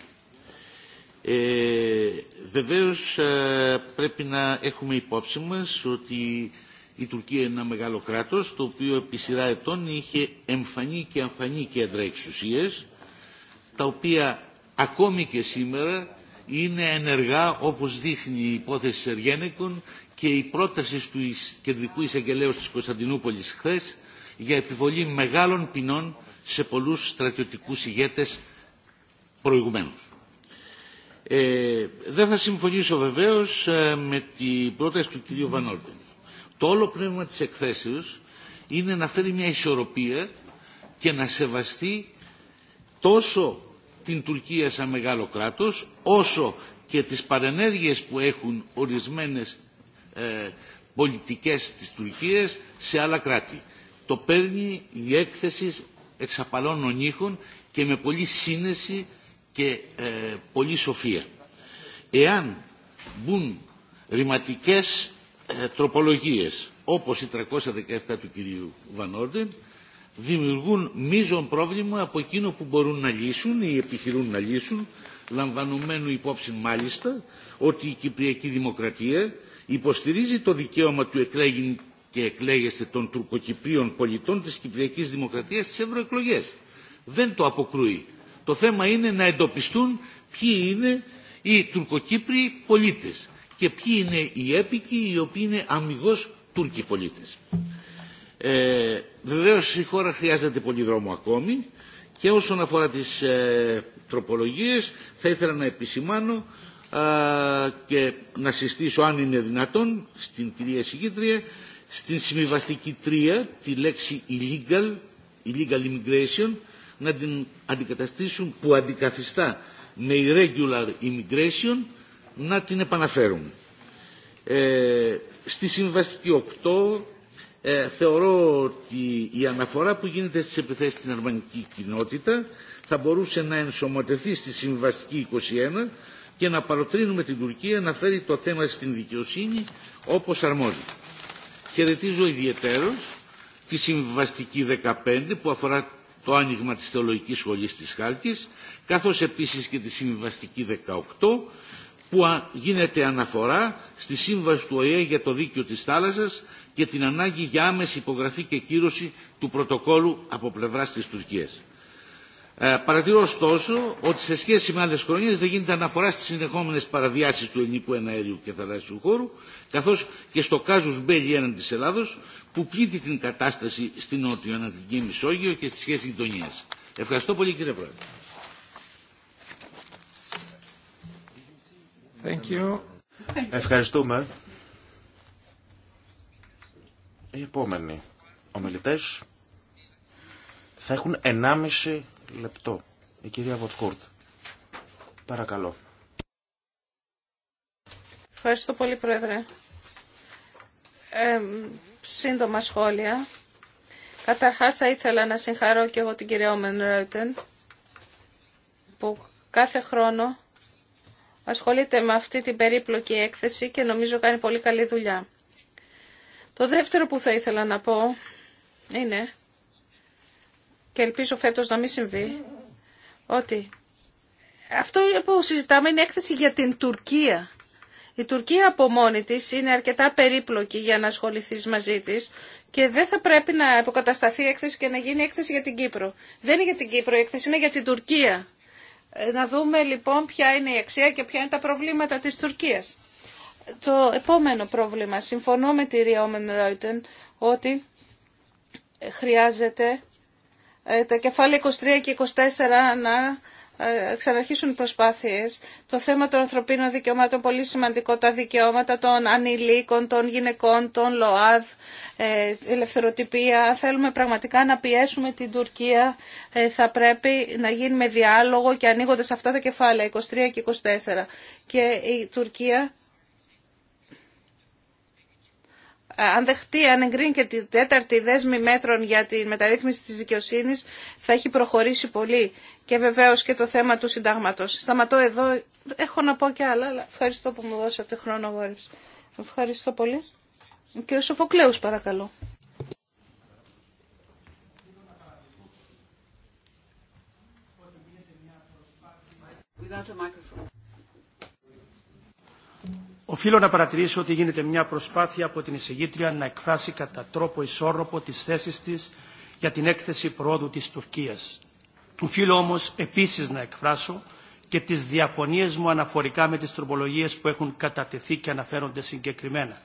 Ε, βεβαίως ε, πρέπει να έχουμε υπόψη μας ότι η Τουρκία είναι ένα μεγάλο κράτος το οποίο επί σειρά ετών είχε εμφανή και αμφανή κέντρα εξουσίες τα οποία ακόμη και σήμερα είναι ενεργά όπως δείχνει η υπόθεση Σεργένικων και η πρόταση του κεντρικού εισαγγελέου της Κωνσταντινούπολης χθε για επιβολή μεγάλων ποινών σε πολλούς στρατιωτικούς ηγέτες προηγουμένως. Ε, δεν θα συμφωνήσω βεβαίως ε, με την πρόταση του κυρίου Βανόλτεν. Το όλο πνεύμα της εκθέσεως είναι να φέρει μια ισορροπία και να σεβαστεί τόσο την Τουρκία σαν μεγάλο κράτος, όσο και τις παρενέργειες που έχουν ορισμένες ε, πολιτικές της Τουρκίας σε άλλα κράτη. Το παίρνει η έκθεση εξαπαλών ονείχων και με πολύ σύνεση και ε, πολλή σοφία. Εάν μπουν ρηματικές ε, τροπολογίες όπως η 317 του κυρίου Βανόρντεν δημιουργούν μείζον πρόβλημα από εκείνο που μπορούν να λύσουν ή επιχειρούν να λύσουν λαμβανωμένου υπόψη μάλιστα ότι η Κυπριακή Δημοκρατία υποστηρίζει το δικαίωμα του εκλέγην και εκλέγεσθε των τουρκοκυπρίων πολιτών της Κυπριακής Δημοκρατίας στις ευρωεκλογές. Δεν το αποκρούει το θέμα είναι να εντοπιστούν ποιοι είναι οι τουρκοκύπριοι πολίτες και ποιοι είναι οι έπικοι οι οποίοι είναι αμυγός Τούρκοι πολίτες. Ε, βεβαίως η χώρα χρειάζεται πολύ δρόμο ακόμη και όσον αφορά τις ε, τροπολογίες θα ήθελα να επισημάνω και να συστήσω αν είναι δυνατόν στην κυρία Συγκήτρια στην συμβιβαστική τρία τη λέξη illegal, illegal immigration να την αντικαταστήσουν που αντικαθιστά με irregular immigration να την επαναφέρουν. Ε, στη Συμβαστική 8 ε, θεωρώ ότι η αναφορά που γίνεται στις επιθέσεις στην αρμανική κοινότητα θα μπορούσε να ενσωματεθεί στη Συμβαστική 21 και να παροτρύνουμε την Τουρκία να φέρει το θέμα στην δικαιοσύνη όπως αρμόζει. Χαιρετίζω ιδιαίτερως τη Συμβαστική 15 που αφορά το άνοιγμα της Θεολογικής Σχολής της Χάλκης, καθώς επίσης και τη σύμβαστική 18, που γίνεται αναφορά στη Σύμβαση του ΟΕΕ για το Δίκαιο της Θάλασσας και την ανάγκη για άμεση υπογραφή και κύρωση του πρωτοκόλου από πλευράς της Τουρκίας. Ε, παρατηρώ ωστόσο ότι σε σχέση με άλλες χρονίες δεν γίνεται αναφορά στις συνεχόμενες παραβιάσεις του ελληνικού εναέριου και θαλάσσιου χώρου καθώς και στο κάζους Μπέλι έναν της Ελλάδος που πλήττει την κατάσταση στην νότιο-ανατολική Μισόγειο και στη σχέση γειτονία. Ευχαριστώ πολύ κύριε Πρόεδρε. Thank you. Ευχαριστούμε. Οι επόμενοι ομιλητές θα έχουν 1,5 λεπτό. Η κυρία Βοτκούρτ. Παρακαλώ. Ευχαριστώ πολύ, Πρόεδρε. Ε, σύντομα σχόλια. Καταρχάς θα ήθελα να συγχαρώ και εγώ την κυρία Όμεν που κάθε χρόνο ασχολείται με αυτή την περίπλοκη έκθεση και νομίζω κάνει πολύ καλή δουλειά. Το δεύτερο που θα ήθελα να πω είναι και ελπίζω φέτος να μην συμβεί ότι αυτό που συζητάμε είναι έκθεση για την Τουρκία η Τουρκία από μόνη της είναι αρκετά περίπλοκη για να ασχοληθεί μαζί τη και δεν θα πρέπει να αποκατασταθεί η έκθεση και να γίνει έκθεση για την Κύπρο. Δεν είναι για την Κύπρο η έκθεση, είναι για την Τουρκία. Ε, να δούμε λοιπόν ποια είναι η αξία και ποια είναι τα προβλήματα της Τουρκίας. Το επόμενο πρόβλημα. Συμφωνώ με τη Ριόμεν Ρόιτεν ότι χρειάζεται ε, τα κεφάλαια 23 και 24 να ε, ξαναρχίσουν οι προσπάθειες. Το θέμα των ανθρωπίνων δικαιωμάτων, πολύ σημαντικό, τα δικαιώματα των ανηλίκων, των γυναικών, των ΛΟΑΔ, ε, ελευθεροτυπία. Θέλουμε πραγματικά να πιέσουμε την Τουρκία, ε, θα πρέπει να γίνει με διάλογο και ανοίγοντας αυτά τα κεφάλαια, 23 και 24. Και η Τουρκία αν δεχτεί, αν εγκρίνει και τη τέταρτη δέσμη μέτρων για τη μεταρρύθμιση της δικαιοσύνης, θα έχει προχωρήσει πολύ και βεβαίως και το θέμα του συντάγματος. Σταματώ εδώ, έχω να πω και άλλα, αλλά ευχαριστώ που μου δώσατε χρόνο γόρευση. Ευχαριστώ πολύ. Ο κύριος Σοφοκλέους παρακαλώ. Οφείλω να παρατηρήσω ότι γίνεται μια προσπάθεια από την εισηγήτρια να εκφράσει κατά τρόπο ισόρροπο τις θέσεις της για την έκθεση πρόοδου της Τουρκίας. Οφείλω όμως επίσης να εκφράσω και τις διαφωνίες μου αναφορικά με τις τροπολογίες που έχουν κατατεθεί και αναφέρονται συγκεκριμένα.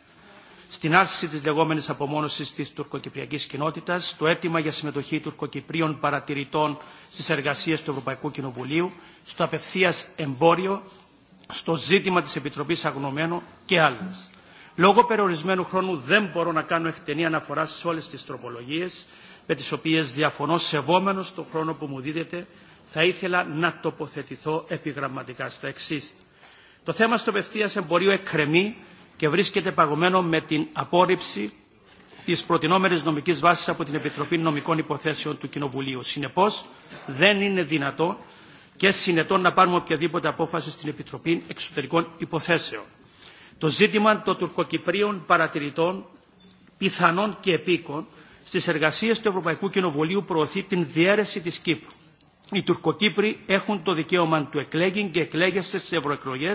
Στην άρση της λεγόμενης απομόνωσης της τουρκοκυπριακής κοινότητας, το αίτημα για συμμετοχή τουρκοκυπρίων παρατηρητών στις εργασίες του Ευρωπαϊκού Κοινοβουλίου, στο απευθείας εμπόριο, στο ζήτημα της Επιτροπής Αγνωμένου και άλλες. Λόγω περιορισμένου χρόνου δεν μπορώ να κάνω εκτενή αναφορά σε όλες τις τροπολογίες, με τις οποίες διαφωνώ σεβόμενος τον χρόνο που μου δίδεται, θα ήθελα να τοποθετηθώ επιγραμματικά στα εξή. Το θέμα στο πευθείας εμπορίου εκκρεμεί και βρίσκεται παγωμένο με την απόρριψη τη προτινόμενη νομική βάση από την Επιτροπή Νομικών Υποθέσεων του Κοινοβουλίου. Συνεπώ, δεν είναι δυνατό και συνετό να πάρουμε οποιαδήποτε απόφαση στην Επιτροπή Εξωτερικών Υποθέσεων. Το ζήτημα των τουρκοκυπρίων παρατηρητών, πιθανών και επίκων, Στι εργασίε του Ευρωπαϊκού Κοινοβουλίου προωθεί την διαίρεση τη Κύπρου. Οι Τουρκοκύπροι έχουν το δικαίωμα του εκλέγην και εκλέγεστε στι ευρωεκλογέ,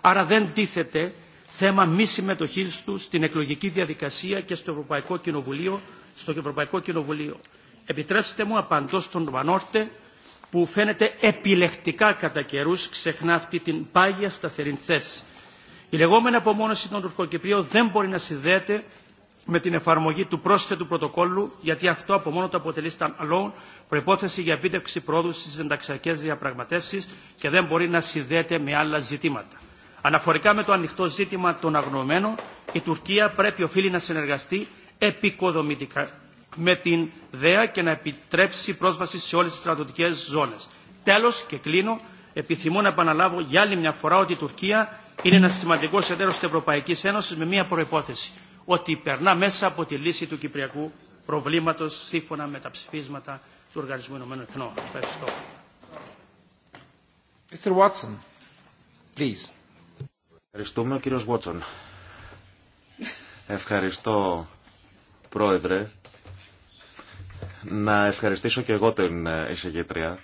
άρα δεν τίθεται θέμα μη συμμετοχή του στην εκλογική διαδικασία και στο Ευρωπαϊκό Κοινοβουλίο. Στο Ευρωπαϊκό Κοινοβουλίο. Επιτρέψτε μου απαντώ στον Βανόρτε που φαίνεται επιλεκτικά κατά καιρού ξεχνά αυτή την πάγια σταθερή θέση. Η λεγόμενη απομόνωση των Τουρκοκυπρίων δεν μπορεί να συνδέεται με την εφαρμογή του πρόσθετου πρωτοκόλλου, γιατί αυτό από μόνο το αποτελεί standalone προπόθεση για επίτευξη πρόοδου στι ενταξιακέ διαπραγματεύσει και δεν μπορεί να συνδέεται με άλλα ζητήματα. Αναφορικά με το ανοιχτό ζήτημα των αγνοωμένων, η Τουρκία πρέπει οφείλει να συνεργαστεί επικοδομητικά με την ΔΕΑ και να επιτρέψει πρόσβαση σε όλε τι στρατιωτικέ ζώνε. Τέλο και κλείνω, επιθυμώ να επαναλάβω για άλλη μια φορά ότι η Τουρκία είναι ένα σημαντικό εταίρο τη Ευρωπαϊκή Ένωση με μία προπόθεση ότι περνά μέσα από τη λύση του κυπριακού προβλήματος σύμφωνα με τα ψηφίσματα του Οργανισμού Ηνωμένων Εθνών. Ευχαριστώ. Mr. Watson, Ευχαριστούμε, κύριος Βότσον. Ευχαριστώ, πρόεδρε. Να ευχαριστήσω και εγώ την ε, εισηγήτρια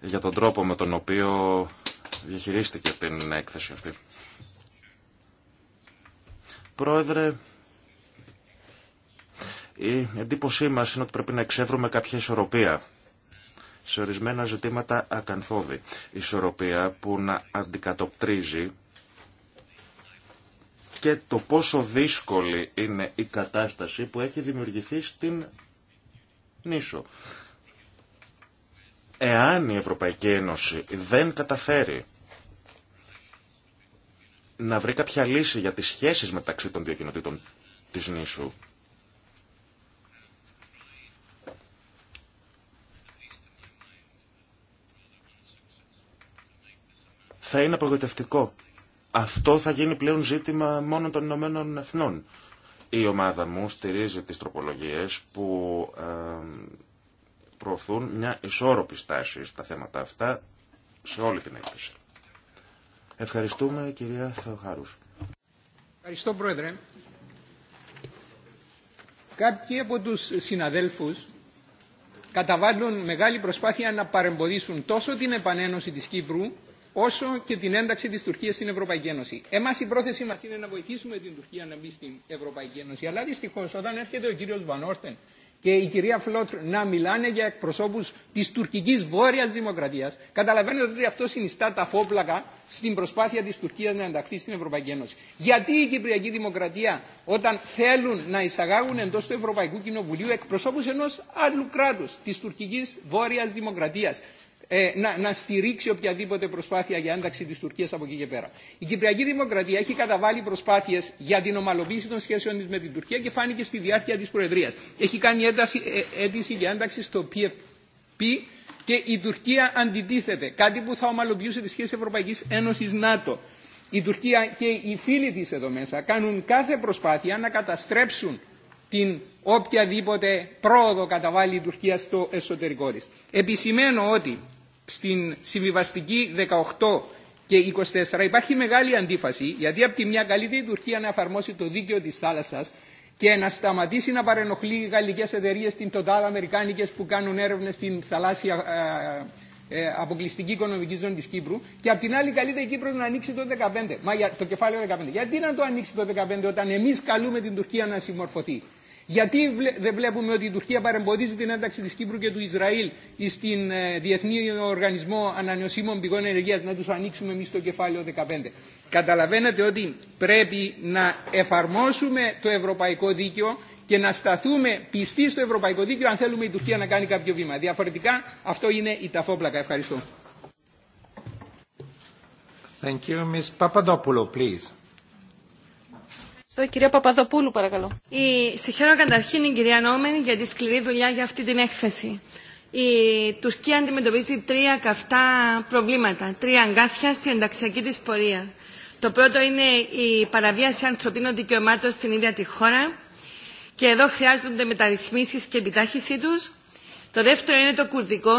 για τον τρόπο με τον οποίο διαχειρίστηκε την έκθεση αυτή. Πρόεδρε, η εντύπωσή μας είναι ότι πρέπει να εξεύρουμε κάποια ισορροπία σε ορισμένα ζητήματα ακανθόδη. Ισορροπία που να αντικατοπτρίζει και το πόσο δύσκολη είναι η κατάσταση που έχει δημιουργηθεί στην νήσο. Εάν η Ευρωπαϊκή Ένωση δεν καταφέρει να βρει κάποια λύση για τις σχέσεις μεταξύ των δύο κοινοτήτων της νήσου. Θα είναι απογοητευτικό. Αυτό θα γίνει πλέον ζήτημα μόνο των Ηνωμένων Εθνών. Η ομάδα μου στηρίζει τις τροπολογίες που προωθούν μια ισόρροπη στάση στα θέματα αυτά σε όλη την έκθεση. Ευχαριστούμε κυρία Θεοχάρους. Ευχαριστώ πρόεδρε. Κάποιοι από τους συναδέλφους καταβάλουν μεγάλη προσπάθεια να παρεμποδίσουν τόσο την επανένωση της Κύπρου όσο και την ένταξη της Τουρκίας στην Ευρωπαϊκή Ένωση. Εμάς η πρόθεσή μας είναι να βοηθήσουμε την Τουρκία να μπει στην Ευρωπαϊκή Ένωση. Αλλά δυστυχώς όταν έρχεται ο κύριος Βανόρτεν και η κυρία Φλότρ να μιλάνε για εκπροσώπους της τουρκικής βόρειας δημοκρατίας. Καταλαβαίνετε ότι αυτό συνιστά τα φόπλακα στην προσπάθεια της Τουρκίας να ενταχθεί στην Ευρωπαϊκή Ένωση. Γιατί η Κυπριακή Δημοκρατία όταν θέλουν να εισαγάγουν εντός του Ευρωπαϊκού Κοινοβουλίου εκπροσώπους ενός άλλου κράτους, της τουρκικής βόρειας δημοκρατίας. Ε, να, να στηρίξει οποιαδήποτε προσπάθεια για ένταξη τη Τουρκία από εκεί και πέρα. Η Κυπριακή Δημοκρατία έχει καταβάλει προσπάθειε για την ομαλοποίηση των σχέσεων τη με την Τουρκία και φάνηκε στη διάρκεια τη Προεδρία. Έχει κάνει ένταση, ε, αίτηση για ένταξη στο PFP και η Τουρκία αντιτίθεται. Κάτι που θα ομαλοποιούσε τη σχέση Ευρωπαϊκή Ένωση-ΝΑΤΟ. Η Τουρκία και οι φίλοι της εδώ μέσα κάνουν κάθε προσπάθεια να καταστρέψουν την οποιαδήποτε πρόοδο καταβάλει η Τουρκία στο εσωτερικό της. Επισημαίνω ότι στην συμβιβαστική 18 και 24 υπάρχει μεγάλη αντίφαση γιατί από τη μια καλείται η Τουρκία να εφαρμόσει το δίκαιο της θάλασσας και να σταματήσει να παρενοχλεί οι γαλλικές εταιρείε στην τοτάδα Αμερικάνικες που κάνουν έρευνες στην θαλάσσια ε, ε αποκλειστική οικονομική ζώνη της Κύπρου και από την άλλη καλείται η Κύπρος να ανοίξει το, 15, μα, το κεφάλαιο 15. Γιατί να το ανοίξει το 15 όταν εμείς καλούμε την Τουρκία να συμμορφωθεί. Γιατί δεν βλέπουμε ότι η Τουρκία παρεμποδίζει την ένταξη τη Κύπρου και του Ισραήλ στην ε, Διεθνή Οργανισμό Ανανεωσίμων Πηγών Ενεργεία, να του ανοίξουμε εμεί το κεφάλαιο 15. Καταλαβαίνετε ότι πρέπει να εφαρμόσουμε το ευρωπαϊκό δίκαιο και να σταθούμε πιστοί στο ευρωπαϊκό δίκαιο αν θέλουμε η Τουρκία να κάνει κάποιο βήμα. Διαφορετικά αυτό είναι η ταφόπλακα. Ευχαριστώ. Thank you, Ms. please. Στο κυρία Παπαδοπούλου, παρακαλώ. Η... Συγχαίρω καταρχήν την κυρία Νόμενη για τη σκληρή δουλειά για αυτή την έκθεση. Η Τουρκία αντιμετωπίζει τρία καυτά προβλήματα, τρία αγκάθια στην ενταξιακή της πορεία. Το πρώτο είναι η παραβίαση ανθρωπίνων δικαιωμάτων στην ίδια τη χώρα και εδώ χρειάζονται μεταρρυθμίσεις και επιτάχυσή τους. Το δεύτερο είναι το κουρδικό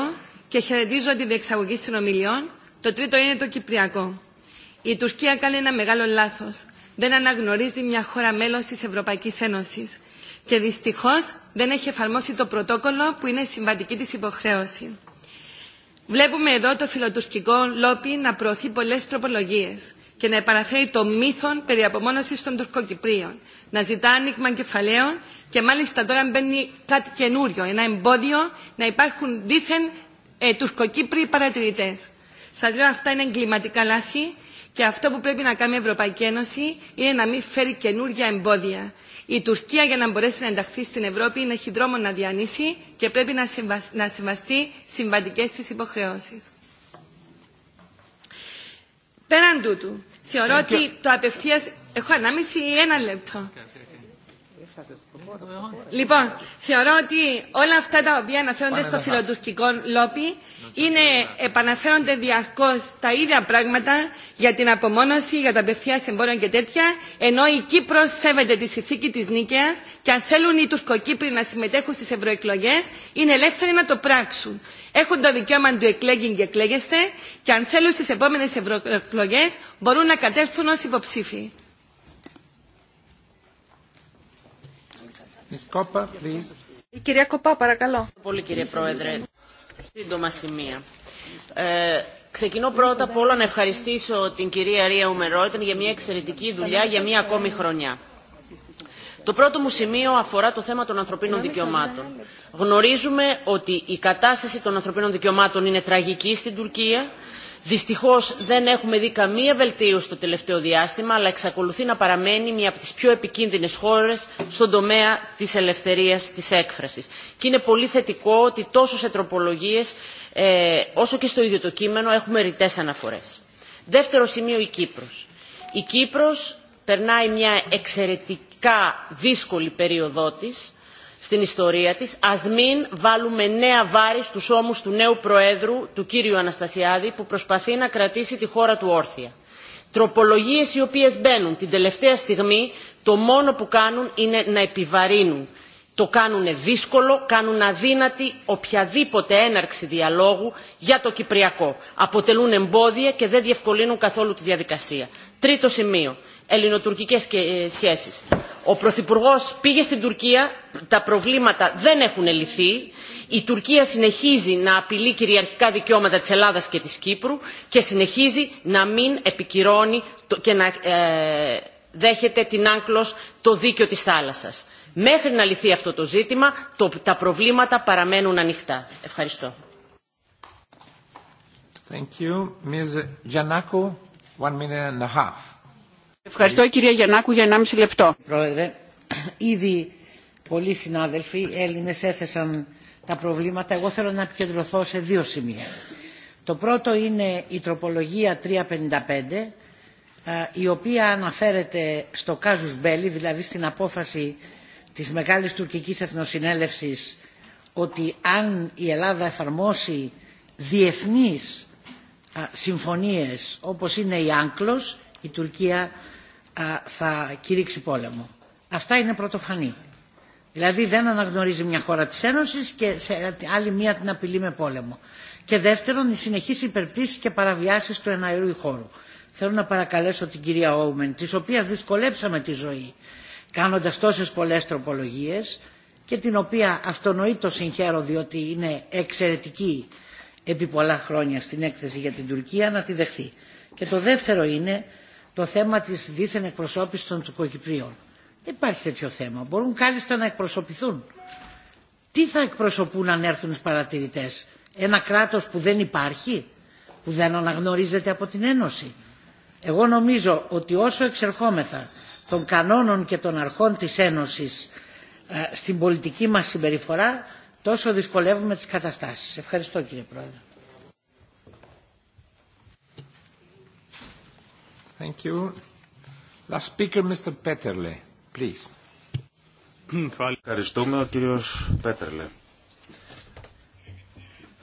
και χαιρετίζω τη διεξαγωγή συνομιλιών. Το τρίτο είναι το κυπριακό. Η Τουρκία κάνει ένα μεγάλο λάθο δεν αναγνωρίζει μια χώρα μέλος της Ευρωπαϊκής Ένωσης και δυστυχώς δεν έχει εφαρμόσει το πρωτόκολλο που είναι συμβατική της υποχρέωση. Βλέπουμε εδώ το φιλοτουρκικό λόπι να προωθεί πολλές τροπολογίες και να επαναφέρει το μύθο περί απομόνωσης των Τουρκοκυπρίων, να ζητά άνοιγμα κεφαλαίων και μάλιστα τώρα μπαίνει κάτι καινούριο, ένα εμπόδιο να υπάρχουν δίθεν ε, Τουρκοκύπροι παρατηρητές. Σας λέω αυτά είναι εγκληματικά λάθη και αυτό που πρέπει να κάνει η Ευρωπαϊκή Ένωση είναι να μην φέρει καινούργια εμπόδια. Η Τουρκία για να μπορέσει να ενταχθεί στην Ευρώπη είναι έχει δρόμο να διανύσει και πρέπει να συμβαστεί συμβατικές της υποχρεώσεις. Πέραν τούτου, θεωρώ ε, ότι το απευθείας... Έχω ανάμιση ή ένα λεπτό. Ε, Λοιπόν, θεωρώ ότι όλα αυτά τα οποία αναφέρονται στο φιλοτουρκικό λόπι είναι, επαναφέρονται διαρκώ τα ίδια πράγματα για την απομόνωση, για τα απευθεία εμπόρια και τέτοια, ενώ η Κύπρο σέβεται τη συνθήκη τη Νίκαια και αν θέλουν οι Τουρκοκύπροι να συμμετέχουν στι ευρωεκλογέ, είναι ελεύθεροι να το πράξουν. Έχουν το δικαίωμα του εκλέγην και εκλέγεστε και αν θέλουν στι επόμενε ευρωεκλογέ μπορούν να κατέλθουν ω υποψήφοι. Η κυρία Κοπά, παρακαλώ. Πολύ κύριε Πρόεδρε. Σύντομα σημεία. Ε, ξεκινώ πρώτα απ' όλα να ευχαριστήσω την κυρία Ρία Ουμερόιτεν για μια εξαιρετική δουλειά για μια ακόμη χρονιά. Το πρώτο μου σημείο αφορά το θέμα των ανθρωπίνων δικαιωμάτων. Γνωρίζουμε ότι η κατάσταση των ανθρωπίνων δικαιωμάτων είναι τραγική στην Τουρκία Δυστυχώς δεν έχουμε δει καμία βελτίωση το τελευταίο διάστημα, αλλά εξακολουθεί να παραμένει μια από τις πιο επικίνδυνες χώρες στον τομέα της ελευθερίας της έκφρασης. Και είναι πολύ θετικό ότι τόσο σε τροπολογίες ε, όσο και στο ίδιο το κείμενο έχουμε ρητές αναφορές. Δεύτερο σημείο η Κύπρος. Η Κύπρος περνάει μια εξαιρετικά δύσκολη περίοδό της στην ιστορία της, ας μην βάλουμε νέα βάρη στους ώμους του νέου Προέδρου, του κύριου Αναστασιάδη, που προσπαθεί να κρατήσει τη χώρα του όρθια. Τροπολογίες οι οποίες μπαίνουν την τελευταία στιγμή, το μόνο που κάνουν είναι να επιβαρύνουν. Το κάνουν δύσκολο, κάνουν αδύνατη οποιαδήποτε έναρξη διαλόγου για το Κυπριακό. Αποτελούν εμπόδια και δεν διευκολύνουν καθόλου τη διαδικασία. Τρίτο σημείο ελληνοτουρκικές ε, σχέσεις. Ο Πρωθυπουργό πήγε στην Τουρκία, τα προβλήματα δεν έχουν λυθεί, η Τουρκία συνεχίζει να απειλεί κυριαρχικά δικαιώματα της Ελλάδας και της Κύπρου και συνεχίζει να μην επικυρώνει και να ε, δέχεται την άγκλος το δίκαιο της θάλασσας. Μέχρι να λυθεί αυτό το ζήτημα, τα προβλήματα παραμένουν ανοιχτά. Ευχαριστώ. Thank you. Ms. Giannaco, one minute and Ευχαριστώ κυρία Γιαννάκου για 1,5 λεπτό. Πρόεδρε, ήδη πολλοί συνάδελφοι Έλληνες έθεσαν τα προβλήματα. Εγώ θέλω να επικεντρωθώ σε δύο σημεία. Το πρώτο είναι η τροπολογία 355, η οποία αναφέρεται στο κάζους Μπέλη, δηλαδή στην απόφαση της Μεγάλης Τουρκικής Εθνοσυνέλευσης ότι αν η Ελλάδα εφαρμόσει διεθνείς συμφωνίες όπως είναι η Άγκλος, η Τουρκία θα κηρύξει πόλεμο. Αυτά είναι πρωτοφανή. Δηλαδή δεν αναγνωρίζει μια χώρα της Ένωσης και σε άλλη μια την απειλεί με πόλεμο. Και δεύτερον, οι συνεχείς υπερπτήσεις και παραβιάσεις του εναερού χώρου. Θέλω να παρακαλέσω την κυρία Όουμεν, της οποίας δυσκολέψαμε τη ζωή, κάνοντας τόσες πολλές τροπολογίες και την οποία αυτονοεί το συγχαίρω διότι είναι εξαιρετική επί πολλά χρόνια στην έκθεση για την Τουρκία, να τη δεχθεί. Και το δεύτερο είναι το θέμα της δίθεν εκπροσώπησης των τουρκοκυπρίων. Δεν υπάρχει τέτοιο θέμα. Μπορούν κάλλιστα να εκπροσωπηθούν. Τι θα εκπροσωπούν αν έρθουν οι παρατηρητές. Ένα κράτος που δεν υπάρχει, που δεν αναγνωρίζεται από την Ένωση. Εγώ νομίζω ότι όσο εξερχόμεθα των κανόνων και των αρχών της Ένωσης ε, στην πολιτική μας συμπεριφορά, τόσο δυσκολεύουμε τις καταστάσεις. Ευχαριστώ κύριε Πρόεδρε. Thank you. Last speaker, Mr. Peterle, please. Ευχαριστούμε, ο κύριος Πέτερλε.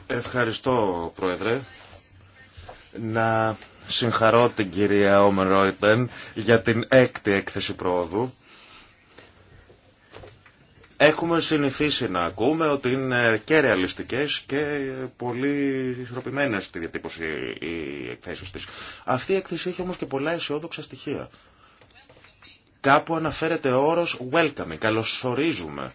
Ευχαριστώ, Πρόεδρε. Να συγχαρώ την κυρία Όμεν Ρόιτεν για την έκτη έκθεση πρόοδου Έχουμε συνηθίσει να ακούμε ότι είναι και ρεαλιστικέ και πολύ ισορροπημένε στη διατύπωση οι εκθέσει τη. Αυτή η έκθεση έχει όμω και πολλά αισιόδοξα στοιχεία. Κάπου αναφέρεται ο όρο welcome, καλωσορίζουμε.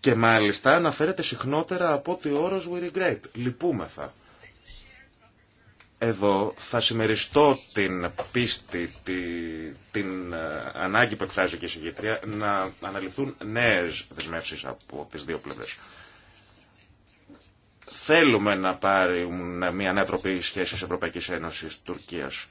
Και μάλιστα αναφέρεται συχνότερα από ότι ο όρο we regret, λυπούμεθα. Εδώ θα συμμεριστώ την πίστη, την ε, ανάγκη που εκφράζει και η συγκήτρια να αναλυθούν νέες δεσμεύσεις από τις δύο πλευρές. Θέλουμε να πάρουν μια νέα τροπή της Ευρωπαϊκής Ένωσης Τουρκίας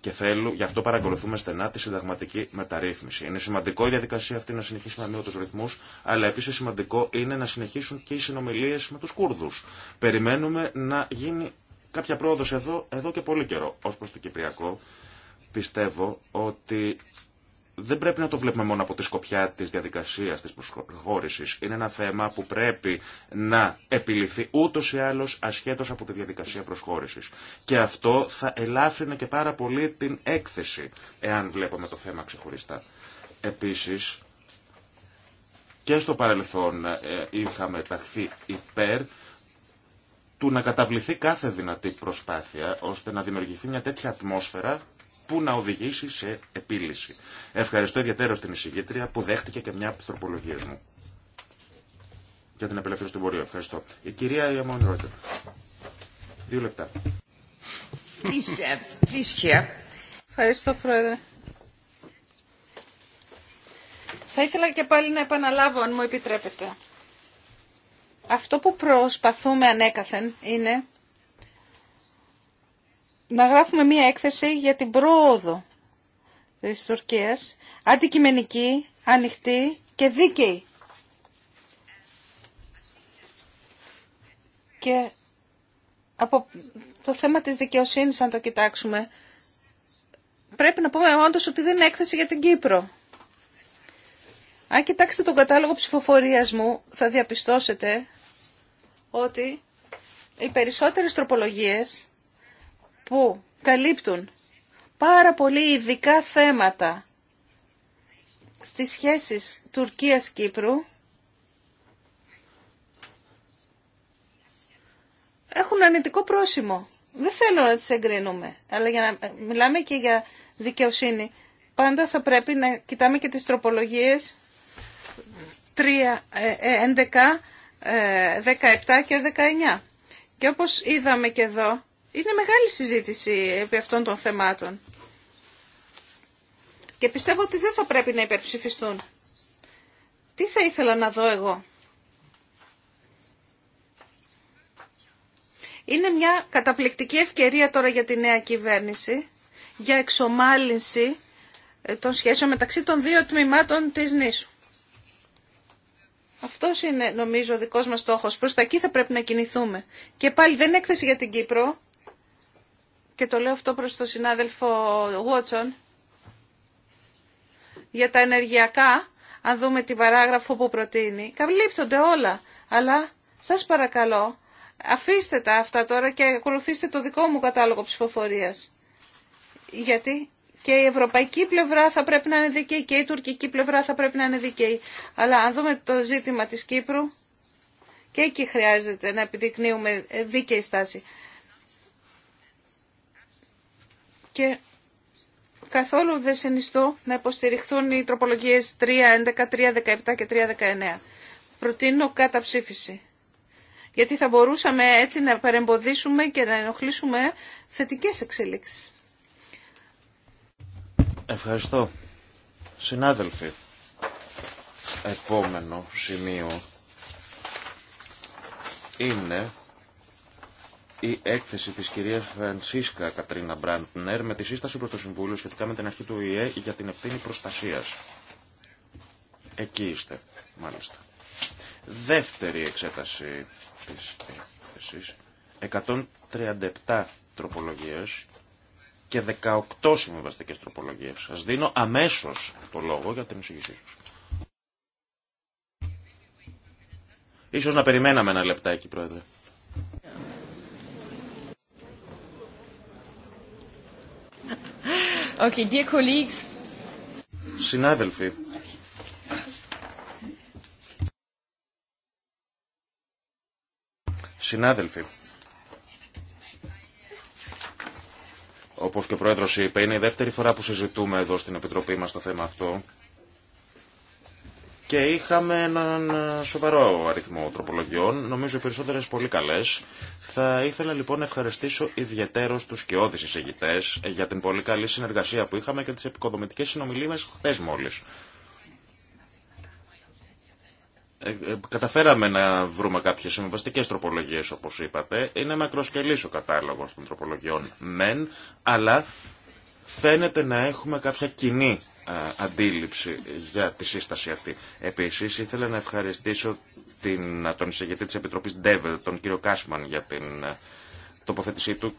και θέλω, γι' αυτό παρακολουθούμε στενά τη συνταγματική μεταρρύθμιση. Είναι σημαντικό η διαδικασία αυτή να συνεχίσει με του ρυθμού, αλλά επίσης σημαντικό είναι να συνεχίσουν και οι συνομιλίες με τους Κούρδους. Περιμένουμε να γίνει κάποια πρόοδο εδώ, εδώ και πολύ καιρό. Ως προς το Κυπριακό πιστεύω ότι δεν πρέπει να το βλέπουμε μόνο από τη σκοπιά τη διαδικασία τη προσχώρηση. Είναι ένα θέμα που πρέπει να επιληθεί ούτω ή άλλω ασχέτω από τη διαδικασία προσχώρηση. Και αυτό θα ελάφρυνε και πάρα πολύ την έκθεση, εάν βλέπουμε το θέμα ξεχωριστά. Επίση, και στο παρελθόν ε, είχαμε ταχθεί υπέρ του να καταβληθεί κάθε δυνατή προσπάθεια ώστε να δημιουργηθεί μια τέτοια ατμόσφαιρα που να οδηγήσει σε επίλυση. Ευχαριστώ ιδιαίτερα στην εισηγήτρια που δέχτηκε και μια από τι τροπολογίε μου. Για την απελευθέρωση του Βορείου. Ευχαριστώ. Η κυρία Ιαμόνι Ρόιτερ. Δύο λεπτά. Uh, Ευχαριστώ, Πρόεδρε. Θα ήθελα και πάλι να επαναλάβω, αν μου επιτρέπετε. Αυτό που προσπαθούμε ανέκαθεν είναι να γράφουμε μία έκθεση για την πρόοδο της Τουρκίας, αντικειμενική, ανοιχτή και δίκαιη. Και από το θέμα της δικαιοσύνης, αν το κοιτάξουμε, πρέπει να πούμε όντως ότι δεν είναι έκθεση για την Κύπρο. Αν κοιτάξετε τον κατάλογο ψηφοφορίας μου, θα διαπιστώσετε ότι οι περισσότερες τροπολογίες που καλύπτουν πάρα πολύ ειδικά θέματα στις σχέσεις Τουρκίας-Κύπρου έχουν αρνητικό πρόσημο. Δεν θέλω να τις εγκρίνουμε, αλλά για να μιλάμε και για δικαιοσύνη. Πάντα θα πρέπει να κοιτάμε και τις τροπολογίες 3, 11, ε, ε, 17 και 19. Και όπως είδαμε και εδώ, είναι μεγάλη συζήτηση επί αυτών των θεμάτων. Και πιστεύω ότι δεν θα πρέπει να υπερψηφιστούν. Τι θα ήθελα να δω εγώ. Είναι μια καταπληκτική ευκαιρία τώρα για τη νέα κυβέρνηση, για εξομάλυνση ε, των σχέσεων μεταξύ των δύο τμήματων της νήσου. Αυτό είναι νομίζω ο δικός μας στόχο. Προς τα εκεί θα πρέπει να κινηθούμε. Και πάλι δεν είναι έκθεση για την Κύπρο. Και το λέω αυτό προς τον συνάδελφο Βότσον. Για τα ενεργειακά, αν δούμε την παράγραφο που προτείνει, καλύπτονται όλα. Αλλά σας παρακαλώ, αφήστε τα αυτά τώρα και ακολουθήστε το δικό μου κατάλογο ψηφοφορία. Γιατί και η ευρωπαϊκή πλευρά θα πρέπει να είναι δίκαιη και η τουρκική πλευρά θα πρέπει να είναι δίκαιη. Αλλά αν δούμε το ζήτημα της Κύπρου, και εκεί χρειάζεται να επιδεικνύουμε δίκαιη στάση. Και καθόλου δεν συνιστώ να υποστηριχθούν οι τροπολογίες 3, 11, και 3, 19. Προτείνω καταψήφιση. Γιατί θα μπορούσαμε έτσι να παρεμποδίσουμε και να ενοχλήσουμε θετικές εξελίξεις. Ευχαριστώ. Συνάδελφοι, επόμενο σημείο είναι η έκθεση της κυρίας Φρανσίσκα Κατρίνα Μπραντνερ με τη σύσταση προς το Συμβούλιο σχετικά με την αρχή του ΙΕ για την ευθύνη προστασίας. Εκεί είστε, μάλιστα. Δεύτερη εξέταση της έκθεσης. 137 τροπολογίες και 18 συμβιβαστικέ τροπολογίε. Σα δίνω αμέσω το λόγο για την εισηγησή σα. Ίσως να περιμέναμε ένα λεπτάκι, Πρόεδρε. Okay, dear colleagues. Συνάδελφοι, Συνάδελφοι, Όπως και ο Πρόεδρος είπε, είναι η δεύτερη φορά που συζητούμε εδώ στην Επιτροπή μας το θέμα αυτό. Και είχαμε έναν ε, σοβαρό αριθμό τροπολογιών, νομίζω οι περισσότερες πολύ καλές. Θα ήθελα λοιπόν να ευχαριστήσω ιδιαίτερος τους και όδης εισηγητές για την πολύ καλή συνεργασία που είχαμε και τις επικοδομητικές συνομιλίες χτες μόλις. Ε, ε, καταφέραμε να βρούμε κάποιες συμβαστικές τροπολογίες όπως είπατε. Είναι μακροσκελής ο κατάλογος των τροπολογιών μεν, αλλά φαίνεται να έχουμε κάποια κοινή ε, αντίληψη για τη σύσταση αυτή. Επίσης ήθελα να ευχαριστήσω την, τον εισηγητή της Επιτροπής Ντέβελ, τον κύριο Κάσμαν για την τοποθέτησή του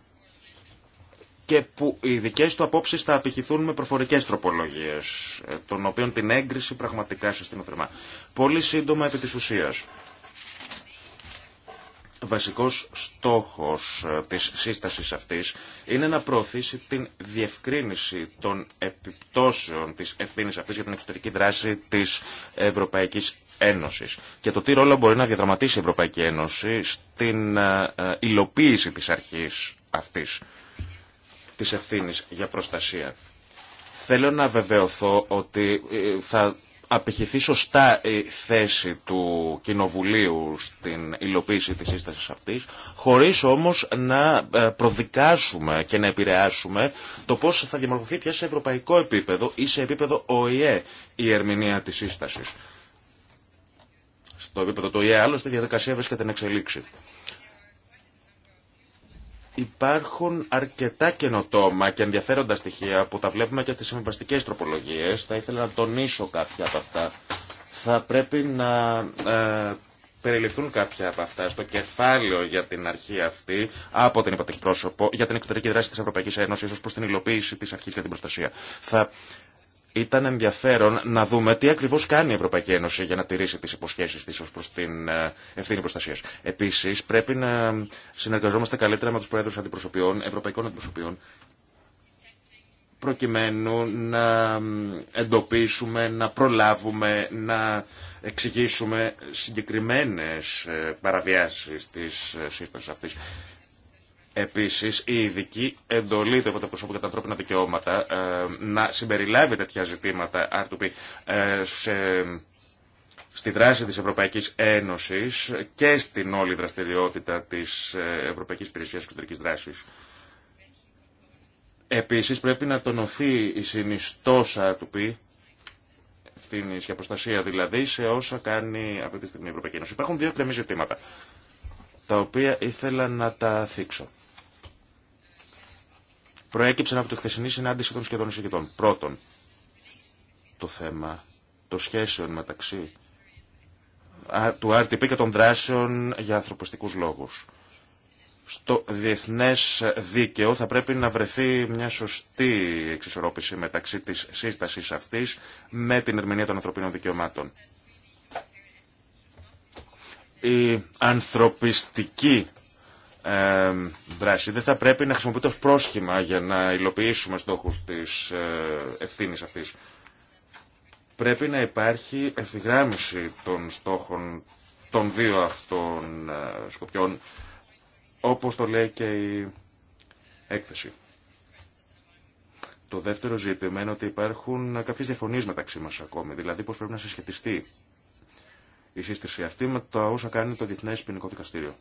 και που οι δικέ του απόψει θα απηχηθούν με προφορικέ τροπολογίε, ε, των οποίων την έγκριση πραγματικά συστήνω Πολύ σύντομα επί τη ουσία. Βασικός στόχος ε, της σύστασης αυτής είναι να προωθήσει την διευκρίνηση των επιπτώσεων της ευθύνης αυτής για την εξωτερική δράση της Ευρωπαϊκής Ένωσης και το τι ρόλο μπορεί να διαδραματίσει η Ευρωπαϊκή Ένωση στην ε, υλοποίηση της αρχής αυτής της ευθύνης για προστασία. Θέλω να βεβαιωθώ ότι ε, θα απηχηθεί σωστά η θέση του Κοινοβουλίου στην υλοποίηση της σύστασης αυτής, χωρίς όμως να ε, προδικάσουμε και να επηρεάσουμε το πώς θα διαμορφωθεί πια σε ευρωπαϊκό επίπεδο ή σε επίπεδο ΟΗΕ η ερμηνεία της σύστασης. Στο επίπεδο του ΟΗΕ άλλωστε η διαδικασία βρίσκεται να εξελίξει. Υπάρχουν αρκετά καινοτόμα και ενδιαφέροντα στοιχεία που τα βλέπουμε και στις συμβαστικές τροπολογίες. Θα ήθελα να τονίσω κάποια από αυτά. Θα πρέπει να ε, περιληφθούν κάποια από αυτά στο κεφάλαιο για την αρχή αυτή από την υπατική για την εξωτερική δράση τη Ευρωπαϊκή Ένωση ω προ την υλοποίηση τη αρχή και την προστασία. Θα ήταν ενδιαφέρον να δούμε τι ακριβώ κάνει η Ευρωπαϊκή Ένωση για να τηρήσει τι υποσχέσει τη ω προ την ε, ευθύνη προστασία. Επίση, πρέπει να συνεργαζόμαστε καλύτερα με του προέδρου αντιπροσωπιών, ευρωπαϊκών αντιπροσωπιών, προκειμένου να εντοπίσουμε, να προλάβουμε, να εξηγήσουμε συγκεκριμένες ε, παραβιάσεις της ε, σύστασης αυτής. Επίση, η ειδική εντολή του Προσώπου για τα ανθρώπινα δικαιώματα ε, να συμπεριλάβει τέτοια r ε, σε στη δράση της Ευρωπαϊκής Ένωσης και στην όλη δραστηριότητα της ε, Ευρωπαϊκής Υπηρεσίας Εξωτερικής Δράσης. Επίσης πρέπει να τονωθεί η συνιστόσα του πει στην προστασία δηλαδή σε όσα κάνει αυτή τη στιγμή η Ευρωπαϊκή Ένωση. Υπάρχουν δύο κρεμή ζητήματα τα οποία ήθελα να τα θίξω προέκυψαν από τη χθεσινή συνάντηση των σχεδόν εισηγητών. Πρώτον, το θέμα των σχέσεων μεταξύ του RTP και των δράσεων για ανθρωπιστικούς λόγους. Στο διεθνές δίκαιο θα πρέπει να βρεθεί μια σωστή εξισορρόπηση μεταξύ της σύστασης αυτής με την ερμηνεία των ανθρωπίνων δικαιωμάτων. Η ανθρωπιστική δράση δεν θα πρέπει να χρησιμοποιείται ως πρόσχημα για να υλοποιήσουμε στόχους της ε, ευθύνη αυτής. Πρέπει να υπάρχει ευθυγράμμιση των στόχων των δύο αυτών ε, σκοπιών, όπως το λέει και η έκθεση. Το δεύτερο ζήτημα είναι ότι υπάρχουν κάποιες διαφωνίες μεταξύ μας ακόμη, δηλαδή πώς πρέπει να συσχετιστεί η σύστηση αυτή με τα όσα κάνει το Διεθνές Ποινικό Δικαστήριο.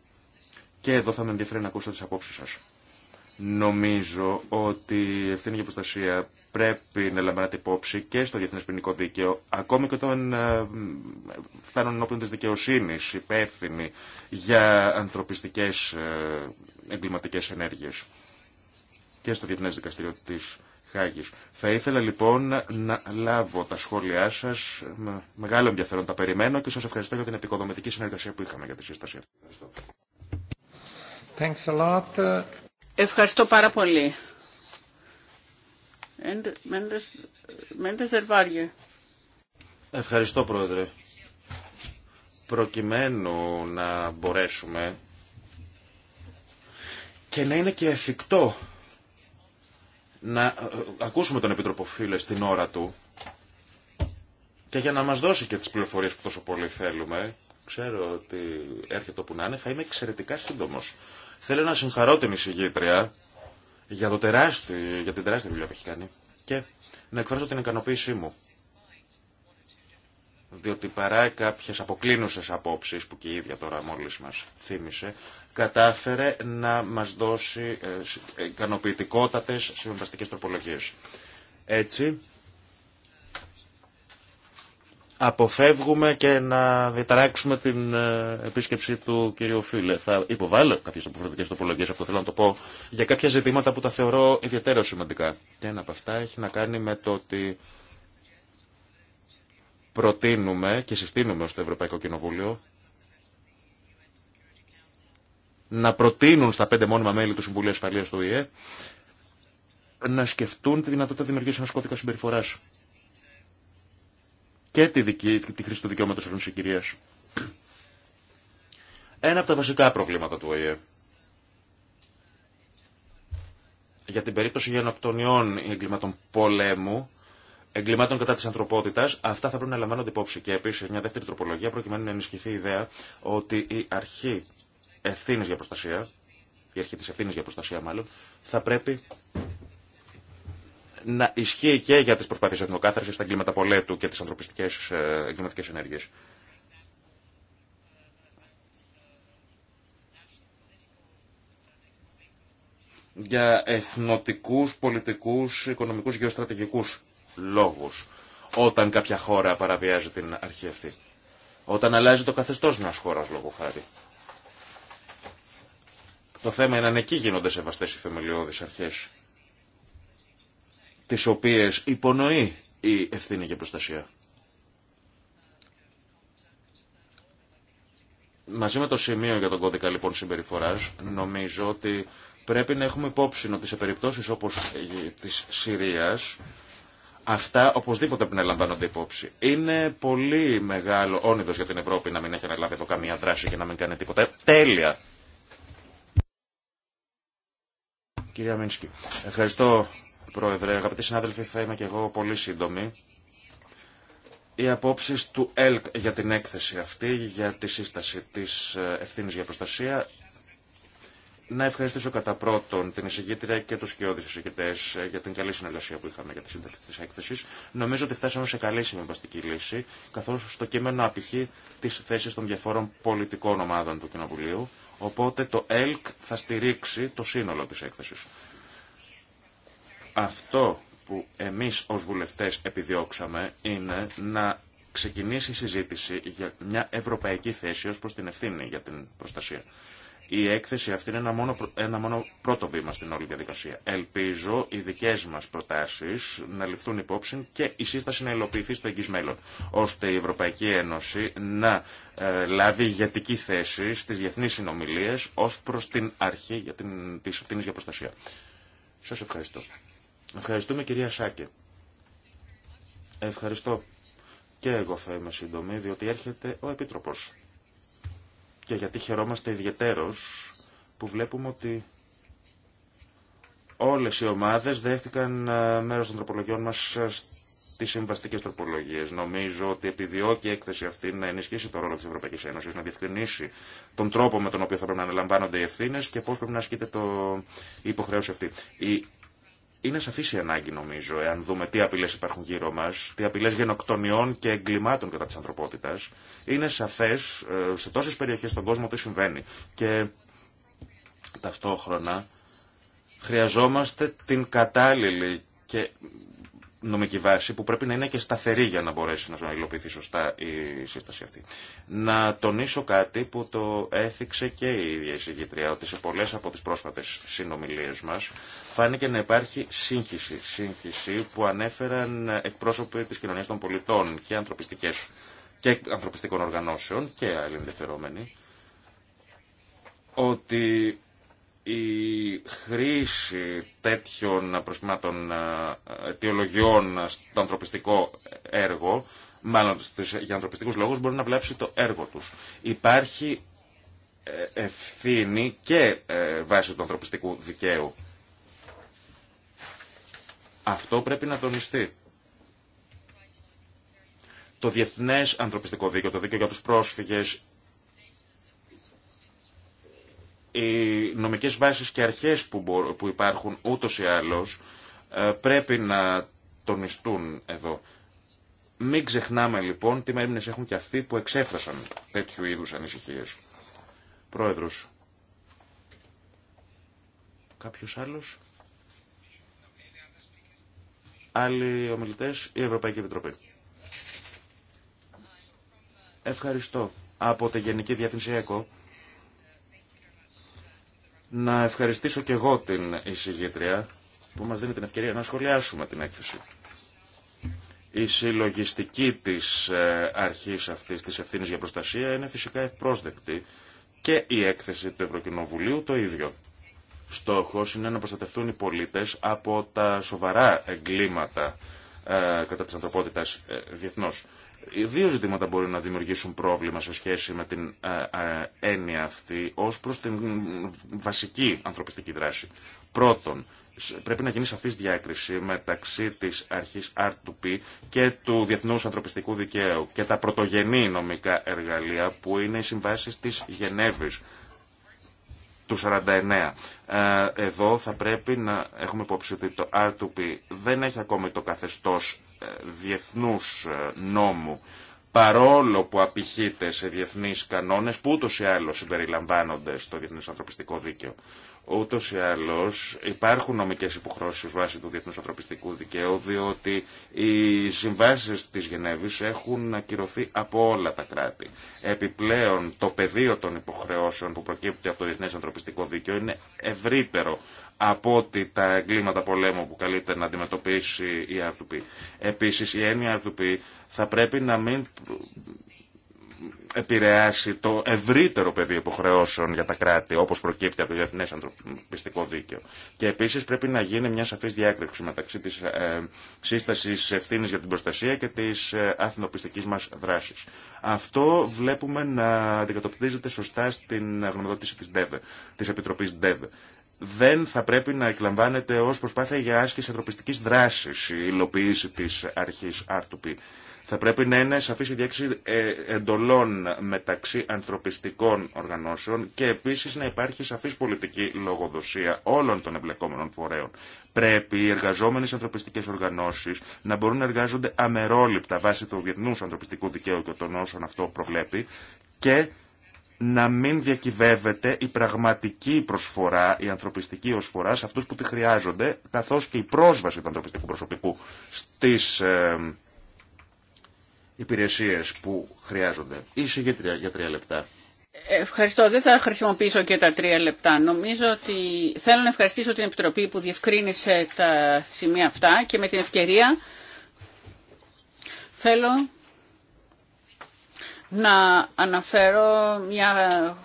Και εδώ θα με ενδιαφέρει να ακούσω τι απόψει σα. Νομίζω ότι η ευθύνη για προστασία πρέπει να λαμβάνεται υπόψη και στο διεθνές ποινικό δίκαιο, ακόμη και όταν ε, φτάνουν ενώπιον τη δικαιοσύνη, υπεύθυνοι για ανθρωπιστικές ε, εγκληματικέ ενέργειε και στο διεθνέ Δικαστήριο τη Χάγης. Θα ήθελα λοιπόν να λάβω τα σχόλιά σα Με μεγάλο ενδιαφέρον τα περιμένω και σα ευχαριστώ για την επικοδομητική συνεργασία που είχαμε για τη σύσταση αυτή. Ευχαριστώ πάρα πολύ. Ευχαριστώ Πρόεδρε. Προκειμένου να μπορέσουμε και να είναι και εφικτό να ε, ακούσουμε τον Επίτροπο Φίλε στην ώρα του και για να μας δώσει και τις πληροφορίες που τόσο πολύ θέλουμε, ξέρω ότι έρχεται όπου να είναι, θα είμαι εξαιρετικά σύντομος. Θέλω να συγχαρώ την εισηγήτρια για, το για την τεράστια δουλειά που έχει κάνει και να εκφράσω την ικανοποίησή μου. Διότι παρά κάποιε αποκλίνουσες απόψεις που και η ίδια τώρα μόλις μα θύμισε, κατάφερε να μας δώσει ε, ε, ικανοποιητικότατε συμβαστικές τροπολογίες. Έτσι, αποφεύγουμε και να διαταράξουμε την ε, επίσκεψη του κυρίου Φίλε. Θα υποβάλω κάποιε αποφορετικέ τοπολογίε, αυτό θέλω να το πω, για κάποια ζητήματα που τα θεωρώ ιδιαίτερα σημαντικά. Και ένα από αυτά έχει να κάνει με το ότι προτείνουμε και συστήνουμε στο Ευρωπαϊκό Κοινοβούλιο να προτείνουν στα πέντε μόνιμα μέλη του Συμβουλίου Ασφαλείας του ΙΕ να σκεφτούν τη δυνατότητα δημιουργία ενός κώδικα συμπεριφορά και τη, δική, τη χρήση του δικαιώματο ορνής κυρίας. Ένα από τα βασικά προβλήματα του ΟΗΕ. Για την περίπτωση γενοκτονιών ή εγκλημάτων πολέμου, εγκλημάτων κατά τη ανθρωπότητα, αυτά θα πρέπει να λαμβάνονται υπόψη. Και επίση, μια δεύτερη τροπολογία, προκειμένου να ενισχυθεί η ιδέα ότι η αρχή ευθύνη για προστασία, η αρχή τη ευθύνη για προστασία μάλλον, θα πρέπει να ισχύει και για τις προσπάθειες εθνοκάθαρσης, τα εγκλήματα πολέτου και τις ανθρωπιστικές ε, εγκληματικές ενέργειες. για εθνοτικούς, πολιτικούς, οικονομικούς, γεωστρατηγικούς λόγους όταν κάποια χώρα παραβιάζει την αρχή αυτή. Όταν αλλάζει το καθεστώς μιας χώρας λόγω χάρη. Το θέμα είναι αν εκεί γίνονται σεβαστές οι θεμελιώδεις αρχές τις οποίες υπονοεί η ευθύνη για προστασία. Μαζί με το σημείο για τον κώδικα λοιπόν συμπεριφοράς, νομίζω ότι πρέπει να έχουμε υπόψη ότι σε περιπτώσεις όπως της Συρίας, αυτά οπωσδήποτε πρέπει να λαμβάνονται υπόψη. Είναι πολύ μεγάλο όνειδος για την Ευρώπη να μην έχει αναλάβει εδώ καμία δράση και να μην κάνει τίποτα. Ε, τέλεια! Κυρία Μίνσκι, ευχαριστώ Πρόεδρε, αγαπητοί συνάδελφοι, θα είμαι και εγώ πολύ σύντομη. Οι απόψει του ΕΛΚ για την έκθεση αυτή, για τη σύσταση τη ε, ευθύνη για προστασία. Να ευχαριστήσω κατά πρώτον την εισηγήτρια και του σκιώδει εισηγητέ ε, για την καλή συνεργασία που είχαμε για τη σύνταξη τη έκθεση. Νομίζω ότι φτάσαμε σε καλή συμβαστική λύση, καθώ στο κείμενο απηχεί τι θέσει των διαφόρων πολιτικών ομάδων του Κοινοβουλίου. Οπότε το ΕΛΚ θα στηρίξει το σύνολο τη έκθεση. Αυτό που εμείς ως βουλευτές επιδιώξαμε είναι να ξεκινήσει η συζήτηση για μια ευρωπαϊκή θέση ως προς την ευθύνη για την προστασία. Η έκθεση αυτή είναι ένα μόνο, ένα μόνο πρώτο βήμα στην όλη διαδικασία. Ελπίζω οι δικέ μα προτάσει να ληφθούν υπόψη και η σύσταση να υλοποιηθεί στο εγγύ μέλλον, ώστε η Ευρωπαϊκή Ένωση να ε, λάβει ηγετική θέση στι διεθνεί συνομιλίε ω προ την αρχή τη ευθύνη για προστασία. Σα ευχαριστώ. Ευχαριστούμε κυρία Σάκε. Ευχαριστώ. Και εγώ θα είμαι σύντομη, διότι έρχεται ο Επίτροπος. Και γιατί χαιρόμαστε ιδιαιτέρως που βλέπουμε ότι όλες οι ομάδες δέχτηκαν ε, μέρος των τροπολογιών μας ε, τι συμβαστικέ τροπολογίε. Νομίζω ότι επιδιώκει η έκθεση αυτή να ενισχύσει τον ρόλο τη Ευρωπαϊκή Ένωση, να διευκρινίσει τον τρόπο με τον οποίο θα πρέπει να αναλαμβάνονται οι ευθύνε και πώ πρέπει να ασκείται το... η υποχρέωση αυτή. Η είναι σαφή η ανάγκη, νομίζω, εάν δούμε τι απειλέ υπάρχουν γύρω μα, τι απειλέ γενοκτονιών και εγκλημάτων κατά τη ανθρωπότητα. Είναι σαφέ ε, σε τόσε περιοχέ στον κόσμο τι συμβαίνει. Και ταυτόχρονα χρειαζόμαστε την κατάλληλη και νομική βάση που πρέπει να είναι και σταθερή για να μπορέσει να υλοποιηθεί σωστά η σύσταση αυτή. Να τονίσω κάτι που το έθιξε και η ίδια η ότι σε πολλές από τις πρόσφατες συνομιλίες μας φάνηκε να υπάρχει σύγχυση, σύγχυση που ανέφεραν εκπρόσωποι της κοινωνίας των πολιτών και, και ανθρωπιστικών οργανώσεων και άλλοι ενδιαφερόμενοι, ότι η χρήση τέτοιων προσχημάτων ε, αιτιολογιών στο ανθρωπιστικό έργο, μάλλον για ανθρωπιστικούς λόγους, μπορεί να βλάψει το έργο τους. Υπάρχει ε, ευθύνη και ε, βάση του ανθρωπιστικού δικαίου. Αυτό πρέπει να τονιστεί. Το Διεθνές Ανθρωπιστικό Δίκαιο, το Δίκαιο για τους Πρόσφυγες Οι νομικές βάσεις και αρχές που υπάρχουν ούτως ή άλλως ε, πρέπει να τονιστούν εδώ. Μην ξεχνάμε λοιπόν τι μερίμνες έχουν και αυτοί που εξέφρασαν τέτοιου είδους ανησυχίες. Πρόεδρος. Κάποιος άλλος. Άλλοι ομιλητές. Η Ευρωπαϊκή λοιπον τι μερημνες εχουν και αυτοι που Ευχαριστώ. Από τη Γενική Διεύθυνση ΕΚΟ να ευχαριστήσω και εγώ την εισηγήτρια που μας δίνει την ευκαιρία να σχολιάσουμε την έκθεση. Η συλλογιστική της ε, αρχής αυτής της ευθύνη για προστασία είναι φυσικά ευπρόσδεκτη και η έκθεση του Ευρωκοινοβουλίου το ίδιο. Στόχος είναι να προστατευτούν οι πολίτες από τα σοβαρά εγκλήματα ε, κατά της ανθρωπότητας ε, διεθνώς. Δύο ζητήματα μπορεί να δημιουργήσουν πρόβλημα σε σχέση με την ε, ε, έννοια αυτή ως προς την βασική ανθρωπιστική δράση. Πρώτον, πρέπει να γίνει σαφής διάκριση μεταξύ της αρχής R2P και του Διεθνούς Ανθρωπιστικού Δικαίου και τα πρωτογενή νομικά εργαλεία που είναι οι συμβάσεις της Γενέβης του 49. Ε, εδώ θα πρέπει να έχουμε υπόψη ότι το R2P δεν έχει ακόμη το καθεστώς ε, διεθνούς ε, νόμου παρόλο που απηχείται σε διεθνείς κανόνες που ούτως ή άλλως συμπεριλαμβάνονται στο διεθνές ανθρωπιστικό δίκαιο. Ούτως ή άλλως υπάρχουν νομικές υποχρώσεις βάσει του διεθνούς ανθρωπιστικού δικαίου διότι οι συμβάσεις της Γενέβης έχουν ακυρωθεί από όλα τα κράτη. Επιπλέον το πεδίο των υποχρεώσεων που προκύπτει από το διεθνές ανθρωπιστικό δίκαιο είναι ευρύτερο από ότι τα εγκλήματα πολέμου που καλείται να αντιμετωπίσει η R2P. Επίσης η έννοια R2P θα πρέπει να μην επηρεάσει το ευρύτερο πεδίο υποχρεώσεων για τα κράτη, όπως προκύπτει από το Διεθνέ Ανθρωπιστικό Δίκαιο. Και επίσης πρέπει να γίνει μια σαφής διάκριση μεταξύ της ε, σύσταση ευθύνη για την προστασία και της ε, μας μα δράση. Αυτό βλέπουμε να αντικατοπτρίζεται σωστά στην γνωμοδότηση τη Επιτροπή ΔΕΒ δεν θα πρέπει να εκλαμβάνεται ως προσπάθεια για άσκηση ανθρωπιστικής δράσης η υλοποίηση της αρχής R2P. Θα πρέπει να είναι σαφής η διέξη ε, εντολών μεταξύ ανθρωπιστικών οργανώσεων και επίσης να υπάρχει σαφής πολιτική λογοδοσία όλων των εμπλεκόμενων φορέων. Πρέπει οι εργαζόμενες ανθρωπιστικές οργανώσεις να μπορούν να εργάζονται αμερόληπτα βάσει του διεθνούς ανθρωπιστικού δικαίου και των όσων αυτό προβλέπει και να μην διακυβεύεται η πραγματική προσφορά, η ανθρωπιστική προσφορά σε αυτούς που τη χρειάζονται, καθώς και η πρόσβαση του ανθρωπιστικού προσωπικού στις ε, υπηρεσίες που χρειάζονται. Είσαι για, για τρία λεπτά. Ευχαριστώ. Δεν θα χρησιμοποιήσω και τα τρία λεπτά. Νομίζω ότι θέλω να ευχαριστήσω την Επιτροπή που διευκρίνησε τα σημεία αυτά και με την ευκαιρία θέλω να αναφέρω μια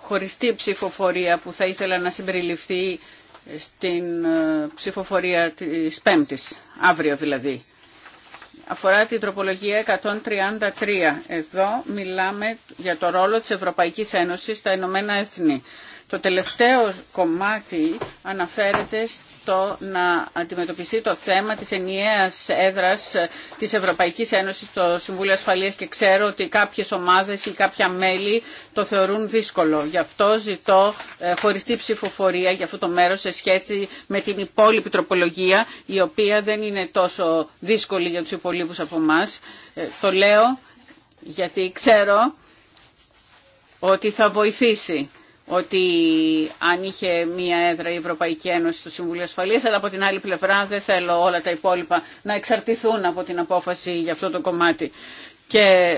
χωριστή ψηφοφορία που θα ήθελα να συμπεριληφθεί στην ε, ψηφοφορία της Πέμπτης, αύριο δηλαδή. Αφορά την τροπολογία 133. Εδώ μιλάμε για το ρόλο της Ευρωπαϊκής Ένωσης στα Ηνωμένα Εθνή. Το τελευταίο κομμάτι αναφέρεται το να αντιμετωπιστεί το θέμα της ενιαίας έδρας της Ευρωπαϊκής Ένωσης στο Συμβούλιο Ασφαλείας και ξέρω ότι κάποιες ομάδες ή κάποια μέλη το θεωρούν δύσκολο. Γι' αυτό ζητώ ε, χωριστή ψηφοφορία για αυτό το μέρος σε σχέση με την υπόλοιπη τροπολογία η οποία δεν είναι τόσο δύσκολη για τους υπολείπους από εμά. Ε, το λέω γιατί ξέρω ότι θα βοηθήσει ότι αν είχε μία έδρα η Ευρωπαϊκή Ένωση στο Συμβουλίο Ασφαλείας, αλλά από την άλλη πλευρά δεν θέλω όλα τα υπόλοιπα να εξαρτηθούν από την απόφαση για αυτό το κομμάτι. Και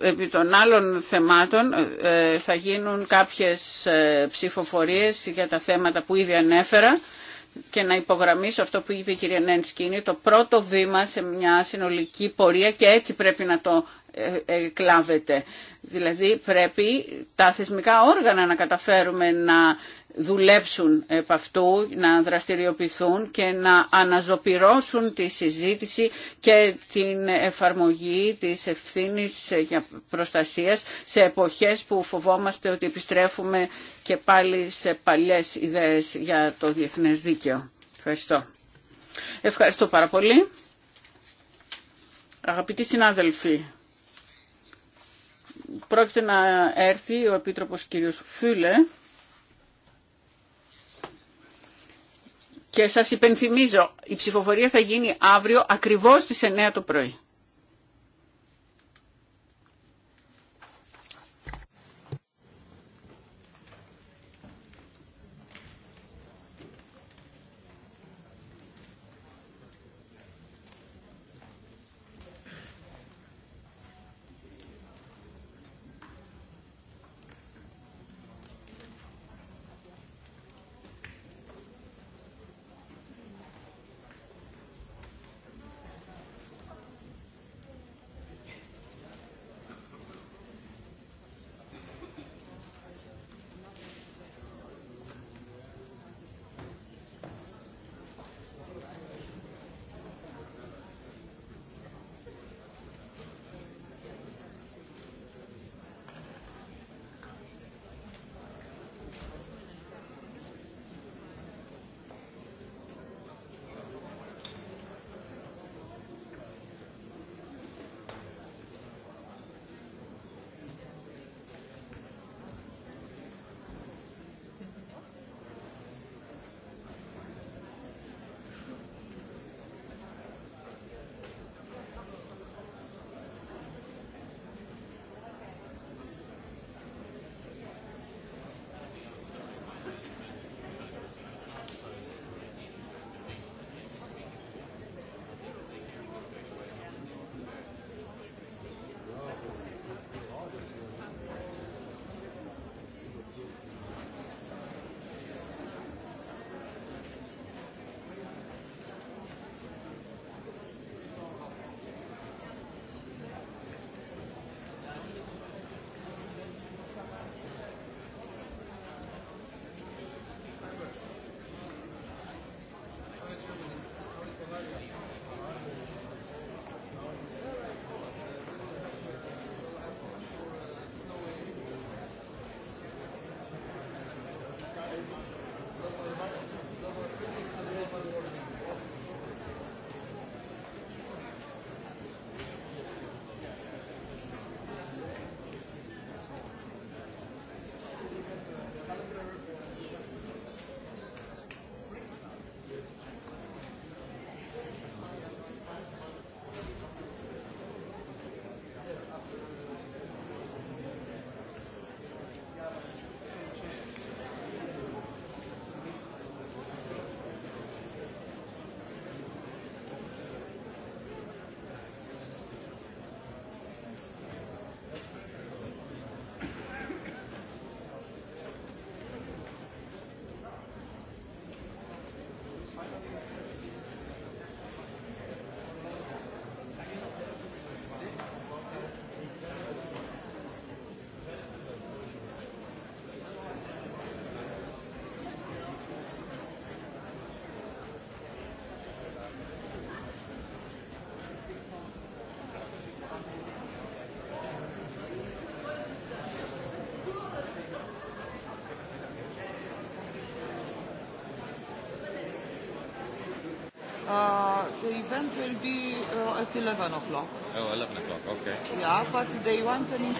επί των άλλων θεμάτων ε, ε, θα γίνουν κάποιες ε, ψηφοφορίες για τα θέματα που ήδη ανέφερα και να υπογραμμίσω αυτό που είπε η κυρία Νέντσκινη, το πρώτο βήμα σε μια συνολική πορεία και έτσι πρέπει να το εκλάβεται. Ε, δηλαδή πρέπει τα θεσμικά όργανα να καταφέρουμε να δουλέψουν επ' αυτού, να δραστηριοποιηθούν και να αναζωπυρώσουν τη συζήτηση και την εφαρμογή της ευθύνης για προστασίας σε εποχές που φοβόμαστε ότι επιστρέφουμε και πάλι σε παλιές ιδέες για το διεθνές δίκαιο. Ευχαριστώ. Ευχαριστώ πάρα πολύ. Αγαπητοί συνάδελφοι, πρόκειται να έρθει ο Επίτροπος κ. Φούλε και σας υπενθυμίζω, η ψηφοφορία θα γίνει αύριο ακριβώς στις 9 το πρωί. the event will be at 11 o'clock. Oh, 11 o'clock, okay. Yeah, but they want an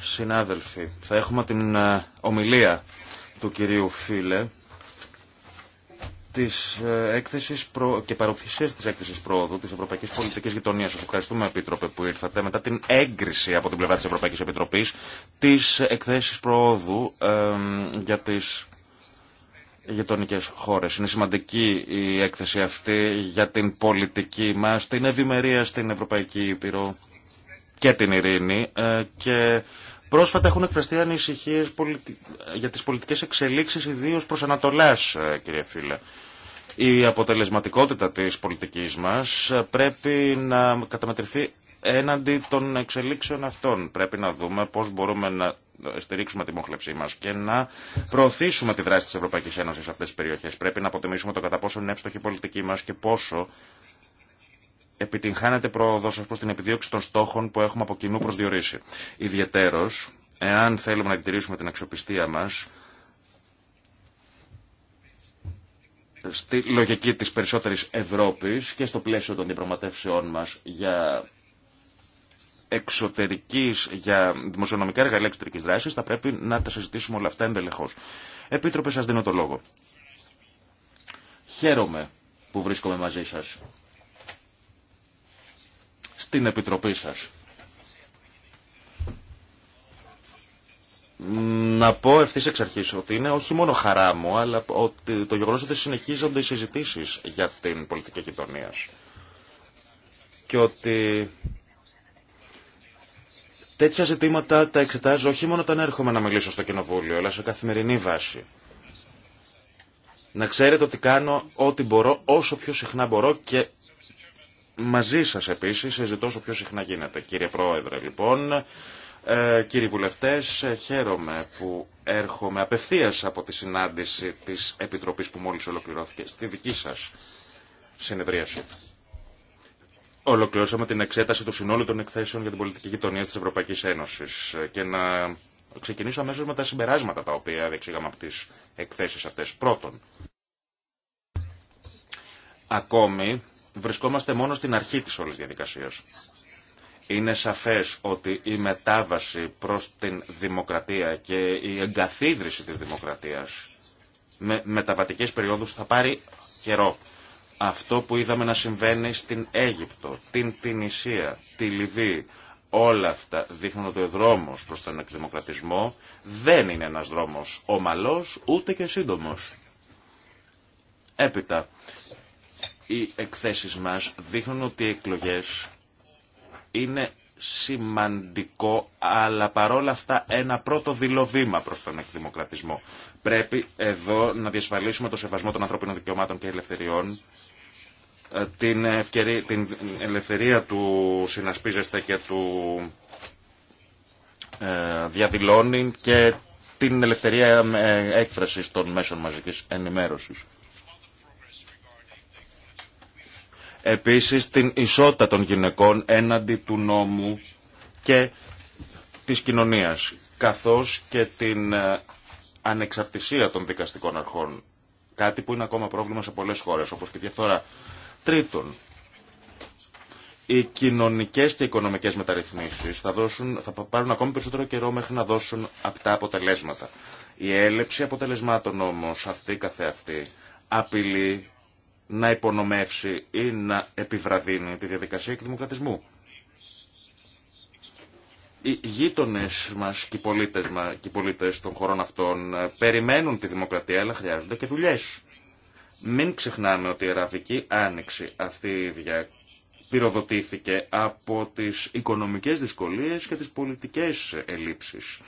Συνάδελφοι, θα έχουμε την ε, ομιλία του κυρίου Φίλε της ε, έκθεσης προ... και παροπτυσίας της έκθεσης πρόοδου της Ευρωπαϊκής Πολιτικής Γειτονίας. Σας ευχαριστούμε, Επίτροπε, που ήρθατε μετά την έγκριση από την πλευρά της Ευρωπαϊκής Επιτροπής της εκθέσεις πρόοδου για τις γειτονικέ χώρες. Είναι σημαντική η έκθεση αυτή για την πολιτική μας, την ευημερία στην Ευρωπαϊκή Ήπειρο και την ειρήνη ε, και πρόσφατα έχουν εκφραστεί ανησυχίε για τις πολιτικές εξελίξεις ιδίως προς Ανατολάς ε, κύριε Φίλε. Η αποτελεσματικότητα της πολιτικής μας ε, πρέπει να καταμετρηθεί έναντι των εξελίξεων αυτών. Πρέπει να δούμε πώς μπορούμε να στηρίξουμε τη μόχλεψή μας και να προωθήσουμε τη δράση της Ευρωπαϊκής Ένωσης σε αυτές τις περιοχές. Πρέπει να αποτιμήσουμε το κατά πόσο είναι εύστοχη η πολιτική μας και πόσο επιτυγχάνεται πρόοδο ω προ την επιδίωξη των στόχων που έχουμε από κοινού προσδιορίσει. Ιδιαιτέρω, εάν θέλουμε να διατηρήσουμε την αξιοπιστία μα, στη λογική της περισσότερης Ευρώπης και στο πλαίσιο των διαπραγματεύσεών μας για εξωτερικής, για δημοσιονομικά εργαλεία εξωτερικής δράσης, θα πρέπει να τα συζητήσουμε όλα αυτά εντελεχώς. Επίτροπε, σας δίνω το λόγο. Χαίρομαι που βρίσκομαι μαζί σας την Επιτροπή σας. Να πω ευθύ εξ αρχή ότι είναι όχι μόνο χαρά μου, αλλά ότι το γεγονό ότι συνεχίζονται οι συζητήσει για την πολιτική γειτονία. Και ότι τέτοια ζητήματα τα εξετάζω όχι μόνο όταν έρχομαι να μιλήσω στο κοινοβούλιο, αλλά σε καθημερινή βάση. Να ξέρετε ότι κάνω ό,τι μπορώ, όσο πιο συχνά μπορώ και Μαζί σας επίσης συζητώ ε, όσο πιο συχνά γίνεται. Κύριε Πρόεδρε λοιπόν, ε, κύριοι βουλευτές, ε, χαίρομαι που έρχομαι απευθείας από τη συνάντηση της Επιτροπής που μόλις ολοκληρώθηκε στη δική σας συνεδρίαση. Ολοκληρώσαμε την εξέταση του συνόλου των εκθέσεων για την πολιτική γειτονία της Ευρωπαϊκής Ένωσης και να ξεκινήσω αμέσως με τα συμπεράσματα τα οποία διεξήγαμε από τις εκθέσεις αυτές. Πρώτον, ακόμη βρισκόμαστε μόνο στην αρχή της όλης διαδικασίας. Είναι σαφές ότι η μετάβαση προς την δημοκρατία και η εγκαθίδρυση της δημοκρατίας με μεταβατικές περιόδους θα πάρει καιρό. Αυτό που είδαμε να συμβαίνει στην Αίγυπτο, την Τινησία, τη Λιβύη, όλα αυτά δείχνουν ότι ο δρόμος προς τον εκδημοκρατισμό δεν είναι ένας δρόμος ομαλός ούτε και σύντομος. Έπειτα, οι εκθέσεις μας δείχνουν ότι οι εκλογές είναι σημαντικό, αλλά παρόλα αυτά ένα πρώτο δηλοβήμα προς τον εκδημοκρατισμό. Πρέπει εδώ να διασφαλίσουμε το σεβασμό των ανθρώπινων δικαιωμάτων και ελευθεριών, ε, την, την ελευθερία του συνασπίζεστε και του ε, διαδηλώνει και την ελευθερία ε, έκφρασης των μέσων μαζικής ενημέρωσης. Επίσης την ισότητα των γυναικών έναντι του νόμου και της κοινωνίας, καθώς και την ε, ανεξαρτησία των δικαστικών αρχών. Κάτι που είναι ακόμα πρόβλημα σε πολλές χώρες, όπως και διαφθορά. Τρίτον, οι κοινωνικές και οικονομικές μεταρρυθμίσεις θα, δώσουν, θα πάρουν ακόμη περισσότερο καιρό μέχρι να δώσουν απτά αποτελέσματα. Η έλλειψη αποτελεσμάτων όμως αυτή καθεαυτή απειλεί να υπονομεύσει ή να επιβραδύνει τη διαδικασία και δημοκρατισμού. Οι γείτονε μα και οι πολίτε και οι πολίτες των χωρών αυτών ε, περιμένουν τη δημοκρατία, αλλά χρειάζονται και δουλειέ. Μην ξεχνάμε ότι η Αραβική Άνοιξη αυτή η ίδια πυροδοτήθηκε από τις οικονομικές δυσκολίες και τις πολιτικές ελλείψεις.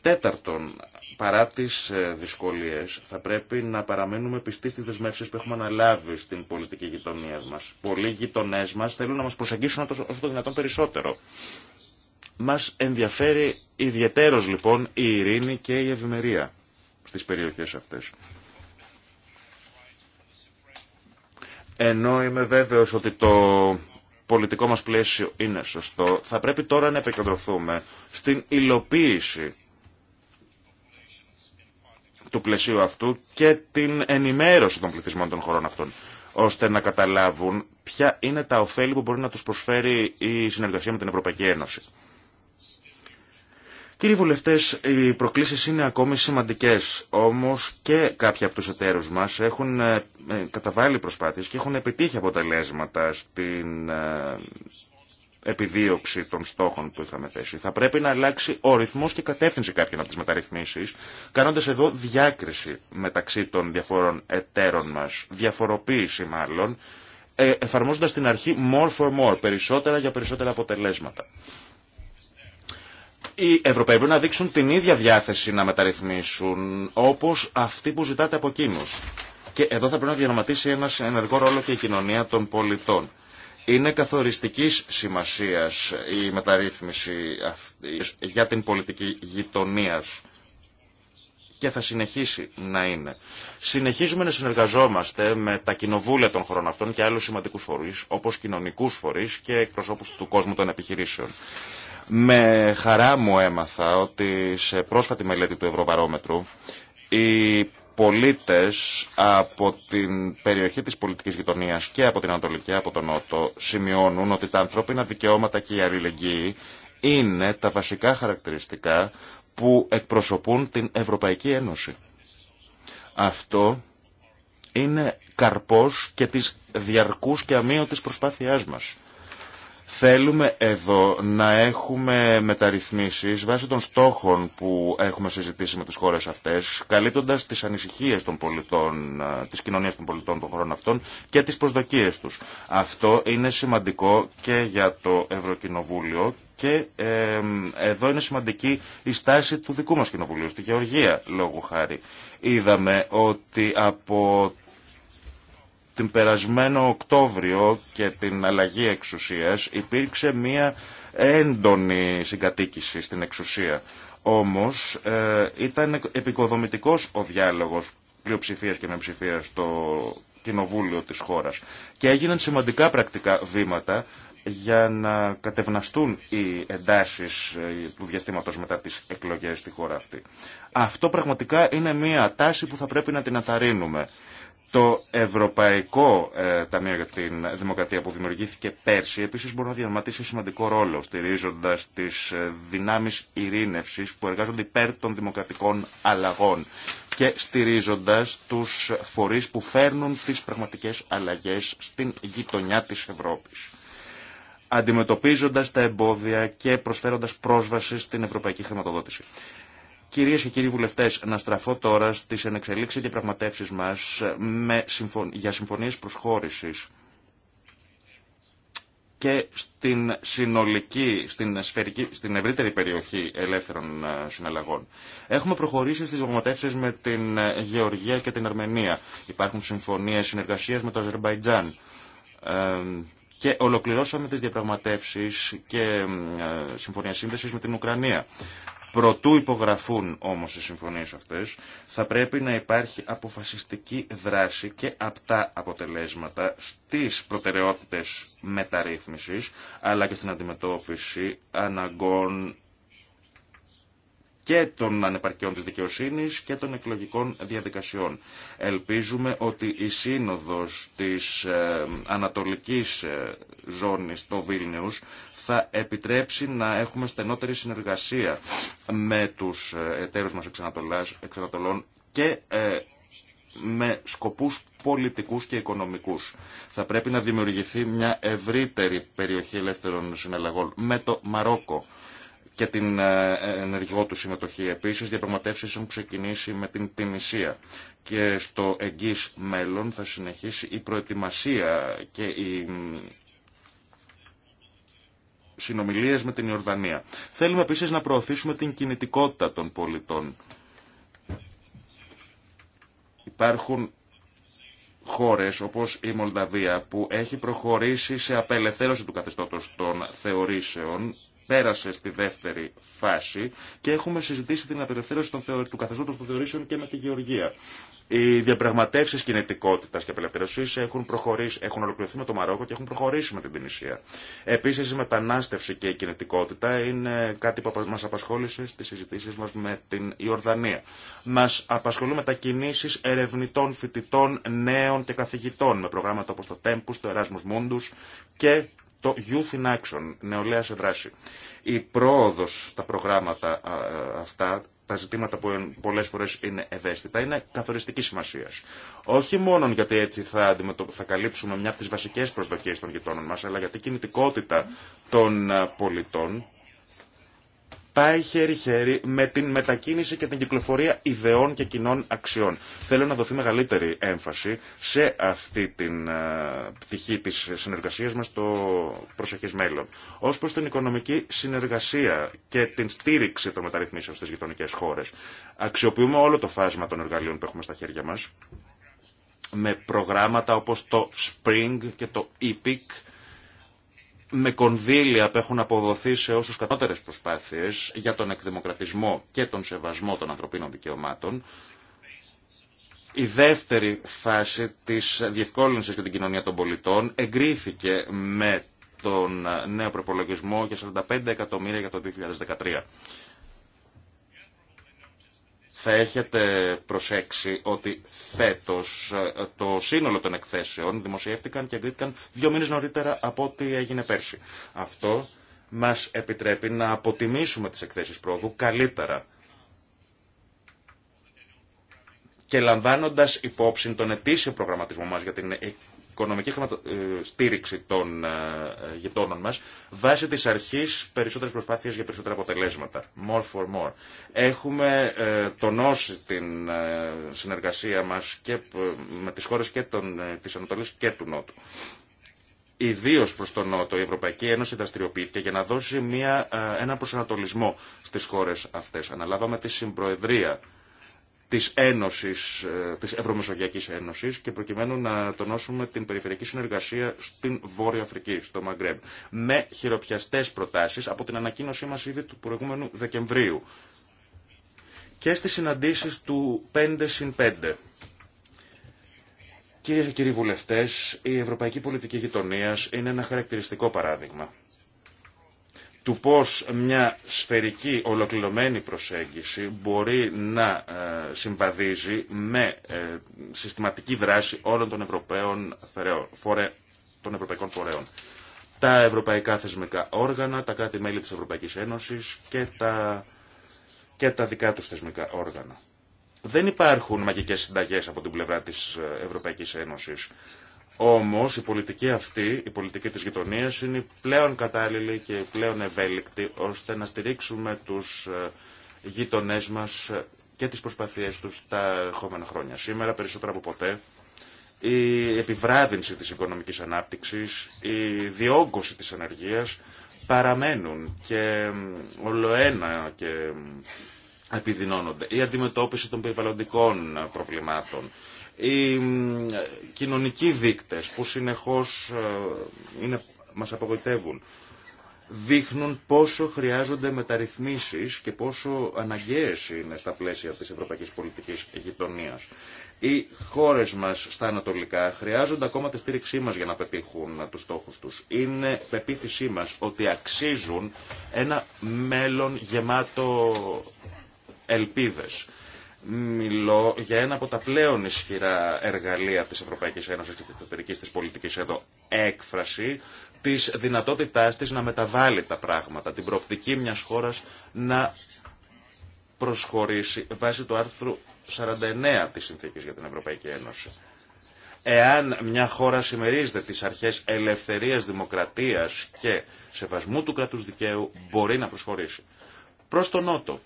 Τέταρτον, παρά τι ε, δυσκολίε, θα πρέπει να παραμένουμε πιστοί στις δεσμεύσει που έχουμε αναλάβει στην πολιτική γειτονία μα. Πολλοί γειτονέ μα θέλουν να μα προσεγγίσουν όσο το δυνατόν περισσότερο. Μα ενδιαφέρει ιδιαίτερω λοιπόν η ειρήνη και η ευημερία στι περιοχέ αυτέ. Ενώ είμαι βέβαιο ότι το πολιτικό μας πλαίσιο είναι σωστό, θα πρέπει τώρα να επικεντρωθούμε στην υλοποίηση του πλαισίου αυτού και την ενημέρωση των πληθυσμών των χωρών αυτών, ώστε να καταλάβουν ποια είναι τα ωφέλη που μπορεί να τους προσφέρει η συνεργασία με την Ευρωπαϊκή Ένωση. Κύριοι Βουλευτές, οι προκλήσει είναι ακόμη σημαντικέ. Όμω και κάποιοι από του εταίρου μα έχουν ε, ε, καταβάλει προσπάθειες και έχουν επιτύχει αποτελέσματα στην ε, επιδίωξη των στόχων που είχαμε θέσει. Θα πρέπει να αλλάξει ο ρυθμός και κατεύθυνση κάποιων από τι μεταρρυθμίσεις κάνοντα εδώ διάκριση μεταξύ των διαφόρων εταίρων μας διαφοροποίηση μάλλον, ε, εφαρμόζοντα την αρχή more for more, περισσότερα για περισσότερα αποτελέσματα. Οι Ευρωπαίοι πρέπει να δείξουν την ίδια διάθεση να μεταρρυθμίσουν, όπως αυτοί που ζητάτε από εκείνους Και εδώ θα πρέπει να διανοματίσει ένα ενεργό ρόλο και η κοινωνία των πολιτών. Είναι καθοριστικής σημασίας η μεταρρύθμιση αυτή για την πολιτική γειτονίας και θα συνεχίσει να είναι. Συνεχίζουμε να συνεργαζόμαστε με τα κοινοβούλια των χωρών αυτών και άλλους σημαντικούς φορείς, όπως κοινωνικούς φορείς και εκπροσώπους του κόσμου των επιχειρήσεων. Με χαρά μου έμαθα ότι σε πρόσφατη μελέτη του Ευρωβαρόμετρου η πολίτες από την περιοχή της πολιτικής γειτονίας και από την Ανατολική, από τον Νότο, σημειώνουν ότι τα ανθρώπινα δικαιώματα και η αλληλεγγύη είναι τα βασικά χαρακτηριστικά που εκπροσωπούν την Ευρωπαϊκή Ένωση. Αυτό είναι καρπός και της διαρκούς και αμύωτης προσπάθειάς μας. Θέλουμε εδώ να έχουμε μεταρρυθμίσεις βάσει των στόχων που έχουμε συζητήσει με τις χώρες αυτές, καλύπτοντας τις ανησυχίες των πολιτών, ε, της κοινωνίας των πολιτών των χωρών αυτών και τις προσδοκίες τους. Αυτό είναι σημαντικό και για το Ευρωκοινοβούλιο και ε, εδώ είναι σημαντική η στάση του δικού μας κοινοβουλίου, στη Γεωργία, λόγω χάρη. Είδαμε ότι από την περασμένο Οκτώβριο και την αλλαγή εξουσίας υπήρξε μία έντονη συγκατοίκηση στην εξουσία. Όμως ε, ήταν επικοδομητικός ο διάλογος πλειοψηφίας και μεμψηφίας στο κοινοβούλιο της χώρας και έγιναν σημαντικά πρακτικά βήματα για να κατευναστούν οι εντάσεις ε, του διαστήματος μετά τις εκλογές στη χώρα αυτή. Αυτό πραγματικά είναι μια τάση που θα πρέπει να την αθαρρύνουμε. Το Ευρωπαϊκό ε, Ταμείο για την Δημοκρατία που δημιουργήθηκε πέρσι επίσης μπορεί να διαρματίσει σημαντικό ρόλο στηρίζοντας τις ε, δυνάμεις ειρήνευσης που εργάζονται υπέρ των δημοκρατικών αλλαγών και στηρίζοντας τους φορείς που φέρνουν τις πραγματικές αλλαγές στην γειτονιά της Ευρώπης αντιμετωπίζοντας τα εμπόδια και προσφέροντας πρόσβαση στην ευρωπαϊκή χρηματοδότηση. Κυρίε και κύριοι βουλευτέ, να στραφώ τώρα στι ενεξελίξει διαπραγματεύσει μα για συμφωνίε προσχώρηση και στην συνολική, στην, σφαιρική, στην ευρύτερη περιοχή ελεύθερων ε, συναλλαγών. Έχουμε προχωρήσει στις διαπραγματεύσεις με την ε, Γεωργία και την Αρμενία. Υπάρχουν συμφωνίες συνεργασίας με το Αζερμπαϊτζάν. και ολοκληρώσαμε τις διαπραγματεύσεις και ε, συμφωνία σύνδεσης με την Ουκρανία. Προτού υπογραφούν όμως οι συμφωνίες αυτές, θα πρέπει να υπάρχει αποφασιστική δράση και απτά αποτελέσματα στις προτεραιότητες μεταρρύθμισης, αλλά και στην αντιμετώπιση αναγκών και των ανεπαρκειών της δικαιοσύνης και των εκλογικών διαδικασιών. Ελπίζουμε ότι η σύνοδος της ε, ανατολικής ε, ζώνης στο Βίλνιους θα επιτρέψει να έχουμε στενότερη συνεργασία με τους ε, εταίρους μας εξανατολών και με σκοπούς πολιτικούς και οικονομικούς. Θα πρέπει να δημιουργηθεί μια ευρύτερη περιοχή ελεύθερων συναλλαγών με το Μαρόκο και την ε, ενεργό του συμμετοχή. Επίσης, διαπραγματεύσεις έχουν ξεκινήσει με την Τινησία και στο εγγύς μέλλον θα συνεχίσει η προετοιμασία και η συνομιλίες με την Ιορδανία. Θέλουμε επίσης να προωθήσουμε την κινητικότητα των πολιτών. Υπάρχουν χώρες όπως η Μολδαβία που έχει προχωρήσει σε απελευθέρωση του καθεστώτος των θεωρήσεων πέρασε στη δεύτερη φάση και έχουμε συζητήσει την απελευθέρωση του καθεστώτος των θεωρήσεων και με τη Γεωργία. Οι διαπραγματεύσεις κινητικότητας και απελευθέρωσης έχουν, προχωρήσει, έχουν ολοκληρωθεί με το Μαρόκο και έχουν προχωρήσει με την Τινησία. Επίση, η μετανάστευση και η κινητικότητα είναι κάτι που μα απασχόλησε στις συζητήσεις μας με την Ιορδανία. Μα απασχολούν κινήσεις ερευνητών, φοιτητών, νέων και καθηγητών με προγράμματα όπως το Tempus, το Erasmus Mundus και το Youth in Action, νεολαία σε δράση. Η πρόοδος στα προγράμματα αυτά, τα ζητήματα που πολλές φορές είναι ευαίσθητα, είναι καθοριστική σημασίας. Όχι μόνο γιατί έτσι θα, θα καλύψουμε μια από τις βασικές προσδοκίες των γειτόνων μας, αλλά γιατί η κινητικότητα των πολιτών πάει χέρι-χέρι με την μετακίνηση και την κυκλοφορία ιδεών και κοινών αξιών. Θέλω να δοθεί μεγαλύτερη έμφαση σε αυτή την ε, πτυχή της συνεργασίας μας στο προσεχέ μέλλον. ω προ την οικονομική συνεργασία και την στήριξη των μεταρρυθμίσεων στις γειτονικέ χώρες. Αξιοποιούμε όλο το φάσμα των εργαλείων που έχουμε στα χέρια μα με προγράμματα όπως το Spring και το EPIC με κονδύλια που έχουν αποδοθεί σε όσους κατώτερες προσπάθειες για τον εκδημοκρατισμό και τον σεβασμό των ανθρωπίνων δικαιωμάτων, η δεύτερη φάση της διευκόλυνσης και την κοινωνία των πολιτών εγκρίθηκε με τον νέο προπολογισμό για 45 εκατομμύρια για το 2013 θα έχετε προσέξει ότι φέτος ε, το σύνολο των εκθέσεων δημοσιεύτηκαν και εγκρίθηκαν δύο μήνες νωρίτερα από ό,τι έγινε πέρσι. Αυτό μας επιτρέπει να αποτιμήσουμε τις εκθέσεις πρόοδου καλύτερα και λαμβάνοντας υπόψη τον ετήσιο προγραμματισμό μας για την οικονομική ε, στήριξη των ε, γειτόνων μας βάσει της αρχής περισσότερες προσπάθειες για περισσότερα αποτελέσματα. More for more. Έχουμε ε, τονώσει την συνεργασία μας και με τις χώρες και των, της Ανατολής και του Νότου. Ιδίω προ τον Νότο, η Ευρωπαϊκή Ένωση δραστηριοποιήθηκε για να δώσει μια, ένα προσανατολισμό στι χώρε αυτέ. Αναλάβαμε τη συμπροεδρία της Ένωσης, ε, της Ευρωμεσογειακής Ένωσης και προκειμένου να τονώσουμε την περιφερειακή συνεργασία στην Βόρεια Αφρική, στο Μαγκρέμ, με χειροπιαστές προτάσεις από την ανακοίνωσή μας ήδη του προηγούμενου Δεκεμβρίου και στις συναντήσεις του 5 συν 5. Κυρίε και κύριοι βουλευτές, η ευρωπαϊκή πολιτική γειτονία είναι ένα χαρακτηριστικό παράδειγμα του πώς μια σφαιρική ολοκληρωμένη προσέγγιση μπορεί να ε, συμβαδίζει με ε, συστηματική δράση όλων των ευρωπαίων φορέων, των ευρωπαϊκών φορέων. Τα ευρωπαϊκά θεσμικά όργανα, τα κράτη-μέλη της Ευρωπαϊκής Ένωσης και τα, και τα δικά τους θεσμικά όργανα. Δεν υπάρχουν μαγικές συνταγές από την πλευρά της ε, Ευρωπαϊκής Ένωσης. Όμως η πολιτική αυτή, η πολιτική της γειτονίας είναι πλέον κατάλληλη και πλέον ευέλικτη ώστε να στηρίξουμε τους ε, γείτονές μας ε, και τις προσπαθίες τους τα ερχόμενα χρόνια. Σήμερα περισσότερο από ποτέ η επιβράδυνση της οικονομικής ανάπτυξης, η διόγκωση της ανεργίας παραμένουν και ολοένα και επιδεινώνονται. Η αντιμετώπιση των περιβαλλοντικών ε, προβλημάτων, οι κοινωνικοί δείκτες που συνεχώς ε, είναι, μας απογοητεύουν δείχνουν πόσο χρειάζονται μεταρρυθμίσεις και πόσο αναγκαίες είναι στα πλαίσια της ευρωπαϊκής πολιτικής γειτονίας. Οι χώρες μας στα ανατολικά χρειάζονται ακόμα τη στήριξή μας για να πετύχουν τους στόχους τους. Είναι πεποίθησή μας ότι αξίζουν ένα μέλλον γεμάτο ελπίδες μιλώ για ένα από τα πλέον ισχυρά εργαλεία της Ευρωπαϊκής Ένωσης και της εξωτερικής της πολιτικής εδώ έκφραση της δυνατότητάς της να μεταβάλει τα πράγματα, την προοπτική μιας χώρας να προσχωρήσει βάσει του άρθρου 49 της Συνθήκης για την Ευρωπαϊκή Ένωση. Εάν μια χώρα συμμερίζεται τις αρχές ελευθερίας, δημοκρατίας και σεβασμού του κρατούς δικαίου, μπορεί να προσχωρήσει. Προς τον Νότο,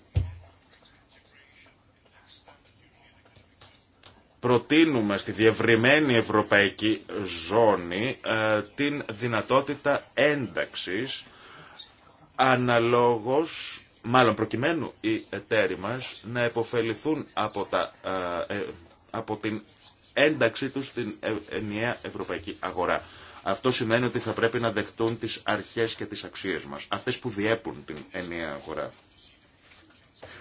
προτείνουμε στη διευρυμένη ευρωπαϊκή ζώνη ε, την δυνατότητα ένταξης αναλόγως, μάλλον προκειμένου οι εταίροι μας να επωφεληθούν από, ε, ε, από την ένταξή τους στην ενιαία ευρωπαϊκή αγορά. Αυτό σημαίνει ότι θα πρέπει να δεχτούν τις αρχές και τις αξίες μας, αυτές που διέπουν την ενιαία αγορά.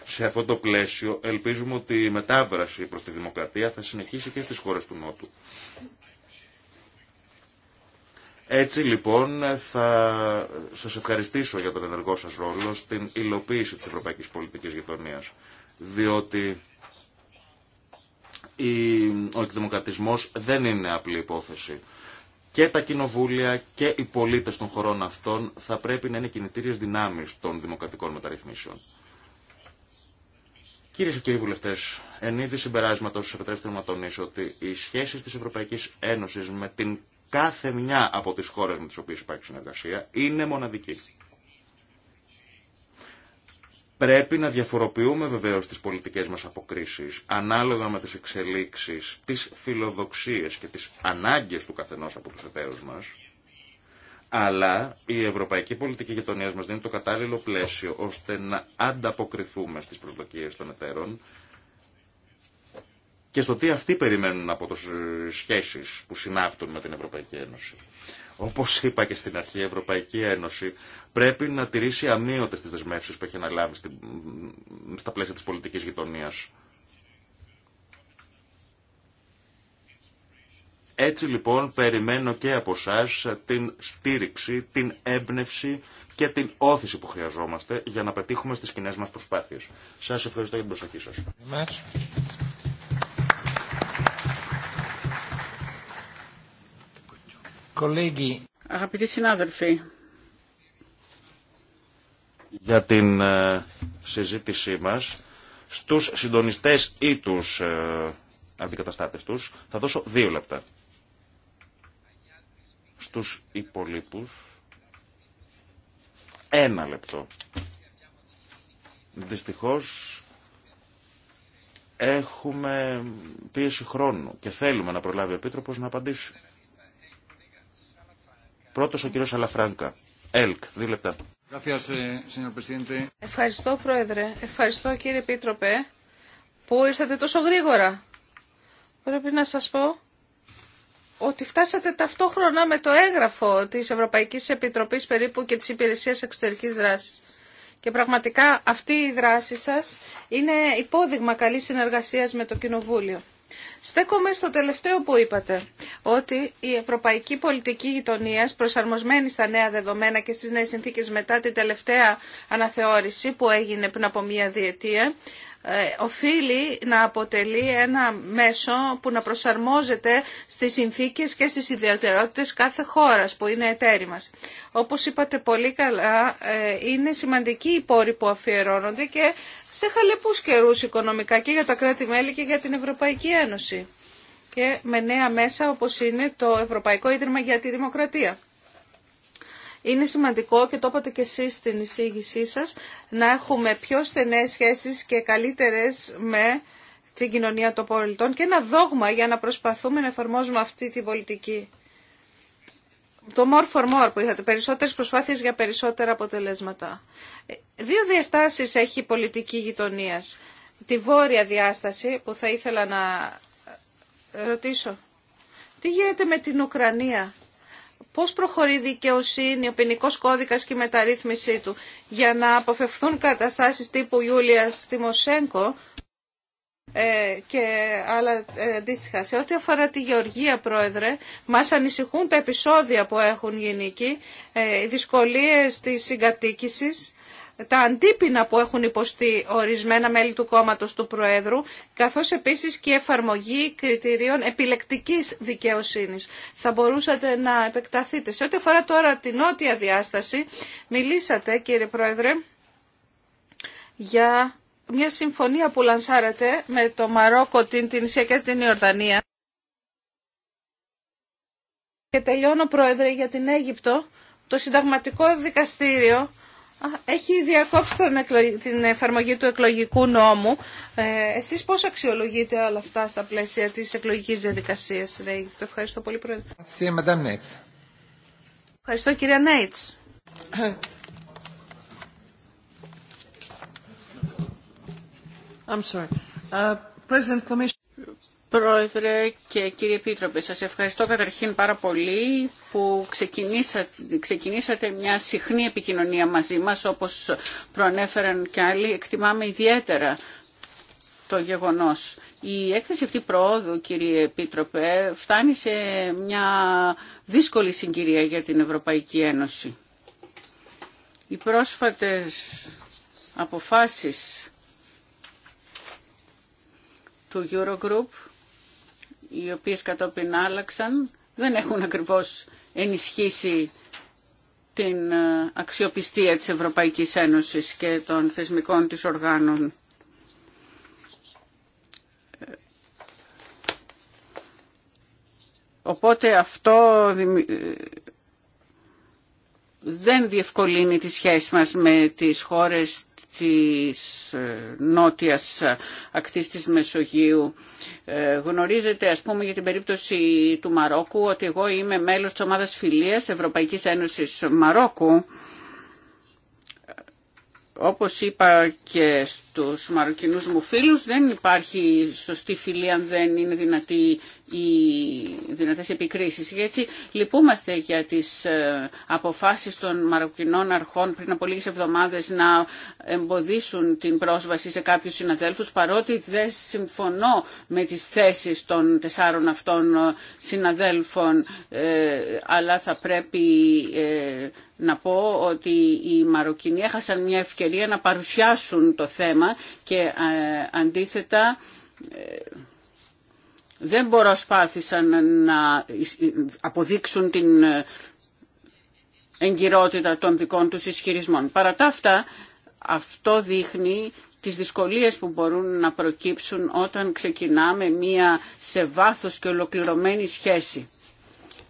Σε αυτό το πλαίσιο ελπίζουμε ότι η μετάβραση προς τη δημοκρατία θα συνεχίσει και στις χώρες του Νότου. Έτσι λοιπόν θα σας ευχαριστήσω για τον ενεργό σας ρόλο στην υλοποίηση της ευρωπαϊκής πολιτικής γειτονίας. Διότι ο εκδημοκρατισμός δεν είναι απλή υπόθεση. Και τα κοινοβούλια και οι πολίτες των χωρών αυτών θα πρέπει να είναι κινητήριες δυνάμεις των δημοκρατικών μεταρρυθμίσεων. Κυρίε και κύριοι βουλευτέ, εν είδη συμπεράσματο, επιτρέψτε να τονίσω ότι οι σχέσει τη Ευρωπαϊκή Ένωση με την κάθε μια από τι χώρε με τι οποίε υπάρχει συνεργασία είναι μοναδική. Πρέπει να διαφοροποιούμε βεβαίω τι πολιτικέ μα αποκρίσει ανάλογα με τι εξελίξει, τι φιλοδοξίε και τι ανάγκε του καθενό από του εταίρου μα αλλά η ευρωπαϊκή πολιτική γειτονία μας δίνει το κατάλληλο πλαίσιο ώστε να ανταποκριθούμε στις προσδοκίες των εταίρων και στο τι αυτοί περιμένουν από τι σχέσει που συνάπτουν με την Ευρωπαϊκή Ένωση. Όπως είπα και στην αρχή, η Ευρωπαϊκή Ένωση πρέπει να τηρήσει αμύωτε τις δεσμεύσει που έχει αναλάβει στα πλαίσια τη πολιτική Γειτονία. Έτσι λοιπόν περιμένω και από εσά την στήριξη, την έμπνευση και την όθηση που χρειαζόμαστε για να πετύχουμε στις κοινέ μας προσπάθειες. Σας ευχαριστώ για την προσοχή σας. Αγαπητοί συνάδελφοι, για την ε, συζήτησή μας στους συντονιστές ή τους ε, αντικαταστάτες τους θα δώσω δύο λεπτά. Στους υπολείπους, ένα λεπτό. Δυστυχώς έχουμε πίεση χρόνου και θέλουμε να προλάβει ο Επίτροπος να απαντήσει. Πρώτος ο κύριος Αλαφράνκα. ΕΛΚ, δύο λεπτά. Eh, Ευχαριστώ Πρόεδρε. Ευχαριστώ κύριε Επίτροπε που ήρθατε τόσο γρήγορα. Πρέπει να σας πω ότι φτάσατε ταυτόχρονα με το έγγραφο της Ευρωπαϊκής Επιτροπής περίπου και της Υπηρεσίας Εξωτερικής Δράσης. Και πραγματικά αυτή η δράση σας είναι υπόδειγμα καλής συνεργασίας με το Κοινοβούλιο. Στέκομαι στο τελευταίο που είπατε, ότι η ευρωπαϊκή πολιτική γειτονία προσαρμοσμένη στα νέα δεδομένα και στις νέες συνθήκες μετά την τελευταία αναθεώρηση που έγινε πριν από μία διετία, ε, οφείλει να αποτελεί ένα μέσο που να προσαρμόζεται στις συνθήκες και στις ιδιαιτερότητες κάθε χώρας που είναι εταίροι μας. Όπως είπατε πολύ καλά, ε, είναι σημαντική οι πόροι που αφιερώνονται και σε χαλεπούς καιρούς οικονομικά και για τα κράτη-μέλη και για την Ευρωπαϊκή Ένωση και με νέα μέσα όπως είναι το Ευρωπαϊκό Ίδρυμα για τη Δημοκρατία. Είναι σημαντικό και το είπατε και εσείς στην εισήγησή σας να έχουμε πιο στενές σχέσεις και καλύτερες με την κοινωνία των πολιτών και ένα δόγμα για να προσπαθούμε να εφαρμόζουμε αυτή τη πολιτική. Το more for more που είχατε, περισσότερες προσπάθειες για περισσότερα αποτελέσματα. Δύο διαστάσεις έχει η πολιτική γειτονίας. Τη βόρεια διάσταση που θα ήθελα να ρωτήσω. Τι γίνεται με την Ουκρανία Πώς προχωρεί η δικαιοσύνη, ο ποινικό κώδικας και η μεταρρύθμιση του για να αποφευθούν καταστάσεις τύπου Ιούλιας Τιμοσέγκο ε, και άλλα ε, αντίστοιχα. Σε ό,τι αφορά τη Γεωργία, Πρόεδρε, μας ανησυχούν τα επεισόδια που έχουν γίνει ε, οι δυσκολίες της συγκατοίκησης τα αντίπεινα που έχουν υποστεί ορισμένα μέλη του κόμματος του Προέδρου, καθώς επίσης και εφαρμογή κριτηρίων επιλεκτικής δικαιοσύνης. Θα μπορούσατε να επεκταθείτε. Σε ό,τι αφορά τώρα την νότια διάσταση, μιλήσατε κύριε Πρόεδρε για μια συμφωνία που λανσάρατε με το Μαρόκο, την Τινησία και την Ιορδανία. Και τελειώνω Πρόεδρε για την Αίγυπτο. Το συνταγματικό δικαστήριο έχει διακόψει την εφαρμογή του εκλογικού νόμου. Ε, εσείς πώς αξιολογείτε όλα αυτά στα πλαίσια της εκλογικής διαδικασίας Το Το Ευχαριστώ πολύ, Πρόεδρε. Ευχαριστώ, κυρία Νέιτς. I'm sorry. Uh, President Commission. Πρόεδρε και κύριε Επίτροπε, σας ευχαριστώ καταρχήν πάρα πολύ που ξεκινήσατε, μια συχνή επικοινωνία μαζί μας, όπως προανέφεραν και άλλοι. Εκτιμάμε ιδιαίτερα το γεγονός. Η έκθεση αυτή προόδου, κύριε Επίτροπε, φτάνει σε μια δύσκολη συγκυρία για την Ευρωπαϊκή Ένωση. Οι πρόσφατες αποφάσεις του Eurogroup οι οποίες κατόπιν άλλαξαν, δεν έχουν ακριβώς ενισχύσει την ε, αξιοπιστία της Ευρωπαϊκής Ένωσης και των θεσμικών της οργάνων. Οπότε αυτό ε, δεν διευκολύνει τη σχέση μας με τις χώρες της ε, νότιας ακτής της Μεσογείου. Ε, γνωρίζετε ας πούμε για την περίπτωση του Μαρόκου ότι εγώ είμαι μέλος της ομάδας φιλίας Ευρωπαϊκής Ένωσης Μαρόκου όπως είπα και στους μαροκινούς μου φίλους, δεν υπάρχει σωστή φιλία αν δεν είναι δυνατή οι δυνατές επικρίσεις. Έτσι λυπούμαστε για τις ε, αποφάσεις των μαροκινών αρχών πριν από λίγες εβδομάδες να εμποδίσουν την πρόσβαση σε κάποιους συναδέλφους, παρότι δεν συμφωνώ με τις θέσεις των τεσσάρων αυτών συναδέλφων, ε, αλλά θα πρέπει ε, να πω ότι οι Μαροκινοί έχασαν μια ευκαιρία να παρουσιάσουν το θέμα και ε, αντίθετα ε, δεν προσπάθησαν να ε, αποδείξουν την εγκυρότητα των δικών τους ισχυρισμών. Παρά τα αυτά, αυτό δείχνει τις δυσκολίες που μπορούν να προκύψουν όταν ξεκινάμε μία σε βάθος και ολοκληρωμένη σχέση.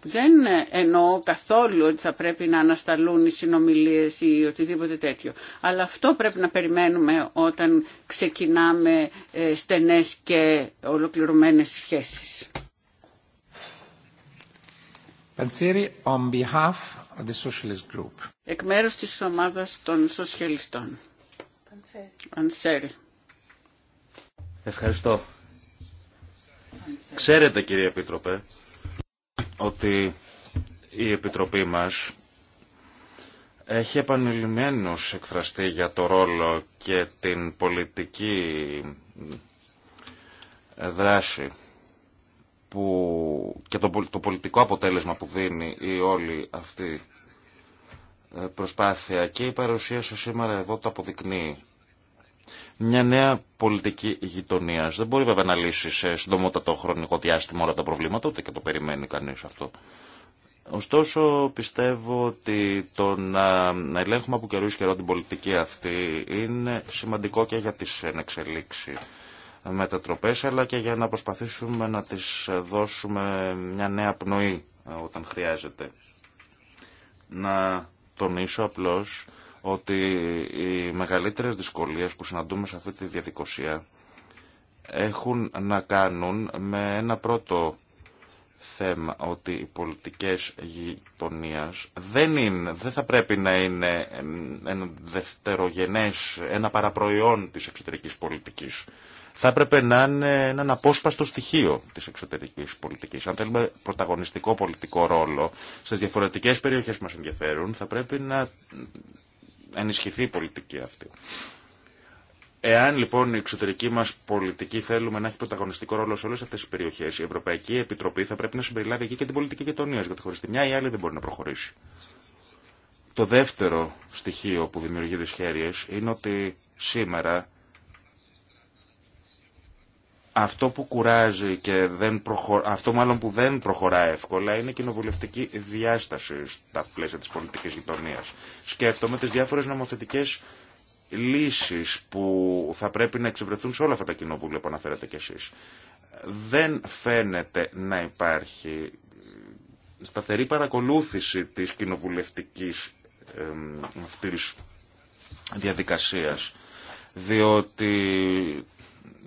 Δεν εννοώ καθόλου ότι θα πρέπει να ανασταλούν οι συνομιλίες ή οτιδήποτε τέτοιο. Αλλά αυτό πρέπει να περιμένουμε όταν ξεκινάμε ε, στενές και ολοκληρωμένες σχέσεις. on behalf of the Socialist Group. Εκ μέρους της ομάδας των σοσιαλιστών. Ευχαριστώ. Ξέρετε κύριε Επίτροπε ότι η Επιτροπή μας έχει επανειλημμένως εκφραστεί για το ρόλο και την πολιτική δράση που, και το, το πολιτικό αποτέλεσμα που δίνει η όλη αυτή ε, προσπάθεια και η παρουσία σας σήμερα εδώ το αποδεικνύει μια νέα πολιτική γειτονία. Δεν μπορεί βέβαια να λύσει σε συντομότατο χρονικό διάστημα όλα τα προβλήματα, ούτε και το περιμένει κανεί αυτό. Ωστόσο, πιστεύω ότι το να, να ελέγχουμε από καιρού καιρό την πολιτική αυτή είναι σημαντικό και για τι ενεξελίξει μετατροπές, αλλά και για να προσπαθήσουμε να τι δώσουμε μια νέα πνοή ε, όταν χρειάζεται. Να τονίσω απλώς ότι οι μεγαλύτερες δυσκολίες που συναντούμε σε αυτή τη διαδικασία έχουν να κάνουν με ένα πρώτο θέμα ότι οι πολιτικές γειτονία δεν, είναι, δεν θα πρέπει να είναι ένα δευτερογενές, ένα παραπροϊόν της εξωτερικής πολιτικής. Θα έπρεπε να είναι ένα απόσπαστο στοιχείο της εξωτερικής πολιτικής. Αν θέλουμε πρωταγωνιστικό πολιτικό ρόλο στις διαφορετικές περιοχές που μας ενδιαφέρουν, θα πρέπει να ενισχυθεί η πολιτική αυτή. Εάν λοιπόν η εξωτερική μα πολιτική θέλουμε να έχει πρωταγωνιστικό ρόλο σε όλε αυτέ τι περιοχέ, η Ευρωπαϊκή Επιτροπή θα πρέπει να συμπεριλάβει εκεί και την πολιτική γειτονία, γιατί χωρί τη μια ή άλλη δεν μπορεί να προχωρήσει. Το δεύτερο στοιχείο που δημιουργεί δυσχέρειε είναι ότι σήμερα αυτό που κουράζει και δεν αυτό μάλλον που δεν προχωρά εύκολα είναι η κοινοβουλευτική διάσταση στα πλαίσια της πολιτικής γειτονία. Σκέφτομαι τις διάφορες νομοθετικές λύσεις που θα πρέπει να εξευρεθούν σε όλα αυτά τα κοινοβούλια που αναφέρατε κι εσείς. Δεν φαίνεται να υπάρχει σταθερή παρακολούθηση της κοινοβουλευτικής αυτής διαδικασίας διότι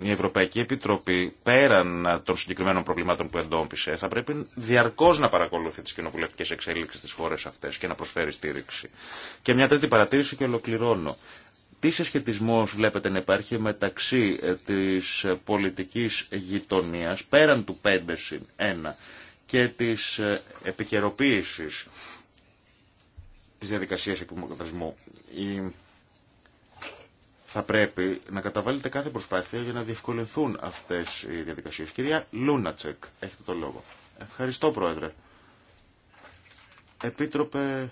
η Ευρωπαϊκή Επιτροπή πέραν των συγκεκριμένων προβλημάτων που εντόπισε θα πρέπει διαρκώς να παρακολουθεί τις κοινοβουλευτικές εξέλιξεις στις χώρες αυτές και να προσφέρει στήριξη. Και μια τρίτη παρατήρηση και ολοκληρώνω. Τι συσχετισμό βλέπετε να υπάρχει μεταξύ ε, της πολιτικής γειτονίας πέραν του 5 συν και της ε, επικαιροποίησης της διαδικασίας υπομοκρατασμού. Η θα πρέπει να καταβάλλετε κάθε προσπάθεια για να διευκολυνθούν αυτές οι διαδικασίες. Κυρία Λούνατσεκ, έχετε το λόγο. Ευχαριστώ, Πρόεδρε. Επίτροπε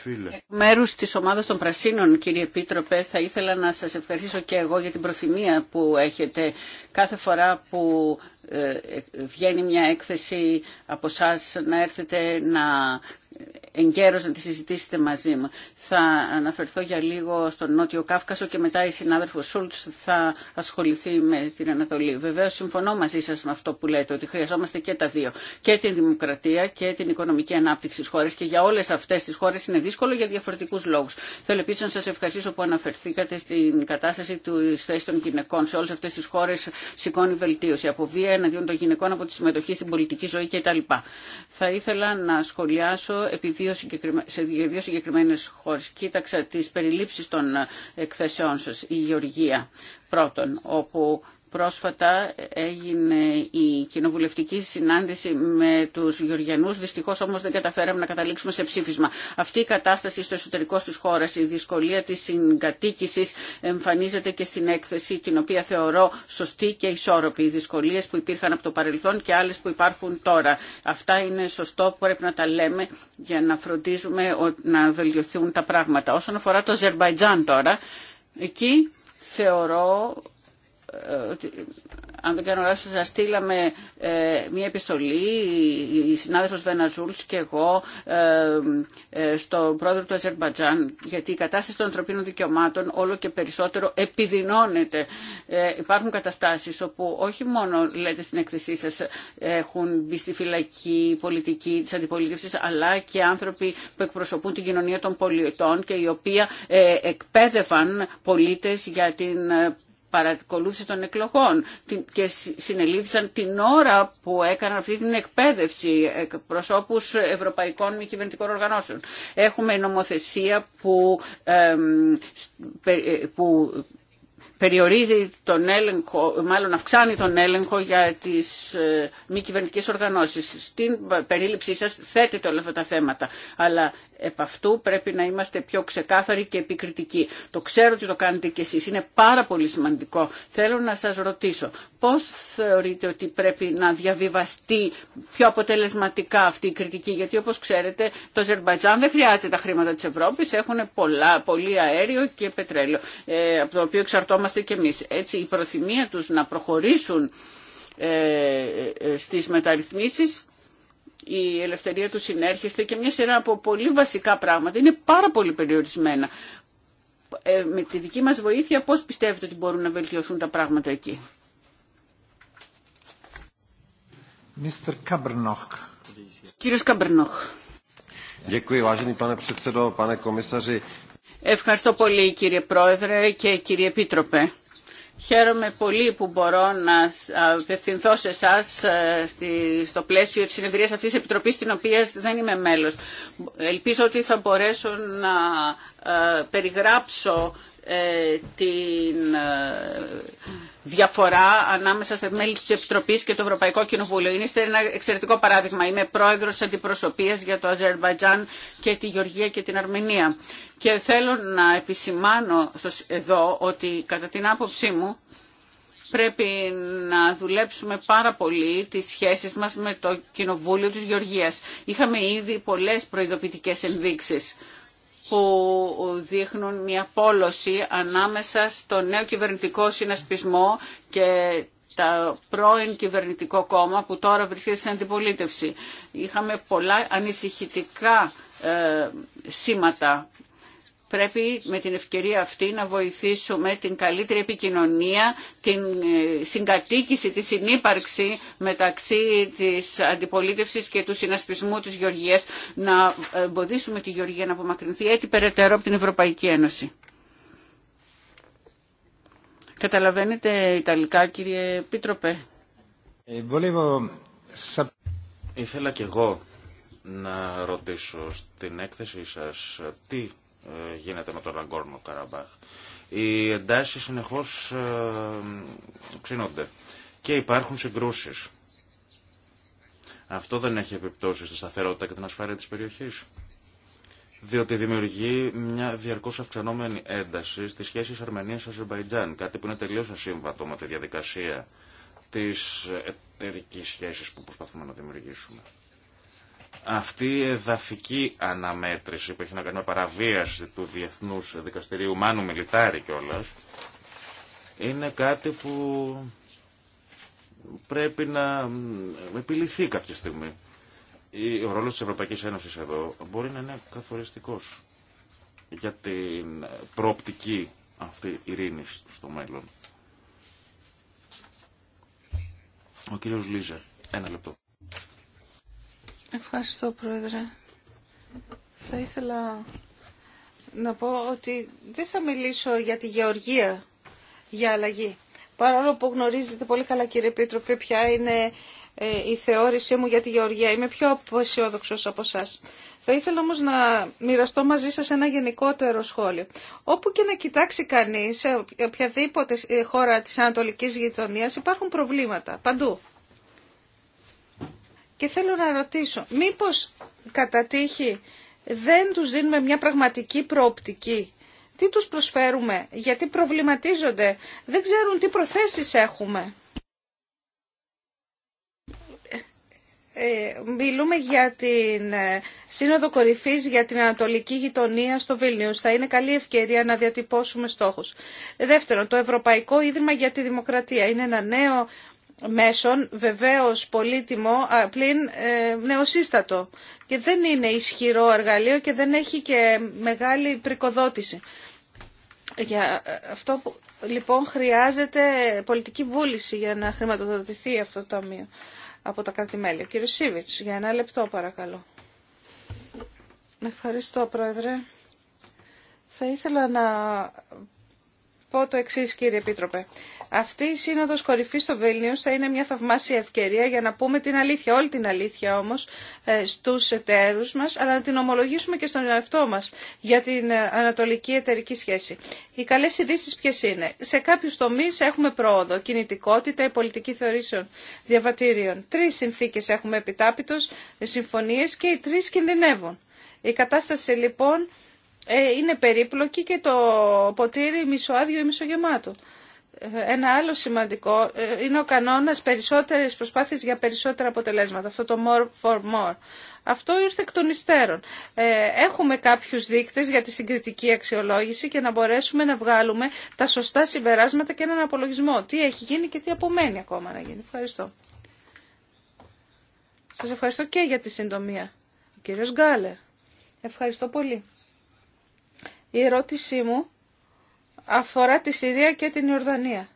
Φίλε. Εκ μέρους της ομάδας των Πρασίνων, κύριε Επίτροπε, θα ήθελα να σας ευχαριστήσω και εγώ για την προθυμία που έχετε κάθε φορά που ε, βγαίνει μια έκθεση από εσά να έρθετε να εγκαίρως να τη συζητήσετε μαζί μου. Θα αναφερθώ για λίγο στον Νότιο Κάφκασο και μετά η συνάδελφος Σούλτς θα ασχοληθεί με την Ανατολή. Βεβαίως συμφωνώ μαζί σας με αυτό που λέτε, ότι χρειαζόμαστε και τα δύο. Και την δημοκρατία και την οικονομική ανάπτυξη της χώρας και για όλες αυτές τις χώρες είναι δύσκολο για διαφορετικούς λόγους. Θέλω επίσης να σας ευχαριστήσω που αναφερθήκατε στην κατάσταση του θέση των γυναικών. Σε όλες αυτές τις χώρες σηκώνει βελτίωση από βία εναντίον των γυναικών από τη συμμετοχή στην πολιτική ζωή κτλ. Θα ήθελα να σχολιάσω σε δύο συγκεκριμένες χώρες. Κοίταξα τις περιλήψεις των ε, εκθέσεών σας, η Γεωργία πρώτον, όπου Πρόσφατα έγινε η κοινοβουλευτική συνάντηση με τους Γεωργιανούς. Δυστυχώς όμως δεν καταφέραμε να καταλήξουμε σε ψήφισμα. Αυτή η κατάσταση στο εσωτερικό της χώρας, η δυσκολία της συγκατοίκησης εμφανίζεται και στην έκθεση την οποία θεωρώ σωστή και ισόρροπη. Οι δυσκολίες που υπήρχαν από το παρελθόν και άλλες που υπάρχουν τώρα. Αυτά είναι σωστό που πρέπει να τα λέμε για να φροντίζουμε να βελτιωθούν τα πράγματα. Όσον αφορά το Αζερμπαϊτζάν τώρα, εκεί θεωρώ ότι, αν δεν κάνω λάθος, σας στείλαμε ε, μια επιστολή, η συνάδελφος Βεναζούλς και εγώ, ε, ε, στον πρόεδρο του Αζερμπατζάν, γιατί η κατάσταση των ανθρωπίνων δικαιωμάτων όλο και περισσότερο επιδεινώνεται. Ε, υπάρχουν καταστάσεις όπου όχι μόνο, λέτε στην εκθεσή σας, έχουν μπει στη φυλακή πολιτική της αντιπολίτευσης, αλλά και άνθρωποι που εκπροσωπούν την κοινωνία των πολιτών και οι οποίοι ε, εκπαίδευαν πολίτες για την παρακολούθηση των εκλογών και συνελήφθησαν την ώρα που έκαναν αυτή την εκπαίδευση προσώπους ευρωπαϊκών μη κυβερνητικών οργανώσεων. Έχουμε νομοθεσία που, ε, που περιορίζει τον έλεγχο, μάλλον αυξάνει τον έλεγχο για τις ε, μη κυβερνητικές οργανώσεις. Στην περίληψή σας θέτετε όλα αυτά τα θέματα, αλλά επ' αυτού πρέπει να είμαστε πιο ξεκάθαροι και επικριτικοί. Το ξέρω ότι το κάνετε κι εσείς, είναι πάρα πολύ σημαντικό. Θέλω να σας ρωτήσω, πώς θεωρείτε ότι πρέπει να διαβιβαστεί πιο αποτελεσματικά αυτή η κριτική, γιατί όπως ξέρετε το Ζερμπατζάν δεν χρειάζεται τα χρήματα της Ευρώπης, έχουν πολλά, πολύ αέριο και πετρέλαιο, ε, από το οποίο εξαρτώμαστε είμαστε κι εμείς. Έτσι η προθυμία τους να προχωρήσουν ε, ε, στις μεταρρυθμίσεις η ελευθερία του συνέρχεται και μια σειρά από πολύ βασικά πράγματα είναι πάρα πολύ περιορισμένα. Ε, με τη δική μας βοήθεια πώς πιστεύετε ότι μπορούν να βελτιωθούν τα πράγματα εκεί. Mr. Kabrnoch. Κύριος Καμπερνόχ. Děkuji, vážený pane předsedo, pane komisaři. Ευχαριστώ πολύ κύριε Πρόεδρε και κύριε Επίτροπε. Χαίρομαι πολύ που μπορώ να απευθυνθώ σε εσά ε, στο πλαίσιο της συνεδρίας αυτής της Επιτροπής, στην οποία δεν είμαι μέλος. Ελπίζω ότι θα μπορέσω να ε, περιγράψω ε, την ε, διαφορά ανάμεσα σε μέλη της Επιτροπής και το Ευρωπαϊκό Κοινοβούλιο. Είναι ένα εξαιρετικό παράδειγμα. Είμαι πρόεδρος αντιπροσωπείας για το Αζερβαϊτζάν και τη Γεωργία και την Αρμενία. Και θέλω να επισημάνω εδώ ότι κατά την άποψή μου πρέπει να δουλέψουμε πάρα πολύ τις σχέσεις μας με το Κοινοβούλιο της Γεωργίας. Είχαμε ήδη πολλές προειδοποιητικές ενδείξεις που δείχνουν μια πόλωση ανάμεσα στο νέο κυβερνητικό συνασπισμό και τα πρώην κυβερνητικό κόμμα που τώρα βρίσκεται στην αντιπολίτευση. Είχαμε πολλά ανησυχητικά ε, σήματα πρέπει με την ευκαιρία αυτή να βοηθήσουμε την καλύτερη επικοινωνία, την ε, συγκατοίκηση, τη συνύπαρξη μεταξύ της αντιπολίτευσης και του συνασπισμού της Γεωργίας, να ε, εμποδίσουμε τη Γεωργία να απομακρυνθεί έτσι περαιτέρω από την Ευρωπαϊκή Ένωση. Καταλαβαίνετε Ιταλικά κύριε Πίτροπε. Ε, Ήθελα κι εγώ να ρωτήσω στην έκθεσή σας τι ε, γίνεται με τον Ραγκόρνο Καραμπάχ. Οι εντάσεις συνεχώς ε, ξύνονται και υπάρχουν συγκρούσεις. Αυτό δεν έχει επιπτώσει στη σταθερότητα και την ασφάλεια της περιοχής. Διότι δημιουργεί μια διαρκώς αυξανόμενη ένταση στις σχέσεις Αρμενίας-Αζερμπαϊτζάν, κάτι που είναι τελείως ασύμβατο με τη διαδικασία της εταιρικής σχέσης που προσπαθούμε να δημιουργήσουμε αυτή η εδαφική αναμέτρηση που έχει να κάνει με παραβίαση του Διεθνούς Δικαστηρίου Μάνου Μιλιτάρη κιόλα, είναι κάτι που πρέπει να επιληθεί κάποια στιγμή. Ο ρόλος της Ευρωπαϊκής Ένωσης εδώ μπορεί να είναι καθοριστικός για την προοπτική αυτή ειρήνης στο μέλλον. Ο κύριος Λίζα, ένα λεπτό. Ευχαριστώ, Πρόεδρε. Θα ήθελα να πω ότι δεν θα μιλήσω για τη γεωργία, για αλλαγή. Παρόλο που γνωρίζετε πολύ καλά, κύριε Πίτρο, ποια είναι ε, η θεώρησή μου για τη γεωργία. Είμαι πιο αισιόδοξο από εσά. Θα ήθελα όμως να μοιραστώ μαζί σας ένα γενικότερο σχόλιο. Όπου και να κοιτάξει κανείς, σε οποιαδήποτε χώρα της ανατολικής γειτονίας, υπάρχουν προβλήματα. Παντού. Και θέλω να ρωτήσω, μήπως κατά τύχη δεν τους δίνουμε μια πραγματική προοπτική. Τι τους προσφέρουμε, γιατί προβληματίζονται, δεν ξέρουν τι προθέσεις έχουμε. Ε, μιλούμε για την ε, Σύνοδο Κορυφής για την Ανατολική Γειτονία στο Βίλνιους. Θα είναι καλή ευκαιρία να διατυπώσουμε στόχους. Δεύτερον, το Ευρωπαϊκό Ίδρυμα για τη Δημοκρατία είναι ένα νέο μέσων, βεβαίως πολύτιμο, πλην ε, νεοσύστατο και δεν είναι ισχυρό εργαλείο και δεν έχει και μεγάλη πρικοδότηση. Για ε, αυτό που, λοιπόν χρειάζεται πολιτική βούληση για να χρηματοδοτηθεί αυτό το ταμείο από τα κράτη-μέλη. Σίβιτς, για ένα λεπτό παρακαλώ. Ευχαριστώ Πρόεδρε. Θα ήθελα να πω το εξής κύριε Επίτροπε. Αυτή η σύνοδο κορυφή στο Βίλνιου θα είναι μια θαυμάσια ευκαιρία για να πούμε την αλήθεια, όλη την αλήθεια όμως, ε, στου εταίρου μα, αλλά να την ομολογήσουμε και στον εαυτό μα για την ε, ανατολική εταιρική σχέση. Οι καλέ ειδήσει ποιε είναι. Σε κάποιου τομεί έχουμε πρόοδο, κινητικότητα, η πολιτική θεωρήσεων διαβατήριων. Τρει συνθήκε έχουμε επιτάπητο, ε, συμφωνίε και οι τρει κινδυνεύουν. Η κατάσταση λοιπόν είναι περίπλοκη και το ποτήρι μισοάδιο ή μισογεμάτο. Ένα άλλο σημαντικό ε, είναι ο κανόνας περισσότερες προσπάθειες για περισσότερα αποτελέσματα, αυτό το more for more. Αυτό ήρθε εκ των υστέρων. Ε, έχουμε κάποιους δείκτες για τη συγκριτική αξιολόγηση και να μπορέσουμε να βγάλουμε τα σωστά συμπεράσματα και έναν απολογισμό. Τι έχει γίνει και τι απομένει ακόμα να γίνει. Ευχαριστώ. Σας ευχαριστώ και για τη συντομία. Ο κύριος Γκάλερ. Ευχαριστώ πολύ. Η ερώτησή μου αφορά τη Συρία και την Ιορδανία.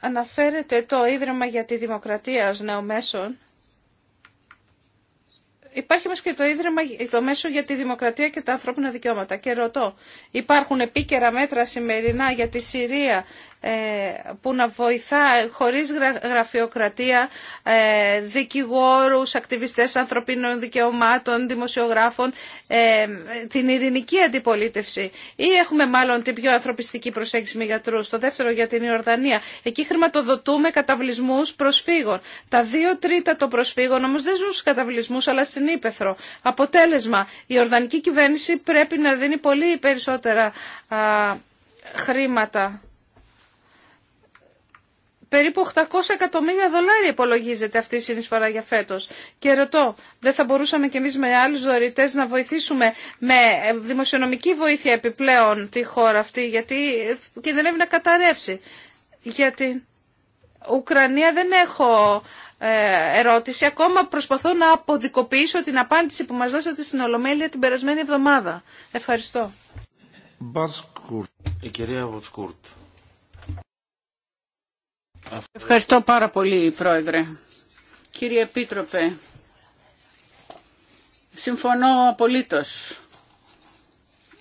Αναφέρεται το Ίδρυμα για τη Δημοκρατία ως νέο μέσον Υπάρχει όμω και το ίδρυμα, το μέσο για τη δημοκρατία και τα ανθρώπινα δικαιώματα. Και ρωτώ, υπάρχουν επίκαιρα μέτρα σημερινά για τη Συρία ε, που να βοηθά χωρίς γραφειοκρατία ε, δικηγόρου, ακτιβιστέ ανθρωπίνων δικαιωμάτων, δημοσιογράφων, ε, την ειρηνική αντιπολίτευση. Ή έχουμε μάλλον την πιο ανθρωπιστική προσέγγιση με γιατρού. Το δεύτερο για την Ιορδανία. Εκεί χρηματοδοτούμε καταβλισμού προσφύγων. Τα δύο τρίτα των προσφύγων όμω δεν ζουν στου αλλά στην Αποτέλεσμα, η Ορδανική κυβέρνηση πρέπει να δίνει πολύ περισσότερα χρήματα. Περίπου 800 εκατομμύρια δολάρια υπολογίζεται αυτή η συνεισφορά για φέτο. Και ρωτώ, δεν θα μπορούσαμε κι εμεί με άλλου δωρητέ να βοηθήσουμε με δημοσιονομική βοήθεια επιπλέον τη χώρα αυτή, γιατί κινδυνεύει να καταρρεύσει. Γιατί Ουκρανία δεν έχω ε, ερώτηση. Ακόμα προσπαθώ να αποδικοποιήσω την απάντηση που μας δώσατε στην Ολομέλεια την περασμένη εβδομάδα. Ευχαριστώ. Η κυρία Ευχαριστώ πάρα πολύ, Πρόεδρε. Κύριε Επίτροπε, συμφωνώ απολύτως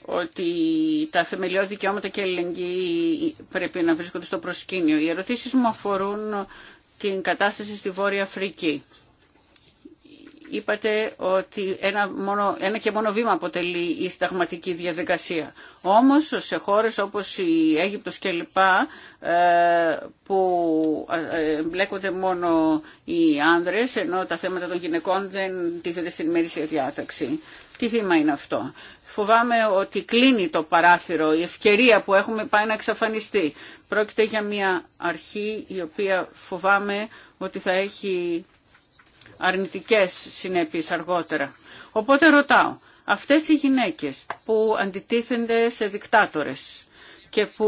ότι τα θεμελιώδη δικαιώματα και η πρέπει να βρίσκονται στο προσκήνιο. Οι ερωτήσεις μου αφορούν την κατάσταση στη Βόρεια Αφρική. Είπατε ότι ένα, μόνο, ένα και μόνο βήμα αποτελεί η σταγματική διαδικασία. Όμως σε χώρες όπως η Αίγυπτος και λοιπά ε, που ε, μπλέκονται μόνο οι άνδρες ενώ τα θέματα των γυναικών δεν τίθεται στην ημερήσια διάταξη τι είναι αυτό. Φοβάμαι ότι κλείνει το παράθυρο, η ευκαιρία που έχουμε πάει να εξαφανιστεί. Πρόκειται για μια αρχή η οποία φοβάμαι ότι θα έχει αρνητικές συνέπειες αργότερα. Οπότε ρωτάω, αυτές οι γυναίκες που αντιτίθενται σε δικτάτορες και που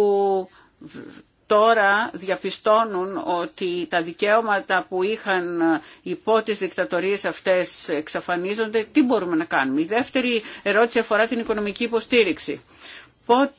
τώρα διαπιστώνουν ότι τα δικαίωματα που είχαν υπό τις δικτατορίες αυτές εξαφανίζονται, τι μπορούμε να κάνουμε. Η δεύτερη ερώτηση αφορά την οικονομική υποστήριξη. Πότε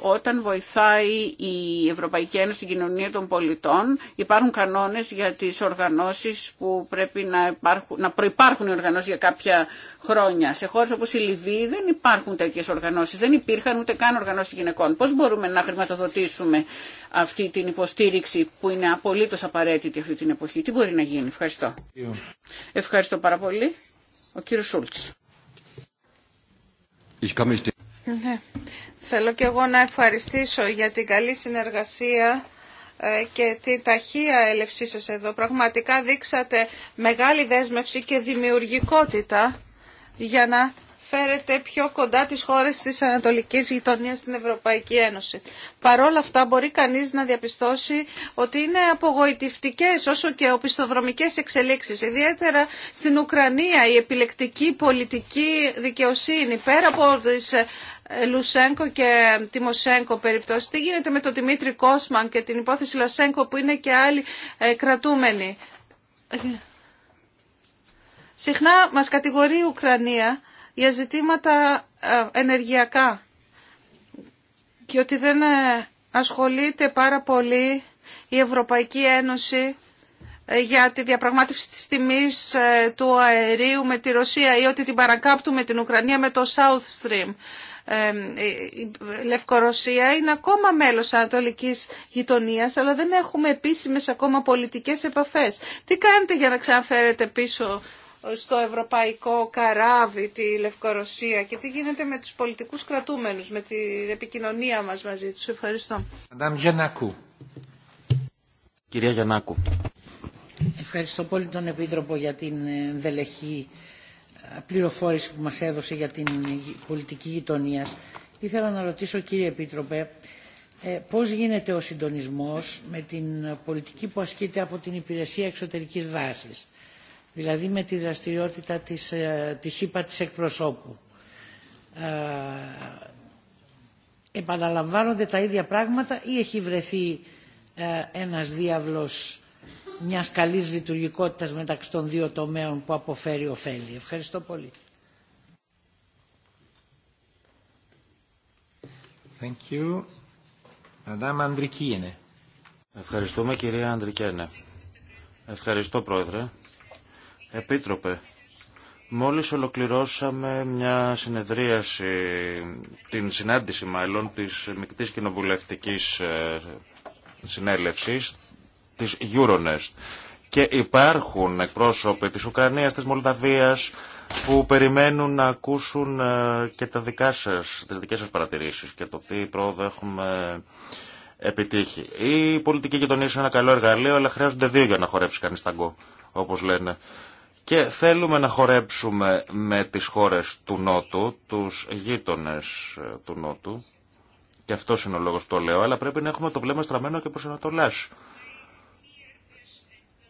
όταν βοηθάει η Ευρωπαϊκή Ένωση την κοινωνία των πολιτών υπάρχουν κανόνες για τις οργανώσεις που πρέπει να, υπάρχουν, να προϋπάρχουν οι οργανώσεις για κάποια χρόνια. Σε χώρες όπως η Λιβύη δεν υπάρχουν τέτοιες οργανώσεις, δεν υπήρχαν ούτε καν οργανώσεις γυναικών. Πώς μπορούμε να χρηματοδοτήσουμε αυτή την υποστήριξη που είναι απολύτως απαραίτητη αυτή την εποχή. Τι μπορεί να γίνει. Ευχαριστώ. Ευχαριστώ πάρα πολύ. Ο κύριος Σούλτς. Ich kann mich ναι. Θέλω και εγώ να ευχαριστήσω για την καλή συνεργασία ε, και την ταχεία έλευσή σας εδώ. Πραγματικά δείξατε μεγάλη δέσμευση και δημιουργικότητα για να φέρετε πιο κοντά τις χώρες της Ανατολικής Γειτονίας στην Ευρωπαϊκή Ένωση. Παρόλα αυτά μπορεί κανείς να διαπιστώσει ότι είναι απογοητευτικές όσο και οπισθοδρομικές εξελίξεις. Ιδιαίτερα στην Ουκρανία η επιλεκτική πολιτική δικαιοσύνη πέρα από τις ε, ε, Λουσέγκο και Τιμοσέγκο περιπτώσει. Τι γίνεται με τον Δημήτρη Κόσμαν και την υπόθεση Λασέγκο που είναι και άλλοι ε, κρατούμενοι. Συχνά μας κατηγορεί η Ουκρανία για ζητήματα ε, ενεργειακά και ότι δεν ασχολείται πάρα πολύ η Ευρωπαϊκή Ένωση για τη διαπραγμάτευση της τιμής του αερίου με τη Ρωσία ή ότι την παρακάπτουμε την Ουκρανία με το South Stream η Λευκορωσία είναι ακόμα μέλος ανατολικής γειτονίας, αλλά δεν έχουμε επίσημες ακόμα πολιτικές επαφές. Τι κάνετε για να ξαναφέρετε πίσω ε, στο ευρωπαϊκό καράβι τη Λευκορωσία και τι γίνεται με τους πολιτικούς κρατούμενους, με την επικοινωνία μας μαζί τους. Ευχαριστώ. Κυρία Γιαννάκου. Ευχαριστώ πολύ τον Επίτροπο για την ε, δελεχή πληροφόρηση που μας έδωσε για την πολιτική γειτονία. Ήθελα να ρωτήσω κύριε Επίτροπε ε, πώς γίνεται ο συντονισμός με την πολιτική που ασκείται από την Υπηρεσία Εξωτερικής Δράσης δηλαδή με τη δραστηριότητα της, ε, της της εκπροσώπου. Ε, επαναλαμβάνονται τα ίδια πράγματα ή έχει βρεθεί ένας διάβλος μια καλή λειτουργικότητα μεταξύ των δύο τομέων που αποφέρει ωφέλη. Ευχαριστώ πολύ. Thank you. Ευχαριστούμε κυρία Αντρικένε. Ευχαριστώ πρόεδρε. Επίτροπε, μόλις ολοκληρώσαμε μια συνεδρίαση, την συνάντηση μάλλον της Μικτής Κοινοβουλευτικής ε, Συνέλευσης της Euronest. Και υπάρχουν εκπρόσωποι της Ουκρανίας, της Μολδαβίας που περιμένουν να ακούσουν ε, και τα δικά σας, τις δικές σας παρατηρήσεις και το τι πρόοδο έχουμε επιτύχει. Η πολιτική γειτονία είναι ένα καλό εργαλείο, αλλά χρειάζονται δύο για να χορέψει κανείς ταγκό, όπως λένε. Και θέλουμε να χορέψουμε με τις χώρες του Νότου, τους γείτονες ε, του Νότου, και αυτό είναι ο λόγος που το λέω, αλλά πρέπει να έχουμε το βλέμμα στραμμένο και προς Ανατολάς.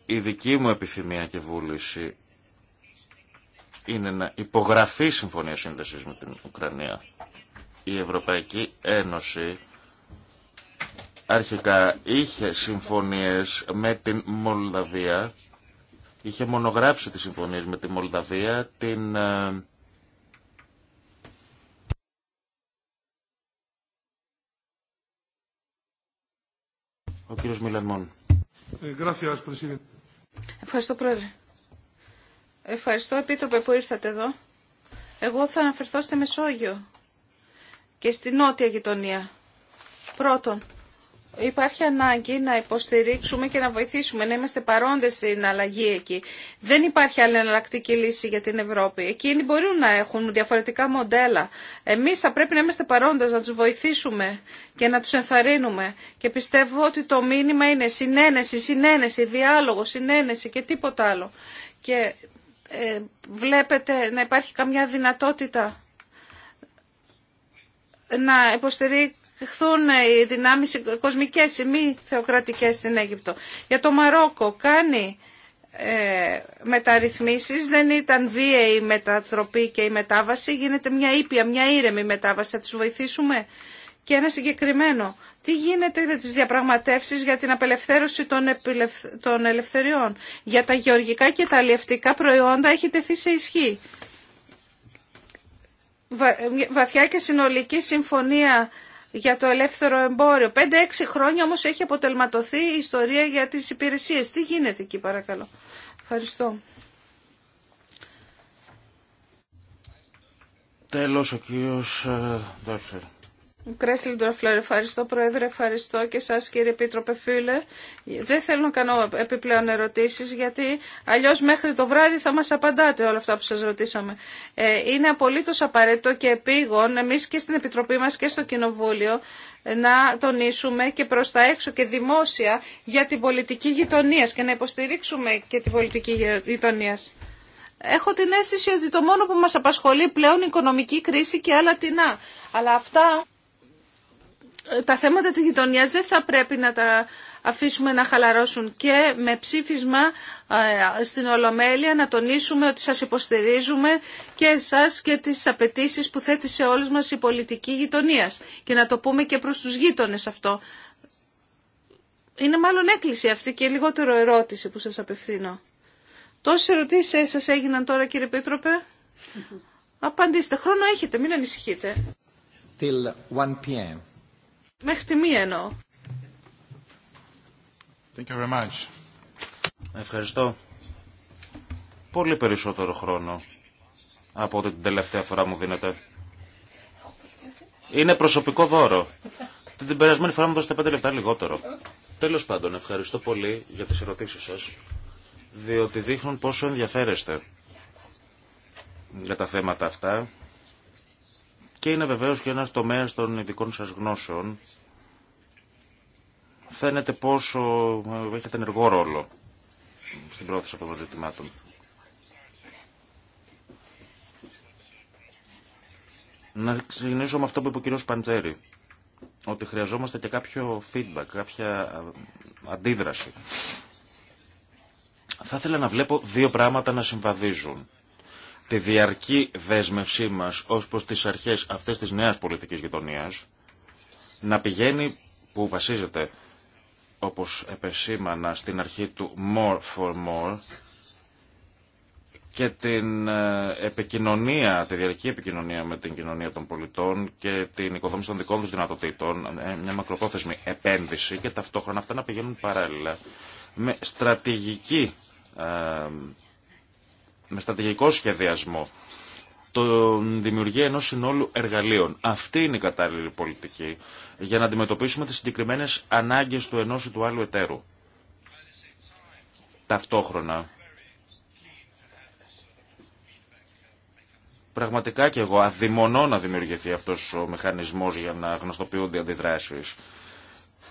Η δική μου επιθυμία και βούληση είναι να υπογραφεί συμφωνία σύνδεσης με την Ουκρανία. Η Ευρωπαϊκή Ένωση αρχικά είχε συμφωνίες με την Μολδαβία, είχε μονογράψει τις συμφωνίες με τη Μολδαβία, την ε, ο κύριος Μιλανμόν. Ε, Ευχαριστώ, Πρόεδρε. Ευχαριστώ, Επίτροπε, που ήρθατε εδώ. Εγώ θα αναφερθώ στη Μεσόγειο και στη νότια γειτονία. Πρώτον, Υπάρχει ανάγκη να υποστηρίξουμε και να βοηθήσουμε, να είμαστε παρόντες στην αλλαγή εκεί. Δεν υπάρχει άλλη εναλλακτική λύση για την Ευρώπη. Εκείνοι μπορούν να έχουν διαφορετικά μοντέλα. Εμείς θα πρέπει να είμαστε παρόντες, να τους βοηθήσουμε και να τους ενθαρρύνουμε. Και πιστεύω ότι το μήνυμα είναι συνένεση, συνένεση, διάλογο, συνένεση και τίποτα άλλο. Και ε, βλέπετε να υπάρχει καμιά δυνατότητα να υποστηρίξει χθούν οι δυνάμεις κοσμικές, οι μη θεοκρατικές στην Αίγυπτο. Για το Μαρόκο κάνει ε, μεταρρυθμίσεις, δεν ήταν βίαιη η μετατροπή και η μετάβαση, γίνεται μια ήπια, μια ήρεμη μετάβαση, θα τους βοηθήσουμε. Και ένα συγκεκριμένο, τι γίνεται με τις διαπραγματεύσεις για την απελευθέρωση των, ελευθεριών. Για τα γεωργικά και τα αλλιευτικά προϊόντα έχετε τεθεί σε ισχύ. Βαθιά και συνολική συμφωνία για το ελεύθερο εμπόριο. 5-6 χρόνια όμως έχει αποτελματωθεί η ιστορία για τις υπηρεσίες. Τι γίνεται εκεί παρακαλώ. Ευχαριστώ. Τέλος ο κύριος ε, Ντόρφερ. Κρέσλιντορφλερ, ευχαριστώ Πρόεδρε, ευχαριστώ και σας κύριε Επίτροπε Φίλε. Δεν θέλω να κάνω επιπλέον ερωτήσεις γιατί αλλιώς μέχρι το βράδυ θα μας απαντάτε όλα αυτά που σας ρωτήσαμε. Ε, είναι απολύτως απαραίτητο και επίγον εμείς και στην Επιτροπή μας και στο Κοινοβούλιο να τονίσουμε και προς τα έξω και δημόσια για την πολιτική γειτονία και να υποστηρίξουμε και την πολιτική γειτονία. Έχω την αίσθηση ότι το μόνο που μας απασχολεί πλέον η οικονομική κρίση και άλλα τεινά. Αλλά αυτά τα θέματα της γειτονίας δεν θα πρέπει να τα αφήσουμε να χαλαρώσουν και με ψήφισμα ε, στην Ολομέλεια να τονίσουμε ότι σας υποστηρίζουμε και εσάς και τις απαιτήσει που θέτει σε όλους μας η πολιτική γειτονία και να το πούμε και προς τους γείτονες αυτό. Είναι μάλλον έκκληση αυτή και λιγότερο ερώτηση που σας απευθύνω. Τόσες ερωτήσεις σας έγιναν τώρα κύριε Πίτροπε. Mm-hmm. Απαντήστε. Χρόνο έχετε, μην ανησυχείτε. Till 1 p.m. Μέχρι τη μία εννοώ. Ευχαριστώ. Πολύ περισσότερο χρόνο από ό,τι την τελευταία φορά μου δίνετε. Είναι προσωπικό δώρο. Την περασμένη φορά μου δώσετε πέντε λεπτά λιγότερο. Τέλος πάντων, ευχαριστώ πολύ για τις ερωτήσεις σας, διότι δείχνουν πόσο ενδιαφέρεστε για τα θέματα αυτά και είναι βεβαίως και ένας τομέας των ειδικών σας γνώσεων. Φαίνεται πόσο ε, έχετε ενεργό ρόλο στην πρόθεση αυτών των ζητημάτων. Να ξεκινήσω με αυτό που είπε ο κ. Παντζέρη. Ότι χρειαζόμαστε και κάποιο feedback, κάποια ε, αντίδραση. Θα ήθελα να βλέπω δύο πράγματα να συμβαδίζουν τη διαρκή δέσμευσή μας ως προς τις αρχές αυτές της νέας πολιτικής γειτονίας να πηγαίνει που βασίζεται όπως επεσήμανα στην αρχή του more for more και την ε, επικοινωνία, τη διαρκή επικοινωνία με την κοινωνία των πολιτών και την οικοδόμηση των δικών τους δυνατοτήτων, ε, μια μακροπρόθεσμη επένδυση και ταυτόχρονα αυτά να πηγαίνουν παράλληλα με στρατηγική ε, με στρατηγικό σχεδιασμό, τον δημιουργία ενός συνόλου εργαλείων. Αυτή είναι η κατάλληλη πολιτική για να αντιμετωπίσουμε τις συγκεκριμένες ανάγκες του ενός ή του άλλου εταίρου. Ταυτόχρονα, πραγματικά και εγώ αδειμονώ να δημιουργηθεί αυτός ο μηχανισμός για να γνωστοποιούνται οι αντιδράσεις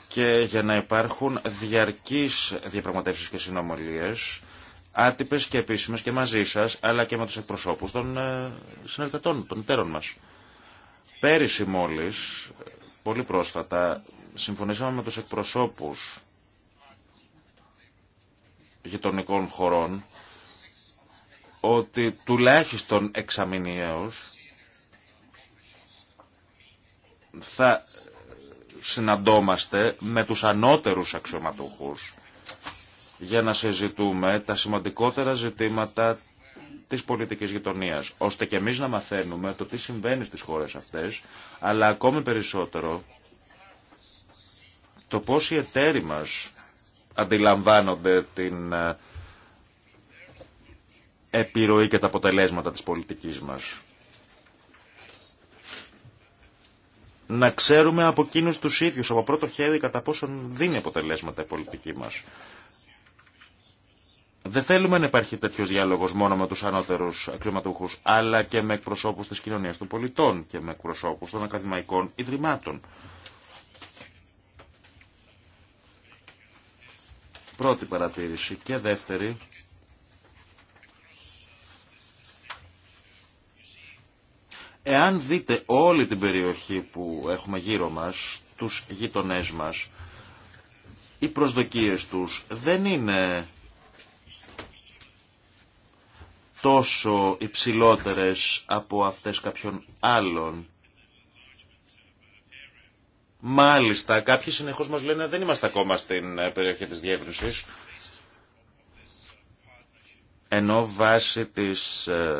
και για να υπάρχουν διαρκείς διαπραγματεύσεις και συνομιλίες Άτυπε και επίσημέ και μαζί σας, αλλά και με τους εκπροσώπους των ε, συνεργατών, των τέρων μας. Πέρυσι μόλι, πολύ πρόσφατα, συμφωνήσαμε με τους εκπροσώπους γειτονικών χωρών ότι τουλάχιστον εξαμηνιαίως θα συναντώμαστε με τους ανώτερους αξιωματούχους για να συζητούμε τα σημαντικότερα ζητήματα της πολιτικής γειτονίας, ώστε και εμείς να μαθαίνουμε το τι συμβαίνει στις χώρες αυτές, αλλά ακόμη περισσότερο το πώς οι εταίροι μας αντιλαμβάνονται την ε, επιρροή και τα αποτελέσματα της πολιτικής μας. Να ξέρουμε από εκείνους τους ίδιους, από πρώτο χέρι, κατά πόσον δίνει αποτελέσματα η πολιτική μας. Δεν θέλουμε να υπάρχει τέτοιο διάλογο μόνο με του ανώτερου αξιωματούχου, αλλά και με εκπροσώπου τη κοινωνία των πολιτών και με εκπροσώπου των ακαδημαϊκών ιδρυμάτων. Πρώτη παρατήρηση και δεύτερη. Εάν δείτε όλη την περιοχή που έχουμε γύρω μας, τους γειτονές μας, οι προσδοκίες τους δεν είναι τόσο υψηλότερες από αυτές κάποιων άλλων. Μάλιστα, κάποιοι συνεχώς μας λένε δεν είμαστε ακόμα στην ε, περιοχή της διεύρυνσης. Ενώ βάσει της ε,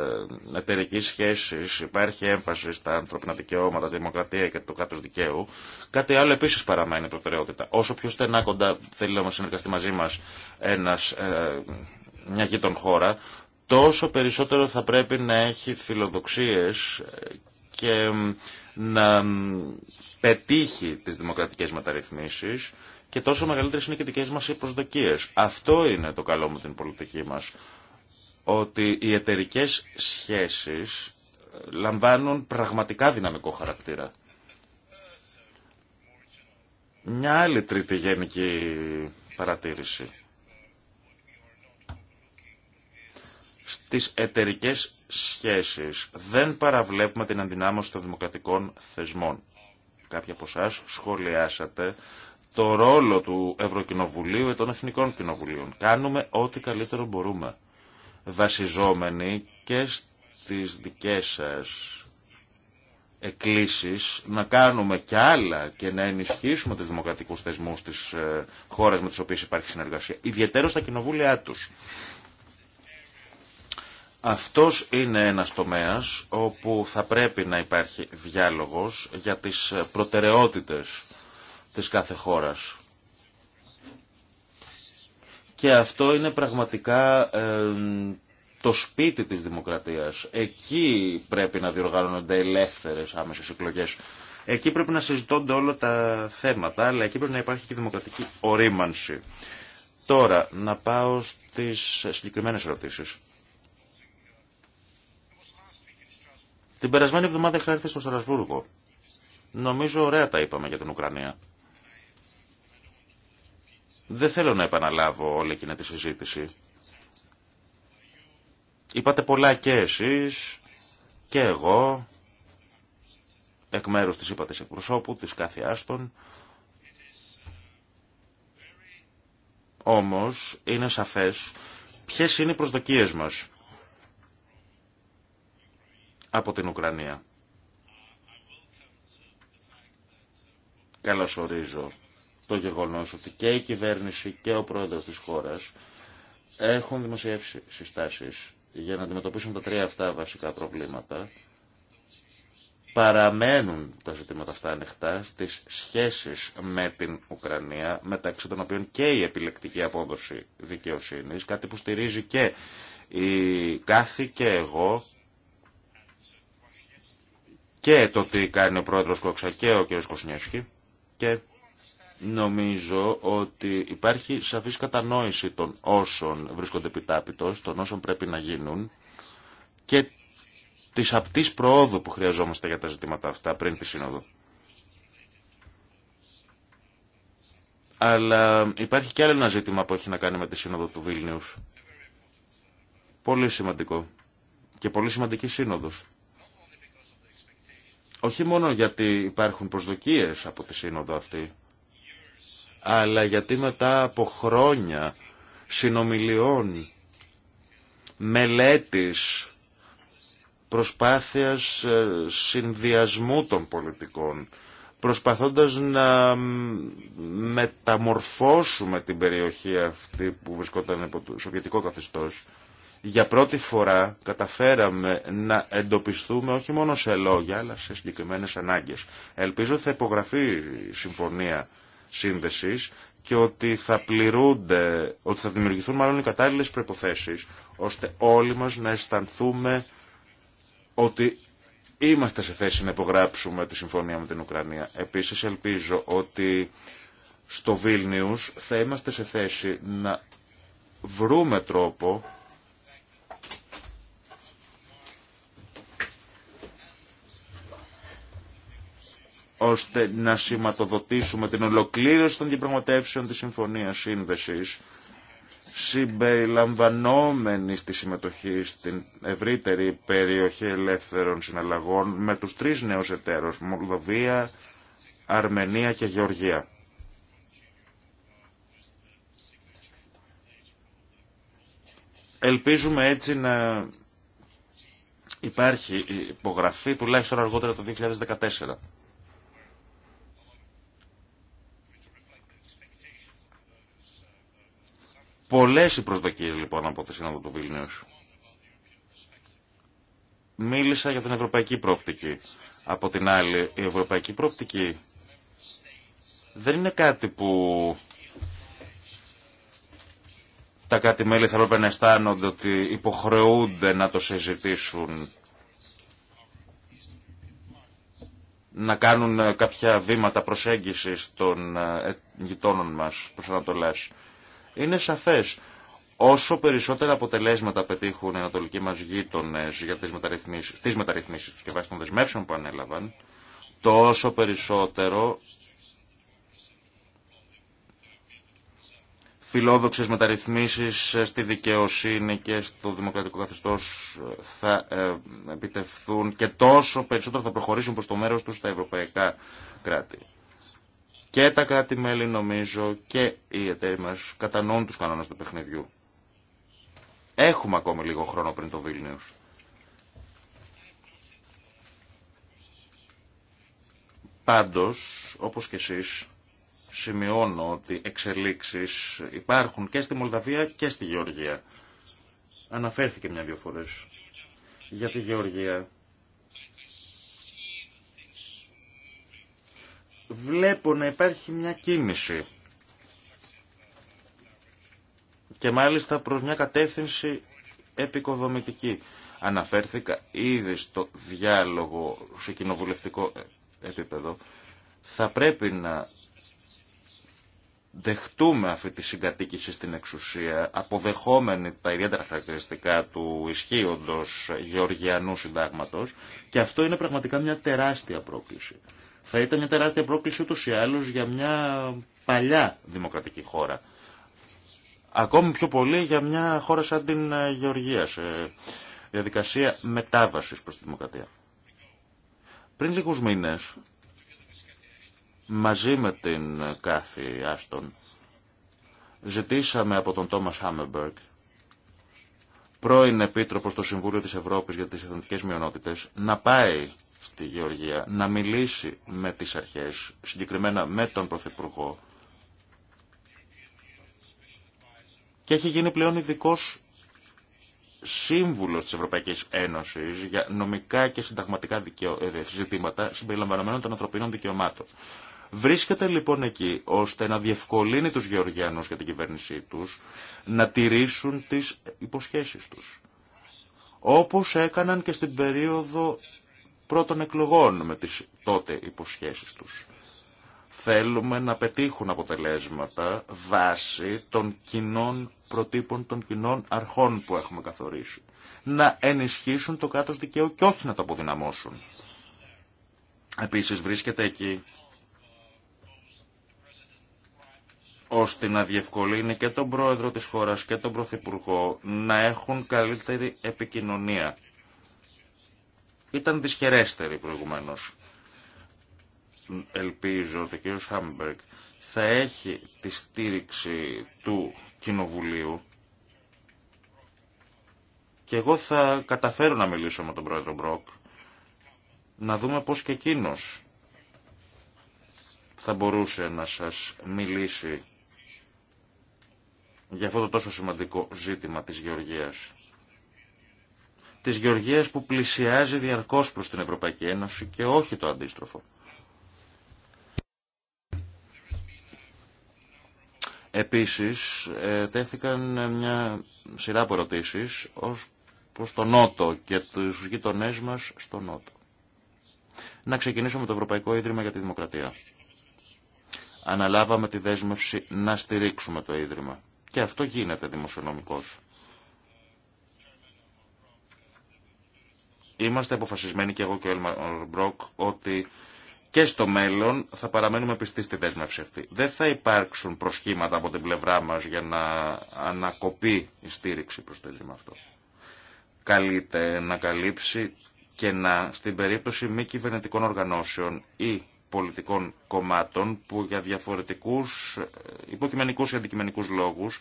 εταιρική σχέσης υπάρχει έμφαση στα ανθρώπινα δικαιώματα, τη δημοκρατία και το κράτος δικαίου, κάτι άλλο επίσης παραμένει προτεραιότητα. Όσο πιο στενά κοντά θέλει να συνεργαστεί μαζί μας ένας, ε, μια γείτον χώρα, τόσο περισσότερο θα πρέπει να έχει φιλοδοξίες και να πετύχει τις δημοκρατικές μεταρρυθμίσεις και τόσο μεγαλύτερες είναι και δικές μας οι προσδοκίες. Αυτό είναι το καλό με την πολιτική μας, ότι οι εταιρικέ σχέσεις λαμβάνουν πραγματικά δυναμικό χαρακτήρα. Μια άλλη τρίτη γενική παρατήρηση. στις εταιρικέ σχέσεις. Δεν παραβλέπουμε την αντινάμωση των δημοκρατικών θεσμών. Κάποιοι από εσά σχολιάσατε το ρόλο του Ευρωκοινοβουλίου και των Εθνικών Κοινοβουλίων. Κάνουμε ό,τι καλύτερο μπορούμε. Βασιζόμενοι και στις δικές σας εκκλήσεις να κάνουμε κι άλλα και να ενισχύσουμε τους δημοκρατικούς θεσμούς της ε, χώρας με τις οποίες υπάρχει συνεργασία, ιδιαίτερα στα κοινοβούλια τους. Αυτός είναι ένας τομέας όπου θα πρέπει να υπάρχει διάλογος για τις προτεραιότητες της κάθε χώρας. Και αυτό είναι πραγματικά ε, το σπίτι της δημοκρατίας. Εκεί πρέπει να διοργανώνονται ελεύθερες άμεσες εκλογές. Εκεί πρέπει να συζητώνται όλα τα θέματα, αλλά εκεί πρέπει να υπάρχει και δημοκρατική ορίμανση. Τώρα, να πάω στις συγκεκριμένες ερωτήσεις. Την περασμένη εβδομάδα είχα έρθει στο Στρασβούργο. Νομίζω ωραία τα είπαμε για την Ουκρανία. Δεν θέλω να επαναλάβω όλη εκείνη τη συζήτηση. Είπατε πολλά και εσείς και εγώ εκ μέρους της είπατε εκπροσώπου, της κάθε άστον. Όμως είναι σαφές ποιες είναι οι προσδοκίες μας από την Ουκρανία. Καλωσορίζω το γεγονός ότι και η κυβέρνηση και ο πρόεδρος της χώρας έχουν δημοσιεύσει συστάσεις για να αντιμετωπίσουν τα τρία αυτά βασικά προβλήματα. Παραμένουν τα ζητήματα αυτά ανοιχτά στις σχέσεις με την Ουκρανία, μεταξύ των οποίων και η επιλεκτική απόδοση δικαιοσύνης, κάτι που στηρίζει και η κάθε και εγώ και το τι κάνει ο πρόεδρος Κόξα και ο κ. Κοσνιεύσκη και νομίζω ότι υπάρχει σαφής κατανόηση των όσων βρίσκονται επιτάπητος, των όσων πρέπει να γίνουν και της απτής προόδου που χρειαζόμαστε για τα ζητήματα αυτά πριν τη Σύνοδο. Αλλά υπάρχει και άλλο ένα ζήτημα που έχει να κάνει με τη Σύνοδο του Βίλνιους. Πολύ σημαντικό. Και πολύ σημαντική σύνοδος όχι μόνο γιατί υπάρχουν προσδοκίες από τη σύνοδο αυτή, αλλά γιατί μετά από χρόνια συνομιλιών, μελέτης, προσπάθειας ε, συνδυασμού των πολιτικών, προσπαθώντας να μεταμορφώσουμε την περιοχή αυτή που βρισκόταν από το Σοβιετικό καθεστώς, για πρώτη φορά καταφέραμε να εντοπιστούμε όχι μόνο σε λόγια, αλλά σε συγκεκριμένες ανάγκες. Ελπίζω ότι θα υπογραφεί η συμφωνία σύνδεσης και ότι θα πληρούνται, ότι θα δημιουργηθούν μάλλον οι κατάλληλες προϋποθέσεις, ώστε όλοι μας να αισθανθούμε ότι είμαστε σε θέση να υπογράψουμε τη συμφωνία με την Ουκρανία. Επίσης ελπίζω ότι στο Βίλνιους θα είμαστε σε θέση να βρούμε τρόπο ώστε να σηματοδοτήσουμε την ολοκλήρωση των διαπραγματεύσεων της Συμφωνίας Σύνδεσης συμπεριλαμβανόμενη στη συμμετοχή στην ευρύτερη περιοχή ελεύθερων συναλλαγών με τους τρεις νέους εταίρους, Μολδοβία, Αρμενία και Γεωργία. Ελπίζουμε έτσι να υπάρχει υπογραφή τουλάχιστον αργότερα το 2014. Πολλές οι προσδοκίες λοιπόν από τη Σύνοδο του Βιλνίους. Μίλησα για την ευρωπαϊκή πρόπτικη. Από την άλλη, η ευρωπαϊκή πρόπτικη δεν είναι κάτι που τα κάτι μέλη θα έπρεπε να αισθάνονται ότι υποχρεούνται να το συζητήσουν να κάνουν κάποια βήματα προσέγγισης των ε, γειτόνων μας προς Ανατολές. Είναι σαφές. Όσο περισσότερα αποτελέσματα πετύχουν οι ανατολικοί μα γείτονε για τις μεταρρυθμίσεις, και βάσει των δεσμεύσεων που ανέλαβαν, τόσο περισσότερο φιλόδοξες μεταρρυθμίσεις στη δικαιοσύνη και στο δημοκρατικό καθεστώ θα ε, επιτευθούν και τόσο περισσότερο θα προχωρήσουν προς το μέρο του στα ευρωπαϊκά κράτη. Και τα κράτη-μέλη νομίζω και οι εταίροι μας κατανοούν τους κανόνες του παιχνιδιού. Έχουμε ακόμη λίγο χρόνο πριν το Βίλνιους. Πάντως, όπως και εσείς, σημειώνω ότι εξελίξεις υπάρχουν και στη Μολδαβία και στη Γεωργία. Αναφέρθηκε μια-δυο φορές. Για τη Γεωργία βλέπω να υπάρχει μια κίνηση και μάλιστα προς μια κατεύθυνση επικοδομητική. Αναφέρθηκα ήδη στο διάλογο σε κοινοβουλευτικό επίπεδο. Θα πρέπει να δεχτούμε αυτή τη συγκατοίκηση στην εξουσία, αποδεχόμενη τα ιδιαίτερα χαρακτηριστικά του ισχύοντος γεωργιανού συντάγματος και αυτό είναι πραγματικά μια τεράστια πρόκληση. Θα ήταν μια τεράστια πρόκληση ούτως ή άλλως για μια παλιά δημοκρατική χώρα. Ακόμη πιο πολύ για μια χώρα σαν την ε, Γεωργία σε διαδικασία μετάβασης προς τη δημοκρατία. Πριν λίγους μήνες, μαζί με την Κάθη Άστον, ζητήσαμε από τον Τόμας Χάμεμπεργκ, πρώην επίτροπο στο Συμβούλιο της Ευρώπης για τις Εθνικές Μειονότητες, να πάει στη Γεωργία, να μιλήσει με τις αρχές, συγκεκριμένα με τον Πρωθυπουργό. Και έχει γίνει πλέον ειδικό σύμβουλος της Ευρωπαϊκής Ένωσης για νομικά και συνταγματικά δικαιο... Ε, ζητήματα συμπεριλαμβανομένων των ανθρωπίνων δικαιωμάτων. Βρίσκεται λοιπόν εκεί ώστε να διευκολύνει τους Γεωργιανούς και την κυβέρνησή τους να τηρήσουν τις υποσχέσεις τους. Όπως έκαναν και στην περίοδο πρώτων εκλογών με τις τότε υποσχέσεις τους. Θέλουμε να πετύχουν αποτελέσματα βάσει των κοινών προτύπων των κοινών αρχών που έχουμε καθορίσει. Να ενισχύσουν το κράτος δικαίου και όχι να το αποδυναμώσουν. Επίσης βρίσκεται εκεί ώστε να διευκολύνει και τον πρόεδρο της χώρας και τον πρωθυπουργό να έχουν καλύτερη επικοινωνία ήταν δυσχερέστερη προηγουμένως. Ελπίζω ότι ο κ. Χάμπεργκ θα έχει τη στήριξη του Κοινοβουλίου και εγώ θα καταφέρω να μιλήσω με τον πρόεδρο Μπροκ να δούμε πώς και εκείνος θα μπορούσε να σας μιλήσει για αυτό το τόσο σημαντικό ζήτημα της Γεωργίας της γεωργίας που πλησιάζει διαρκώς προς την Ευρωπαϊκή Ένωση και όχι το αντίστροφο. Επίσης, ε, τέθηκαν μια σειρά από ερωτήσεις ως προς τον Νότο και τους γειτονέ μας στον Νότο. Να ξεκινήσω με το Ευρωπαϊκό Ίδρυμα για τη Δημοκρατία. Αναλάβαμε τη δέσμευση να στηρίξουμε το Ίδρυμα. Και αυτό γίνεται δημοσιονομικός. Είμαστε αποφασισμένοι και εγώ και ο Έλμαρ Μπροκ ότι και στο μέλλον θα παραμένουμε πιστοί στη δέσμευση αυτή. Δεν θα υπάρξουν προσχήματα από την πλευρά μας για να ανακοπεί η στήριξη προς το έλλειμμα αυτό. Καλείται να καλύψει και να στην περίπτωση μη κυβερνητικών οργανώσεων ή πολιτικών κομμάτων που για διαφορετικούς ε, υποκειμενικούς ή αντικειμενικούς λόγους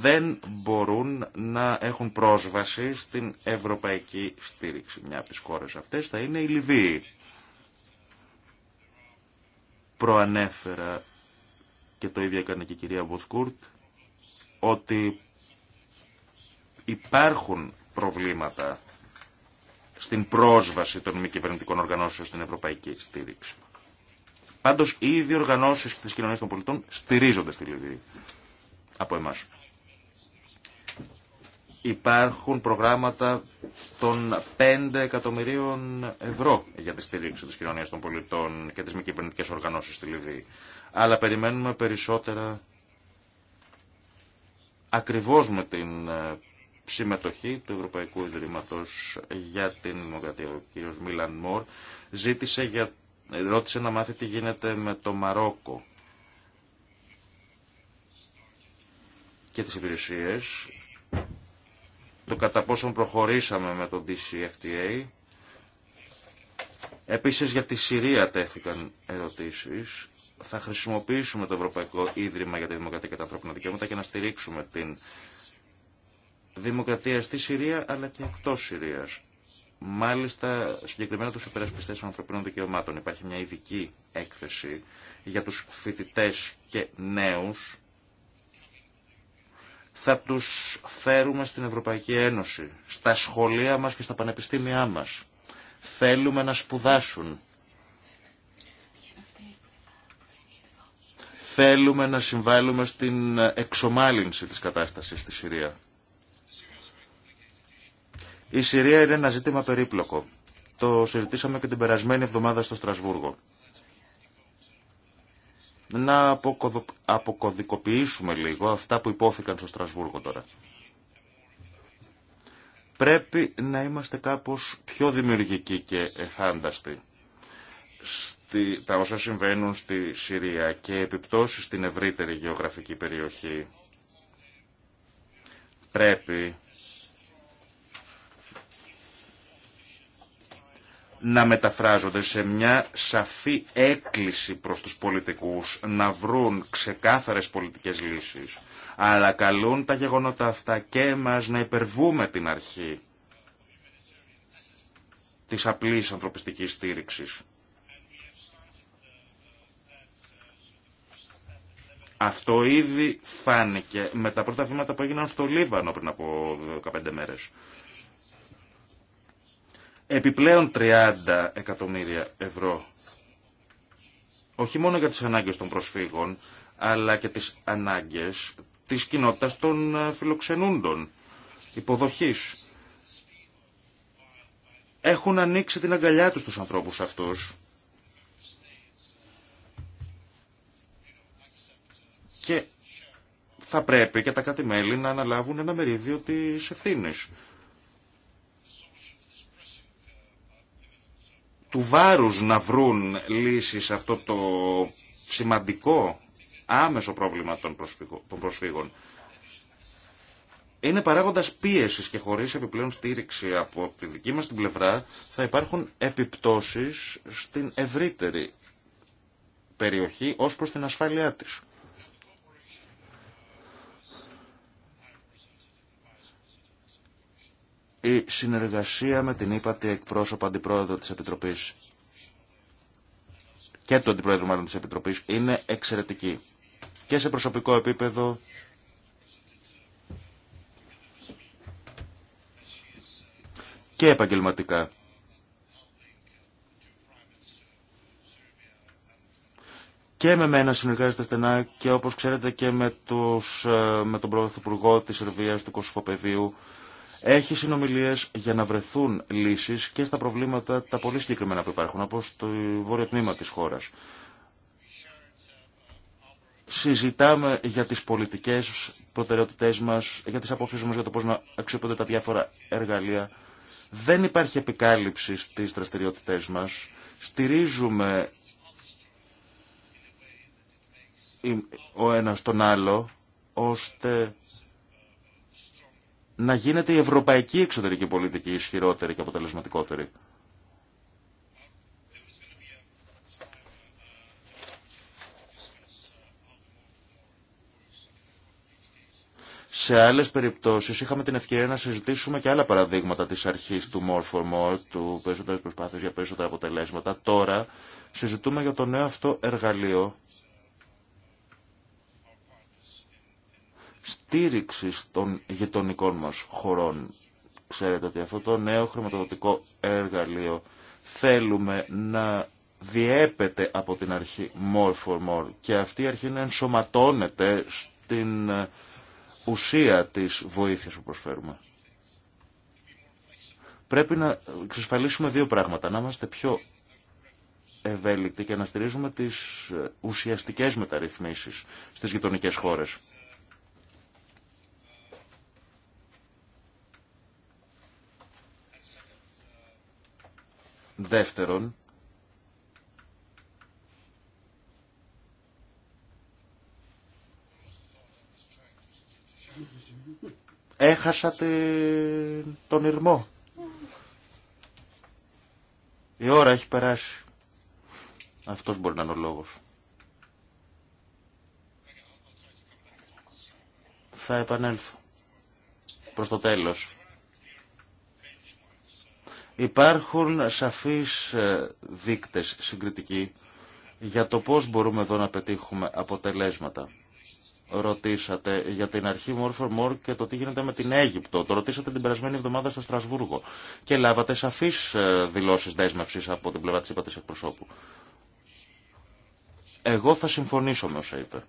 δεν μπορούν να έχουν πρόσβαση στην ευρωπαϊκή στήριξη. Μια από τις χώρες αυτές θα είναι η Λιβύη. Προανέφερα και το ίδιο έκανε και η κυρία Μπούθκουρτ ότι υπάρχουν προβλήματα στην πρόσβαση των μη κυβερνητικών οργανώσεων στην ευρωπαϊκή στήριξη. Πάντω οι ίδιοι οργανώσεις κοινωνία των πολιτών στηρίζονται στη Λιβύη από εμάς. Υπάρχουν προγράμματα των 5 εκατομμυρίων ευρώ για τη στήριξη τη κοινωνία των πολιτών και τις μη κυβερνητικές οργανώσεις στη Λιβύη. Αλλά περιμένουμε περισσότερα ακριβώ με την ε, συμμετοχή του Ευρωπαϊκού Ιδρύματο για την Δημοκρατία. Ο κ. Μίλαν Μόρ ζήτησε για ρώτησε να μάθει τι γίνεται με το Μαρόκο και τις υπηρεσίες, το κατά πόσον προχωρήσαμε με το DCFTA. Επίσης για τη Συρία τέθηκαν ερωτήσεις. Θα χρησιμοποιήσουμε το Ευρωπαϊκό Ίδρυμα για τη Δημοκρατία και τα Ανθρώπινα Δικαιώματα και να στηρίξουμε την δημοκρατία στη Συρία αλλά και εκτός Συρίας. Μάλιστα, συγκεκριμένα τους υπερασπιστές των ανθρωπίνων δικαιωμάτων. Υπάρχει μια ειδική έκθεση για τους φοιτητέ και νέους. Θα τους φέρουμε στην Ευρωπαϊκή Ένωση, στα σχολεία μας και στα πανεπιστήμια μας. Θέλουμε να σπουδάσουν. Θέλουμε να συμβάλλουμε στην εξομάλυνση της κατάστασης στη Συρία. Η Συρία είναι ένα ζήτημα περίπλοκο. Το συζητήσαμε και την περασμένη εβδομάδα στο Στρασβούργο. Να αποκωδικοποιήσουμε λίγο αυτά που υπόθηκαν στο Στρασβούργο τώρα. Πρέπει να είμαστε κάπως πιο δημιουργικοί και εφάνταστοι στη, τα όσα συμβαίνουν στη Συρία και επιπτώσεις στην ευρύτερη γεωγραφική περιοχή. Πρέπει να μεταφράζονται σε μια σαφή έκκληση προς τους πολιτικούς να βρουν ξεκάθαρες πολιτικές λύσεις, αλλά καλούν τα γεγονότα αυτά και μας να υπερβούμε την αρχή της απλής ανθρωπιστικής στήριξης. Αυτό ήδη φάνηκε με τα πρώτα βήματα που έγιναν στο Λίβανο πριν από 15 μέρες επιπλέον 30 εκατομμύρια ευρώ. Όχι μόνο για τις ανάγκες των προσφύγων, αλλά και τις ανάγκες της κοινότητας των ε, φιλοξενούντων, υποδοχής. Έχουν ανοίξει την αγκαλιά τους τους ανθρώπους αυτούς. Και θα πρέπει και τα κρατη μέλη να αναλάβουν ένα μερίδιο της ευθύνης. του βάρους να βρουν λύσεις σε αυτό το σημαντικό άμεσο πρόβλημα των, των προσφύγων. Είναι παράγοντας πίεσης και χωρίς επιπλέον στήριξη από τη δική μας την πλευρά θα υπάρχουν επιπτώσεις στην ευρύτερη περιοχή ως προς την ασφάλειά της. η συνεργασία με την ύπατη εκπρόσωπα αντιπρόεδρο της Επιτροπής και του αντιπρόεδρου μάλλον της Επιτροπής είναι εξαιρετική και σε προσωπικό επίπεδο και επαγγελματικά. Και με μένα συνεργάζεται στενά και όπως ξέρετε και με, τους, ε, με τον Πρωθυπουργό της Σερβίας του Κωσυφοπεδίου έχει συνομιλίε για να βρεθούν λύσει και στα προβλήματα τα πολύ συγκεκριμένα που υπάρχουν, όπω το βόρειο τμήμα τη χώρα. Συζητάμε για τι πολιτικέ προτεραιότητές μα, για τι απόψει μα για το πώ να αξιοποιούνται τα διάφορα εργαλεία. Δεν υπάρχει επικάλυψη στι δραστηριότητέ μα. Στηρίζουμε ο ένα τον άλλο, ώστε να γίνεται η ευρωπαϊκή εξωτερική πολιτική ισχυρότερη και αποτελεσματικότερη. Σε άλλες περιπτώσεις είχαμε την ευκαιρία να συζητήσουμε και άλλα παραδείγματα της αρχής του More for More, του περισσότερες προσπάθειες για περισσότερα αποτελέσματα. Τώρα συζητούμε για το νέο αυτό εργαλείο στήριξης των γειτονικών μας χωρών. Ξέρετε ότι αυτό το νέο χρηματοδοτικό εργαλείο θέλουμε να διέπεται από την αρχή more for more και αυτή η αρχή να ενσωματώνεται στην ε, ουσία της βοήθειας που προσφέρουμε. Πρέπει να εξασφαλίσουμε δύο πράγματα. Να είμαστε πιο ευέλικτοι και να στηρίζουμε τις ε, ουσιαστικές μεταρρυθμίσεις στις γειτονικές χώρες. Δεύτερον, έχασα τον ήρμό. Η ώρα έχει περάσει. Αυτός μπορεί να είναι ο λόγος. Θα επανέλθω. Προς το τέλος. Υπάρχουν σαφείς ε, δείκτες συγκριτικοί για το πώς μπορούμε εδώ να πετύχουμε αποτελέσματα. Ρωτήσατε για την αρχή More for More και το τι γίνεται με την Αίγυπτο. Το ρωτήσατε την περασμένη εβδομάδα στο Στρασβούργο και λάβατε σαφείς ε, δηλώσεις δέσμευσης από την πλευρά της ΥΠΑ εκπροσώπου. Εγώ θα συμφωνήσω με όσα είπε.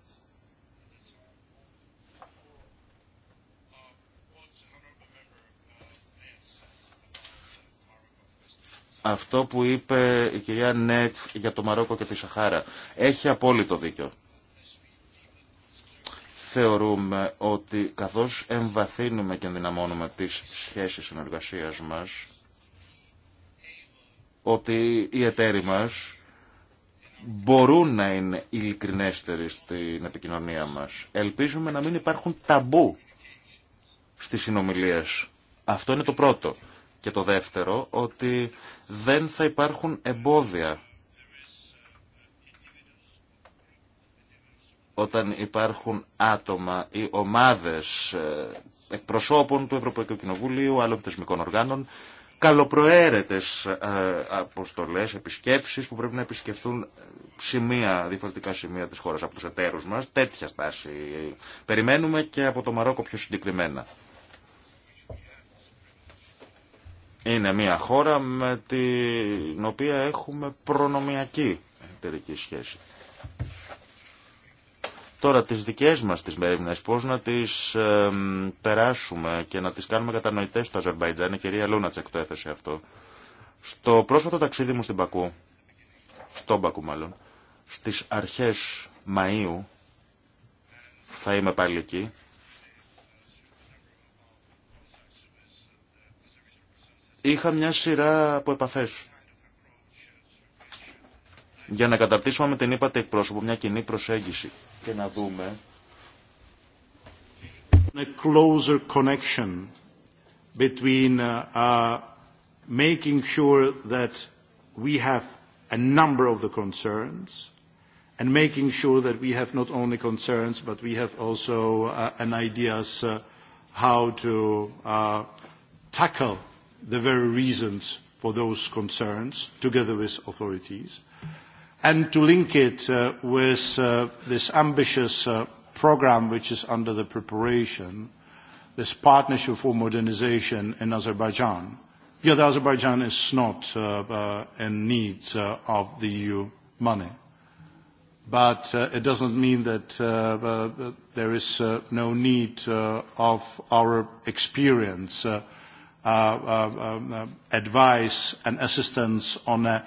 αυτό που είπε η κυρία Νέτ για το Μαρόκο και τη Σαχάρα. Έχει απόλυτο δίκιο. Θεωρούμε ότι καθώς εμβαθύνουμε και ενδυναμώνουμε τις σχέσεις συνεργασίας μας, ότι οι εταίροι μας μπορούν να είναι ειλικρινέστεροι στην επικοινωνία μας. Ελπίζουμε να μην υπάρχουν ταμπού στις συνομιλίες. Αυτό είναι το πρώτο. Και το δεύτερο, ότι δεν θα υπάρχουν εμπόδια όταν υπάρχουν άτομα ή ομάδες ε, εκπροσώπων του Ευρωπαϊκού Κοινοβουλίου, άλλων θεσμικών οργάνων, καλοπροαίρετες ε, αποστολές, επισκέψεις που πρέπει να επισκεφθούν ε, σημεία, διαφορετικά σημεία της χώρας από τους εταίρους μας. Τέτοια στάση περιμένουμε και από το Μαρόκο πιο συγκεκριμένα. Είναι μια χώρα με την οποία έχουμε προνομιακή εταιρική σχέση. Τώρα τις δικές μας τις μέρημνες πώς να τις περάσουμε και να τις κάνουμε κατανοητές στο Αζερμπαϊτζάν. η κυρία Λούνατσεκ το έθεσε αυτό. Στο πρόσφατο ταξίδι μου στην Πακού, στον Πακού μάλλον, στις αρχές Μαΐου, θα είμαι πάλι εκεί, είχα μια σειρά από επαφές για να καταρτήσουμε με την είπατε εκπρόσωπο μια κοινή προσέγγιση και να δούμε a closer connection between uh, making sure that we have a number of the concerns and making sure that we have not only concerns but we have also uh, an ideas uh, how to uh, tackle the very reasons for those concerns, together with authorities, and to link it with this ambitious program which is under the preparation, this partnership for modernization in Azerbaijan. Yet Azerbaijan is not in need of the EU money. But it doesn't mean that there is no need of our experience advice and assistance on a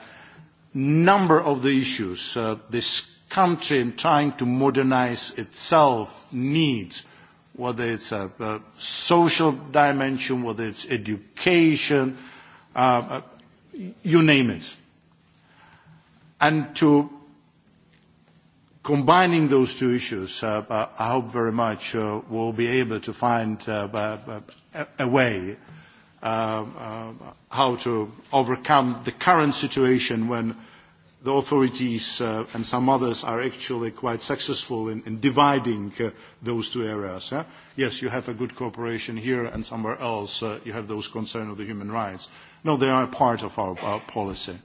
number of the issues this country in trying to modernize itself needs, whether it's a social dimension, whether it's education, you name it. And to combining those two issues, I hope very much we'll be able to find a way how to overcome the current situation when the authorities and some others are actually quite successful in dividing those two areas. Yes, you have a good cooperation here and somewhere else you have those concerns of the human rights. No, they are part of our policy.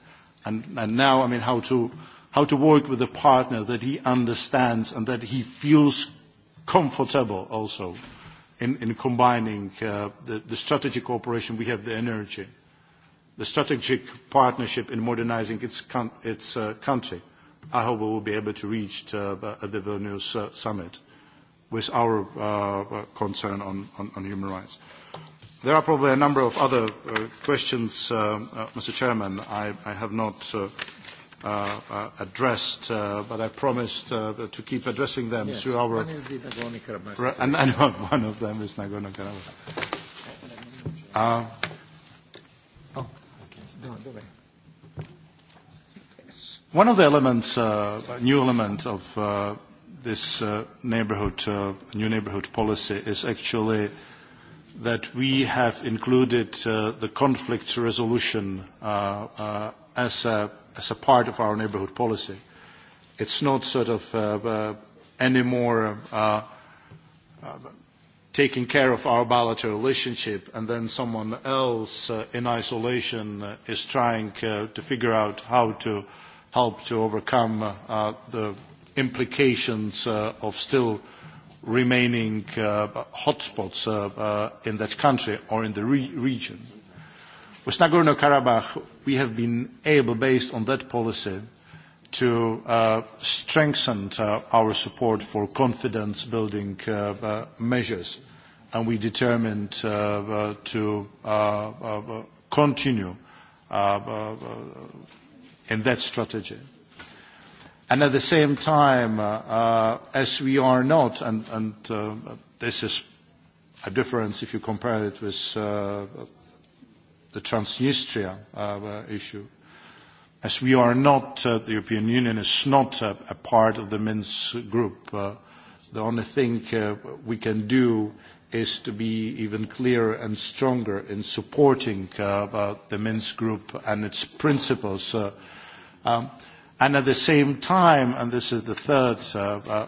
And now, I mean, how to how to work with a partner that he understands and that he feels comfortable also in combining the strategic cooperation we have the energy, the strategic partnership in modernizing its country. I hope we will be able to reach the Vilnius summit with our concern on human rights. There are probably a number of other questions, Mr. Chairman, I have not addressed, but I promised to keep addressing them through our. One one of them is Nagorno-Karabakh. One of the elements, new element of this neighborhood, new neighborhood policy is actually that we have included the conflict resolution as a as a part of our neighbourhood policy. It's not sort of any more taking care of our bilateral relationship and then someone else in isolation is trying to figure out how to help to overcome the implications of still remaining hotspots in that country or in the region. With Nagorno-Karabakh, we have been able, based on that policy, to strengthen our support for confidence-building measures, and we determined to continue in that strategy. And at the same time, as we are not, and this is a difference if you compare it with the Transnistria issue, as we are not, the European Union is not a part of the Minsk group. The only thing we can do is to be even clearer and stronger in supporting the Minsk group and its principles. And at the same time, and this is the third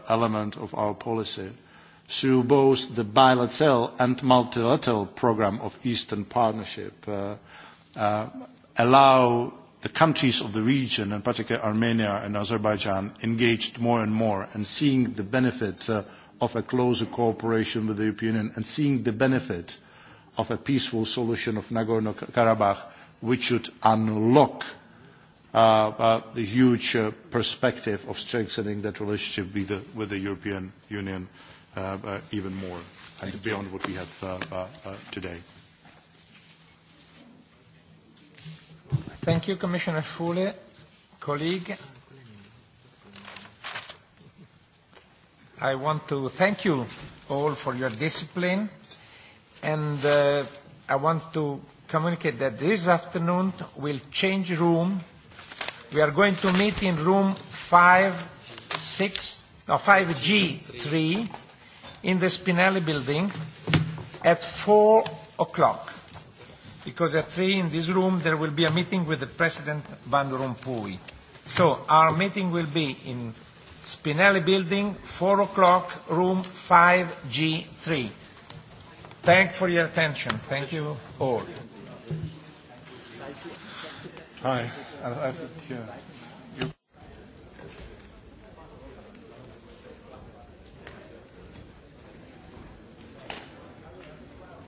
element of our policy, through both the bilateral and multilateral programme of Eastern Partnership, allow the countries of the region, in particular Armenia and Azerbaijan, engaged more and more and seeing the benefit of a closer cooperation with the European Union and seeing the benefit of a peaceful solution of Nagorno-Karabakh, which should unlock the huge perspective of strengthening that relationship with the European Union even more and beyond what we have today. Thank you, Commissioner Fule. Colleague, I want to thank you all for your discipline, and I want to communicate that this afternoon we'll change room. We are going to meet in room 5, 6, 5G3 in the Spinelli building at 4 o'clock, because at 3 in this room there will be a meeting with the President Van Rompuy. So our meeting will be in Spinelli building, 4 o'clock, room 5G3. Thank for your attention. Thank you all. Hi. I,